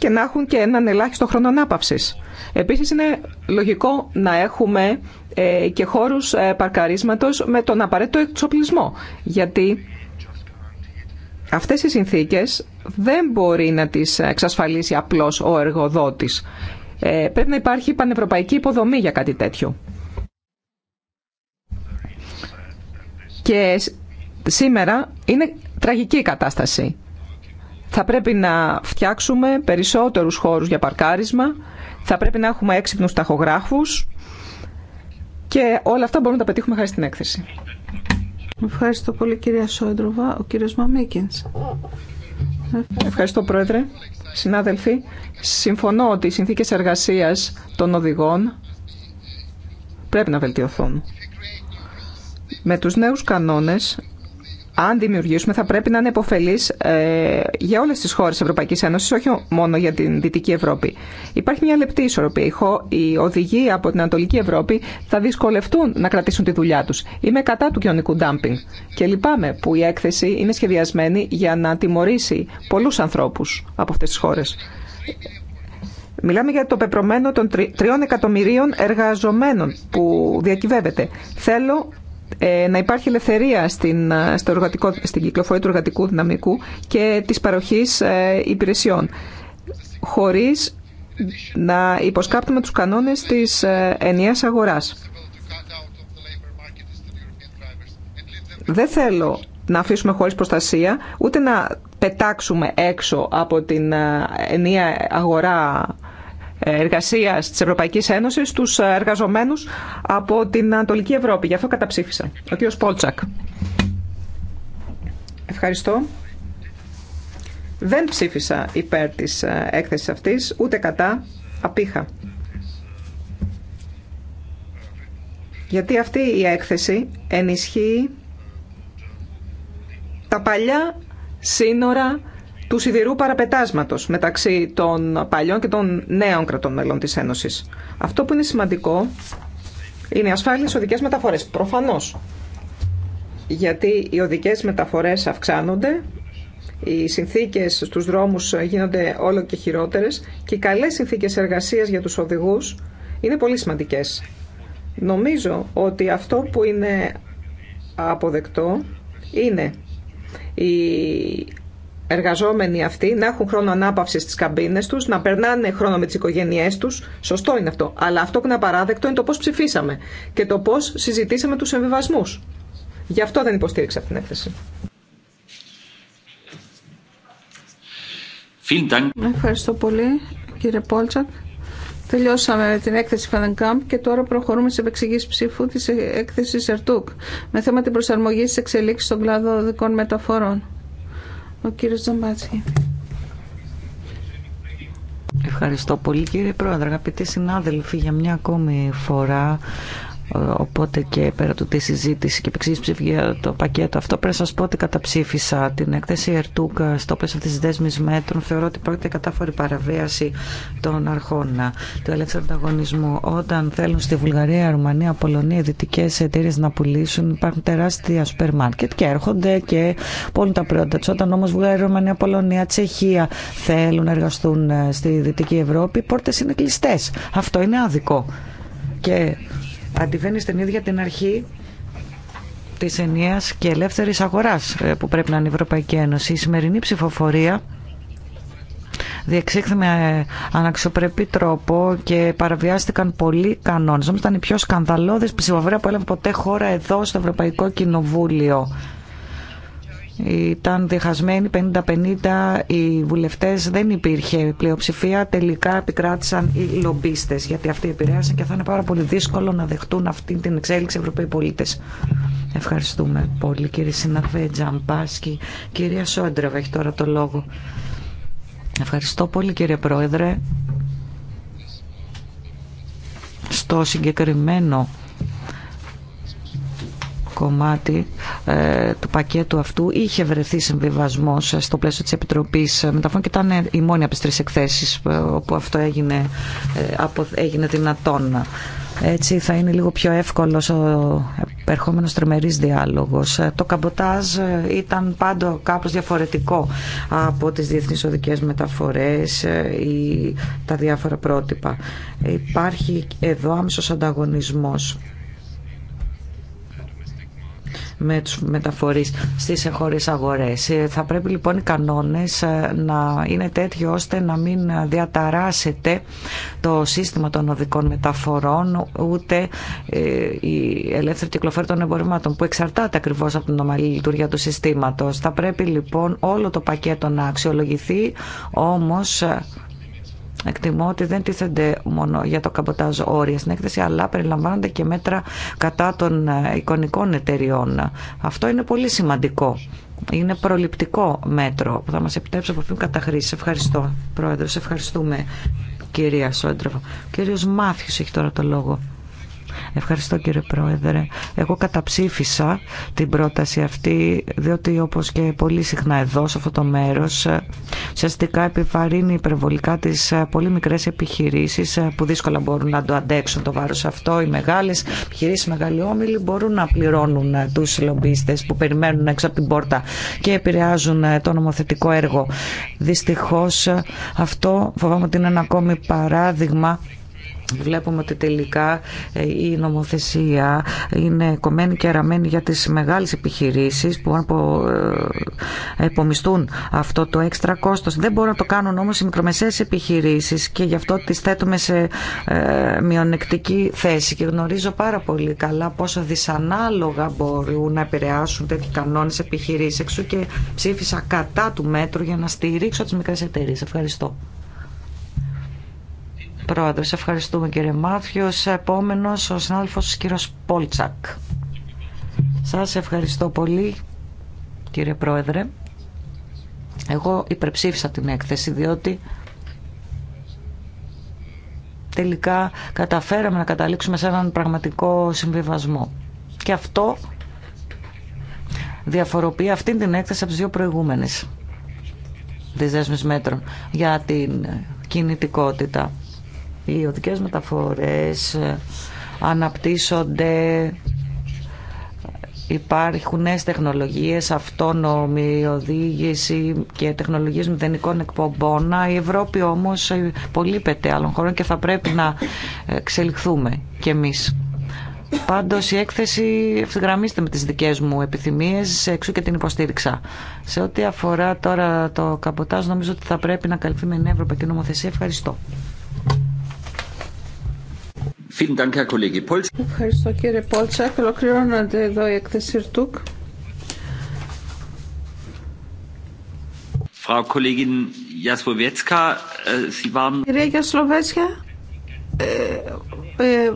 και να έχουν και έναν ελάχιστο χρόνο ανάπαυση. Επίσης είναι λογικό να έχουμε ε, και χώρους ε, παρκαρίσματος με τον απαραίτητο εξοπλισμό, γιατί αυτές οι συνθήκες δεν μπορεί να τις εξασφαλίσει απλώς ο εργοδότης. Ε, πρέπει να υπάρχει πανευρωπαϊκή υποδομή για κάτι τέτοιο. Και σήμερα είναι τραγική η κατάσταση. Θα πρέπει να φτιάξουμε περισσότερους χώρους για παρκάρισμα, θα πρέπει να έχουμε έξυπνους ταχογράφους και όλα αυτά μπορούμε να τα πετύχουμε χάρη στην έκθεση. Ευχαριστώ πολύ κυρία Σόντροβα. Ο κύριος Μαμίκινς. Ευχαριστώ πρόεδρε. Συνάδελφοι, συμφωνώ ότι οι συνθήκες εργασίας των οδηγών πρέπει να βελτιωθούν. Με τους νέους κανόνες αν δημιουργήσουμε, θα πρέπει να είναι υποφελή ε, για όλε τι χώρε τη Ευρωπαϊκή Ένωση, όχι μόνο για την Δυτική Ευρώπη. Υπάρχει μια λεπτή ισορροπία. Οι οδηγοί από την Ανατολική Ευρώπη θα δυσκολευτούν να κρατήσουν τη δουλειά του. Είμαι κατά του κοινωνικού ντάμπινγκ και λυπάμαι που η έκθεση είναι σχεδιασμένη για να τιμωρήσει πολλού ανθρώπου από αυτέ τι χώρε. Μιλάμε για το πεπρωμένο των τριών εκατομμυρίων εργαζομένων που διακυβεύεται. Θέλω ε, να υπάρχει ελευθερία στην, ε, στο στην κυκλοφορία του εργατικού δυναμικού και της παροχής ε, υπηρεσιών χωρίς να υποσκάπτουμε τους κανόνες της ενιαίας αγοράς. Δεν θέλω να αφήσουμε χωρίς προστασία, ούτε να πετάξουμε έξω από την ενιαία αγορά εργασίας της Ευρωπαϊκής Ένωσης τους εργαζομένους από την Ανατολική Ευρώπη. Γι' αυτό καταψήφισα. Ο κ. Πόλτσακ. Ευχαριστώ. Δεν ψήφισα υπέρ της ε, έκθεσης αυτής, ούτε κατά, απήχα. Γιατί αυτή η έκθεση ενισχύει τα παλιά σύνορα του σιδηρού παραπετάσματο μεταξύ των παλιών και των νέων κρατών μελών της Ένωσης. Αυτό που είναι σημαντικό είναι οι ασφάλειες οδικές μεταφορές. Προφανώς. Γιατί οι οδικές μεταφορές αυξάνονται, οι συνθήκες στους δρόμους γίνονται όλο και χειρότερες και οι καλές συνθήκε εργασίας για τους οδηγού είναι πολύ σημαντικέ. Νομίζω ότι αυτό που είναι αποδεκτό είναι η εργαζόμενοι αυτοί να έχουν χρόνο ανάπαυση στι καμπίνε του, να περνάνε χρόνο με τι οικογένειέ του. Σωστό είναι αυτό. Αλλά αυτό που είναι απαράδεκτο είναι το πώ ψηφίσαμε και το πώ συζητήσαμε του εμβιβασμού. Γι' αυτό δεν υποστήριξα αυτή την έκθεση. Ευχαριστώ πολύ κύριε Πόλτσακ. Τελειώσαμε την έκθεση Φαδενκάμπ και τώρα προχωρούμε σε επεξηγή ψήφου τη έκθεση Ερτούκ με θέμα την προσαρμογή τη εξελίξη στον κλάδο οδικών μεταφορών. Ο κύριος Ευχαριστώ πολύ κύριε Πρόεδρε, αγαπητοί συνάδελφοι, για μια ακόμη φορά Οπότε και πέρα του τη συζήτηση και επεξήγηση ψηφία το πακέτο αυτό, πρέπει να σα πω ότι καταψήφισα την έκθεση Ερτούκα στο πλαίσιο τη δέσμη μέτρων. Θεωρώ ότι πρόκειται κατάφορη παραβίαση των αρχών του ελεύθερου ανταγωνισμού. Όταν θέλουν στη Βουλγαρία, Ρουμανία, Πολωνία, δυτικέ εταιρείε να πουλήσουν, υπάρχουν τεράστια σούπερ μάρκετ και έρχονται και πόλουν τα προϊόντα του. Όταν όμω Βουλγαρία, Ρουμανία, Πολωνία, Τσεχία θέλουν να εργαστούν ε, στη Δυτική Ευρώπη, οι πόρτε είναι κλειστέ. Αυτό είναι άδικο. Και αντιβαίνει στην ίδια την αρχή της ενιαία και ελεύθερης αγοράς ε, που πρέπει να είναι η Ευρωπαϊκή Ένωση. Η σημερινή ψηφοφορία διεξήχθη με ε, αναξιοπρεπή τρόπο και παραβιάστηκαν πολλοί κανόνες. Όμως ήταν η πιο σκανδαλώδη ψηφοφορία που έλαβε ποτέ χώρα εδώ στο Ευρωπαϊκό Κοινοβούλιο ήταν διχασμένοι 50-50 οι βουλευτές, δεν υπήρχε πλειοψηφία, τελικά επικράτησαν οι λομπίστες γιατί αυτοί επηρέασαν και θα είναι πάρα πολύ δύσκολο να δεχτούν αυτή την εξέλιξη Ευρωπαίοι πολίτες. Ευχαριστούμε πολύ κύριε Συναφέ Τζαμπάσκι. Κυρία Σόντρεβα έχει τώρα το λόγο. Ευχαριστώ πολύ κύριε Πρόεδρε. Στο συγκεκριμένο κομμάτι ε, του πακέτου αυτού είχε βρεθεί συμβιβασμό ε, στο πλαίσιο της Επιτροπής Μεταφορών και ήταν ε, η μόνη από τις τρεις εκθέσεις ε, όπου αυτό έγινε, από, έγινε δυνατόν. Έτσι θα είναι λίγο πιο εύκολο ο ερχόμενο τριμερής διάλογος. Το καμποτάζ ήταν πάντο κάπως διαφορετικό από τις διεθνείς οδικέ μεταφορέ ή τα διάφορα πρότυπα. Υπάρχει εδώ άμεσο ανταγωνισμό με τους μεταφορείς στις εγχώριες αγορές. Ε, θα πρέπει λοιπόν οι κανόνες ε, να είναι τέτοιοι ώστε να μην διαταράσετε το σύστημα των οδικών μεταφορών ούτε ε, η ελεύθερη κυκλοφορία των εμπορευμάτων που εξαρτάται ακριβώς από την ομαλή λειτουργία του συστήματος. Θα πρέπει λοιπόν όλο το πακέτο να αξιολογηθεί όμως Εκτιμώ ότι δεν τίθενται μόνο για το καμποτάζ όρια στην έκθεση, αλλά περιλαμβάνονται και μέτρα κατά των ε, εικονικών εταιριών. Αυτό είναι πολύ σημαντικό. Είναι προληπτικό μέτρο που θα μας επιτρέψει από αυτήν καταχρήση. Ευχαριστώ, Πρόεδρε. ευχαριστούμε, κυρία Σόντροφα. Ο κύριος Μάθιος έχει τώρα το λόγο. Ευχαριστώ κύριε Πρόεδρε. Εγώ καταψήφισα την πρόταση αυτή, διότι όπως και πολύ συχνά εδώ σε αυτό το μέρος, ουσιαστικά επιβαρύνει υπερβολικά τις πολύ μικρές επιχειρήσεις που δύσκολα μπορούν να το αντέξουν το βάρος αυτό. Οι μεγάλες επιχειρήσεις, οι μεγάλοι όμιλοι μπορούν να πληρώνουν τους λομπίστες που περιμένουν έξω από την πόρτα και επηρεάζουν το νομοθετικό έργο. Δυστυχώς αυτό φοβάμαι ότι είναι ένα ακόμη παράδειγμα Βλέπουμε ότι τελικά ε, η νομοθεσία είναι κομμένη και αραμένη για τις μεγάλες επιχειρήσεις που ε, επομιστούν αυτό το έξτρα κόστος. Δεν μπορούν να το κάνουν όμως οι μικρομεσαίες επιχειρήσεις και γι' αυτό τις θέτουμε σε ε, μειονεκτική θέση και γνωρίζω πάρα πολύ καλά πόσο δυσανάλογα μπορούν να επηρεάσουν τέτοιοι κανόνες επιχειρήσεις εξού και ψήφισα κατά του μέτρου για να στηρίξω τις μικρές εταιρείες. Ευχαριστώ πρόεδρε. Ευχαριστούμε κύριε Μάθιο. Επόμενο ο συνάδελφο κύριο Πόλτσακ. Σα ευχαριστώ πολύ κύριε Πρόεδρε. Εγώ υπερψήφισα την έκθεση διότι τελικά καταφέραμε να καταλήξουμε σε έναν πραγματικό συμβιβασμό. Και αυτό διαφοροποιεί αυτήν την έκθεση από τις δύο προηγούμενες μέτρων για την κινητικότητα. Οι οδικές μεταφορές ε, αναπτύσσονται, υπάρχουν νέες τεχνολογίες, αυτόνομη οδήγηση και τεχνολογίες μηδενικών εκπομπών. Η Ευρώπη όμως ε, υπολείπεται άλλων χωρών και θα πρέπει να εξελιχθούμε κι εμείς. Πάντω η έκθεση ευθυγραμμίζεται με τις δικές μου επιθυμίες, εξού και την υποστήριξα. Σε ό,τι αφορά τώρα το καμποτάζ, νομίζω ότι θα πρέπει να καλυφθεί με νέα ευρωπαϊκή νομοθεσία. Ευχαριστώ. Ευχαριστώ κύριε Πόλτσακ. Ολοκληρώνονται εδώ η εκθέση του. Κυρία Γιασλοβέτσια, ε, ε,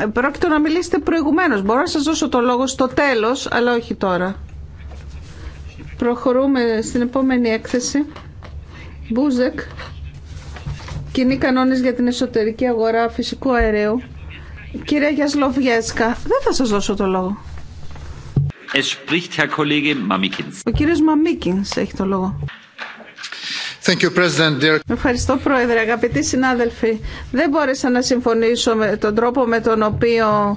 ε, πρόκειται να μιλήσετε προηγουμένως. Μπορώ να σας δώσω το λόγο στο τέλος, αλλά όχι τώρα. Προχωρούμε στην επόμενη έκθεση. Μπούζεκ. Κοινή κανόνες για την εσωτερική αγορά φυσικού αερίου. Κυρία Γιασλοβιέσκα, δεν θα σας δώσω το λόγο. Ο κύριος Μαμίκινς έχει το λόγο. Thank you, President. Ευχαριστώ Πρόεδρε, αγαπητοί συνάδελφοι. Δεν μπόρεσα να συμφωνήσω με τον τρόπο με τον οποίο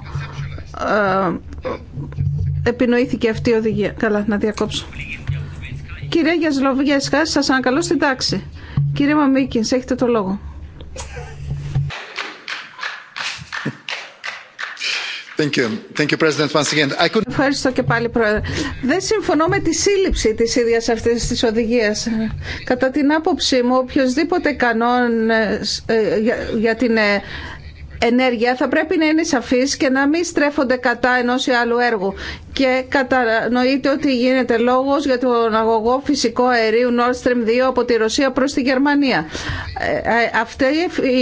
ε, επινοήθηκε αυτή η οδηγία. Καλά, να διακόψω. Κύριε Γιασλοβιέσκα, σας ανακαλώ στην τάξη. Κύριε Μαμίκινς, έχετε το λόγο. Thank you. Thank you, President. Once again. I could... Ευχαριστώ και πάλι, Πρόεδρε. Δεν συμφωνώ με τη σύλληψη της ίδια αυτή της οδηγίας. Κατά την άποψή μου, οποιοδήποτε κανόν ε, ε, για, για την ε, ενέργεια θα πρέπει να είναι σαφής και να μην στρέφονται κατά ενό ή άλλου έργου και κατανοείται ότι γίνεται λόγος για τον αγωγό φυσικό αερίου Nord Stream 2 από τη Ρωσία προς τη Γερμανία. Ε, ε, αυτή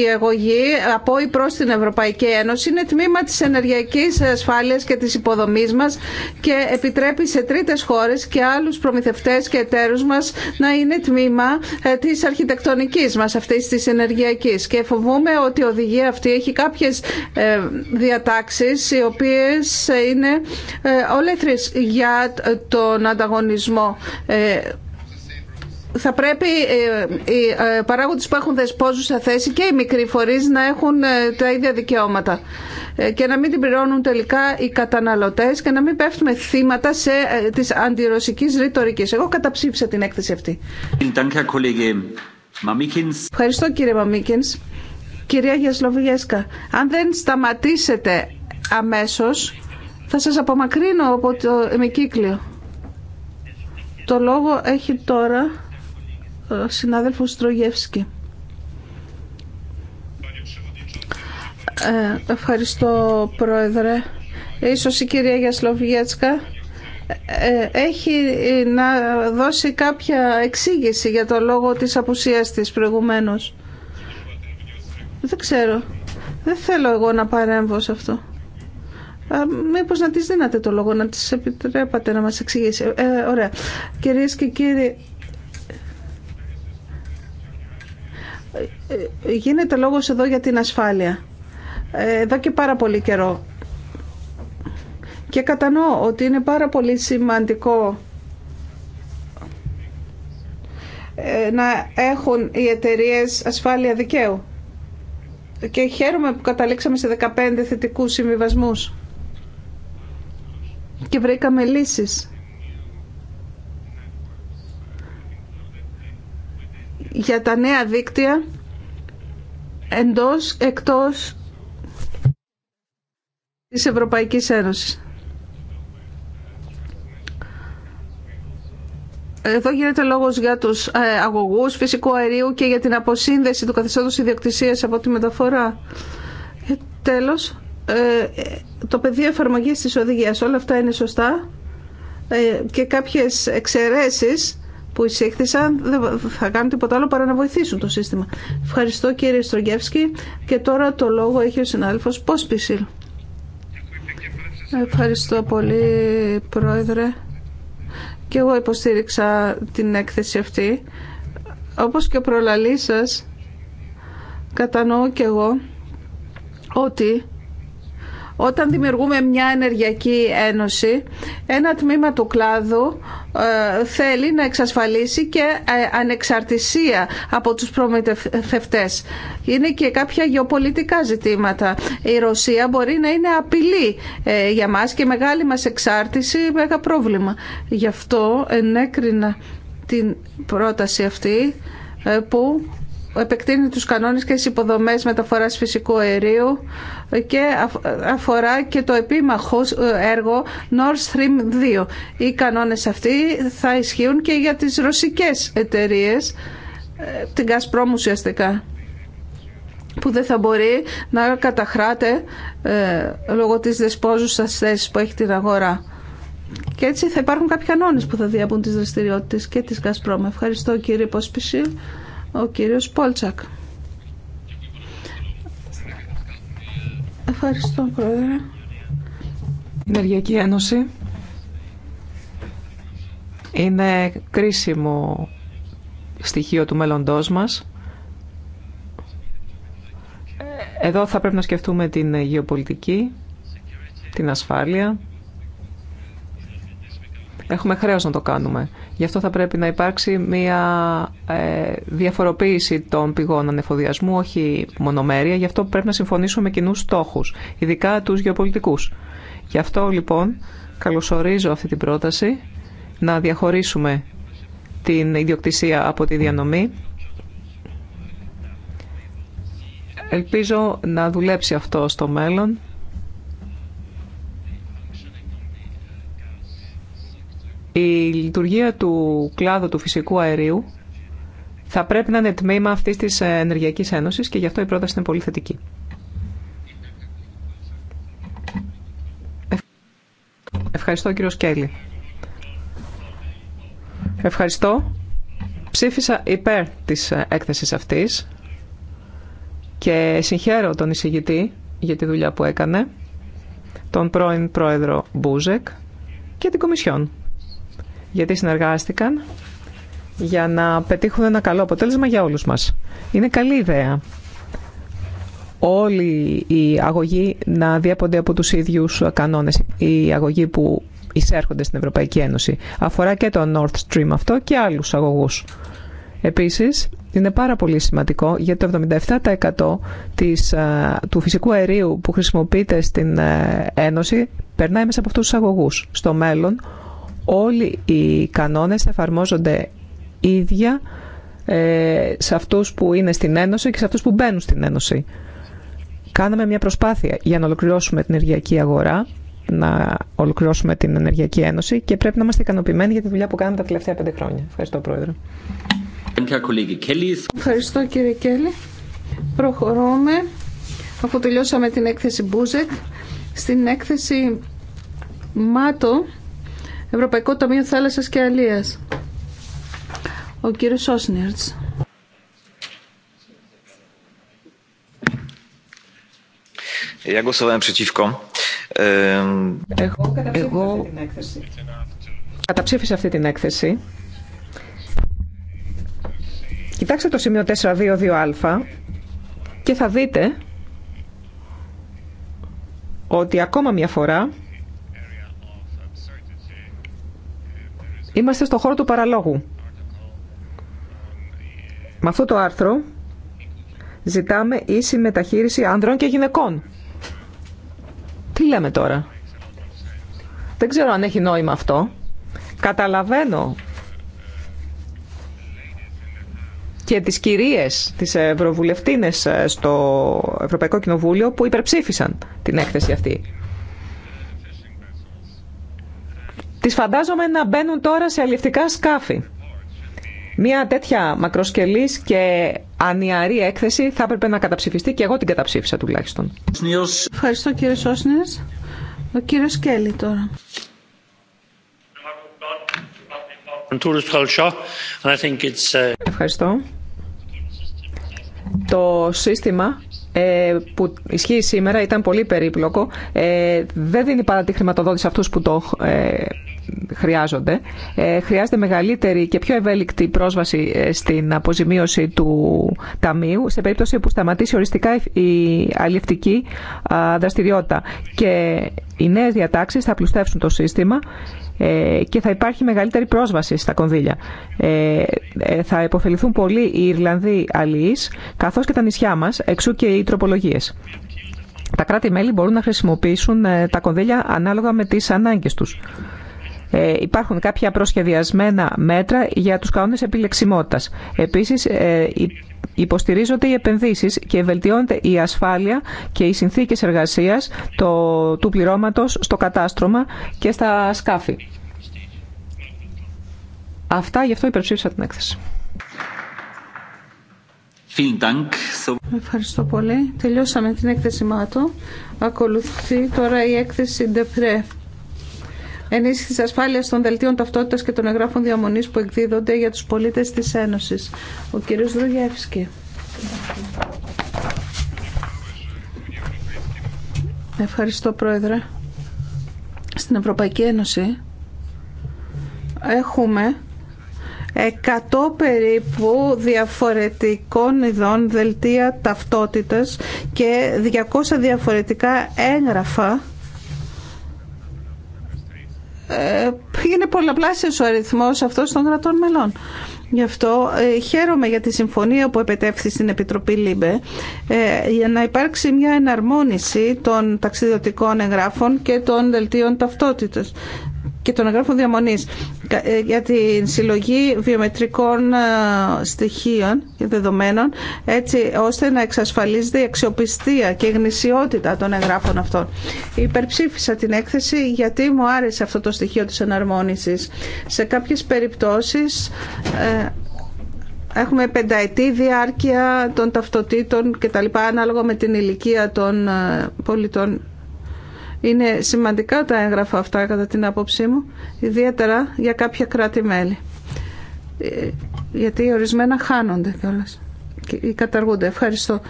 η αγωγή από ή προς την Ευρωπαϊκή Ένωση είναι τμήμα της ενεργειακής ασφάλειας και της υποδομής μας και επιτρέπει σε τρίτες χώρες και άλλους προμηθευτές και εταίρους μας να είναι τμήμα ε, της αρχιτεκτονικής μας αυτής της ενεργειακής και φοβούμε ότι η οδηγία αυτή έχει κάποιες διατάξεις οι οποίες είναι για τον ανταγωνισμό ε, θα πρέπει ε, οι ε, παράγοντες που έχουν δεσπόζουσα θέση και οι μικροί φορείς να έχουν τα ίδια δικαιώματα και να μην την πληρώνουν τελικά οι καταναλωτές και να μην πέφτουμε θύματα σε, της αντιρωσικής ρητορικής. Εγώ καταψήφισα την έκθεση αυτή. Ευχαριστώ κύριε Μαμίκινς. Κυρία Γιασλοβιέσκα, αν δεν σταματήσετε αμέσως θα σας απομακρύνω από το εμικύκλιο. Το λόγο έχει τώρα ο ε, συνάδελφος Στρογεύσκη. Ε, ευχαριστώ πρόεδρε. Ίσως η κυρία Γιασλοβιέτσκα ε, έχει να δώσει κάποια εξήγηση για το λόγο της απουσίας της προηγουμένως. Δεν ξέρω. Δεν θέλω εγώ να παρέμβω σε αυτό μήπως να της δίνατε το λόγο, να της επιτρέπατε να μας εξηγήσει. Ε, ωραία. Κυρίες και κύριοι, ε, γίνεται λόγος εδώ για την ασφάλεια. Ε, εδώ και πάρα πολύ καιρό. Και κατανοώ ότι είναι πάρα πολύ σημαντικό ε, να έχουν οι εταιρείε ασφάλεια δικαίου. Και χαίρομαι που καταλήξαμε σε 15 θετικούς συμβιβασμούς και βρήκαμε λύσεις. για τα νέα δίκτυα εντός, εκτός της Ευρωπαϊκής Ένωσης. Εδώ γίνεται λόγος για τους ε, αγωγούς φυσικού αερίου και για την αποσύνδεση του καθεστώτος ιδιοκτησίας από τη μεταφορά. Ε, τέλος, ε, το πεδίο εφαρμογής τη οδηγία. Όλα αυτά είναι σωστά ε, και κάποιες εξαιρεσει που εισήχθησαν δεν θα κάνουν τίποτα άλλο παρά να βοηθήσουν το σύστημα. Ευχαριστώ κύριε Στρογγεύσκη και τώρα το λόγο έχει ο συνάδελφος Πόσπισιλ. Ευχαριστώ πολύ πρόεδρε και εγώ υποστήριξα την έκθεση αυτή. Όπως και προλαλής σας κατανοώ και εγώ ότι όταν δημιουργούμε μια ενεργειακή ένωση, ένα τμήμα του κλάδου ε, θέλει να εξασφαλίσει και ε, ανεξαρτησία από τους προμηθευτές. Είναι και κάποια γεωπολιτικά ζητήματα. Η Ρωσία μπορεί να είναι απειλή ε, για μας και μεγάλη μας εξάρτηση, μεγάλο πρόβλημα. Γι' αυτό ενέκρινα την πρόταση αυτή που επεκτείνει τους κανόνες και τις υποδομές μεταφοράς φυσικού αερίου και αφορά και το επίμαχο ε, έργο Nord Stream 2. Οι κανόνες αυτοί θα ισχύουν και για τις ρωσικές εταιρείες, ε, την Gazprom ουσιαστικά που δεν θα μπορεί να καταχράτε ε, λόγω της δεσπόζουσας θέσης που έχει την αγορά. Και έτσι θα υπάρχουν κάποιοι κανόνες που θα διαπούν τις δραστηριότητες και της Gazprom. Ευχαριστώ κύριε Πόσπιση ο κύριος Πόλτσακ. Ευχαριστώ, Πρόεδρε. Η Ενεργειακή Ένωση είναι κρίσιμο στοιχείο του μέλλοντός μας. Εδώ θα πρέπει να σκεφτούμε την γεωπολιτική, την ασφάλεια, Έχουμε χρέος να το κάνουμε. Γι' αυτό θα πρέπει να υπάρξει μια ε, διαφοροποίηση των πηγών ανεφοδιασμού, όχι μονομέρεια. Γι' αυτό πρέπει να συμφωνήσουμε με κοινούς στόχους, ειδικά τους γεωπολιτικούς. Γι' αυτό λοιπόν καλωσορίζω αυτή την πρόταση να διαχωρίσουμε την ιδιοκτησία από τη διανομή. Ελπίζω να δουλέψει αυτό στο μέλλον Η λειτουργία του κλάδου του φυσικού αερίου θα πρέπει να είναι τμήμα αυτή τη Ενεργειακή Ένωση και γι' αυτό η πρόταση είναι πολύ θετική. Ευχαριστώ κύριο Σκέλη. Ευχαριστώ. Ψήφισα υπέρ της έκθεσης αυτής και συγχαίρω τον εισηγητή για τη δουλειά που έκανε, τον πρώην πρόεδρο Μπούζεκ και την Κομισιόν γιατί συνεργάστηκαν για να πετύχουν ένα καλό αποτέλεσμα για όλους μας. Είναι καλή ιδέα όλοι οι αγωγοί να διέπονται από τους ίδιους κανόνες, οι αγωγοί που εισέρχονται στην Ευρωπαϊκή Ένωση. Αφορά και το North Stream αυτό και άλλους αγωγούς. Επίσης, είναι πάρα πολύ σημαντικό γιατί το 77% της, ε, του φυσικού αερίου που χρησιμοποιείται στην ε, Ένωση περνάει μέσα από αυτούς τους αγωγούς. Στο μέλλον, όλοι οι κανόνες εφαρμόζονται ίδια ε, σε αυτούς που είναι στην Ένωση και σε αυτούς που μπαίνουν στην Ένωση. Κάναμε μια προσπάθεια για να ολοκληρώσουμε την ενεργειακή αγορά, να ολοκληρώσουμε την Ενεργειακή Ένωση και πρέπει να είμαστε ικανοποιημένοι για τη δουλειά που κάναμε τα τελευταία πέντε χρόνια. Ευχαριστώ, Πρόεδρε. Ευχαριστώ, κύριε Κέλλη. Προχωρούμε, αφού τελειώσαμε την έκθεση Μπούζεκ, στην έκθεση ΜΑΤΟ Ευρωπαϊκό Ταμείο Θάλασσας και Αλίας. Ο κύριος Σόσνιρτς. Εγώ καταψήφισα αυτή την έκθεση. Κοιτάξτε το σημείο 422α και θα δείτε ότι ακόμα μια φορά Είμαστε στο χώρο του παραλόγου. Με αυτό το άρθρο ζητάμε ίση μεταχείριση ανδρών και γυναικών. Τι λέμε τώρα. Δεν ξέρω αν έχει νόημα αυτό. Καταλαβαίνω και τις κυρίες, τις ευρωβουλευτίνες ε, στο Ευρωπαϊκό Κοινοβούλιο που υπερψήφισαν την έκθεση αυτή. Τις φαντάζομαι να μπαίνουν τώρα σε αλληλευτικά σκάφη. Μια τέτοια μακροσκελής και ανιαρή έκθεση θα έπρεπε να καταψηφιστεί και εγώ την καταψήφισα τουλάχιστον. Ευχαριστώ κύριε Σόσνες. Ο κύριος Κέλλη τώρα. Ευχαριστώ. Το σύστημα ε, που ισχύει σήμερα ήταν πολύ περίπλοκο. Ε, δεν δίνει παρά τη χρηματοδότηση αυτούς που το ε, χρειάζονται. Ε, χρειάζεται μεγαλύτερη και πιο ευέλικτη πρόσβαση ε, στην αποζημίωση του ταμείου σε περίπτωση που σταματήσει οριστικά η αλληλευτική δραστηριότητα. Και οι νέες διατάξεις θα πλουστεύσουν το σύστημα ε, και θα υπάρχει μεγαλύτερη πρόσβαση στα κονδύλια. θα υποφεληθούν πολύ οι Ιρλανδοί αλληλείς, καθώς και τα νησιά μας, εξού και οι τροπολογίες. Τα κράτη-μέλη μπορούν να χρησιμοποιήσουν τα κονδύλια ανάλογα με τις ανάγκες τους. Ε, υπάρχουν κάποια προσχεδιασμένα μέτρα για τους κανόνες επιλεξιμότητας. Επίσης, ε, υποστηρίζονται οι επενδύσεις και βελτιώνεται η ασφάλεια και οι συνθήκες εργασίας το, του πληρώματος στο κατάστρωμα και στα σκάφη. Αυτά, γι' αυτό υπερψήφισα την έκθεση. Ευχαριστώ πολύ. Τελειώσαμε την έκθεση ΜΑΤΟ. Ακολουθεί τώρα η έκθεση ΝΤΕΠΡΕΦ ενίσχυση τη ασφάλεια των δελτίων ταυτότητα και των εγγράφων διαμονή που εκδίδονται για του πολίτε τη Ένωση. Ο κ. Δρουγεύσκη. Ευχαριστώ, Πρόεδρε. Στην Ευρωπαϊκή Ένωση έχουμε 100 περίπου διαφορετικών ειδών δελτία ταυτότητας και 200 διαφορετικά έγγραφα ε, είναι πολλαπλάσιο ο αριθμό αυτό των κρατών μελών. Γι' αυτό ε, χαίρομαι για τη συμφωνία που επετεύχθη στην Επιτροπή ΛΥΜΠΕ ε, για να υπάρξει μια εναρμόνιση των ταξιδιωτικών εγγράφων και των δελτίων ταυτότητας και των εγγράφων διαμονή. Ε, για την συλλογή βιομετρικών ε, στοιχείων και δεδομένων έτσι ώστε να εξασφαλίζεται η αξιοπιστία και η γνησιότητα των εγγράφων αυτών. Υπερψήφισα την έκθεση γιατί μου άρεσε αυτό το στοιχείο της εναρμόνισης. Σε κάποιες περιπτώσεις ε, έχουμε πενταετή διάρκεια των ταυτοτήτων και τα λοιπά, ανάλογα με την ηλικία των πολιτών είναι σημαντικά τα έγγραφα αυτά κατά την άποψή μου, ιδιαίτερα για κάποια κράτη-μέλη. Ε, γιατί ορισμένα χάνονται κιόλας ή καταργούνται. Ευχαριστώ.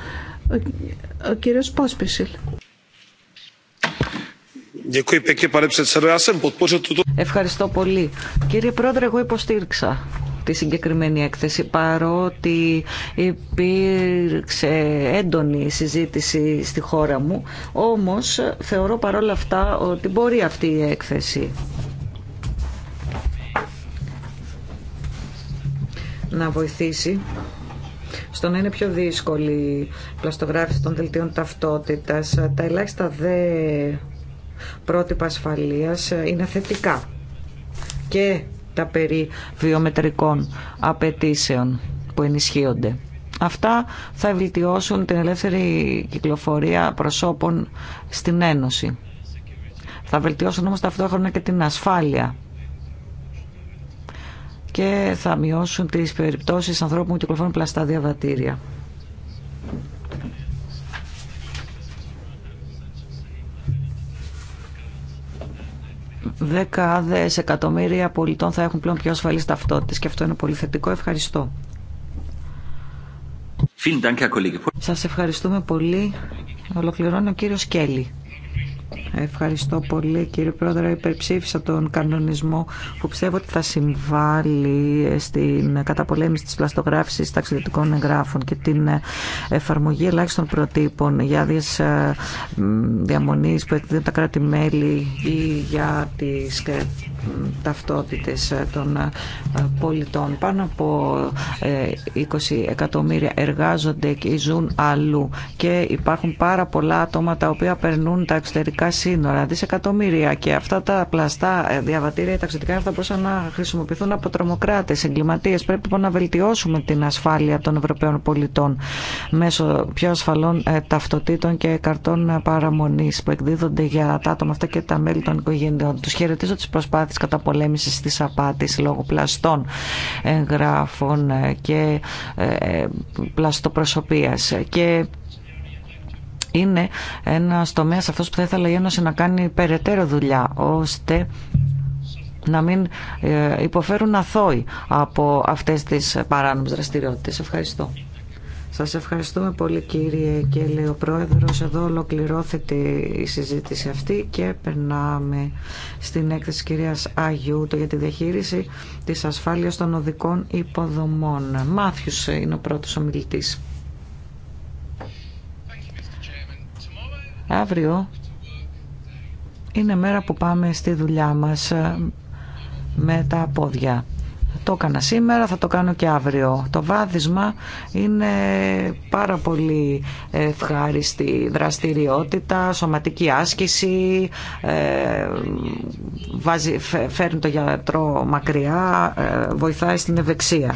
Ο κύριος Πόσπισιλ. Ευχαριστώ πολύ. Κύριε Πρόεδρε, εγώ υποστήριξα τη συγκεκριμένη έκθεση παρότι υπήρξε έντονη συζήτηση στη χώρα μου όμως θεωρώ παρόλα αυτά ότι μπορεί αυτή η έκθεση να βοηθήσει στο να είναι πιο δύσκολη η πλαστογράφηση των δελτίων ταυτότητας. Τα ελάχιστα δε πρότυπα ασφαλείας είναι θετικά και τα περί βιομετρικών απαιτήσεων που ενισχύονται. Αυτά θα βελτιώσουν την ελεύθερη κυκλοφορία προσώπων στην Ένωση. Θα βελτιώσουν όμως ταυτόχρονα και την ασφάλεια και θα μειώσουν τις περιπτώσεις ανθρώπων που κυκλοφορούν πλαστά διαβατήρια. Δεκάδες εκατομμύρια πολιτών θα έχουν πλέον πιο ασφαλείς ταυτότητες και αυτό είναι πολύ θετικό. Ευχαριστώ. Σας ευχαριστούμε πολύ. Ολοκληρώνει ο κύριος Κέλλη. Ευχαριστώ πολύ κύριε Πρόεδρε. Υπερψήφισα τον κανονισμό που πιστεύω ότι θα συμβάλλει στην καταπολέμηση της πλαστογράφησης ταξιδιωτικών εγγράφων και την εφαρμογή ελάχιστων προτύπων για άδειε διαμονή που εκδίδουν τα κράτη-μέλη ή για τις ε, ταυτότητες των ε, πολιτών. Πάνω από 20 ε, εκατομμύρια εργάζονται και ζουν αλλού και υπάρχουν πάρα πολλά άτομα τα οποία περνούν τα εξωτερικά σύνορα, δισεκατομμύρια και αυτά τα πλαστά ε, διαβατήρια ταξιδιτικά θα μπορούσαν να χρησιμοποιηθούν από τρομοκράτε, εγκληματίε. Πρέπει λοιπόν να βελτιώσουμε την ασφάλεια των Ευρωπαίων πολιτών μέσω πιο ασφαλών ε, ταυτοτήτων και καρτών παραμονή που εκδίδονται για τα άτομα αυτά και τα μέλη των οικογενειών. Του χαιρετίζω τι προσπάθειε καταπολέμηση τη απάτη λόγω πλαστών εγγράφων ε, και πλαστοπροσωπία είναι ένα τομέα αυτό που θα ήθελα η Ένωση να κάνει περαιτέρω δουλειά, ώστε να μην ε, υποφέρουν αθώοι από αυτές τις παράνομες δραστηριότητες. Ευχαριστώ. Σας ευχαριστούμε πολύ κύριε και λέει ο πρόεδρο. Εδώ ολοκληρώθηκε η συζήτηση αυτή και περνάμε στην έκθεση κυρία Αγιού για τη διαχείριση της ασφάλεια των οδικών υποδομών. Μάθιους είναι ο πρώτο ομιλητή. Αύριο είναι μέρα που πάμε στη δουλειά μας με τα πόδια. Το έκανα σήμερα, θα το κάνω και αύριο. Το βάδισμα είναι πάρα πολύ ευχάριστη δραστηριότητα, σωματική άσκηση, ε, βάζει, φέρνει το γιατρό μακριά, ε, βοηθάει στην ευεξία.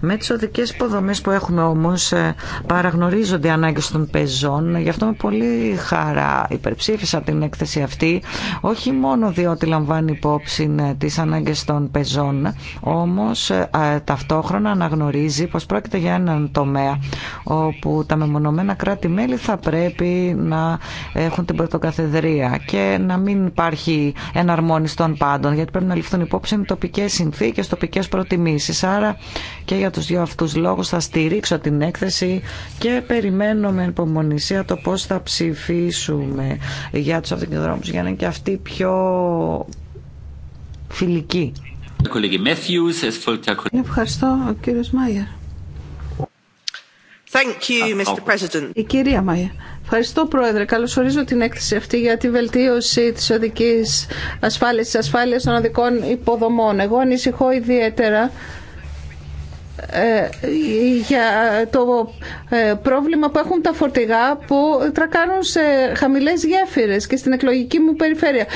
Με τις οδικές υποδομές που έχουμε όμως ε, παραγνωρίζονται οι ανάγκες των πεζών, γι' αυτό με πολύ χαρά υπερψήφισα την έκθεση αυτή, όχι μόνο διότι λαμβάνει υπόψη τις ανάγκες των πεζών, όμως όμως ε, ταυτόχρονα αναγνωρίζει πως πρόκειται για έναν τομέα όπου τα μεμονωμένα κράτη-μέλη θα πρέπει να έχουν την πρωτοκαθεδρία και να μην υπάρχει εναρμόνιστον των πάντων γιατί πρέπει να ληφθούν υπόψη με τοπικές συνθήκες, τοπικές προτιμήσεις. Άρα και για τους δύο αυτούς λόγους θα στηρίξω την έκθεση και περιμένω με υπομονησία το πώς θα ψηφίσουμε για τους αυτοκινητοδρόμους για να είναι και αυτοί πιο φιλικοί Ευχαριστώ, ο κύριος Μάιερ. Η κυρία Ευχαριστώ, Πρόεδρε. Καλωσορίζω την έκθεση αυτή για τη βελτίωση της οδικής ασφάλισης, ασφάλειας των οδικών υποδομών. Εγώ ανησυχώ ιδιαίτερα ε, για το ε, πρόβλημα που έχουν τα φορτηγά που τρακάνουν σε χαμηλές γέφυρες και στην εκλογική μου περιφέρεια.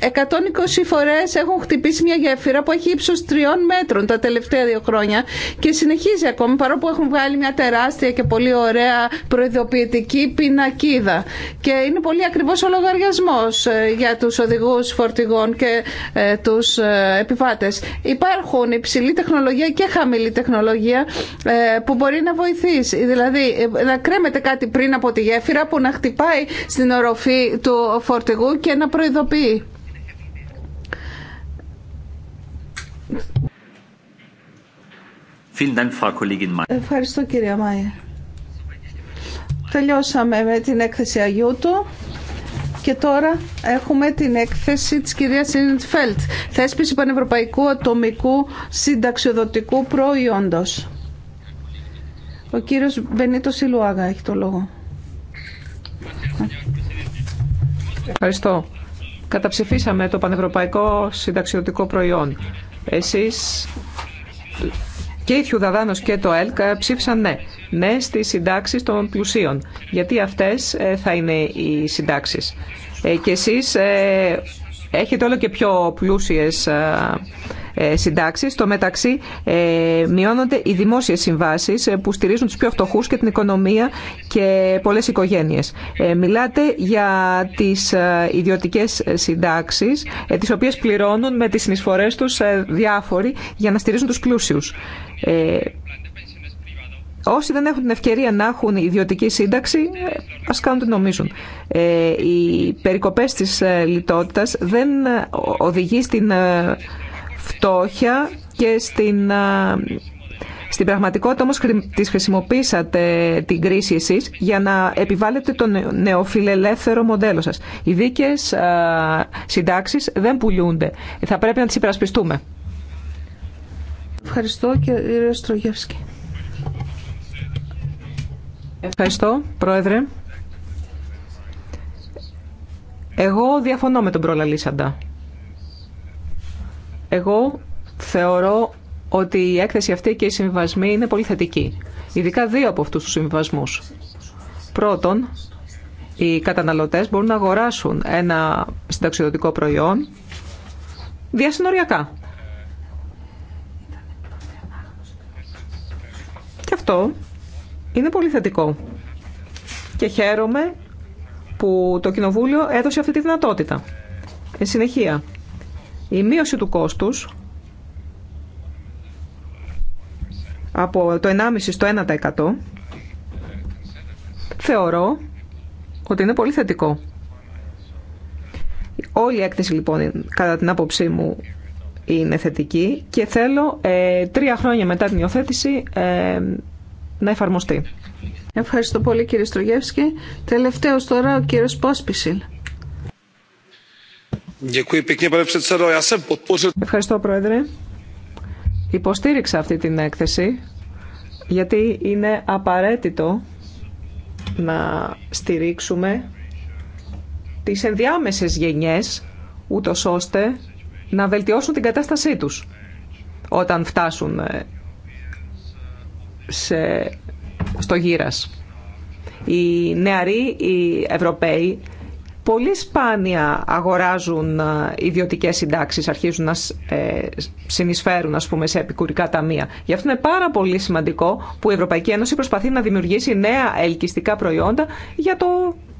120 ε, φορές έχουν χτυπήσει μια γέφυρα που έχει ύψος τριών μέτρων τα τελευταία δύο χρόνια και συνεχίζει ακόμη παρόλο που έχουν βγάλει μια τεράστια και πολύ ωραία προειδοποιητική πινακίδα και είναι πολύ ακριβώς ο λογαριασμός για τους οδηγούς φορτηγών και τους επιβάτες. Υπάρχουν υψηλή τεχνολογία και χαμηλή τεχνολογία ε, που μπορεί να βοηθήσει. Δηλαδή ε, να κρέμεται κάτι πριν από τη γέφυρα που να χτυπάει στην οροφή του φορτηγού και να προειδοποιεί. Ευχαριστώ κυρία Μάια. Τελειώσαμε με την έκθεση του. Και τώρα έχουμε την έκθεση της κυρίας Σίντφελτ, θέσπιση πανευρωπαϊκού ατομικού συνταξιοδοτικού προϊόντος. Ο κύριος Μπενίτο Σιλουάγα έχει το λόγο. Ευχαριστώ. Καταψηφίσαμε το πανευρωπαϊκό συνταξιοδοτικό προϊόν. Εσείς και η Θιουδαδάνο και το ΕΛΚ ε, ψήφισαν ναι. Ναι στι συντάξει των πλουσίων. Γιατί αυτές ε, θα είναι οι συντάξεις. Ε, και εσείς έχετε όλο και πιο πλούσιες ε, ε, συντάξεις. Στο μεταξύ ε, μειώνονται οι δημόσιες συμβάσεις που στηρίζουν τους πιο φτωχούς και την οικονομία και πολλές οικογένειες. Μιλάτε για τις ιδιωτικές συντάξεις, τις οποίες πληρώνουν με τις συνεισφορές τους διάφοροι για να στηρίζουν τους πλούσιους. Όσοι δεν έχουν την ευκαιρία να έχουν ιδιωτική σύνταξη, α κάνουν τι νομίζουν. Ε, οι περικοπέ τη ε, λιτότητα δεν ε, οδηγεί στην φτώχεια και στην. Στην πραγματικότητα όμως τις χρησιμοποίησατε την κρίση εσείς για να επιβάλλετε το νεοφιλελεύθερο μοντέλο σας. Οι δίκες συντάξεις δεν πουλούνται. Θα πρέπει να τις υπερασπιστούμε. Ευχαριστώ κύριε Στρογεύσκη. Ευχαριστώ, Πρόεδρε. Εγώ διαφωνώ με τον Λίσαντα. Εγώ θεωρώ ότι η έκθεση αυτή και οι συμβιβασμοί είναι πολύ θετικοί. Ειδικά δύο από αυτούς τους συμβιβασμούς. Πρώτον, οι καταναλωτές μπορούν να αγοράσουν ένα συνταξιδοτικό προϊόν διασυνοριακά. Και αυτό είναι πολύ θετικό. Και χαίρομαι που το Κοινοβούλιο έδωσε αυτή τη δυνατότητα. Εν συνεχεία, η μείωση του κόστους από το 1,5% στο 1% θεωρώ ότι είναι πολύ θετικό. Όλη η έκθεση λοιπόν κατά την άποψή μου είναι θετική και θέλω ε, τρία χρόνια μετά την υιοθέτηση ε, Ευχαριστώ πολύ κύριε Στρογεύσκη. Τελευταίος τώρα ο κύριος Πόσπισιλ. Ευχαριστώ πρόεδρε. Υποστήριξα αυτή την έκθεση γιατί είναι απαραίτητο να στηρίξουμε τις ενδιάμεσες γενιές ούτω ώστε να βελτιώσουν την κατάστασή τους όταν φτάσουν ε, σε, στο γύρας. Οι νεαροί, οι Ευρωπαίοι, πολύ σπάνια αγοράζουν ε, ιδιωτικές συντάξεις, αρχίζουν να ε, συνεισφέρουν ας πούμε, σε επικουρικά ταμεία. Γι' αυτό είναι πάρα πολύ σημαντικό που η Ευρωπαϊκή Ένωση προσπαθεί να δημιουργήσει νέα ελκυστικά προϊόντα για το,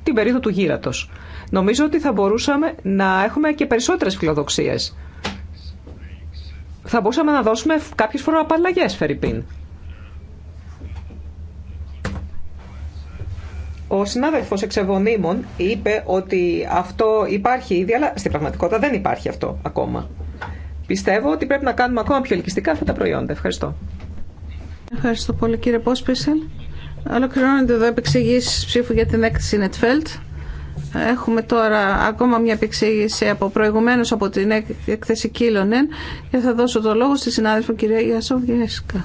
την περίοδο του γύρατος. Νομίζω ότι θα μπορούσαμε να έχουμε και περισσότερες φιλοδοξίες. Θα μπορούσαμε να δώσουμε κάποιες φοροαπαλλαγές, Φερρυπίν. Ο συνάδελφο εξεβονίμων είπε ότι αυτό υπάρχει ήδη, αλλά στην πραγματικότητα δεν υπάρχει αυτό ακόμα. Πιστεύω ότι πρέπει να κάνουμε ακόμα πιο ελκυστικά αυτά τα προϊόντα. Ευχαριστώ. Ευχαριστώ πολύ κύριε Πόσπισελ. Ολοκληρώνονται εδώ επεξηγήσει ψήφου για την έκθεση Netfeld. Έχουμε τώρα ακόμα μια επεξήγηση από προηγουμένω από την έκθεση Κίλονεν και θα δώσω το λόγο στη συνάδελφο κυρία Εσκα.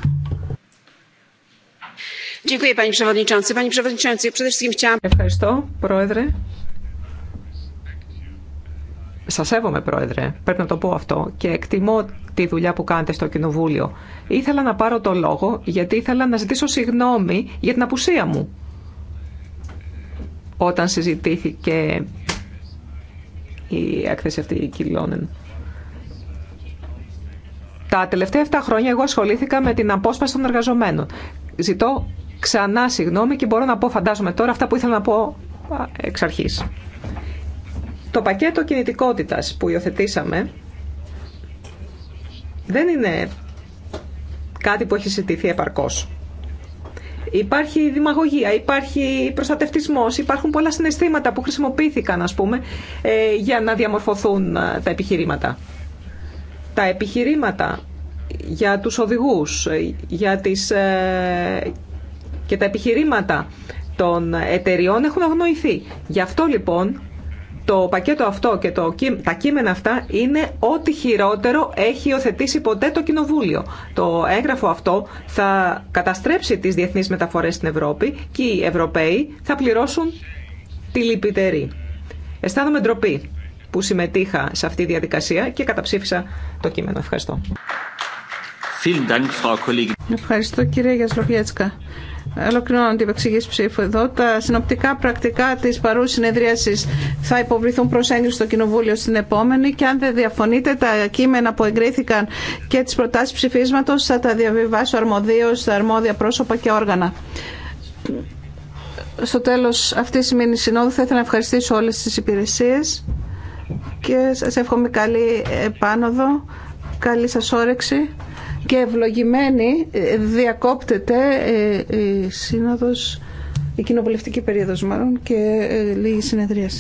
Ευχαριστώ, Πρόεδρε. Σα σέβομαι, Πρόεδρε, πρέπει να το πω αυτό και εκτιμώ τη δουλειά που κάνετε στο Κοινοβούλιο. Ήθελα να πάρω το λόγο γιατί ήθελα να ζητήσω συγγνώμη για την απουσία μου όταν συζητήθηκε η έκθεση αυτή η Κιλόνεν. Τα τελευταία 7 χρόνια εγώ ασχολήθηκα με την απόσπαση των εργαζομένων. Ζητώ Ξανά συγγνώμη και μπορώ να πω, φαντάζομαι τώρα, αυτά που ήθελα να πω εξ αρχής. Το πακέτο κινητικότητας που υιοθετήσαμε δεν είναι κάτι που έχει συζητηθεί επαρκώς. Υπάρχει δημαγωγία, υπάρχει προστατευτισμός, υπάρχουν πολλά συναισθήματα που χρησιμοποιήθηκαν, ας πούμε, ε, για να διαμορφωθούν ε, τα επιχειρήματα. Τα επιχειρήματα για τους οδηγούς, ε, για τις και τα επιχειρήματα των εταιριών έχουν αγνοηθεί. Γι' αυτό λοιπόν το πακέτο αυτό και το, τα κείμενα αυτά είναι ό,τι χειρότερο έχει υιοθετήσει ποτέ το Κοινοβούλιο. Το έγγραφο αυτό θα καταστρέψει τις διεθνείς μεταφορές στην Ευρώπη και οι Ευρωπαίοι θα πληρώσουν τη λυπητερή. Αισθάνομαι ντροπή που συμμετείχα σε αυτή τη διαδικασία και καταψήφισα το κείμενο. Ευχαριστώ. Ευχαριστώ κύριε Γιασλοβιέτσκα. Ολοκληρώνω την επεξηγήση ψήφου εδώ. Τα συνοπτικά πρακτικά τη παρού συνεδρίαση θα υποβληθούν προ έγκριση στο Κοινοβούλιο στην επόμενη και αν δεν διαφωνείτε, τα κείμενα που εγκρίθηκαν και τι προτάσει ψηφίσματο θα τα διαβιβάσω αρμοδίω στα αρμόδια πρόσωπα και όργανα. Στο τέλο αυτή τη μήνυ συνόδου θα ήθελα να ευχαριστήσω όλε τι υπηρεσίε και σα εύχομαι καλή επάνωδο, καλή σα όρεξη και ευλογημένη ε, διακόπτεται ε, ε, η σύνοδος, η κοινοβουλευτική περίοδος μάλλον και λίγη συνεδρίαση.